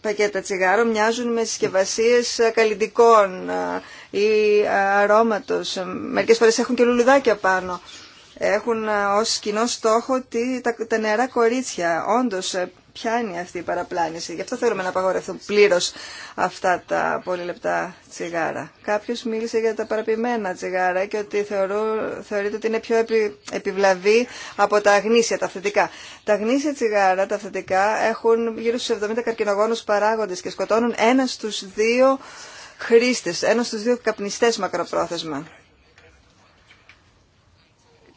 πακέτα τσιγάρο μοιάζουν με συσκευασίε ε, καλλιντικών ε, ή ε, αρώματος. Μερικές φορές έχουν και λουλουδάκια πάνω. Έχουν ως κοινό στόχο τα νερά κορίτσια. Όντως πιάνει αυτή η παραπλάνηση. Γι' αυτό θέλουμε να απαγορευτούν πλήρω αυτά τα πολύ λεπτά τσιγάρα. Κάποιος μίλησε για τα παραπημένα τσιγάρα και ότι θεωρού, θεωρείται ότι είναι πιο επιβλαβή από τα αγνήσια, τα αυθεντικά. Τα αγνήσια τσιγάρα, τα αυθεντικά, έχουν γύρω στου 70 καρκινογόνους παράγοντες και σκοτώνουν ένα στου δύο χρήστε, ένα στου δύο καπνιστέ μακροπρόθεσμα.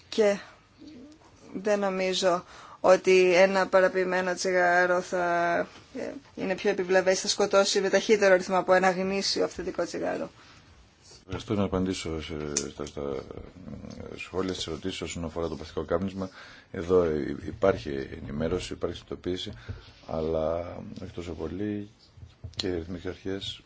Και δεν νομίζω ότι ένα παραποιημένο τσιγάρο θα ε, είναι πιο επιβλαβές, θα σκοτώσει με ταχύτερο ρυθμό από ένα γνήσιο αυθεντικό τσιγάρο. Ευχαριστώ να απαντήσω στα, ε, σχόλια στις ερωτήσει όσον αφορά το παθητικό κάπνισμα. Εδώ υπάρχει ενημέρωση, υπάρχει συνειδητοποίηση, αλλά όχι τόσο πολύ και οι ρυθμικές αρχές,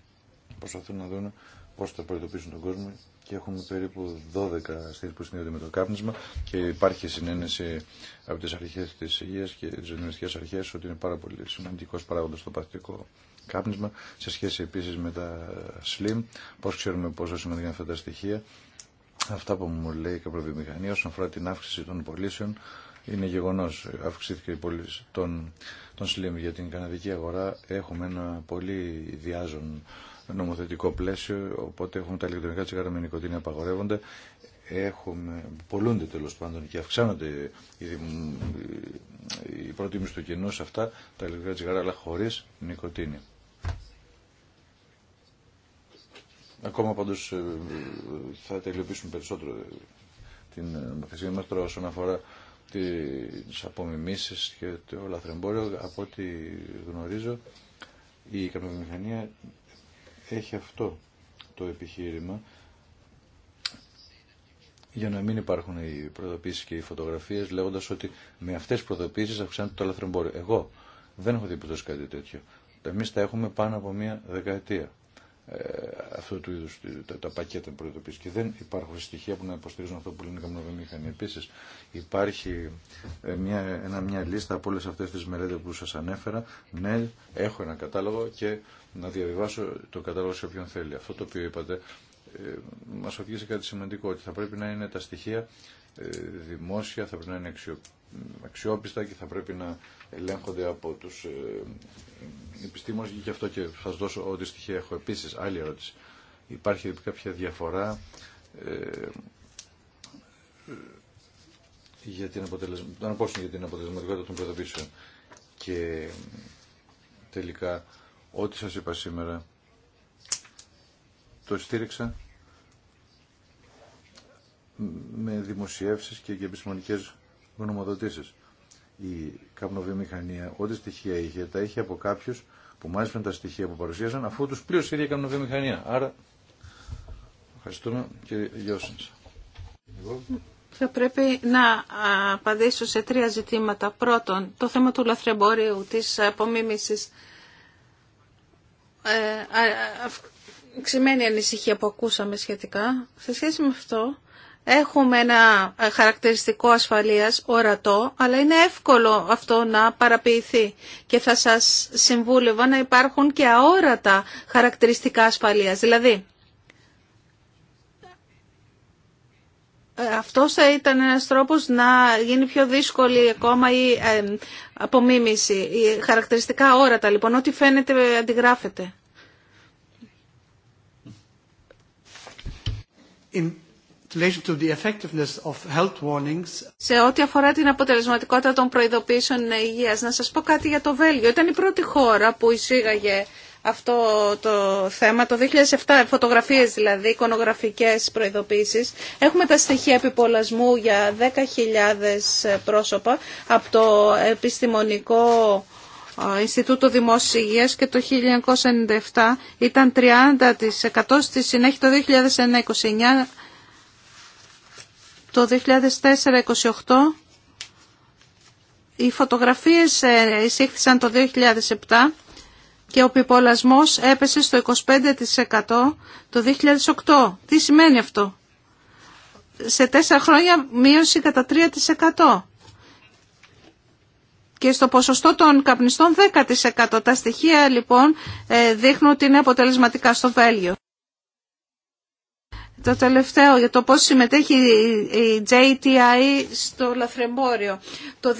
προσπαθούν να δουν πώς θα προειδοποιήσουν τον κόσμο και έχουμε περίπου 12 στήρες που συνδέονται με το κάπνισμα και υπάρχει συνένεση από τι αρχέ τη υγεία και τι δημιουργικές αρχέ ότι είναι πάρα πολύ σημαντικό παράγοντα το παθητικό κάπνισμα σε σχέση επίση με τα SLIM. Πώ ξέρουμε πόσο σημαντικά είναι αυτά τα στοιχεία. Αυτά που μου λέει η καπνοβιομηχανία όσον αφορά την αύξηση των πωλήσεων είναι γεγονό. Αυξήθηκε η πωλήση των, των SLIM για την καναδική αγορά. Έχουμε ένα πολύ διάζων νομοθετικό πλαίσιο, οπότε έχουμε τα ηλεκτρονικά τσιγάρα με νοικοτήνη απαγορεύονται. Έχουμε, πολλούνται τέλο πάντων και αυξάνονται οι, οι προτίμηση του κοινού σε αυτά τα ηλεκτρονικά τσιγάρα, αλλά χωρί νοικοτήνη. Ακόμα πάντω ε, θα τελειοποιήσουμε περισσότερο ε, την ε, μαθησία μα τώρα όσον αφορά τι απομιμήσει και το λαθρεμπόριο. Από ό,τι γνωρίζω η καπνομηχανία έχει αυτό το επιχείρημα για να μην υπάρχουν οι προδοποίησεις και οι φωτογραφίες λέγοντας ότι με αυτές τις προδοποίησεις αυξάνεται το λαθρεμπόριο. Εγώ δεν έχω δει ποτέ κάτι τέτοιο. Εμείς τα έχουμε πάνω από μία δεκαετία. Ε, αυτού του είδου τα, τα πακέτα προειδοποίηση. Και δεν υπάρχουν στοιχεία που να υποστηρίζουν αυτό που λένε οι καμπνοδομήχανοι. Επίση, υπάρχει ε, μια, μια λίστα από όλε αυτέ τι μελέτε που σα ανέφερα. Ναι, έχω ένα κατάλογο και να διαβιβάσω το κατάλογο σε όποιον θέλει. Αυτό το οποίο είπατε ε, μα οδηγεί σε κάτι σημαντικό, ότι θα πρέπει να είναι τα στοιχεία ε, δημόσια, θα πρέπει να είναι αξιοποιημένα αξιόπιστα και θα πρέπει να ελέγχονται από τους ε, επιστήμονες και γι' αυτό και θα σας δώσω ό,τι στοιχεία έχω. Επίσης, άλλη ερώτηση. Υπάρχει κάποια διαφορά ε, για την, αποτελεσμα... για την αποτελεσματικότητα των προεδοποιήσεων και τελικά ό,τι σας είπα σήμερα το στήριξα με δημοσιεύσεις και επιστημονικές γνωμοδοτήσεις. Η καπνοβιομηχανία, ό,τι στοιχεία είχε, τα είχε από κάποιους που μάλιστα τα στοιχεία που παρουσίασαν, αφού τους πλήρωσε η ίδια καπνοβιομηχανία. Άρα, ευχαριστούμε κύριε Γιώσενς. Θα πρέπει να απαντήσω σε τρία ζητήματα. Πρώτον, το θέμα του λαθρεμπόριου, της απομίμησης. Ε, ανησυχία που ακούσαμε σχετικά. Σε σχέση με αυτό, Έχουμε ένα ε, χαρακτηριστικό ασφαλείας ορατό, αλλά είναι εύκολο αυτό να παραποιηθεί και θα σας συμβούλευα να υπάρχουν και αόρατα χαρακτηριστικά ασφαλείας. Δηλαδή, ε, Αυτό θα ήταν ένας τρόπος να γίνει πιο δύσκολη ακόμα η ε, απομίμηση. Η χαρακτηριστικά όρατα, λοιπόν, ό,τι φαίνεται αντιγράφεται. Σε ό,τι αφορά την αποτελεσματικότητα των προειδοποίησεων υγεία, να σα πω κάτι για το Βέλγιο. Ήταν η πρώτη χώρα που εισήγαγε αυτό το θέμα, το 2007, φωτογραφίες δηλαδή, εικονογραφικές προειδοποίησεις. Έχουμε τα στοιχεία επιπολασμού για 10.000 πρόσωπα από το Επιστημονικό Ινστιτούτο Δημόσιας Υγείας και το 1997 ήταν 30%, στη συνέχεια το 2029 το 2004-28 οι φωτογραφίες ε, εισήχθησαν το 2007 και ο πυπολασμός έπεσε στο 25% το 2008. Τι σημαίνει αυτό. Σε τέσσερα χρόνια μείωση κατά 3% και στο ποσοστό των καπνιστών 10%. Τα στοιχεία λοιπόν ε, δείχνουν ότι είναι αποτελεσματικά στο Βέλγιο το τελευταίο για το πώς συμμετέχει η JTI στο λαθρεμπόριο. Το 2001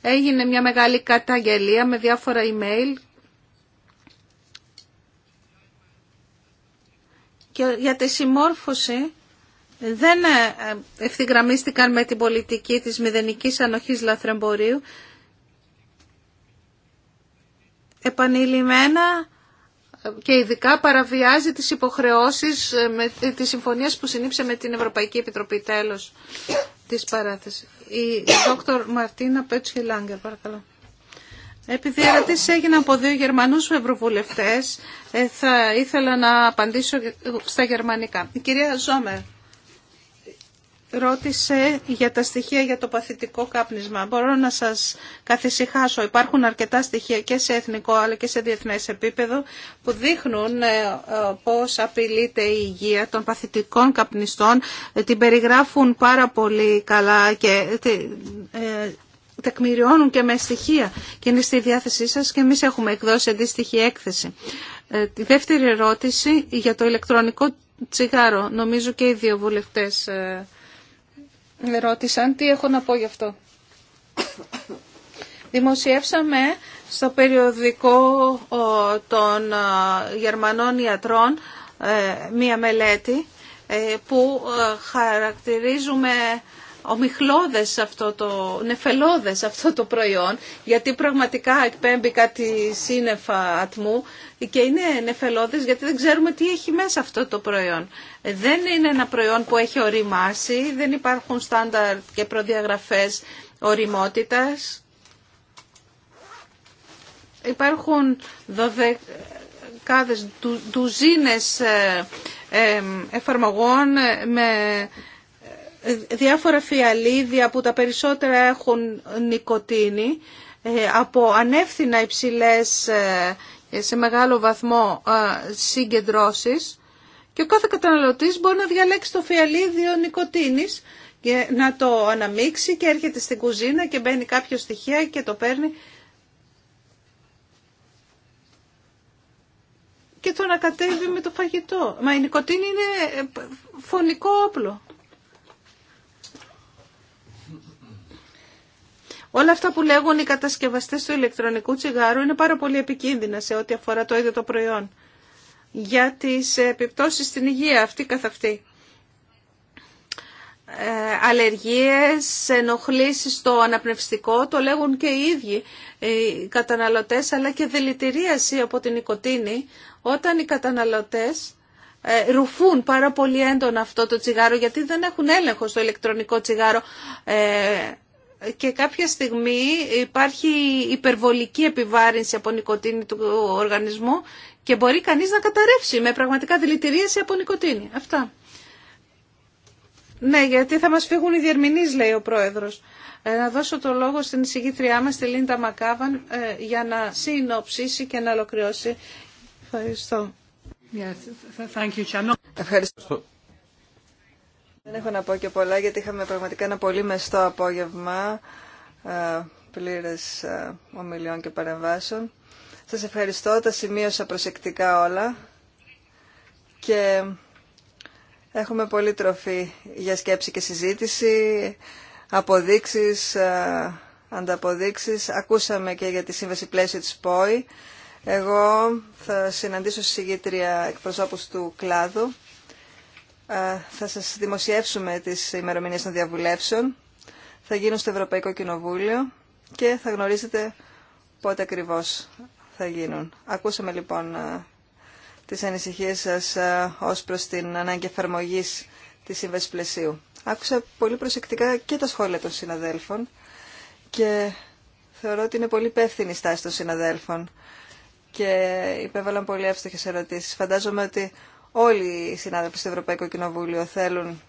έγινε μια μεγάλη καταγγελία με διάφορα email και για τη συμμόρφωση δεν ε, ευθυγραμμίστηκαν με την πολιτική της μηδενικής ανοχής λαθρεμπορίου. Επανειλημμένα και ειδικά παραβιάζει τις υποχρεώσεις ε, με, ε, της συμφωνίας που συνήψε με την Ευρωπαϊκή Επιτροπή τέλος της παράθεσης. Η δόκτωρ Μαρτίνα Πέτσχε παρακαλώ. Επειδή ερώτηση έγιναν από δύο Γερμανούς ευρωβουλευτές, ε, θα ήθελα να απαντήσω στα γερμανικά. Η κυρία Ζόμερ ρώτησε για τα στοιχεία για το παθητικό κάπνισμα. Μπορώ να σας καθησυχάσω. Υπάρχουν αρκετά στοιχεία και σε εθνικό αλλά και σε διεθνές επίπεδο που δείχνουν ε, ε, πώς απειλείται η υγεία των παθητικών καπνιστών. Ε, την περιγράφουν πάρα πολύ καλά και τεκμηριώνουν και με στοιχεία και είναι στη διάθεσή σας και εμείς έχουμε εκδώσει αντίστοιχη έκθεση. Τη δεύτερη ερώτηση για το ηλεκτρονικό τσιγάρο. Νομίζω και οι δύο βουλευτές ρώτησαν τι έχω να πω γι' αυτό. Δημοσιεύσαμε στο περιοδικό των Γερμανών ιατρών ε, μία μελέτη ε, που ε, χαρακτηρίζουμε ομιχλώδες αυτό το, νεφελώδες αυτό το προϊόν, γιατί πραγματικά εκπέμπει κάτι σύννεφα ατμού και είναι νεφελώδες γιατί δεν ξέρουμε τι έχει μέσα αυτό το προϊόν. Δεν είναι ένα προϊόν που έχει οριμάσει, δεν υπάρχουν στάνταρ και προδιαγραφές οριμότητας. Υπάρχουν δοδε... Κάδες, ε, ε, εφαρμογών με διάφορα φιαλίδια που τα περισσότερα έχουν νικοτίνη ε, από ανεύθυνα υψηλές ε, σε μεγάλο βαθμό ε, συγκεντρώσεις και ο κάθε καταναλωτής μπορεί να διαλέξει το φιαλίδιο νικοτίνης και να το αναμίξει και έρχεται στην κουζίνα και μπαίνει κάποιο στοιχεία και το παίρνει και το ανακατεύει με το φαγητό. Μα η νοικοτήνη είναι φωνικό όπλο. Όλα αυτά που λέγουν οι κατασκευαστές του ηλεκτρονικού τσιγάρου είναι πάρα πολύ επικίνδυνα σε ό,τι αφορά το ίδιο το προϊόν για τι επιπτώσεις στην υγεία αυτή καθ' αυτή. Ε, αλλεργίες, ενοχλήσεις στο αναπνευστικό, το λέγουν και οι ίδιοι οι καταναλωτές, αλλά και δηλητηρίαση από την οικοτίνη όταν οι καταναλωτές ε, ρουφούν πάρα πολύ έντονα αυτό το τσιγάρο, γιατί δεν έχουν έλεγχο στο ηλεκτρονικό τσιγάρο ε, και κάποια στιγμή υπάρχει υπερβολική επιβάρυνση από νοικοτήνη του οργανισμού και μπορεί κανείς να καταρρεύσει με πραγματικά δηλητηρίαση από νοικοτήνη. Αυτά. Ναι, γιατί θα μας φύγουν οι διερμηνείς, λέει ο Πρόεδρος. Ε, να δώσω το λόγο στην εισηγήτριά μας, τη Λίντα Μακάβαν, ε, για να συνοψίσει και να ολοκληρώσει. Ευχαριστώ. thank you, Ευχαριστώ. Δεν έχω να πω και πολλά γιατί είχαμε πραγματικά ένα πολύ μεστό απόγευμα ε, πλήρες ε, ομιλιών και παρεμβάσεων. Σας ευχαριστώ, τα σημείωσα προσεκτικά όλα και έχουμε πολύ τροφή για σκέψη και συζήτηση, αποδείξεις, ε, ανταποδείξεις. Ακούσαμε και για τη σύμβαση πλαίσιο της ΠΟΗ. Εγώ θα συναντήσω συγγήτρια εκπροσώπους του κλάδου θα σας δημοσιεύσουμε τις ημερομηνίες των διαβουλεύσεων. Θα γίνουν στο Ευρωπαϊκό Κοινοβούλιο και θα γνωρίζετε πότε ακριβώς θα γίνουν. Ακούσαμε λοιπόν τις ανησυχίες σας ως προς την ανάγκη εφαρμογής της Σύμβασης Πλαισίου. Άκουσα πολύ προσεκτικά και τα σχόλια των συναδέλφων και θεωρώ ότι είναι πολύ υπεύθυνη η στάση των συναδέλφων και υπέβαλαν πολύ εύστοχες ερωτήσεις. Φαντάζομαι ότι όλοι οι συνάδελφοι στο Ευρωπαϊκό Κοινοβούλιο θέλουν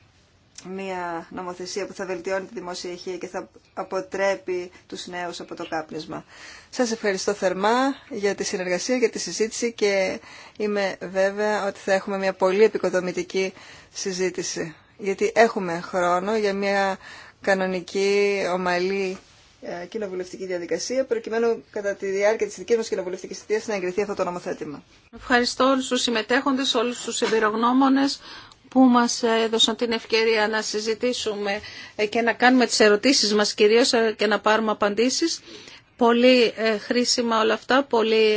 μια νομοθεσία που θα βελτιώνει τη δημόσια ηχεία και θα αποτρέπει τους νέους από το κάπνισμα. Σας ευχαριστώ θερμά για τη συνεργασία, για τη συζήτηση και είμαι βέβαια ότι θα έχουμε μια πολύ επικοδομητική συζήτηση. Γιατί έχουμε χρόνο για μια κανονική, ομαλή ε, κοινοβουλευτική διαδικασία, προκειμένου κατά τη διάρκεια της δική μα κοινοβουλευτική θητεία να εγκριθεί αυτό το νομοθέτημα. Ευχαριστώ όλους του συμμετέχοντες, όλους τους εμπειρογνώμονε που μας έδωσαν την ευκαιρία να συζητήσουμε και να κάνουμε τις ερωτήσεις μας κυρίως ε, και να πάρουμε απαντήσεις. Πολύ ε, χρήσιμα όλα αυτά, πολύ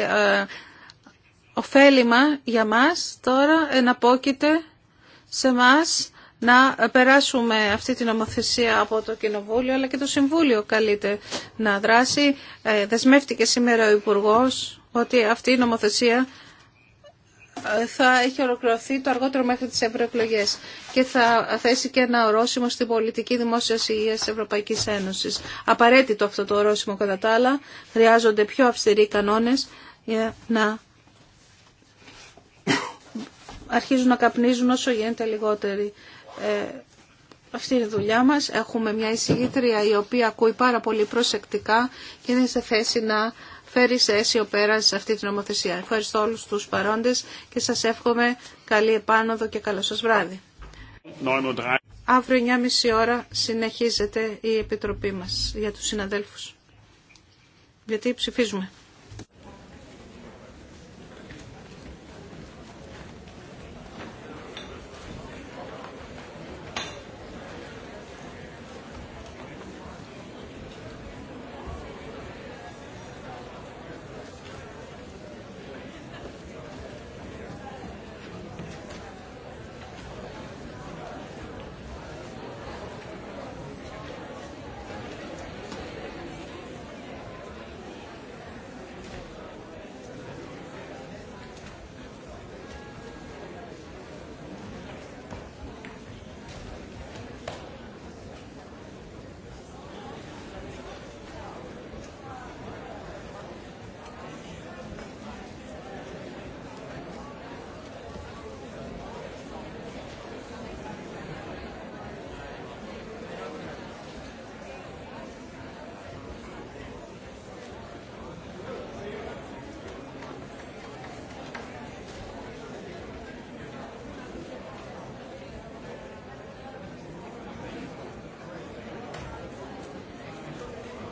ωφέλιμα για μας. Τώρα εναπόκειται σε μας να περάσουμε αυτή την νομοθεσία από το Κοινοβούλιο, αλλά και το Συμβούλιο καλείται να δράσει. Ε, δεσμεύτηκε σήμερα ο υπουργό ότι αυτή η νομοθεσία ε, θα έχει ολοκληρωθεί το αργότερο μέχρι τις ευρωεκλογέ και θα θέσει και ένα ορόσημο στην πολιτική δημόσια υγείας της Ευρωπαϊκής Ένωσης. Απαραίτητο αυτό το ορόσημο κατά τα άλλα, χρειάζονται πιο αυστηροί κανόνες για να αρχίζουν να καπνίζουν όσο γίνεται λιγότεροι ε, αυτή είναι η δουλειά μας. Έχουμε μια εισηγήτρια η οποία ακούει πάρα πολύ προσεκτικά και είναι σε θέση να φέρει σε αίσιο πέρα σε αυτή την νομοθεσία. Ευχαριστώ όλους τους παρόντες και σας εύχομαι καλή επάνωδο και καλό σας βράδυ. Αύριο 9.30 ώρα συνεχίζεται η Επιτροπή μας για τους συναδέλφους. Γιατί ψηφίζουμε.